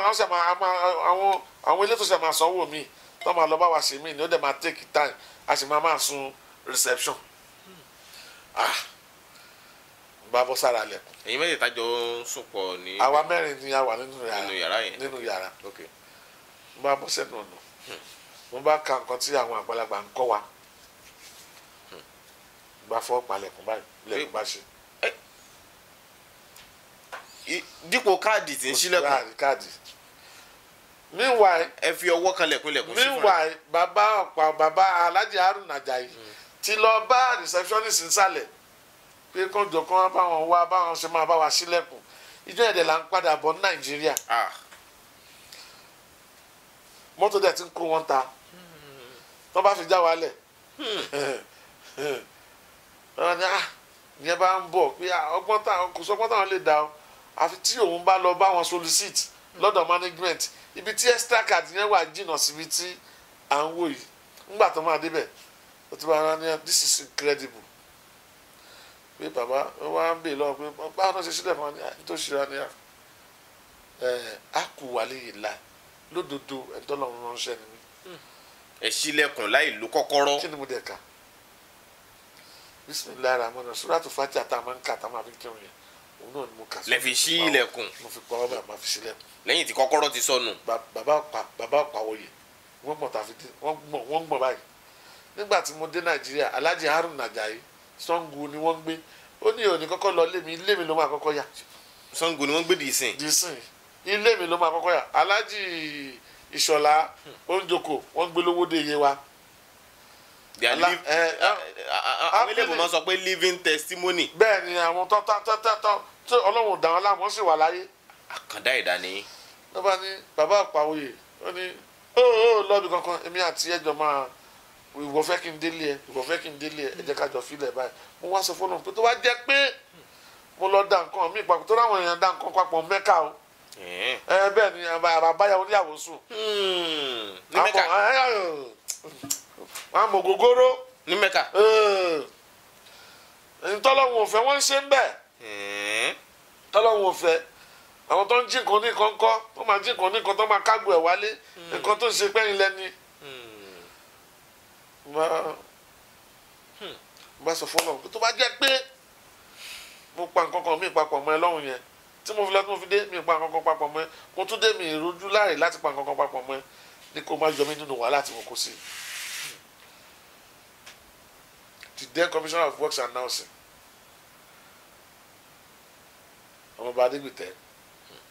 àwọn elétò ṣe máa sanwó mi tó máa lọ bá wa ṣe mí ni ó dẹ̀ máa take time a sì máa máa sun reception. ah bá bọ́ sára lẹ̀kùn. èyí mẹ́tẹ̀ẹ̀ta jọ ń sùn ní. àwa mẹ́rin ni a wà nínú yàrá nínú yàrá yẹn nínú yàrá bá bọ́ sẹ́nu ọ̀nà ka nǹkan tí àwọn àgbàlagbà ń kọ́ wa mo bá fọ́ palẹ̀kùn báyìí bá ṣe. dípò káàdì tí ń ṣílẹ̀kùn káàdì meanwhile ẹ fi ọwọ́ kan sí ọ̀pá bàbá ti lọ bá receptionist nísàlẹ̀ pé kó jọ kó wọn bá wọn wá báwọn ṣe máa bá wa sílẹ̀kùn ìjọ ẹ̀dẹ̀ là ń padà bọ̀ ní nàìjíríà ah. mọ́tò dẹ̀ ti ń kó wọn ta tó bá fi já wa lẹ̀ ọ̀rọ̀ ni ah, ìyẹn bá ń bọ̀ pé ah, ọgbọ́n táwọn kò sọ́gbọ́n táwọn lè dá o àfi tí òun bá lọ bá wọn solicit lọ́dọ̀ management ibi tí extra card yẹn wà jìnnà síbi tí à ń wò yìí ńgbà tó máa débẹ̀ ọtí bá ara ní this is incredible pé bàbá wá ń bè lọ́wọ́ pé báwo náà ṣe sílẹ̀ fún wa tó ṣera ní àkùwálé yìí la lódodo ẹ̀dọ́lọ́run ránṣẹ́ ni mí. ẹ ṣílẹ̀kùn láì lo kọ́kọ́rọ́. kí ni mo dẹ̀ ka bisimilayi rahman suratu fati atama nka atama abi kírun yẹn òun náà ni mo kà sí. lẹ fi ṣí ilẹ̀kùn. mo fi pa ọba ma fi ṣílẹ̀kùn. lẹ́yìn tí kọ́kọ́rọ́ ti sọnù. bàbá pa bàbá pa wọlé wọ́n mọ̀ tàfi wọ́n gbọ̀n báyìí nígbà tí mo dé nàìjíríà alhaji harun najayi sango ni wọ́n ń gbé ó ní òní kọ́kọ́ lọ lémi ilé mi ló máa kọ́kọ́ yà. sango ni wọ́n gbé dìísìn. dìísìn ilé mi ló máa kọ́kọ́ yà alhaji ìṣọ̀lá oúnjoko wọ́n gbé lówó dé iye wa. Eh, eh, àwọn ilébùn máa sọ pé living testimony. bẹ́ẹ̀ ni àwọn tọ́tọ́tọ́tọ́ tí ọlọ́run dàn án láwọn sì wà láyé. àkàndá ìdá ni. ló bá ní bàbá àpàwòye ó ní ó ó lọ́ọ̀bì kankan èmi àti ẹjọ́ máa ìwọ fẹ́ kí n délé ẹ ìwọ fẹ́ kí n délé ẹ ẹ jẹ́ ká jọ filẹ̀ báyìí mo wá sọ fọlọ́n pé tó bá jẹ́ pé mo lọ da nǹkan mi papọ̀ tó ráwọn èèyàn da nǹkan papọ̀ mẹ́ka o ẹ bẹ́ẹ̀ ni àbáyá oníyàwó sùn hmm. wọn mọ gogoro ní mẹ́ka ntọ́lọ́hún òfẹ́ wọ́n ń ṣe ń bẹ̀ tọ́lọ́hún òfẹ́ àwọn tó ń jí nǹkan ní nǹkan kọ́ wọ́n máa jí nǹkan ní nǹkan tó máa kágbó ẹ̀ wálé hmm. nǹkan tó ń ṣe pẹ́yìn lẹ́ni bá bá hmm. sọ fún Ọlọ́run pé tó bá jẹ́ pé mo pa nǹkan kan mi papọ̀ mọ́ ẹ lọ́hùn yẹn tí mo fi lọ́dún mo fi dé mi pa nǹkan kan papọ̀ mọ́ ẹ mo tún dé mi ìrojú láàyè láti pa nǹkan kan papọ̀ mọ́ ẹ ní kó má yọ mí nínú wàhálà tí mo kó sí. Hmm. the then commissioner of works and housing ọmọọba adigunitẹ hmm.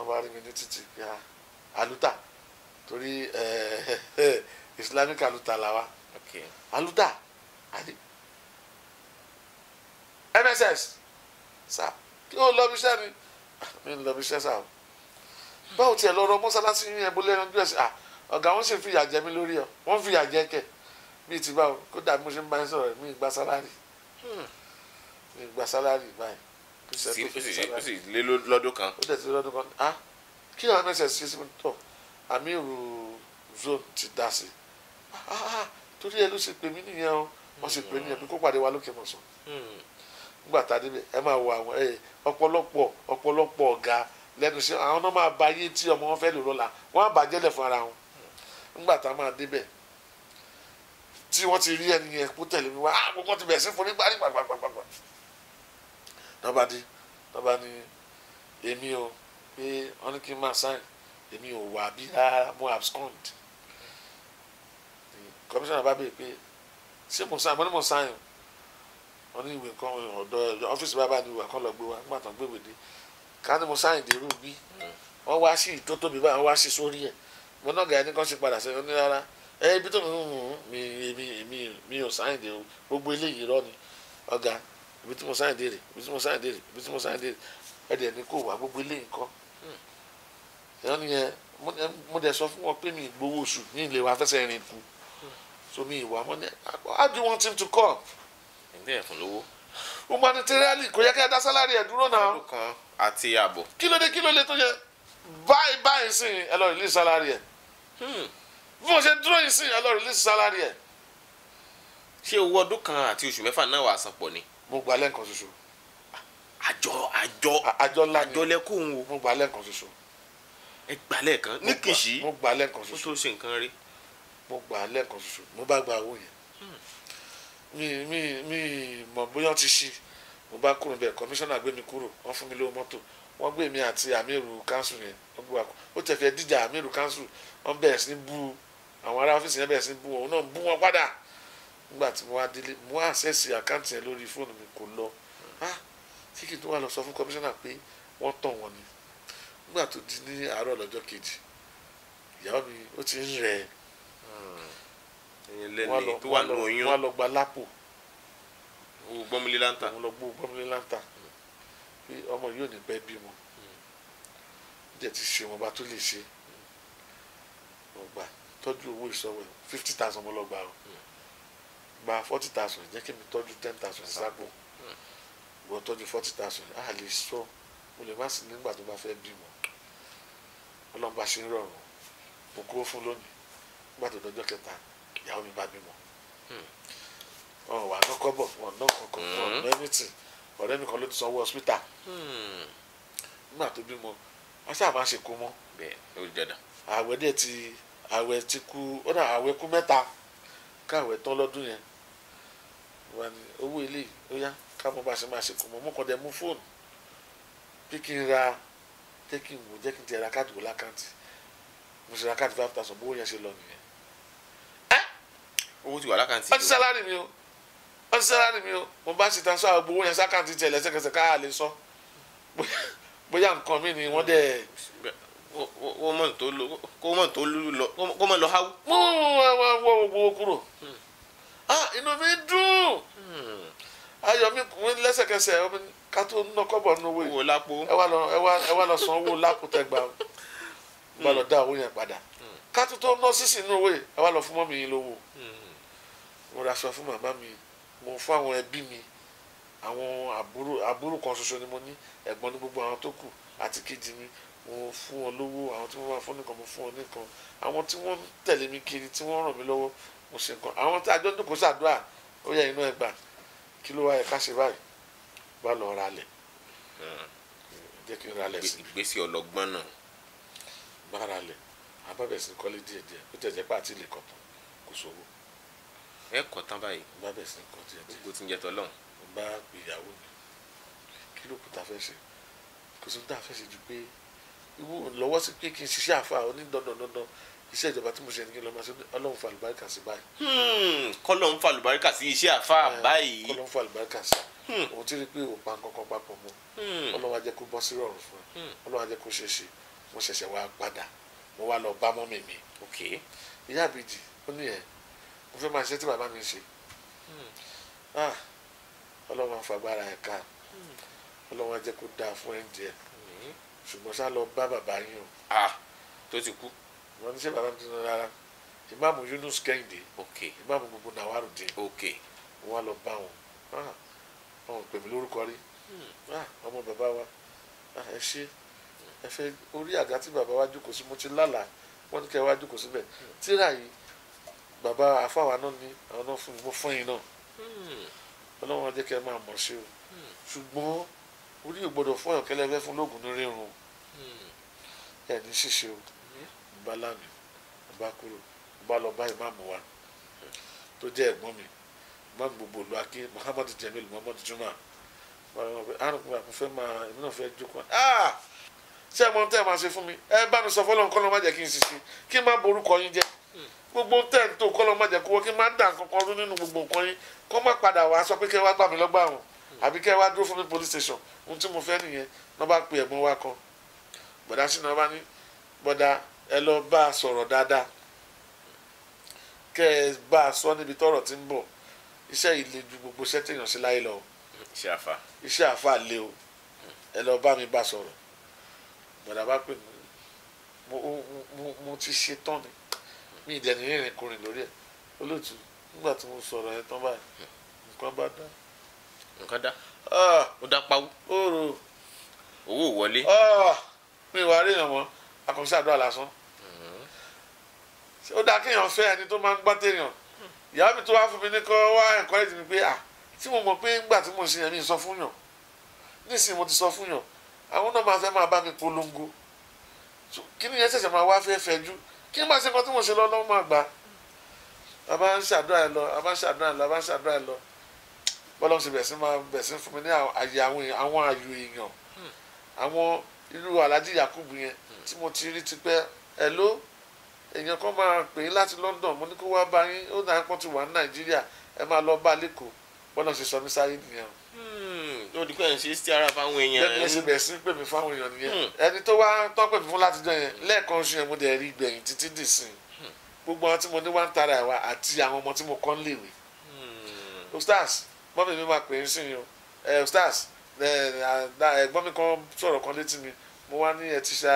ọmọọba adigunitẹ títí aluta torí ẹ eh, ẹ. islamic aluta la okay. aluta àti mss sa kí o lọ bí iṣẹ́ ni mi ń lọ bí iṣẹ́ sa o báwo tiẹ̀ lọ rọ mọ́sálásí yín ẹ̀bú lẹ́nu ojú ẹ̀sìn ọ̀gá wọn sì fìyà jẹ mí lórí ọ wọn fìyà jẹ kẹ bíi ti báwo kódà mo ṣe ń bá yín sọ̀rọ̀ mi ìgbà sálárì hmm. mi ìgbà sálárì báyìí ó sì lé lọ́dún kan ó dẹ̀ ti kan ah kí ni mss ṣe sí mi tọ̀ àmì ìrù zone ti dá sí i. Ah, ah, torí ẹ ló ṣe pè mí nìyẹn o wọ́n sì pè nìyẹn pé kó pàdé wa lókè mọ̀sán hmm. nígbà tá a débẹ̀ ẹ máa wo àwọn ẹ ọ̀pọ̀lọpọ̀ ọ̀pọ̀lọpọ̀ ọ̀gá lẹ́nu sí àwọn náà máa ba ayé tí ọmọ wọn fẹ́ lò lọ́la wọ́n á bàjẹ́ lẹ̀ fún ara wọn nígbà tá a máa débẹ̀ tí wọ́n ti rí ẹni yẹn kó tẹ̀lé mi wá àkókò ah, ti bẹ̀rẹ̀ sí fún nígbà nígbà gbàgbàgbà nọba di èmi o pé wọ́n ní kí n máa sáyìn abscond kọmíṣánná bá bèè pé ṣé mo sáyìn mo ní mo sáyìn wọn ní ìwé nǹkan ọ̀dọ̀ ọ́fíìsì bàbá ni ìwà kan lọ gbé wa nígbà tó ń gbé wèdè ká ní mo sáyìn dèrú bí wọn wá sí ìtó tóbi báyìí wọn wá sí sórí ẹ mo náà gàá ní kán ṣe padà sẹ́yìn ní rárá ẹ ibi tó mi mi mi mi ò sáyìn dèrú gbogbo eléyìí rọ ni ọ̀gá ibi tí mo sáyìn dèrè ibi tí mo sáyìn dèrè ibi tí mo sáyìn dèrè ẹdẹ ní kò wá gbogbo eléyìí kọ ẹ ní yẹn mo dẹ sọ fún wọn pé mi gbowó oṣù ní ilé wa fẹsẹ̀ so mi ìwà mọ́ ní how do you want him to come. ǹjẹ́ ẹ̀fọn lówó. humanitarianly kò yẹ kí ẹ dá sálárì ẹ̀ dúró náà. ọdún kan àti ààbò. kí ló dé kí ló lè tó yẹ báyìí báyìí sìn ẹ lọ release sálárì ẹ̀ hmm. bí mo ṣe dúró yìí sìn ẹ lọ rìlí sálárì ẹ̀. ṣé owó ọdún kan àti oṣù mẹ́fà náà wà sàn pọ̀ ni. mo gbà lẹ́ǹkan ṣoṣo. àjọ àjọ àjọ ńlá ni àjọ lẹ́kùn wo. mo gbà lẹ́ǹkan ṣoṣo. ẹ gbà lẹ́ẹ̀kan ní kìsì. mo gbà lẹ́ǹkan ṣoṣo. ó tó ṣe nǹkan rí mo gbà á lẹ́ẹ̀kan ṣoṣo mo bá gba owó yẹn mi mi mi mọ̀ bóyá ti ṣí mo bá kúrò níbẹ̀ kọmíṣánná gbé mi kúrò wọ́n fún mi lówó mọ́tò wọ́n gbé mi àti àmírù kánsù yẹn wọ́n gbé wa kú ó tẹ̀fẹ̀ díjà àmírù kánsù wọ́n bẹ̀rẹ̀ sí bú àwọn ará ọ́fíìsì yẹn bẹ̀rẹ̀ sí bú wọn náà bú wọn padà nígbà tí mo wá délé mo wá àṣẹ́sì àkáǹtì yẹn lórí fóònù mi kò lọ ah tó wà lọ sọ fún kọmíṣánná pé wọ́n tàn wọ́n ni nígbà tó di ní àárọ̀ lọ́jọ́ kejì ìyàwó mi ó ti ń rẹ̀ ẹ́ Hmm. ẹyin lẹni tó wà nù wọn lọ gba lápò o lanta òun lọ gbó gbọmọlé lanta pé ọmọ yóò ní bẹ́ẹ̀ bímọ díẹ̀ hmm. ti ṣe wọn bá tó lè ṣe wọn hmm. gbà tọ́jú owó ìsọwọ́ fifty thousand mo lọ gbà o gba forty thousand jẹ́ kí mi tọ́jú ten thousand sápò wọ́n tọ́jú forty thousand a lè sọ mo lè má sí nígbà tó bá fẹ́ bímọ ọlọ́run bá ṣe ń rọrùn mo kúrò fún lónìí nígbà tó dọjọ́ kẹta ìyàwó mi bá bímọ hmm. wọn wà ná kọ́bọ̀ wọn ná kankan wọn hmm. ná anything ọ̀rẹ́ mi kan ló ti sanwó hospital hmm. nígbà tó bímọ wọn sábà máa ṣe kó mọ́ àwẹ̀ dẹ̀ ti àwẹ̀ ti kú ó dà àwẹ̀ kú mẹ́ta káwẹ̀ tán lọ́dún yẹn wọn ni owó ilé ó yá káwọn bá ṣe máa ṣe kó mọ́ mú mú fóònù bí ra jẹ́ wò jẹ́ ti ra káàdì wò lákàntì mo ṣe ra káàdì five thousand bó yẹn ṣe lọ nìyẹn owó ti wà lákàntì. wọ́n ti sálárì mi o wọ́n ti sálárì mi o mo bá ṣe transfer gbogbo owó yẹn sákàntì tẹ̀ lẹ́sẹ̀kẹsẹ̀ ká lè sọ bóyá nǹkan mi ni wọ́n dẹ̀. kó mọ̀ tó lọ kó mọ̀ lọ háwú. mo wọ gbogbo kúrò hmm. ah, inú mi dùn hmm. ayọ̀ mi kún lẹ́sẹ̀kẹsẹ̀ ká tó ná kọ́bọ̀ nínú owó yìí ẹ wá lọ san owó lápò tẹ́gbà bá lọ hmm. dá owó yẹn padà ká tó tó ná sísìn nínú owó yìí ẹ wá lọ fún mọ́mì yín lówó mo ra aṣọ fún màmá mi mo fún àwọn ẹbí mi àwọn àbúrò àbúrò kan ṣoṣo ni mo ní ẹ̀gbọ́n ní gbogbo àwọn tó kù àti kejì mi mo fún wọn lówó àwọn tí wọ́n bá fún nìkan mo fún wọn nìkan àwọn tí wọ́n tẹ̀lé mi kiri tí wọ́n ràn mí lọ́wọ́ mo ṣe nǹkan àwọn tí àjọ dùnkù ṣàdúrà ó yẹ inú ẹ kí ló wá yẹ ká ṣe báyìí bá lọ ra lẹ̀ jẹ́ kí n ra lẹ̀ sí. ìgbésí ọlọ́gbọ́n náà. bá ra lẹ̀ abábẹ̀sìn kọ́lé díẹ̀díẹ̀ ó tẹ̀ jẹ́ pàtí ilé kọ̀ọ̀kan kò sówó ẹ kọ̀ tán báyìí bá bẹ̀ sí nǹkan tí ẹ ti gbogbo ti ń jẹ tọ́lọ́run. mo bá ìyàwó mi kí ló kù tá a fẹ́ ṣe kò sí tá a fẹ́ ṣe ju pé ìwọ lọ́wọ́ sí pé kí n ṣiṣẹ́ àfa òní dandan dandan iṣẹ́ ìjọba tí mo ṣe ní kí n lọ máa ṣe ọlọ́run fa àlùbáríkà sí báyìí. Hmm, kọ́lọ́run fa àlùbáríkà sí iṣẹ́ àfa eh, báyìí. kọ́lọ́run fa àlùbáríkà sí hmm. òun ti rí pé òun pa nǹkan kan papọ̀ mọ́ hmm. ọlọ́run á jẹ́ kó bọ́ sí rọrùn fún un ọlọ́run á jẹ́ kó ṣe é ṣe mo ṣẹ̀ṣẹ̀ wá padà mo wá lọ bá mọ́mì mi. ìyá àbíjì ó ní ẹ̀ mo fẹ́ máa ṣe tí bàbá mi ṣe hmm. ah, ọlọ́wọ́n afagbára ẹ̀ ká hmm. ọlọ́wọ́n jẹ́ kó dáa fún ẹ̀ǹdí ẹ̀ ṣùgbọ́n sá lọ bá bàbá yín o. Ah, tó ti kú. wọ́n ní sẹ́ bàbá mi ti nà rárá ìmáàmù Yunus Kẹ́hìndé ìmáàmù gbogbo Nàwárùdín wọ́n lọ bá wọn ah, wọn pè mí lórúkọ rí hmm. ọmọ bàbá wa ẹ ṣe ẹ fẹ́ orí àga tí bàbá wa jókòó sí mo ti lálàá wọ́n ní kẹ́ wá jókòó síbẹ̀ tíra yìí baba àfàwà náà ni àwọn náà fún mi mo fún yín náà ọlọ́run adé kẹ́ máa mọ̀ ṣe o ṣùgbọ́n orí ìgbọ́dọ̀ fún ọ̀kẹ́lẹ́ fẹ́ fún lóògùn lórí irun ẹ̀ ní ṣíṣe o bá lámì bá kúrò bá lọ bá ìmáàmù wa tó jẹ́ ẹ̀gbọ́n mi ìmáàmù gbogbo ìlú akí Muhammad Jamil Muhammad Juma àrùn pé àkùnfẹ́ máa èmi náà fẹ́ jókòó ah! ṣé ẹ mọ ohun tẹ́ ẹ máa ṣe fún mi ẹ bá mi sọ fọlọ́n kọ́ ló má jẹ́ kí n ṣiṣẹ́ kí n má borúkọ yín jẹ́ gbogbo tẹ̀ ń tó kọ́ lọ́ má jẹ́ kó wọ́n kí n má dà kankan rú nínú gbogbo nǹkan yín kó má padà wá sọ pé kẹ́ wá gbà mí lọ́gbà wọn àbí kẹ́ wá dúró fún mi police station ohun tí mo fẹ́ nìyẹn náà bá pe ẹ̀gbọ́n wa kan bọ̀dá sínú ọba ní bọ̀dá ẹ lọ bá a sọ̀rọ̀ dáadáa kẹ́ ẹ bá a sọ níbi tọ́rọ̀ ti ń bọ̀ iṣẹ́ yìí le ju gbogbo iṣẹ́ téèyàn ṣe láyé lọ iṣẹ́ àfa iṣẹ́ àfa le o ẹ lọ bá mi bá sọ̀rọ̀ bọ̀dá bá pè mí mo ti ṣe tán ni mi ìdẹ̀ni rìnrìn kùnrin lórí ẹ̀ olóòtú nígbà tí mo sọ̀rọ̀ ẹ̀ tán báyìí hmm. nǹkan bá dá. nǹkan dá ah! ó dá pawú. oòrò owó wọlé. Ah! mi ìwà rí ìyàn mọ́ akọ̀ṣẹ́ àdúrà lásán. Hmm. ó dáa kéèyàn fẹ́ ẹni tó máa ń gbá téèyàn ìyá mi tó wá fún mi ní kọ́ wá encourage mi pé à ah, tí mo mọ̀ pé ńgbà tí mo ń ṣe yẹn mi sọ fún yàn nísìnyí mo ti sọ fún yàn àwọn náà máa fẹ́ máa bá mi polongo kí ni yẹn ṣẹ̀ṣẹ̀ máa wá fẹ́ fẹ́ ju kí n bá ṣe nǹkan tí mo ṣe lọ lọ́wọ́ máa gbà a bá ń ṣàdúrà ẹ lọ a bá ń ṣàdúrà ẹ lọ a bá ń ṣàdúrà ẹ lọ bọ́lá ṣe bẹ̀rẹ̀ sí máa bẹ̀rẹ̀ sí fún mi ní àyè àwọn àwọn àyò èèyàn àwọn irú alájí yakubu yẹn tí mo ti rí tipẹ́ ẹ ló èèyàn kan máa pè é láti London mo ní kó wá bá yín ó dà pọ́n ti wà ní Nàìjíríà ẹ máa lọ bá lẹ́kọ̀ọ́ bọ́lá ṣe sọ mí sáyé nìyẹn ó di pé ẹ̀ ń ṣe sí ara fáwọn èèyàn. bẹ́ẹ̀ ni ṣe bẹ̀rẹ̀ sí pè mí fáwọn èèyàn nìyẹn hmm. ẹni tó wá tán pè mí fún látijọ́ yẹn lẹ́ẹ̀kan oṣù yẹn mo dẹ̀ rí gbẹ̀yìn títí dìsìn hmm. gbogbo àwọn mo ní wá ń tara ẹ̀wà àti àwọn ọmọ tí mo kọ́ ń léwe. Hmm. ustaz mọ́mí mi máa pè é sìn yín o ustaz ẹ̀gbọ́n mi kan sọ̀rọ̀ kan létí mi mo wá ní ẹtí ṣe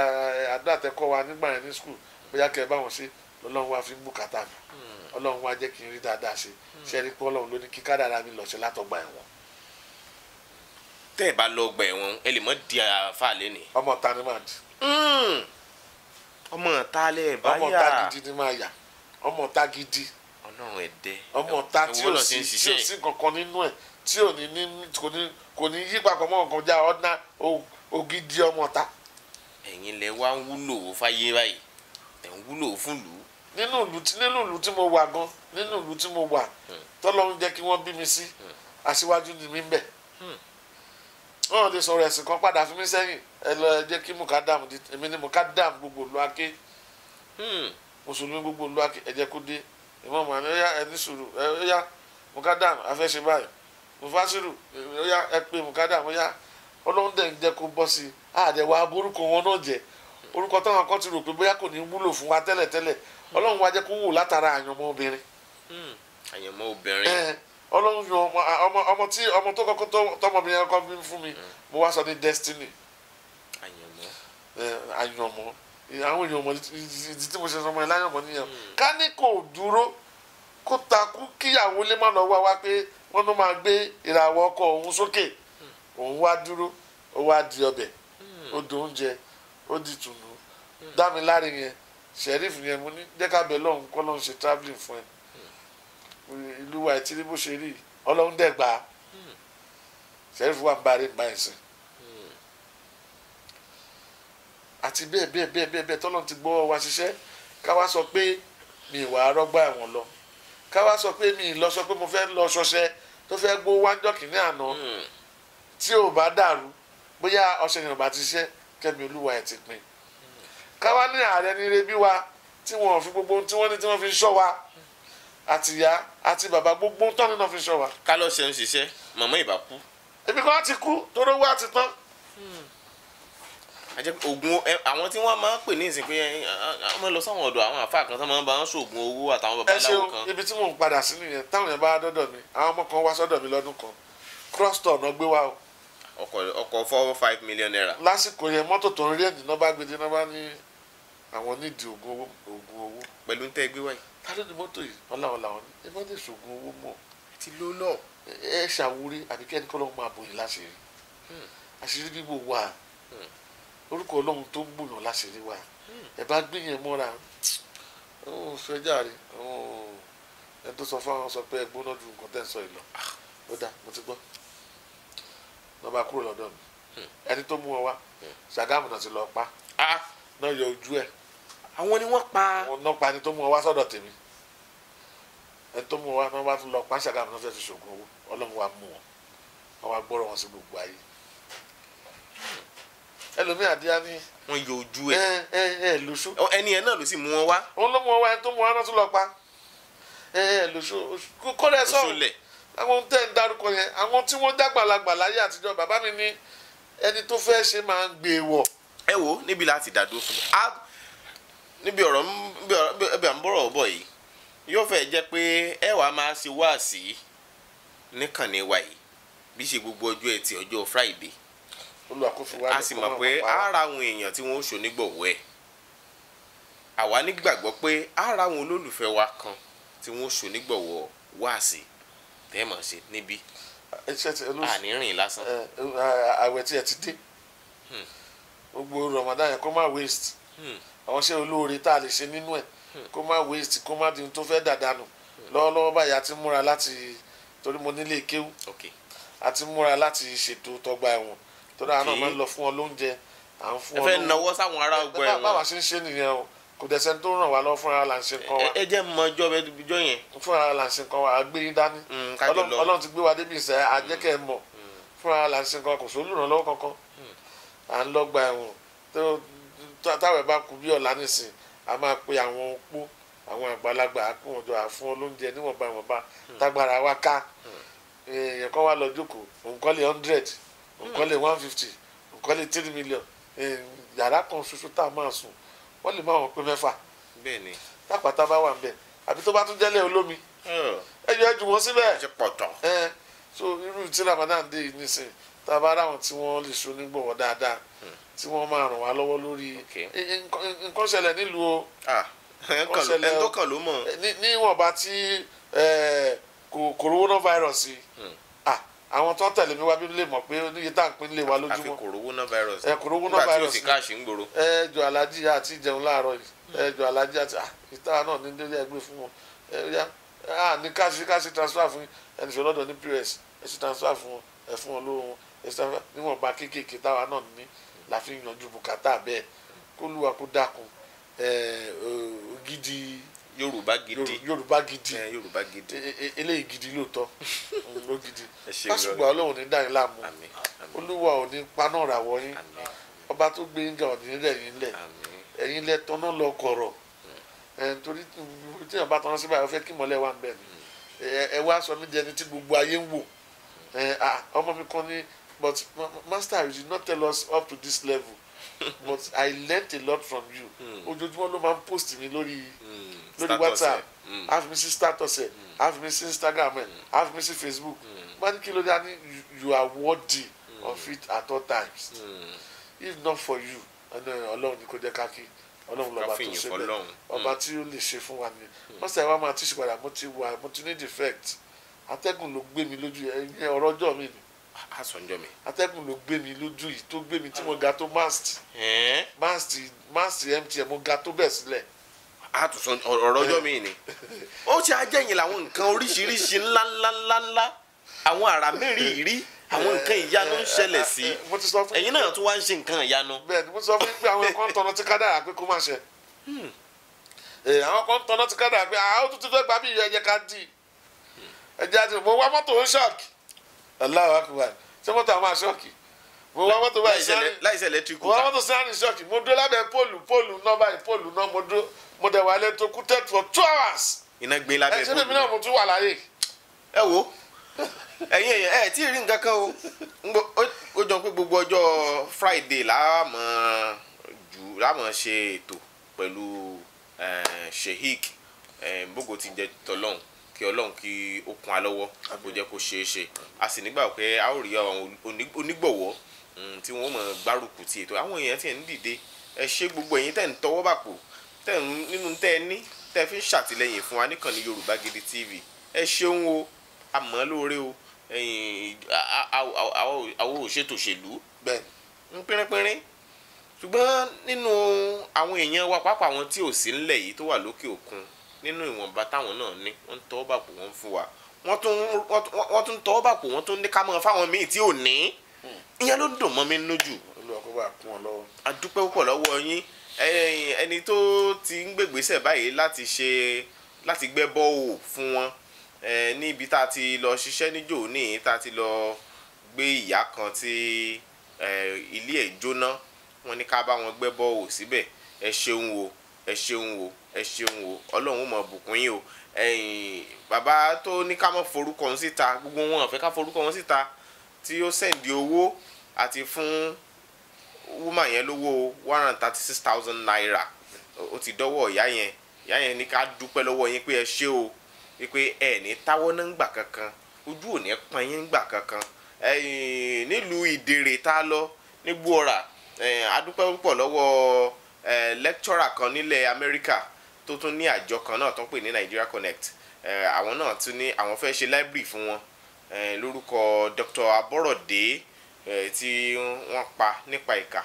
àdó àtẹ́kọ́ wa nígbà yẹn ní skul bóyá kẹ́ ẹ bá wọn ṣe lọ́lọ́run wá fi ń bùkátà mi ọlọ́run wá jẹ́ kí n rí dáadáa ṣe ṣe é rí pé ọlọ́run ló ní kí kádàrá mi lọ ṣe látọgbà ẹ̀wọ̀n tẹ́ ẹ̀ bá lọ gbà ẹ̀wọ̀n ẹ lè mọ́ di àáfà lẹ́nu. ọmọ ta ni máa di. Hmm. ọmọ ta lẹ bá yà ọmọ ta gidi ni máa yà ọmọ ta gidi. ọlọ́run ẹ̀ dẹ́ ọmọ ta tí ò sí tí o sí kankan nínú ẹ̀ tí ò ní ní kò ní kò ní yí papọ̀ mọ́ nǹkan já ọ̀dá ògidì ọmọ ta. ẹ̀yin lẹ wá ń wúlò fáyé báyìí ẹ̀ ń wúlò fún lù nínú ìlú tí nínú ìlú tí mo wà gan nínú ìlú tí mo wà hmm. tọ́lọ́run jẹ́ kí wọ́n bí mi sí hmm. aṣíwájú ni mi bẹ̀. Hmm wọn lè sọ̀rọ̀ ẹ̀sìn kan padà fún mi sẹ́yìn ẹ lọ jẹ́ kí mukadam di èmi ni mukadam gbogbo ìlú ake hmm, mùsùlùmí gbogbo ìlú ake ẹ jẹ́ kó dé ìmọ̀ mọ̀ ẹ yá ẹ ní sùúrù ẹ yá mukadam afẹ́ṣe báyìí mufasiru ẹ yá ẹ pé mukadam ẹ yá ọlọ́run dẹ̀ ń jẹ́ kó bọ́ sí i àdẹ̀wà aborúkọ wọn náà jẹ́ orúkọ táwọn kan ti rò pé bóyá kò ní wúlò fún wa tẹ́lẹ̀tẹ́lẹ̀ ọlọ́run wa jẹ́ kó wù látara àyànmọ́ obìnrin. Hmm, àyànmọ́ obìnrin ọlọ́run fi ọmọ ọmọ ọmọ tí ọmọ tó kọ́kọ́ tọmọ mi yẹn kọ́ bí fún mi mm. mo wá sọ ní destiny àyànmọ́ àwọn èèyàn ọmọ ìdí tí mo ṣe sọmọ ẹ láyànmọ́ nìyẹn mm. ká ní kò dúró kó takú kíyàwó lè má lọ wá wá pé wọ́n ló máa gbé ìràwọ̀ ọkọ òun sókè mm. òun wá dúró ó wá di ọbẹ̀ ó di oúnjẹ ó di tùnú dámi láre yẹn sheriff yẹn mo ní jẹ́ ká bẹ̀ lọ́hùn kọ́ lọ́hùn ṣe travelling fún ẹ ìlú wa ìtìrí bó ṣe rí ọlọ́run dẹ̀ gbà sẹ́rífù wa ń bá rí báyìí sí àti bẹ́ẹ̀ bẹ́ẹ̀ bẹ́ẹ̀ bẹ́ẹ̀ bẹ́ẹ̀ tọ́lọ́run ti gbọ́ wa ṣiṣẹ́ káwa sọ pé mi ìwà arọ́gbà ẹ̀wọ̀n lọ káwa sọ pé mi ìlọ sọ pé mo fẹ́ lọ ṣọṣẹ tó fẹ́ gbó wájọ́ kìíní àná tí ò bá dàrú bóyá ọṣẹ yẹn ò bá ti ṣiṣẹ́ kẹ́mi olúwa ẹ̀ ti pin káwa ní ààrẹ ní wa tí wọn fi gbogbo tí wọ́n ní tí wọ́n fi ṣọ́ wa àtìyá àti bàbá gbogbo tán nínú fi ṣọwà. kálọ̀ ṣe ń ṣiṣẹ́ màmá ìbá kú. ebi kan á ti kú torí owó á ti tán. àjẹ oògùn àwọn tí wọ́n máa ń pè ní ìsìn pé ọmọ lọ sáwọn ọ̀dọ̀ àwọn àfa kan tó máa ń bá wọn ṣoògùn owó àtàwọn bàbá aláwọ̀ kan. ẹ ṣeun ibi tí mò ń padà sí nìyẹn táwọn yẹn bá dọ́dọ̀ mi àwọn ọmọ kan wá sọ́dọ̀ mi lọ́dún kan crosston náà gbé wá o. ọkọ̀ four oh five million naira. lásìkò yẹn mọ́tò tó ń rí ẹ̀dín náà bá gbé dé náà bá ní àwọn nídìí oògùn owó. pẹ̀lú ń tẹ́ gbé wáyìí tálẹ́ ni mọ́tò yìí ọ̀làọ̀là ọ̀ni ẹ má lè ṣògùn owó mọ̀. àti ló lọ. ẹ ṣàwúrí àbí kẹ́ni kọ́ lọ́wọ́ máa bòyìn láṣìírí hmm. àṣírí bíbò wà hmm. orúkọ ọlọ́run tó ń bùyàn láṣìírí wà hmm. ẹ bá gbìyàn mọ́ra ọ̀hún sọ́jà rẹ̀ ọ̀hún ẹ tó sọ fáwọn sọ pé ẹgbóná ju nǹkan tẹ́ ń sọ yìí lọ ah, ó dà mo ti gbọ́ lọ́ bá kúrò lọ́dọ̀ mi ẹni tó mú ọ wá ṣàgámù náà ti lọ pa ah. náà yọ ojú ẹ̀ àwọn ni wọ́n pa. wọn náà pa ẹni tó mú ọ wá sọ́dọ̀ tèmi ẹni tó mú ọ wá náà wá tún lọ pa ṣàgàmù náà fẹ́ẹ́ fi ṣògùn owó ọlọ́run wa mú wọn wọn wá gbọ́rọ̀ wọn sí gbogbo ayé ẹlòmíì àdíyá ní. wọn yọ ojú ẹ ẹ ẹ lóṣù. ẹni ẹ náà ló sì mú wọn wá. òun ló mú wọn wá ẹni tó mú wọn náà tún lọ pa ẹ ẹ lóṣù kọ́lẹ̀ sọ̀rọ̀ àwọn tẹ́ ń darúkọ yẹn àwọn tí wọ́n dàgbàlagbà láyé àtijọ́ bàbá mi ní ẹni tó fẹ́ ṣe máa ń gbé e wọ̀. ẹ wo níbi láti dàdó fún a níbi ọ̀rọ̀ ẹbí à ń bọ̀rọ̀ bọ̀ yìí yóò fẹ́ jẹ́ pé ẹ wàá máa ṣe wáàsí níkànnì wa yìí bí ṣe gbogbo ọjọ́ ẹtì ọjọ́ friday a sì mọ̀ pé ara àwọn èèyàn tí wọ́n ń ṣò nígbòwó ẹ̀ àwa nígbàgbọ́ pé ara àwọn olólùfẹ́ wa kan tí wọ́n ń ṣò nígbòwó wáàsí tẹ́ mọ̀ ṣe níbí ànírìn lásán. àwẹ̀ tí ẹ ti dé hmm. gbogbo ramadan yẹn kó má waste. Hmm àwọn iṣẹ́ olóore tá a lè ṣe nínú ẹ̀ kó má waste kó má di ohun tó fẹ́ dàdánù lọ́wọ́lọ́wọ́ báyìí a ti múra láti torí mo nílé kéwú a ti múra láti ṣètò tọgbà ẹ̀wọ̀n torí àwọn náà máa ń lọ fún ọ lóúnjẹ à ń fún ọ lóúnjẹ. ẹ fẹ́ nawọ́ sáwọn ará ọgbà ẹ̀wọ̀n. báwa ṣe ń ṣe nìyẹn o kò dẹ̀sẹ̀ tó ràn wá lọ́wọ́ fúnra là ń ṣe nǹkan wa. ẹ jẹ́ mọ ọjọ́ bẹ jọ yẹn. fúnra là ń ṣe nǹkan wa àgbé yín dání mm, ọlọ́run ti gbé wa débi ìṣẹ́ àjẹkẹ́ mọ̀ mm. fúnra là ń ṣe nǹkan kò sólùrànlọ́wọ́ kankan mm. à ń lọ́gbà ẹ̀wọ̀n táwọn ẹ̀ bá kú bí ọ̀la nísìn a máa pe àwọn opó àwọn àgbàlagbà kó wọn jọ àfún olóúnjẹ níwọ̀nba ìwọ̀nba hmm. tágbára wa ká hmm. èèyàn kan wá lọ jókòó òǹkọ́lé hundred òǹkọ́lé hmm. one fifty òǹkọ́lé three million yàrá kan ṣoṣo tá a máa sùn wọ́n lè má wọn pé mẹ́fà tápàtà bá wà ń bẹ̀ àbí tó bá tún jẹ́lẹ̀ olómi ẹjọ́ ẹ jù wọ́n síbẹ̀ ẹ so irú tí Ramadan dé yìí nísìnyí tá a bá ráwọn tí wọ́n lè so nígbọ̀wọ́ dáadáa tí wọ́n máa ràn wá lọ́wọ́ lórí nǹkan ṣẹlẹ̀ nílùú o ah, nǹkan ṣẹlẹ̀ o níwọ̀nba tí coronavirus hmm. ah, àwọn tó ń tẹ̀lé mi wá bí lè mọ̀ pé oníye tá à ń pín lè wá lójúmọ́. àfi coronavirus ẹ coronavirus nígbà tí o sì káàṣì ń gbòòrò. ẹ jọ alájí àti ìjẹun láàárọ̀ yìí ẹ jọ alájí àti ah, ìta náà ní nílé ẹgbẹ́ fún wọn ẹ yá à ní káàṣì káàṣì transfer fún ẹni fẹ́ lọ́dọ̀ ní pos ẹ sì transfer fún ẹ fún wọn lówó ẹ sì transfer níwọ̀nba kéékèèké táwa náà ní la fi yanjú bùkátà bẹ́ẹ̀ kó kó dákun gidi yorùbá gidi yorùbá gidi yorùbá gidi e, e, e, eléyìí gidi lóòótọ́ ló gidi pásùgbà ọlọ́run ní dáhìn láàmú olúwa ò ní paná ra wọ̀nyí ọba tó gbé yín ga ọ̀nì nílẹ̀ yín lẹ̀ ẹ̀yin lẹ tọ́nà lọ kọ̀rọ̀ hmm. torí hmm, tí yàrá bá tọ́nà síbáyà ó kí mọ́lẹ̀ wà ń bẹ̀ ni hmm. wá sọ mí di ẹni tí gbogbo ayé ń wò ọmọ mi kan ní but master you did not tell us up to this level but i learnt a lot from you hmm. ojoojúmọ́ ló máa ń post mi lórí hmm. lórí whatsapp hmm. have me see status ẹ have me instagram ẹ have me facebook Man, kilo kí ló you are worthy of it at all times if not for you ọlọ́run ni kò jẹ́ ká kí ọlọ́run lọ́ba tó ṣe bẹ́ẹ̀ ọba tí ó lè ṣe fún wa ni master ẹ wá máa tíṣe padà mo ti wà mo ti ní defect atẹ́gùn ló gbé mi lójú ẹ ọ̀rọ̀ ọjọ́ mi ni àsọ̀njọ́ mi. atẹ́gùn ló gbé mi lójú yìí tó gbé mi tí mo ga tó mast mast mast mtn mo ga tó bẹ̀ sílẹ̀. àtúnṣe ọ̀rọ̀ ọjọ́ mi ni ó ṣe ajẹ́yìn làwọn nǹkan oríṣiríṣi ńláńláńláńlá àwọn àrà mẹ́rin yìí rí àwọn nǹkan ìyanu ń ṣẹlẹ̀ sí eh, eh, eh, ẹ̀yin náà tún wá ń ṣe nǹkan ìyanu. bẹ́ẹ̀ni mo sọ fún yín pé àwọn ẹ̀kọ́ ń tọ́nà tí kádàrà pé kó má ṣe hmm. àwọn kan ń tọ́nà tí kádàrà pé àwọn ah, tuntun fẹ́ gbà mí ẹ̀jẹ̀ ká dì hmm. ẹ̀jẹ̀ àti mo wá mọ́tò ń ṣọ́ọ̀kì Allahu akbar ṣé àwọn aṣọ́ọ̀kì mo wá mọ́tò báyìí sáré láìsẹ̀ lẹ́tírì kúta mo wá mọ́tò sáré ṣọ́ọ̀kì mo dúró lábẹ́ póòlù póòlù náà báyìí póòlù náà mo dúró mo dẹ̀ wà lẹ́ tó kú tẹ́tù for two hours. iná gbé lábẹ́ póòlù ẹ ṣẹlẹ̀ mi náà mo tún wà láyè. ẹ wo ẹ̀yin èèyàn ẹ tí ì rí nǹkan kan o ó jọ pé gbogbo ọjọ́ Friday láàmọ jù láàmọ ṣe ètò pẹ̀lú eh, Sheikh Mbogo eh, ti jẹ tọlọ́hún kí ọlọ́run kí ó kún wa lọ́wọ́ kó jẹ́ kó ṣeé ṣe a sì nígbà pé a ó rí àwọn onígbọ̀wọ́ mm, tí wọ́n mọ̀ gbárùkù ti ètò àwọn èèyàn tí ẹ̀ ń dìde ẹ ṣe gbogbo ẹ̀yin tẹ̀ ń tọwọ́ bàpò tẹ̀ ń nínú tẹ́ ẹ ní tẹ́ ẹ fi ń ṣàtìlẹ́yìn fún wa níkànnì Yorùbá Gidi TV ẹ ṣeun o àmọ́ lóore o àwọn òṣètò òṣèlú ń pínrínpínrín ṣùgbọ́n nínú àwọn èèyàn wa pàápàá àwọn tí ò sí ńlẹ̀ yìí tó wà lókè òkun nínú ìwọ̀nba táwọn náà ní wọ́n ń tọwọ́ bàpò wọ́n fún wa wọ́n tún tọwọ́ bàpò wọ́n tún ní ká mọ̀ fáwọn míì tí ò ní ìyẹn ló dùn mọ́ mi lójú. Olúwa a dúpẹ́ púpọ̀ lọ́wọ́ yín ẹni tó ti ń gbègbèsẹ̀ báyìí láti ṣe láti gbẹ́ bọ́ọ̀wò fún wọn ní ibi tá a ti lọ ṣiṣẹ́ níjò ní tá a ti lọ gbé ìyá kan tí ilé ẹ̀ jóná wọ́n ní ká bá wọn gbẹ́ bọ́ọ̀wò síbẹ̀ ẹ ṣeun o ẹ ṣeun o ẹ ṣeun o ọlọ́run ó mọ bùkún yín o bàbá tó ní ká mọ̀ forúkọ wọn síta gbogbo wọn ò fẹ́ ká forúkọ wọn síta tí ó sẹ̀ǹdì owó àti fún wúmà yẹn lówó one hundred thirty six thousand naira ó ti dọ́wọ́ ìyá yẹn ìyá yẹn ní ká dúpẹ́ lọ́wọ́ yín pé ẹ ṣé o wípé ẹ ní táwọ́ náà ń gbà kankan ojú ò ní pọn yín ń gbà kankan nílùú ìdèrè tá a lọ ní gbóòrà adúpẹ́ púpọ̀ lọ́wọ́ lẹ́kítọ́rà kan nílẹ̀ amẹ́ríkà tó tún ní àjọ kan náà tó ń pè ní Nigeria Connect àwọn náà tún ní àwọn fẹ́ ṣe library fún wọn lórúkọ Dr. Aborode tí wọ́n pa nípa ìkà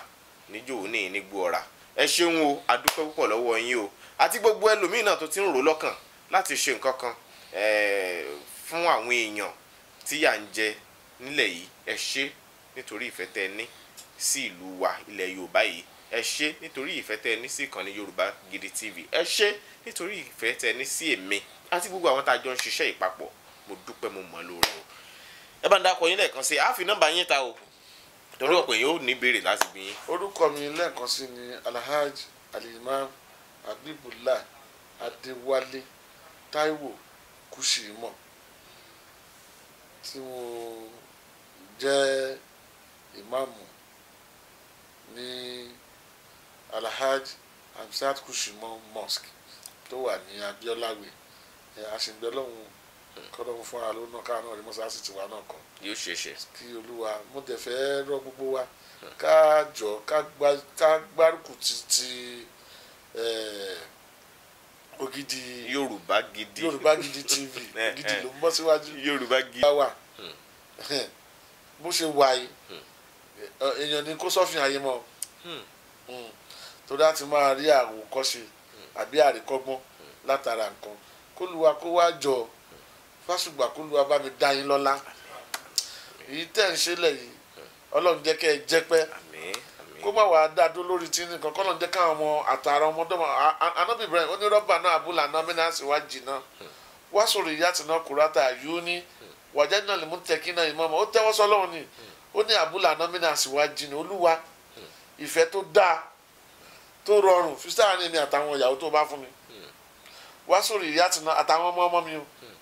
níjó ní nígbó ọ̀rà ẹ ṣeun o adúpẹ́ púpọ̀ lọ́wọ́ yín o àti gbogbo ẹlòmíín náà tó ti ń rò lọ́kàn láti ṣe nǹkan kan fún àwọn èèyàn tí yà ń jẹ nílẹ̀ yìí ẹ ṣe nítorí ìfẹ́ tẹ́ ní sí ìlú wa ilẹ̀ Yorùbá yìí ẹ ṣé nítorí ìfẹ́ tẹ́ ẹ ní sí ìkànnì Yorùbá Gidi TV ẹ ṣé nítorí ìfẹ́ tẹ́ ẹ ní sí èmi àti gbogbo àwọn tá a jọ ń ṣiṣẹ́ ìpapọ̀ mo dúpẹ́ mo mọ̀ lóore o ẹ bá ń dakọ̀ yín lẹ́ẹ̀kan sí àáfin nọ́mbà yín ta o torí ọ̀pọ̀ yín ó ní ìbéèrè láti gbìn yín. orúkọ mi lẹ́ẹ̀kan sí ni Alhaj Alimam Abibullah Adéwálé Táíwò Kùsìmọ̀ tí mo jẹ́ ìmáàmù ní. Ni alhaj amsat kushimo mosque tó wà ní abiola way a sì ń bẹ lọ́hùn kọ́lọ́hún fúnra ló ná káà náà rí mọ́sáàsì tiwa náà kan. yóò ṣe ṣe. kí olúwa mo dẹ̀ fẹ́ rọ gbogbo wa ká jọ ká gbárùkù ti ti yorùbá gidi yorùbá gidi tv eh, gidi eh. ló ń bọ́ síwájú yorùbá gidi wà hmm. bó ṣe wà hmm. èèyàn ni kó sọ́fin ayé mọ́. Hmm tó dá ti máa rí àwòkọ́ṣe àbí àríkọ́gbọ́n látara nǹkan kóluwa kó wá jọ fásùgbà kóluwa bá mi dá yín lọ́lá èyí tẹ̀ ń ṣe lẹ́yìn ọlọ́run jẹ́ kẹ́ ẹ jẹ́ pẹ́ kó má wàá dá dó lórí tí nìkan kọ́ ló ń jẹ́ káwọn ọmọ àtàrà ọmọdọ́mọ anábì Ibrahim ó ní rọ́bà náà abúlà náà mí náà sì wá jìnnà wá sọ̀rọ̀ ìyá tìǹà kùrátà yóò ní wàjá náà lè mú tẹ̀kí náà ìmọ̀ ọmọ ó tẹ́wọ́ sọ́lọ́run ni ó ní abúlà náà mí sì wá jìnnà olúwa ìfẹ́ tó dáa tó rọrùn fi sáàárín mi àtàwọn ìyàwó tó bá fún mi hmm. wá sórí ìyá àtìná àtàwọn ọmọ ọmọ mi o hmm.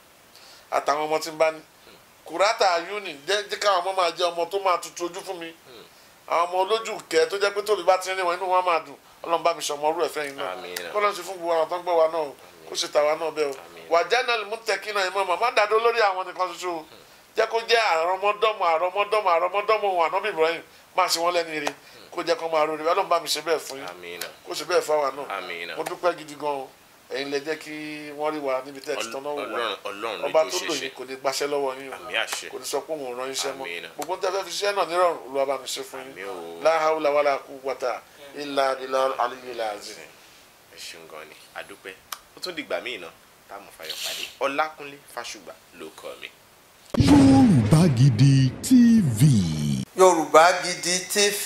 àtàwọn ọmọ tí ń bá ní hmm. kùrátà yúnì jẹ́ káwọn ọmọ máa jẹ́ ọmọ tó máa tutù ojú fún mi àwọn ọmọ olójú kẹ tó jẹ́ pé tóbi bá ti rìn wọn inú wọn máa dùn ọlọ́run bá mi sọ ọmọ orú ẹ̀fẹ́ yìí náà kọ́lọ́n ti fún gbogbo àwọn tó ń gbọ́ wa náà kó ṣe tàwa náà bẹ́ẹ̀ o wà jẹ́nàlì mútẹ́kì náà ìmọ̀ màmá dàdó lórí àwọn nìkan ṣoṣo jẹ́ kó jẹ́ àrọ́mọdọ́mọ àrọ́mọdọ́mọ àrọ́mọdọ́mọ òun ànábì Ibrahim máa ṣe wọ́n lẹ́nu ire kó jẹ́ kó máa rori Ọlọ́run bá mi ṣe bẹ́ẹ̀ fún yín kó ṣe bẹ́ẹ̀ fáwa náà mo dúpẹ́ gidi gan-an ẹ̀yin lè jẹ́ kí wọ́n rí wa níbi tẹ́ ẹ̀ ti tán náà wò wá ọba tó lò yín kò ní gbaṣẹ́ lọ́wọ́ yín o kò ní sọ pé òun ràn iṣẹ́ mọ́ gbogbo tẹ́ fẹ́ fi iṣẹ́ náà nírọ̀rùn Olúwa bá mi ṣe fún yín la hawla wala quwwata illa billahil aliyyil azim. ẹ ṣeun gan ni adúpẹ́ ó tún dìgbà míì náà táàmù fayọ pàdé Ọlákúnlé Fásùgbà ló kọ mi. Yorùbá Gidi TV. Yorùbá Gidi TV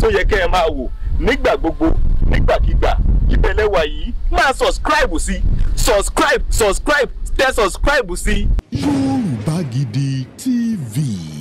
tó yẹ kẹ́ ẹ máa wò nígbà gbogbo nígbàkigbà ìbẹ̀lẹ́wà yìí máa subscribe sí subscribe subscribe tẹ subscribe sí. Yorùbá Gidi TV.